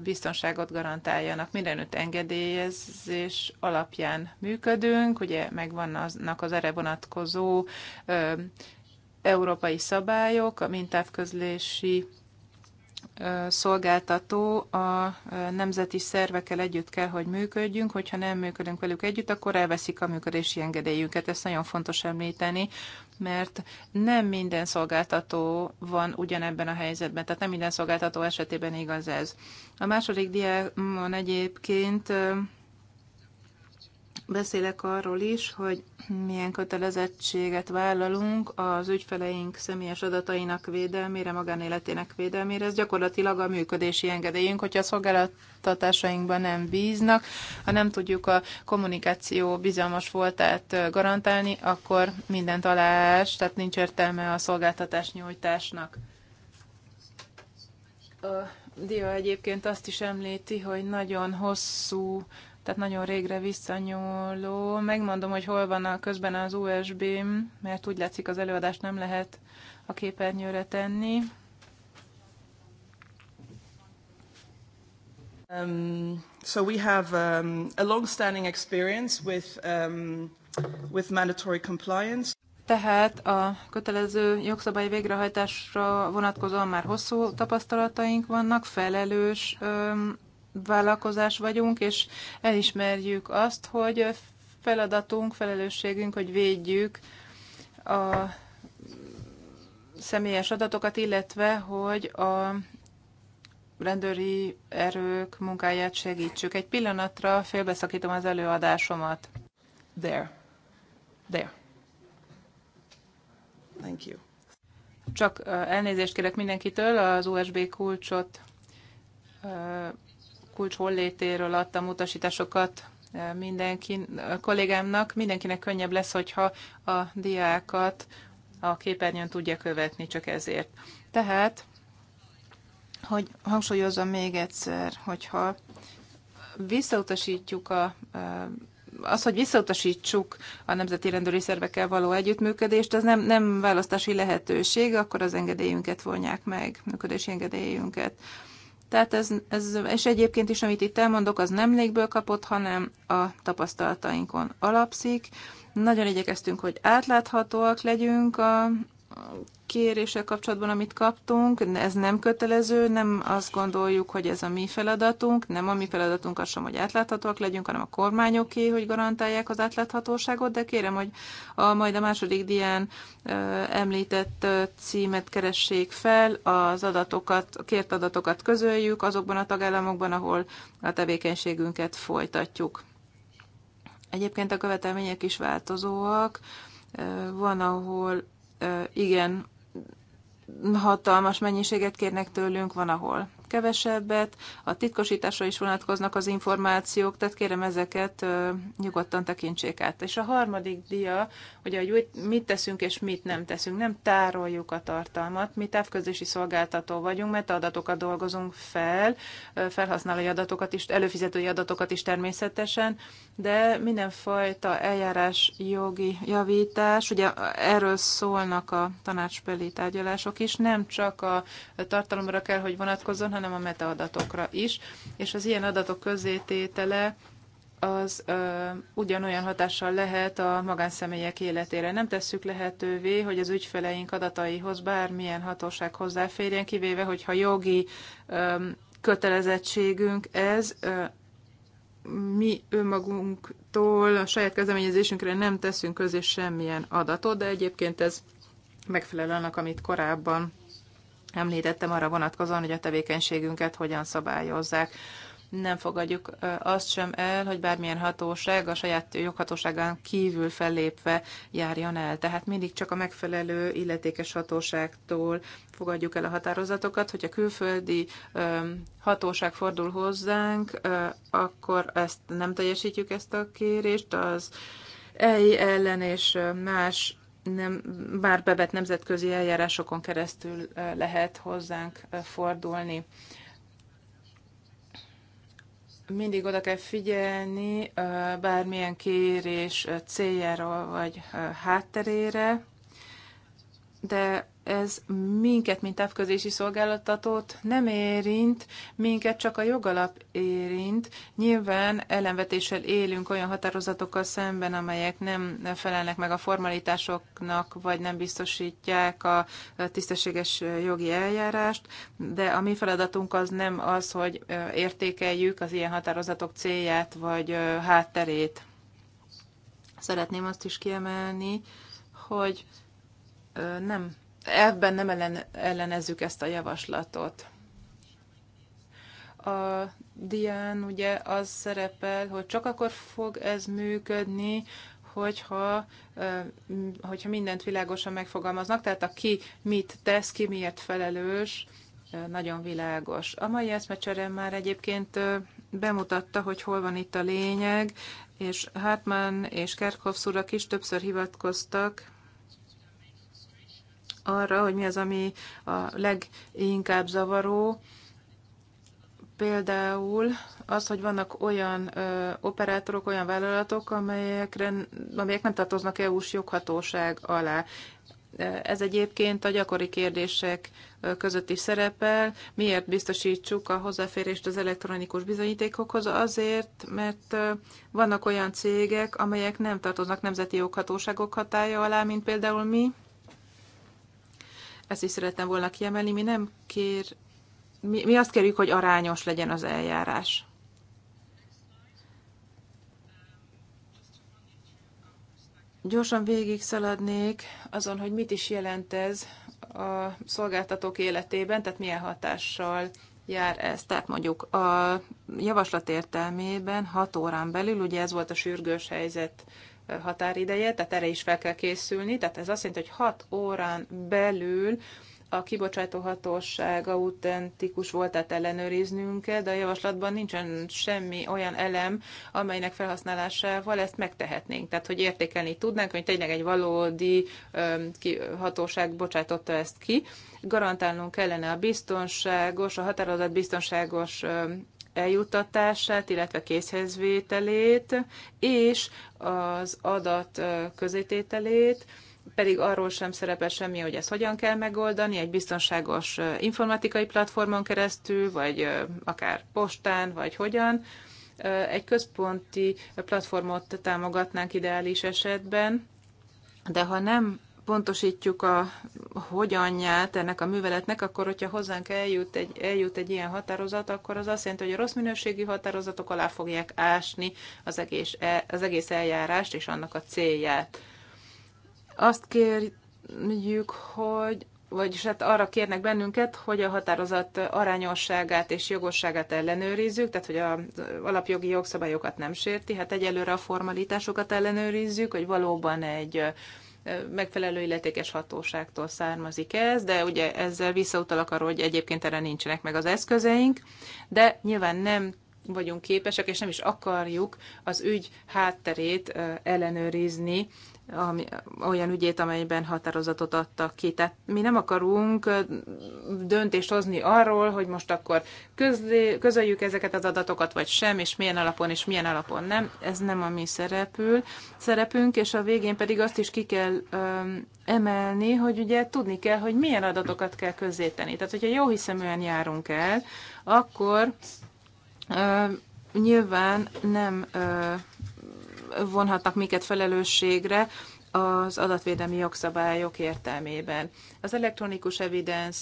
biztonságot garantáljanak. Mindenütt engedélyezés alapján működünk, ugye megvannak az erre vonatkozó európai szabályok, a mintávközlési szolgáltató a nemzeti szervekkel együtt kell, hogy működjünk, hogyha nem működünk velük együtt, akkor elveszik a működési engedélyünket. Ezt nagyon fontos említeni, mert nem minden szolgáltató van ugyanebben a helyzetben, tehát nem minden szolgáltató esetében igaz ez. A második diámon egyébként Beszélek arról is, hogy milyen kötelezettséget vállalunk az ügyfeleink személyes adatainak védelmére, magánéletének védelmére. Ez gyakorlatilag a működési engedélyünk, hogyha a szolgáltatásainkban nem bíznak, ha nem tudjuk a kommunikáció bizalmas voltát garantálni, akkor mindent aláás, tehát nincs értelme a szolgáltatás nyújtásnak. A dia egyébként azt is említi, hogy nagyon hosszú tehát nagyon régre visszanyúló. Megmondom, hogy hol van a közben az USB-m, mert úgy látszik az előadást nem lehet a képernyőre tenni. Um, so we have um, a long-standing experience with, um, with mandatory compliance. Tehát a kötelező jogszabály végrehajtásra vonatkozóan már hosszú tapasztalataink vannak, felelős um, vállalkozás vagyunk, és elismerjük azt, hogy feladatunk, felelősségünk, hogy védjük a személyes adatokat, illetve hogy a rendőri erők munkáját segítsük. Egy pillanatra félbeszakítom az előadásomat. There. There. Thank you. Csak elnézést kérek mindenkitől, az USB kulcsot kulcs hollétéről adtam utasításokat eh, mindenki, a eh, kollégámnak. Mindenkinek könnyebb lesz, hogyha a diákat a képernyőn tudja követni, csak ezért. Tehát, hogy hangsúlyozom még egyszer, hogyha visszautasítjuk a eh, az, hogy visszautasítsuk a nemzeti rendőri szervekkel való együttműködést, az nem, nem választási lehetőség, akkor az engedélyünket vonják meg, működési engedélyünket. Tehát ez, ez, és egyébként is, amit itt elmondok, az nem légből kapott, hanem a tapasztalatainkon alapszik. Nagyon igyekeztünk, hogy átláthatóak legyünk a, kérése kapcsolatban, amit kaptunk, ez nem kötelező, nem azt gondoljuk, hogy ez a mi feladatunk, nem a mi feladatunk az sem, hogy átláthatóak legyünk, hanem a kormányoké, hogy garantálják az átláthatóságot, de kérem, hogy a majd a második dián említett címet keressék fel, az adatokat, a kért adatokat közöljük azokban a tagállamokban, ahol a tevékenységünket folytatjuk. Egyébként a követelmények is változóak, van, ahol igen hatalmas mennyiséget kérnek tőlünk, van, ahol kevesebbet, a titkosításra is vonatkoznak az információk, tehát kérem ezeket nyugodtan tekintsék át. És a harmadik dia, ugye, hogy mit teszünk és mit nem teszünk, nem tároljuk a tartalmat, mi távközlési szolgáltató vagyunk, mert adatokat dolgozunk fel, felhasználói adatokat is, előfizetői adatokat is természetesen, de mindenfajta eljárás jogi javítás, ugye erről szólnak a tanácsbeli tárgyalások is, nem csak a tartalomra kell, hogy vonatkozzon, hanem hanem a metaadatokra is, és az ilyen adatok közzététele az ö, ugyanolyan hatással lehet a magánszemélyek életére. Nem tesszük lehetővé, hogy az ügyfeleink adataihoz bármilyen hatóság hozzáférjen, kivéve, hogyha jogi ö, kötelezettségünk ez, ö, mi önmagunktól a saját kezdeményezésünkre nem teszünk közé semmilyen adatot, de egyébként ez megfelel annak, amit korábban említettem arra vonatkozóan, hogy a tevékenységünket hogyan szabályozzák. Nem fogadjuk azt sem el, hogy bármilyen hatóság a saját joghatóságán kívül fellépve járjon el. Tehát mindig csak a megfelelő illetékes hatóságtól fogadjuk el a határozatokat. Hogyha külföldi hatóság fordul hozzánk, akkor ezt nem teljesítjük ezt a kérést. Az EI ellen és más nem, bár bevett nemzetközi eljárásokon keresztül lehet hozzánk fordulni. Mindig oda kell figyelni bármilyen kérés céljára vagy hátterére, de ez minket, mint távközési szolgáltatót nem érint, minket csak a jogalap érint. Nyilván ellenvetéssel élünk olyan határozatokkal szemben, amelyek nem felelnek meg a formalitásoknak, vagy nem biztosítják a tisztességes jogi eljárást, de a mi feladatunk az nem az, hogy értékeljük az ilyen határozatok célját, vagy hátterét. Szeretném azt is kiemelni, hogy nem ebben nem ellen, ellenezzük ezt a javaslatot. A dián ugye az szerepel, hogy csak akkor fog ez működni, hogyha, hogyha mindent világosan megfogalmaznak, tehát aki mit tesz, ki miért felelős, nagyon világos. A mai eszmecsere már egyébként bemutatta, hogy hol van itt a lényeg, és Hartmann és Kerkhoff is többször hivatkoztak arra, hogy mi az, ami a leginkább zavaró, például az, hogy vannak olyan ö, operátorok, olyan vállalatok, amelyekre, amelyek nem tartoznak EU-s joghatóság alá. Ez egyébként a gyakori kérdések között is szerepel. Miért biztosítsuk a hozzáférést az elektronikus bizonyítékokhoz? Azért, mert vannak olyan cégek, amelyek nem tartoznak nemzeti joghatóságok hatája alá, mint például mi, ezt is szerettem volna kiemelni, mi nem kér, mi, mi azt kérjük, hogy arányos legyen az eljárás. Gyorsan végig szaladnék azon, hogy mit is jelent ez a szolgáltatók életében, tehát milyen hatással jár ez. Tehát mondjuk a javaslat értelmében 6 órán belül, ugye ez volt a sürgős helyzet határideje, tehát erre is fel kell készülni, tehát ez azt jelenti, hogy 6 órán belül a kibocsátó hatóság autentikus volt, tehát ellenőriznünk kell, de a javaslatban nincsen semmi olyan elem, amelynek felhasználásával ezt megtehetnénk. Tehát, hogy értékelni tudnánk, hogy tényleg egy valódi hatóság bocsátotta ezt ki. Garantálnunk kellene a biztonságos, a határozat biztonságos eljutatását, illetve készhezvételét, és az adat közétételét, pedig arról sem szerepel semmi, hogy ezt hogyan kell megoldani, egy biztonságos informatikai platformon keresztül, vagy akár postán, vagy hogyan. Egy központi platformot támogatnánk ideális esetben, de ha nem pontosítjuk a hogyanját ennek a műveletnek, akkor hogyha hozzánk eljut egy, eljut egy ilyen határozat, akkor az azt jelenti, hogy a rossz minőségi határozatok alá fogják ásni az egész, e, az egész eljárást és annak a célját. Azt kérjük, hogy vagyis hát arra kérnek bennünket, hogy a határozat arányosságát és jogosságát ellenőrizzük, tehát hogy az alapjogi jogszabályokat nem sérti, hát egyelőre a formalitásokat ellenőrizzük, hogy valóban egy megfelelő illetékes hatóságtól származik ez, de ugye ezzel visszautalak arra, hogy egyébként erre nincsenek meg az eszközeink, de nyilván nem vagyunk képesek, és nem is akarjuk az ügy hátterét ellenőrizni ami, olyan ügyét, amelyben határozatot adtak ki. Tehát mi nem akarunk döntést hozni arról, hogy most akkor közli, közöljük ezeket az adatokat, vagy sem, és milyen alapon, és milyen alapon nem. Ez nem a mi szerepül, szerepünk, és a végén pedig azt is ki kell öm, emelni, hogy ugye tudni kell, hogy milyen adatokat kell közzétenni. Tehát, hogyha jó hiszeműen járunk el, akkor öm, nyilván nem... Öm, vonhatnak minket felelősségre az adatvédelmi jogszabályok értelmében. Az elektronikus evidens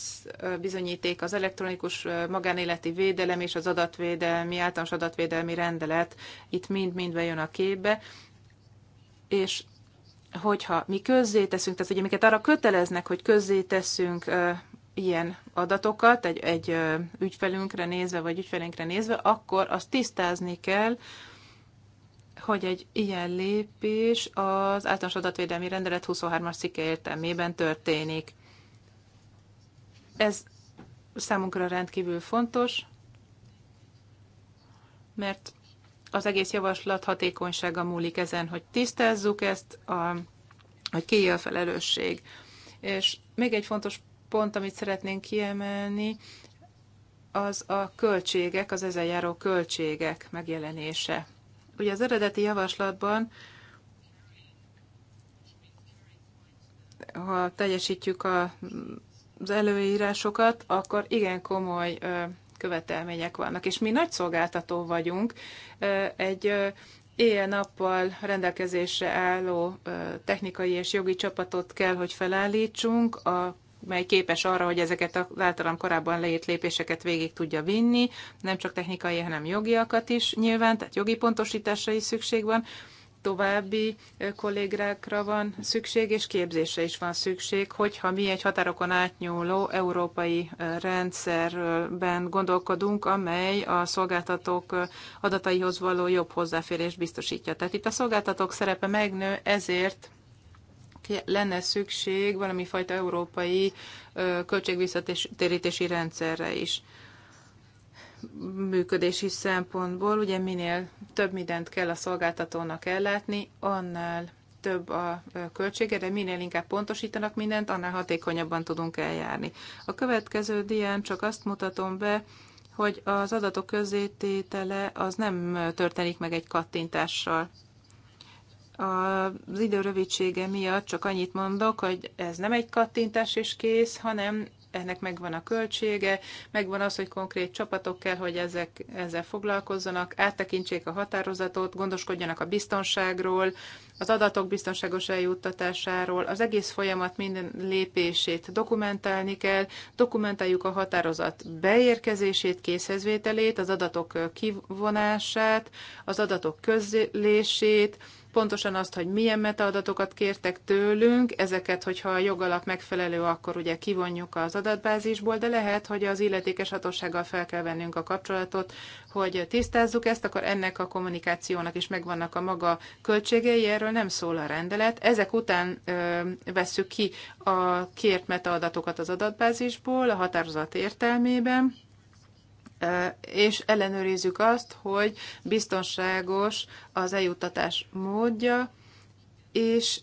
bizonyíték, az elektronikus magánéleti védelem és az adatvédelmi, általános adatvédelmi rendelet itt mind-mind bejön a képbe, és hogyha mi teszünk, tehát ugye minket arra köteleznek, hogy teszünk ilyen adatokat egy, egy ügyfelünkre nézve, vagy ügyfelünkre nézve, akkor azt tisztázni kell, hogy egy ilyen lépés az általános adatvédelmi rendelet 23-as cikke értelmében történik. Ez számunkra rendkívül fontos, mert az egész javaslat hatékonysága múlik ezen, hogy tisztázzuk ezt, a, hogy ki a felelősség. És még egy fontos pont, amit szeretnénk kiemelni, az a költségek, az ezen járó költségek megjelenése. Ugye az eredeti javaslatban, ha teljesítjük a, az előírásokat, akkor igen komoly követelmények vannak. És mi nagy szolgáltató vagyunk, egy éjjel-nappal rendelkezésre álló technikai és jogi csapatot kell, hogy felállítsunk a mely képes arra, hogy ezeket az általam korábban leírt lépéseket végig tudja vinni, nem csak technikai, hanem jogiakat is nyilván, tehát jogi pontosításra is szükség van, további kollégákra van szükség, és képzésre is van szükség, hogyha mi egy határokon átnyúló európai rendszerben gondolkodunk, amely a szolgáltatók adataihoz való jobb hozzáférést biztosítja. Tehát itt a szolgáltatók szerepe megnő, ezért lenne szükség valami fajta európai költségvisszatérítési rendszerre is működési szempontból. Ugye minél több mindent kell a szolgáltatónak ellátni, annál több a költsége, de minél inkább pontosítanak mindent, annál hatékonyabban tudunk eljárni. A következő dián csak azt mutatom be, hogy az adatok közzététele az nem történik meg egy kattintással. Az idő rövidsége miatt csak annyit mondok, hogy ez nem egy kattintás és kész, hanem ennek megvan a költsége, megvan az, hogy konkrét csapatok kell, hogy ezek, ezzel foglalkozzanak, áttekintsék a határozatot, gondoskodjanak a biztonságról, az adatok biztonságos eljuttatásáról, az egész folyamat minden lépését dokumentálni kell, dokumentáljuk a határozat beérkezését, készhezvételét, az adatok kivonását, az adatok közlését, pontosan azt, hogy milyen metaadatokat kértek tőlünk, ezeket, hogyha a jogalap megfelelő, akkor ugye kivonjuk az adatbázisból, de lehet, hogy az illetékes hatósággal fel kell vennünk a kapcsolatot, hogy tisztázzuk ezt, akkor ennek a kommunikációnak is megvannak a maga költségei, erről nem szól a rendelet. Ezek után ö, vesszük ki a kért metaadatokat az adatbázisból, a határozat értelmében, és ellenőrizzük azt, hogy biztonságos az eljuttatás módja, és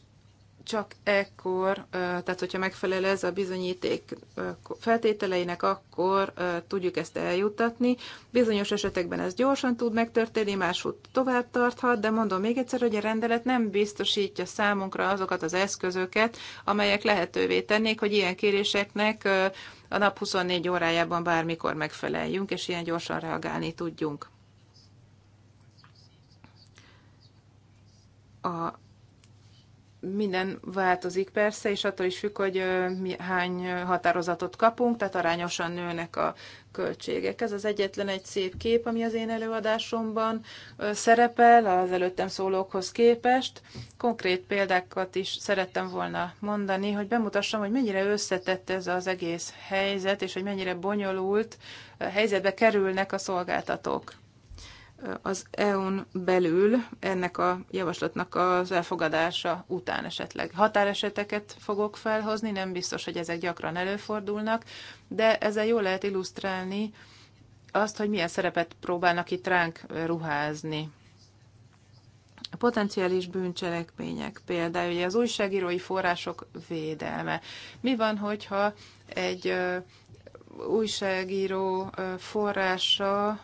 csak ekkor, tehát hogyha megfelel ez a bizonyíték feltételeinek, akkor tudjuk ezt eljutatni. Bizonyos esetekben ez gyorsan tud megtörténni, máshogy tovább tarthat, de mondom még egyszer, hogy a rendelet nem biztosítja számunkra azokat az eszközöket, amelyek lehetővé tennék, hogy ilyen kéréseknek a nap 24 órájában bármikor megfeleljünk, és ilyen gyorsan reagálni tudjunk. A minden változik persze, és attól is függ, hogy mi, hány határozatot kapunk, tehát arányosan nőnek a költségek. Ez az egyetlen egy szép kép, ami az én előadásomban szerepel az előttem szólókhoz képest. Konkrét példákat is szerettem volna mondani, hogy bemutassam, hogy mennyire összetett ez az egész helyzet, és hogy mennyire bonyolult helyzetbe kerülnek a szolgáltatók az EU-n belül ennek a javaslatnak az elfogadása után esetleg. Határeseteket fogok felhozni, nem biztos, hogy ezek gyakran előfordulnak, de ezzel jól lehet illusztrálni azt, hogy milyen szerepet próbálnak itt ránk ruházni. A potenciális bűncselekmények például, ugye az újságírói források védelme. Mi van, hogyha egy újságíró forrása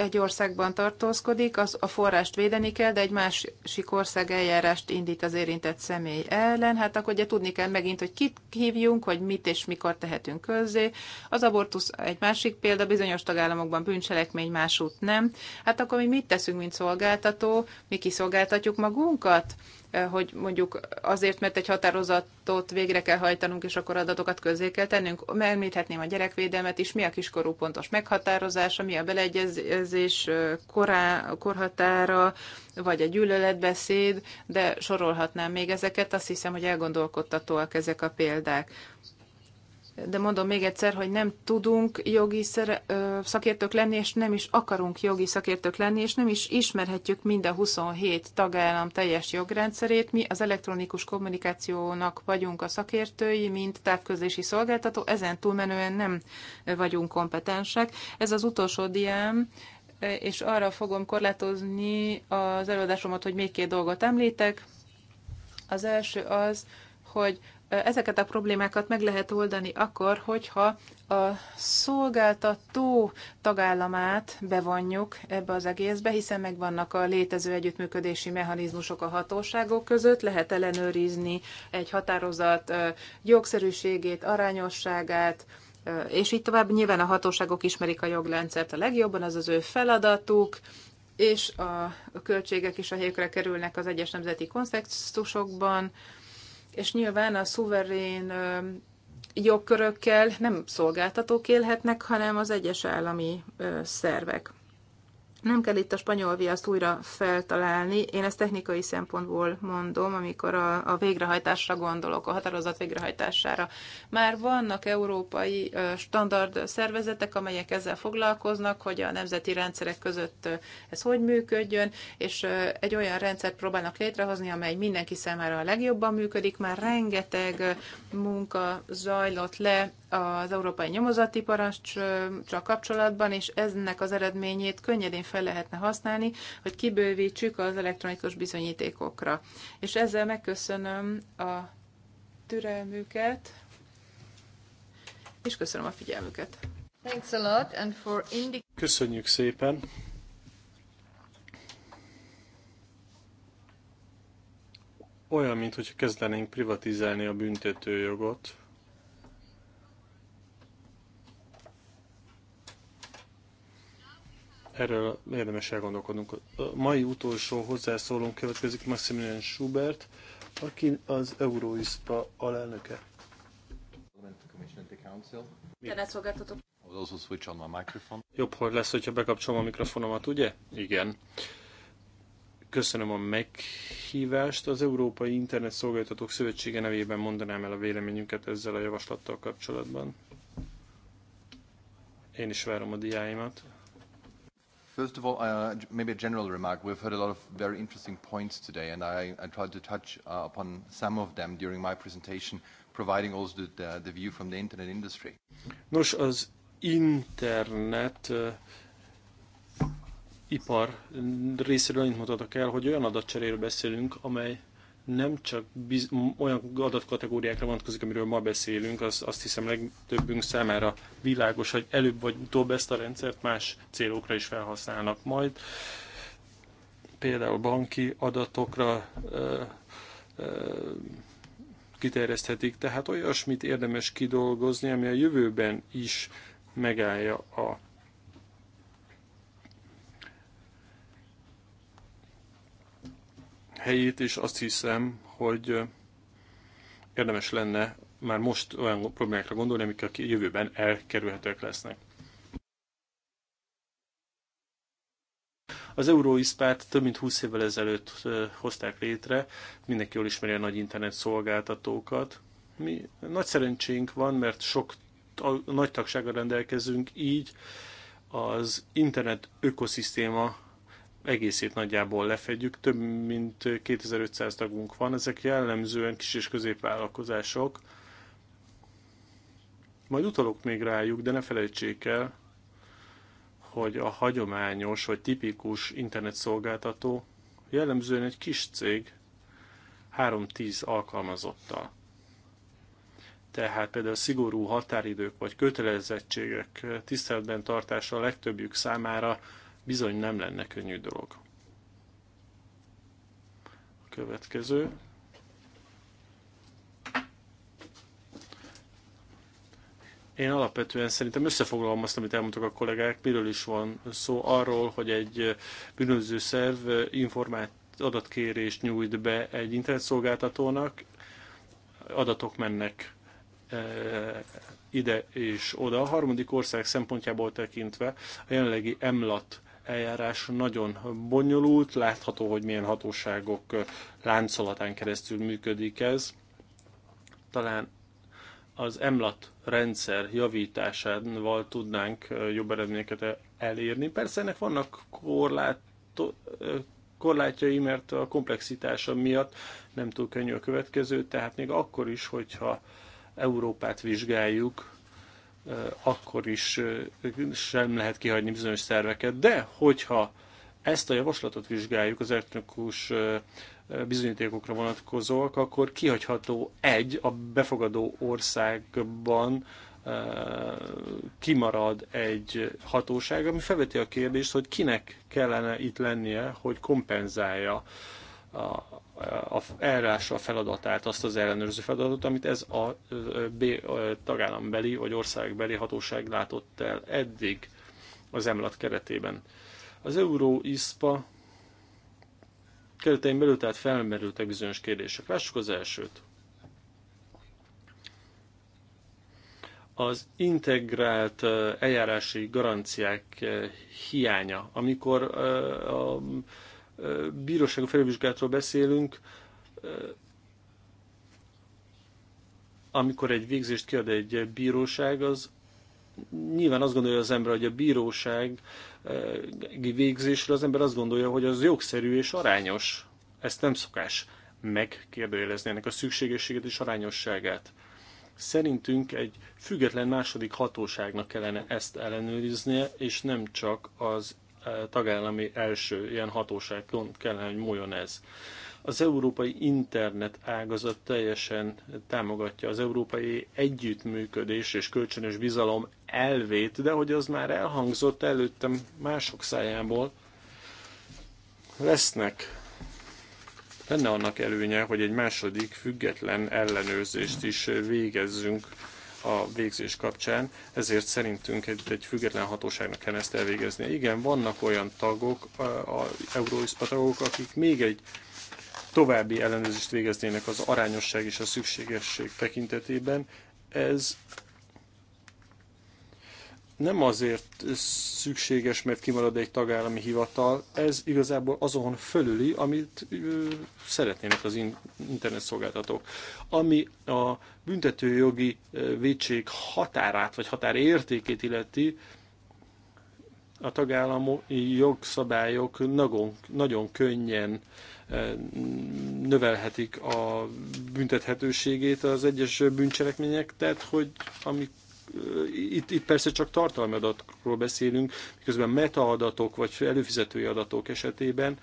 egy országban tartózkodik, az a forrást védeni kell, de egy másik ország eljárást indít az érintett személy ellen, hát akkor ugye tudni kell megint, hogy kit hívjunk, hogy mit és mikor tehetünk közzé. Az abortusz egy másik példa, bizonyos tagállamokban bűncselekmény, másút nem. Hát akkor mi mit teszünk, mint szolgáltató? Mi kiszolgáltatjuk magunkat? Eh, hogy mondjuk azért, mert egy határozatot végre kell hajtanunk, és akkor adatokat közé kell tennünk. Említhetném a gyerekvédelmet is, mi a kiskorú pontos meghatározása, mi a beleegyezés eh, korá, korhatára, vagy a gyűlöletbeszéd, de sorolhatnám még ezeket, azt hiszem, hogy elgondolkodtatóak ezek a példák de mondom még egyszer, hogy nem tudunk jogi szere, ö, szakértők lenni, és nem is akarunk jogi szakértők lenni, és nem is ismerhetjük mind a 27 tagállam teljes jogrendszerét. Mi az elektronikus kommunikációnak vagyunk a szakértői, mint távközlési szolgáltató, ezen túlmenően nem vagyunk kompetensek. Ez az utolsó diám, és arra fogom korlátozni az előadásomat, hogy még két dolgot említek. Az első az, hogy ezeket a problémákat meg lehet oldani akkor, hogyha a szolgáltató tagállamát bevonjuk ebbe az egészbe, hiszen megvannak a létező együttműködési mechanizmusok a hatóságok között, lehet ellenőrizni egy határozat jogszerűségét, arányosságát, és így tovább. Nyilván a hatóságok ismerik a jogrendszert a legjobban, az az ő feladatuk, és a költségek is a helyükre kerülnek az egyes nemzeti kontextusokban, és nyilván a szuverén jogkörökkel nem szolgáltatók élhetnek, hanem az egyes állami szervek. Nem kell itt a spanyol viaszt újra feltalálni, én ezt technikai szempontból mondom, amikor a, a végrehajtásra gondolok, a határozat végrehajtására. Már vannak európai standard szervezetek, amelyek ezzel foglalkoznak, hogy a nemzeti rendszerek között ez hogy működjön, és egy olyan rendszert próbálnak létrehozni, amely mindenki számára a legjobban működik. Már rengeteg munka zajlott le az európai nyomozati parancsra kapcsolatban, és ennek az eredményét könnyedén fel lehetne használni, hogy kibővítsük az elektronikus bizonyítékokra. És ezzel megköszönöm a türelmüket, és köszönöm a figyelmüket. Köszönjük szépen! Olyan, mintha kezdenénk privatizálni a büntetőjogot. erről érdemes elgondolkodnunk. A mai utolsó hozzászólónk következik Maximilian Schubert, aki az Euroispa alelnöke. Jobb, hogy lesz, hogyha bekapcsolom a mikrofonomat, ugye? Igen. Köszönöm a meghívást. Az Európai Internet Szolgáltatók Szövetsége nevében mondanám el a véleményünket ezzel a javaslattal kapcsolatban. Én is várom a diáimat. First of all, uh, maybe a general remark. We've heard a lot of very interesting points today, and I, I tried to touch uh, upon some of them during my presentation, providing also the, the, the view from the internet industry. Nos, az internet uh, ipar részéről annyit mutatok el, hogy olyan adatcseréről beszélünk, amely nem csak biz- olyan adatkategóriákra vonatkozik, amiről ma beszélünk, az, azt hiszem legtöbbünk számára világos, hogy előbb vagy utóbb ezt a rendszert más célokra is felhasználnak majd. Például banki adatokra ö, ö, kiterjeszthetik, tehát olyasmit érdemes kidolgozni, ami a jövőben is megállja a helyét, és azt hiszem, hogy érdemes lenne már most olyan problémákra gondolni, amik a jövőben elkerülhetőek lesznek. Az Euróiszpárt több mint 20 évvel ezelőtt hozták létre, mindenki jól ismeri a nagy internet szolgáltatókat. Mi nagy szerencsénk van, mert sok nagy tagsággal rendelkezünk, így az internet ökoszisztéma egészét nagyjából lefedjük, több mint 2500 tagunk van, ezek jellemzően kis és középvállalkozások. Majd utalok még rájuk, de ne felejtsék el, hogy a hagyományos vagy tipikus internetszolgáltató jellemzően egy kis cég 3-10 alkalmazottal. Tehát például szigorú határidők vagy kötelezettségek tiszteletben tartása a legtöbbjük számára bizony nem lenne könnyű dolog. A következő. Én alapvetően szerintem összefoglalom azt, amit elmondtak a kollégák, miről is van szó arról, hogy egy bűnöző szerv informát adatkérést nyújt be egy internetszolgáltatónak, adatok mennek e, ide és oda. A harmadik ország szempontjából tekintve a jelenlegi emlat eljárás nagyon bonyolult, látható, hogy milyen hatóságok láncolatán keresztül működik ez. Talán az emlat rendszer javításával tudnánk jobb eredményeket elérni. Persze ennek vannak korlát, korlátjai, mert a komplexitása miatt nem túl könnyű a következő, tehát még akkor is, hogyha Európát vizsgáljuk, akkor is sem lehet kihagyni bizonyos szerveket, de hogyha ezt a javaslatot vizsgáljuk az elektronikus bizonyítékokra vonatkozóak, akkor kihagyható egy a befogadó országban kimarad egy hatóság, ami felveti a kérdést, hogy kinek kellene itt lennie, hogy kompenzálja a, elrássa a feladatát, azt az ellenőrző feladatot, amit ez a, B, tagállambeli vagy országbeli hatóság látott el eddig az emlat keretében. Az Euró-ISPA keretein belül tehát felmerültek bizonyos kérdések. Lássuk az elsőt. Az integrált eljárási garanciák hiánya, amikor a bírósági felvizsgálatról beszélünk, eh, amikor egy végzést kiad egy bíróság, az nyilván azt gondolja az ember, hogy a bíróság eh, végzésre az ember azt gondolja, hogy az jogszerű és arányos. Ezt nem szokás megkérdőjelezni ennek a szükségességet és arányosságát. Szerintünk egy független második hatóságnak kellene ezt ellenőriznie, és nem csak az tagállami első ilyen hatóságon kellene, hogy múljon ez. Az európai internet ágazat teljesen támogatja az európai együttműködés és kölcsönös bizalom elvét, de hogy az már elhangzott előttem mások szájából, lesznek lenne annak előnye, hogy egy második független ellenőrzést is végezzünk a végzés kapcsán, ezért szerintünk egy, egy független hatóságnak kell ezt elvégezni. Igen, vannak olyan tagok, a euróiszpa tagok, akik még egy további ellenőrzést végeznének az arányosság és a szükségesség tekintetében. Ez nem azért szükséges, mert kimarad egy tagállami hivatal, ez igazából azon fölüli, amit szeretnének az internetszolgáltatók. Ami a büntetőjogi védség határát vagy határértékét illeti, a tagállami jogszabályok nagyon, nagyon könnyen növelhetik a büntethetőségét az egyes bűncselekmények, tehát hogy amik itt, itt persze csak tartalmi adatokról beszélünk, miközben metaadatok vagy előfizetői adatok esetében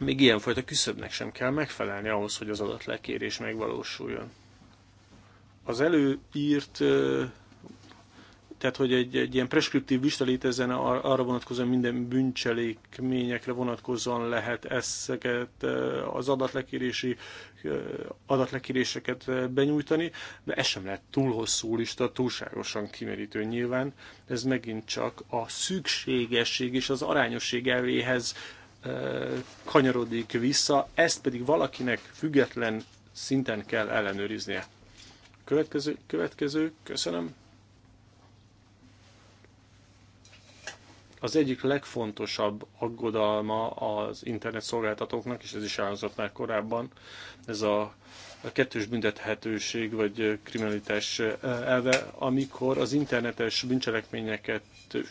még ilyenfajta küszöbnek sem kell megfelelni ahhoz, hogy az adatlekérés megvalósuljon. Az előírt, tehát hogy egy, egy ilyen preskriptív lista létezzen arra vonatkozóan minden bűncselékményekre vonatkozóan lehet ezeket az adatlekérési adatlekéréseket benyújtani, de ez sem lehet túl hosszú lista, túlságosan kimerítő nyilván. Ez megint csak a szükségesség és az arányosság elvéhez kanyarodik vissza, ezt pedig valakinek független szinten kell ellenőriznie. Következő, következő, köszönöm. Az egyik legfontosabb aggodalma az internet szolgáltatóknak, és ez is elhangzott már korábban, ez a a kettős büntethetőség vagy kriminalitás elve, amikor az internetes bűncselekményeket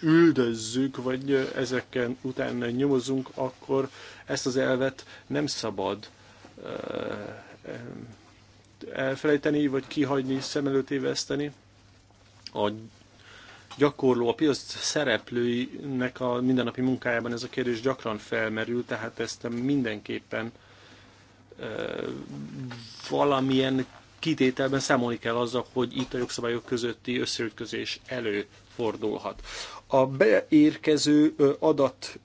üldözzük, vagy ezeken után nyomozunk, akkor ezt az elvet nem szabad elfelejteni, vagy kihagyni, szem előtt éveszteni. A gyakorló, a piac szereplőinek a mindennapi munkájában ez a kérdés gyakran felmerül, tehát ezt mindenképpen valamilyen kitételben számolni kell azzal, hogy itt a jogszabályok közötti összeütközés előfordulhat. A beérkező adat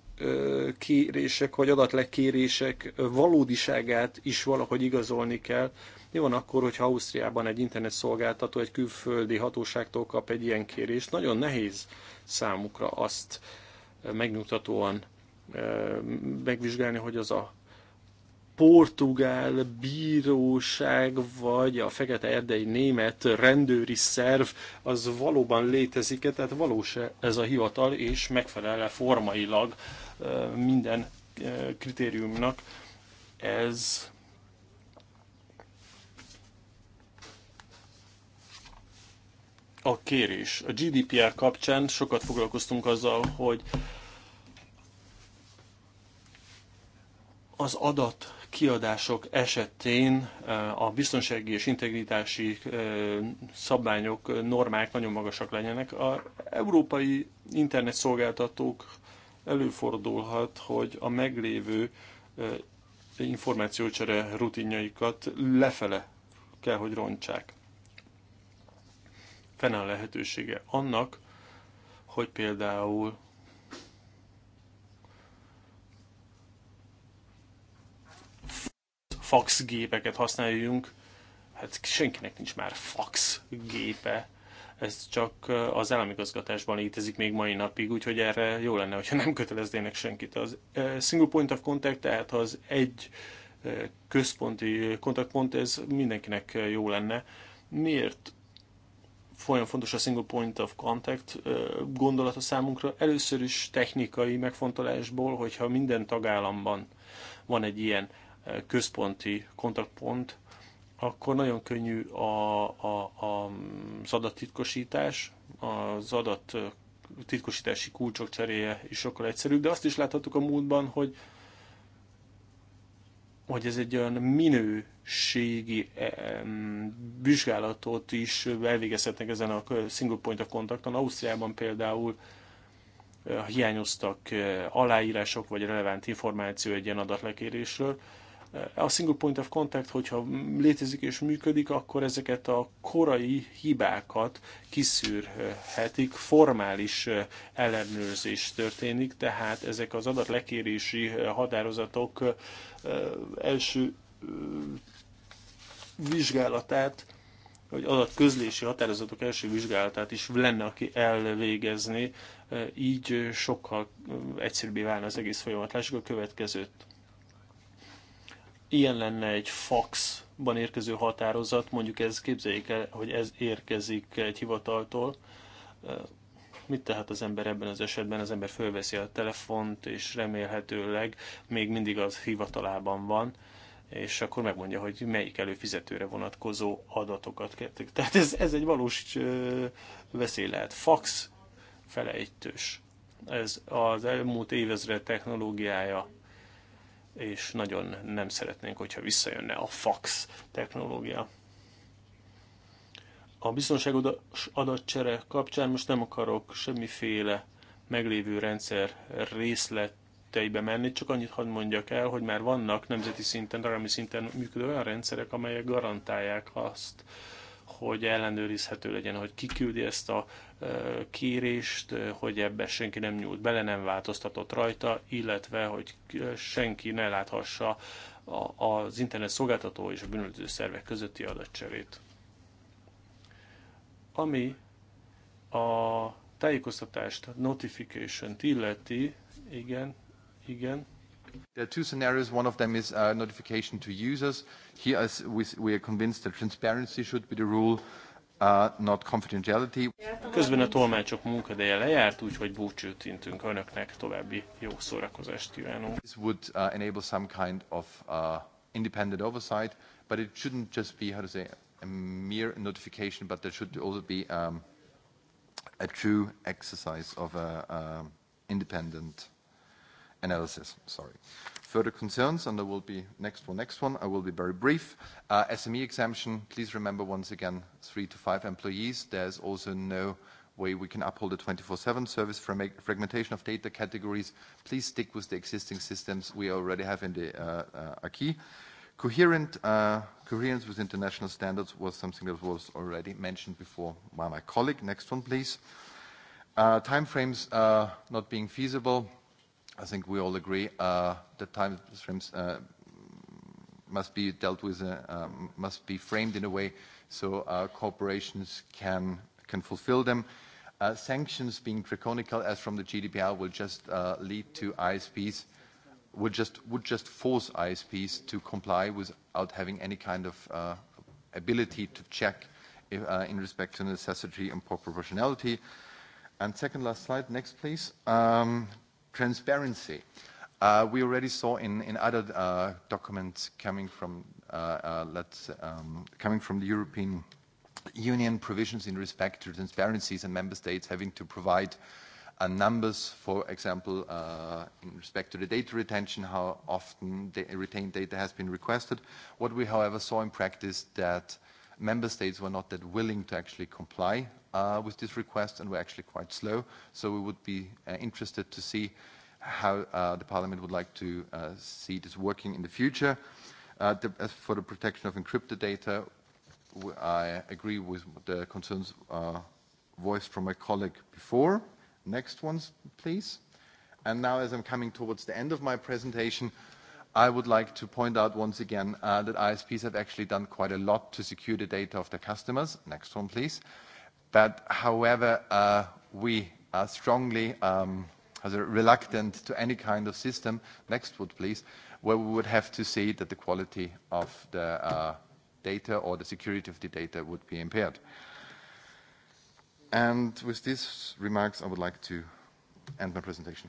kérések vagy adatlekérések valódiságát is valahogy igazolni kell, mi van akkor, hogyha Ausztriában egy internet szolgáltató egy külföldi hatóságtól kap egy ilyen kérést? Nagyon nehéz számukra azt e, megnyugtatóan e, megvizsgálni, hogy az a portugál bíróság, vagy a fekete erdei német rendőri szerv, az valóban létezik-e, tehát valós -e ez a hivatal, és megfelel-e formailag e, minden kritériumnak ez a kérés. A GDPR kapcsán sokat foglalkoztunk azzal, hogy az adat kiadások esetén eh, a biztonsági és integritási eh, szabványok, eh, normák nagyon magasak legyenek. A európai internetszolgáltatók előfordulhat, hogy a meglévő információcsere rutinjaikat lefele kell, hogy rontsák fennáll lehetősége annak, hogy például gépeket használjunk. Hát senkinek nincs már gépe. Ez csak eh, az államigazgatásban létezik még mai napig, úgyhogy erre jó lenne, hogyha nem köteleznének senkit. Az eh, single point of contact, tehát az egy eh, központi kontaktpont, ez mindenkinek jó lenne. Miért Folyan fontos a single point of contact gondolata számunkra. Először is technikai megfontolásból, hogyha minden tagállamban van egy ilyen központi kontaktpont, akkor nagyon könnyű a, a, a, az adattitkosítás, az adat titkosítási kulcsok cseréje is sokkal egyszerűbb, de azt is láthattuk a múltban, hogy hogy ez egy olyan minőségi vizsgálatot is elvégezhetnek ezen a single point of contacton. Ausztriában például eh, hiányoztak eh, aláírások vagy relevánt információ egy ilyen adatlekérésről. A single point of contact, hogyha létezik és működik, akkor ezeket a korai hibákat kiszűrhetik, formális ellenőrzés történik, tehát ezek az adatlekérési határozatok első vizsgálatát vagy adatközlési határozatok első vizsgálatát is lenne, aki elvégezni, így sokkal egyszerűbbé válna az egész folyamat. Lássuk a következőt ilyen lenne egy faxban érkező határozat, mondjuk ez képzeljék el, hogy ez érkezik egy hivataltól, mit tehet az ember ebben az esetben? Az ember fölveszi a telefont, és remélhetőleg még mindig az hivatalában van, és akkor megmondja, hogy melyik előfizetőre vonatkozó adatokat kértek. Tehát ez, ez egy valós veszély lehet. Fax felejtős. Ez az elmúlt évezred technológiája és nagyon nem szeretnénk, hogyha visszajönne a fax technológia. A biztonságos adatcsere kapcsán most nem akarok semmiféle meglévő rendszer részleteibe menni, csak annyit hadd mondjak el, hogy már vannak nemzeti szinten, tagállami szinten működő olyan rendszerek, amelyek garantálják azt, hogy ellenőrizhető legyen, hogy kiküldi ezt a kérést, hogy ebbe senki nem nyúlt bele, nem változtatott rajta, illetve hogy senki ne láthassa az internet szolgáltató és a bűnöző szervek közötti adatcserét. Ami a tájékoztatást, notification-t illeti, igen, igen, There are two scenarios. One of them is notification to users. Here, as we, are convinced that transparency should be the rule, uh, not confidentiality. Közben a tolmácsok munkadeje lejárt, úgyhogy búcsút intünk önöknek, további jó szórakozást kívánunk. This would uh, enable some kind of uh, independent oversight, but it shouldn't just be, how to say, a mere notification, but there should also be um, a true exercise of um, independent oversight analysis. Sorry. Further concerns, and there will be next one, next one. I will be very brief. Uh, SME exemption, please remember once again, three to five employees. There's also no way we can uphold a 24/7 service fragmentation of data categories. Please stick with the existing systems we already have in the uh, uh, acquis. Coherent, coherence with international standards was something that was already mentioned before by my colleague. Next one, please. Timeframes not being feasible I think we all agree uh, that time frames uh, must be dealt with, uh, um, must be framed in a way so uh, corporations can, can fulfill them. Uh, sanctions being draconical as from the GDPR will just uh, lead to ISPs, would just, would just force ISPs to comply without having any kind of uh, ability to check if, uh, in respect to necessity and proportionality. And second last slide, next please. Um, transparency. Uh, we already saw in, in other uh, documents coming from, uh, uh, let's, um, coming from the European Union provisions in respect to transparencies and member states having to provide uh, numbers, for example, uh, in respect to the data retention, how often the retained data has been requested. What we, however, saw in practice that Member states were not that willing to actually comply uh, with this request and were actually quite slow. So we would be uh, interested to see how uh, the Parliament would like to uh, see this working in the future. Uh, the, as for the protection of encrypted data, I agree with the concerns uh, voiced from my colleague before. Next ones, please. And now as I'm coming towards the end of my presentation, I would like to point out once again uh, that ISPs have actually done quite a lot to secure the data of their customers. Next one, please. But however, uh, we are strongly um, reluctant to any kind of system, next one, please, where we would have to see that the quality of the uh, data or the security of the data would be impaired. And with these remarks, I would like to end my presentation.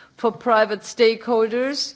for private stakeholders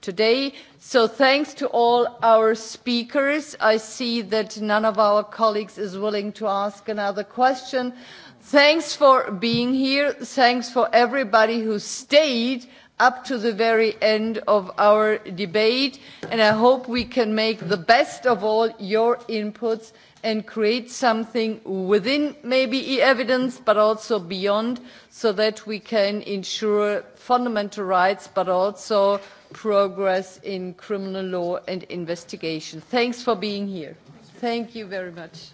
today. So thanks to all our speakers. I see that none of our colleagues is willing to ask another question. Thanks for being here. Thanks for everybody who stayed up to the very end of our debate. And I hope we can make the best of all your inputs and create something within maybe e-evidence but also beyond so that we can ensure fundamental rights but also progress in criminal law and investigation. Thanks for being here. Thank you very much.